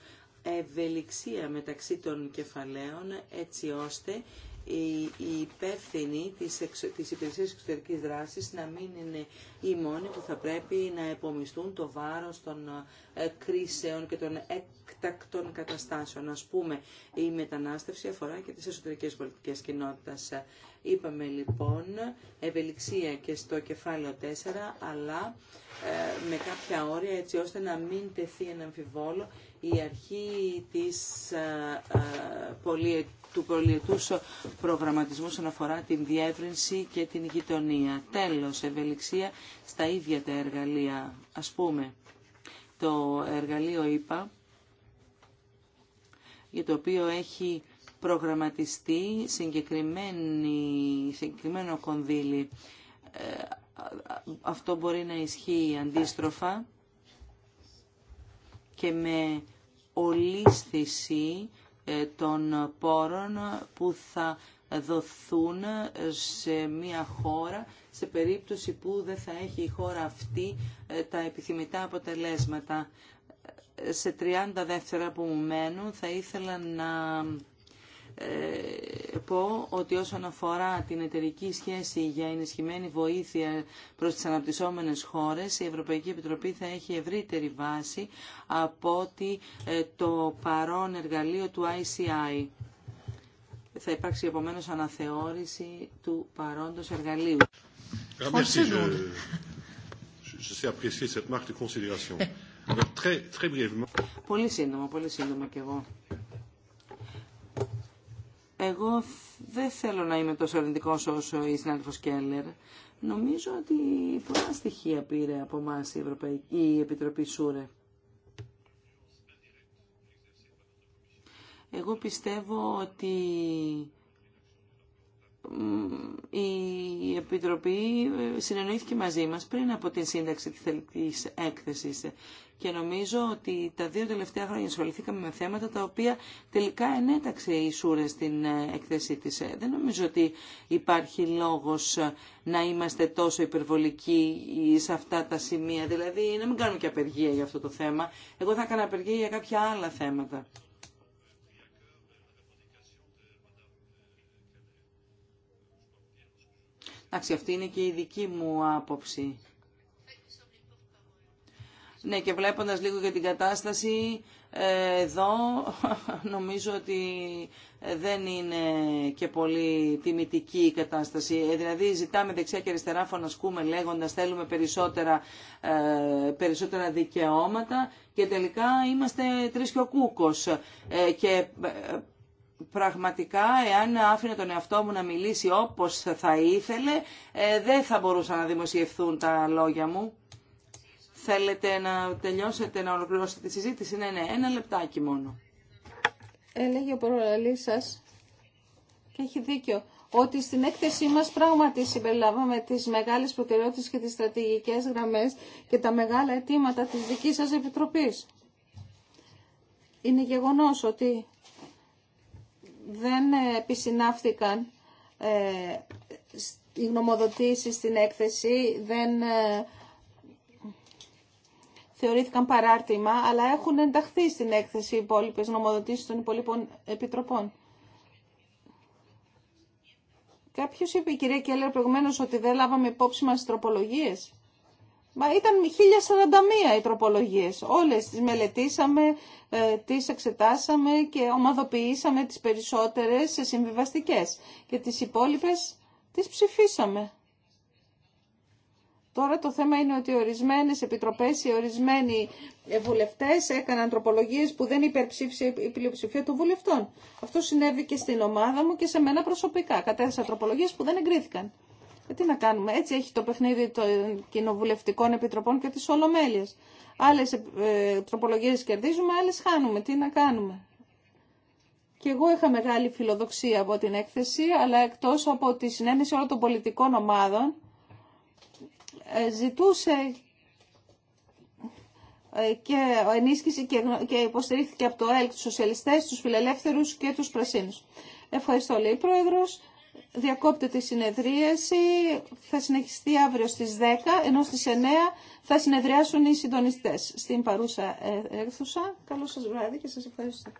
ευελιξία μεταξύ των κεφαλαίων έτσι ώστε οι υπεύθυνοι της, Υπηρεσία της υπηρεσίας εξωτερικής δράσης να μην είναι οι μόνοι που θα πρέπει να επομιστούν το βάρος των ε, κρίσεων και των έκτακτων καταστάσεων. Ας πούμε, η μετανάστευση αφορά και τις εσωτερικές πολιτικές κοινότητας. Είπαμε λοιπόν ευελιξία και στο κεφάλαιο 4, αλλά ε, με κάποια όρια έτσι ώστε να μην τεθεί ένα αμφιβόλο η αρχή της, ε, ε, του πολιετού προγραμματισμού αναφορά αφορά την διεύρυνση και την γειτονία. Τέλος, ευελιξία στα ίδια τα εργαλεία. Ας πούμε, το εργαλείο ΕΙΠΑ για το οποίο έχει προγραμματιστεί συγκεκριμένο κονδύλι. Ε, αυτό μπορεί να ισχύει αντίστροφα και με ολίσθηση ε, των πόρων που θα δοθούν σε μια χώρα σε περίπτωση που δεν θα έχει η χώρα αυτή ε, τα επιθυμητά αποτελέσματα. Ε, σε 30 δεύτερα που μου μένουν θα ήθελα να ε, πω ότι όσον αφορά την εταιρική σχέση για ενισχυμένη βοήθεια προς τις αναπτυσσόμενες χώρες, η Ευρωπαϊκή Επιτροπή θα έχει ευρύτερη βάση από ότι ε, το παρόν εργαλείο του ICI. Θα υπάρξει επομένως αναθεώρηση του παρόντος εργαλείου. Πολύ σύντομα, πολύ σύντομα κι εγώ. Εγώ δεν θέλω να είμαι τόσο αρνητικό όσο η συνάδελφο Κέλλερ. Νομίζω ότι πολλά στοιχεία πήρε από εμά η, Ευρωπαϊκή, η Επιτροπή Σούρε. Εγώ πιστεύω ότι η Επιτροπή συνεννοήθηκε μαζί μας πριν από την σύνταξη της θελητής έκθεσης και νομίζω ότι τα δύο τελευταία χρόνια ασχοληθήκαμε με θέματα τα οποία τελικά ενέταξε η Σούρα στην έκθεσή της. Δεν νομίζω ότι υπάρχει λόγος να είμαστε τόσο υπερβολικοί σε αυτά τα σημεία, δηλαδή να μην κάνουμε και απεργία για αυτό το θέμα. Εγώ θα έκανα απεργία για κάποια άλλα θέματα. Εντάξει, αυτή είναι και η δική μου άποψη. Ναι, και βλέποντας λίγο για την κατάσταση, ε, εδώ νομίζω ότι δεν είναι και πολύ τιμητική η κατάσταση. Ε, δηλαδή ζητάμε δεξιά και αριστερά φωνασκούμε λέγοντας θέλουμε περισσότερα, ε, περισσότερα δικαιώματα και τελικά είμαστε τρεις και ο κούκος. Και πραγματικά εάν άφηνε τον εαυτό μου να μιλήσει όπως θα ήθελε, ε, δεν θα μπορούσαν να δημοσιευθούν τα λόγια μου. Θέλετε να τελειώσετε, να ολοκληρώσετε τη συζήτηση. Ναι, ναι, ένα λεπτάκι μόνο. Ε, Έλεγε ο προλαλής σας και έχει δίκιο ότι στην έκθεσή μας πράγματι συμπεριλάβαμε τις μεγάλες προτεραιότητες και τις στρατηγικές γραμμές και τα μεγάλα αιτήματα της δικής σας Επιτροπής. Είναι γεγονός ότι δεν επισυνάφθηκαν ε, οι γνωμοδοτήσεις στην έκθεση, δεν ε, θεωρήθηκαν παράρτημα, αλλά έχουν ενταχθεί στην έκθεση οι υπόλοιπε γνωμοδοτήσει των υπόλοιπων επιτροπών. Κάποιος είπε η κυρία Κέλλερ προηγουμένως ότι δεν λάβαμε υπόψη μας τροπολογίες. Μα ήταν 1041 οι τροπολογίες. Όλες τις μελετήσαμε, ε, τις εξετάσαμε και ομαδοποιήσαμε τις περισσότερες σε συμβιβαστικές. Και τις υπόλοιπες τις ψηφίσαμε. Τώρα το θέμα είναι ότι ορισμένες επιτροπές ή ορισμένοι βουλευτές έκαναν τροπολογίες που δεν υπερψήφισε η πλειοψηφία των βουλευτών. Αυτό συνέβη και στην ομάδα μου και σε μένα προσωπικά. Κατέθεσα τροπολογίες που δεν εγκρίθηκαν. Ε, τι να κάνουμε, έτσι έχει το παιχνίδι των κοινοβουλευτικών επιτροπών και της Ολομέλειας. Άλλες ε, τροπολογίες κερδίζουμε, άλλες χάνουμε. Τι να κάνουμε. Και εγώ είχα μεγάλη φιλοδοξία από την έκθεση, αλλά εκτός από τη συνένεση όλων των πολιτικών ομάδων, ε, ζητούσε ε, και ενίσχυση και υποστηρίχθηκε από το ΕΛΚ, τους σοσιαλιστές, τους φιλελεύθερους και τους πρασίνους. Ευχαριστώ, λέει η Πρόεδρος. Διακόπτεται η συνεδρίαση, θα συνεχιστεί αύριο στις 10, ενώ στις 9 θα συνεδριάσουν οι συντονιστές στην παρούσα ε, αίθουσα. Καλό σας βράδυ και σας ευχαριστώ.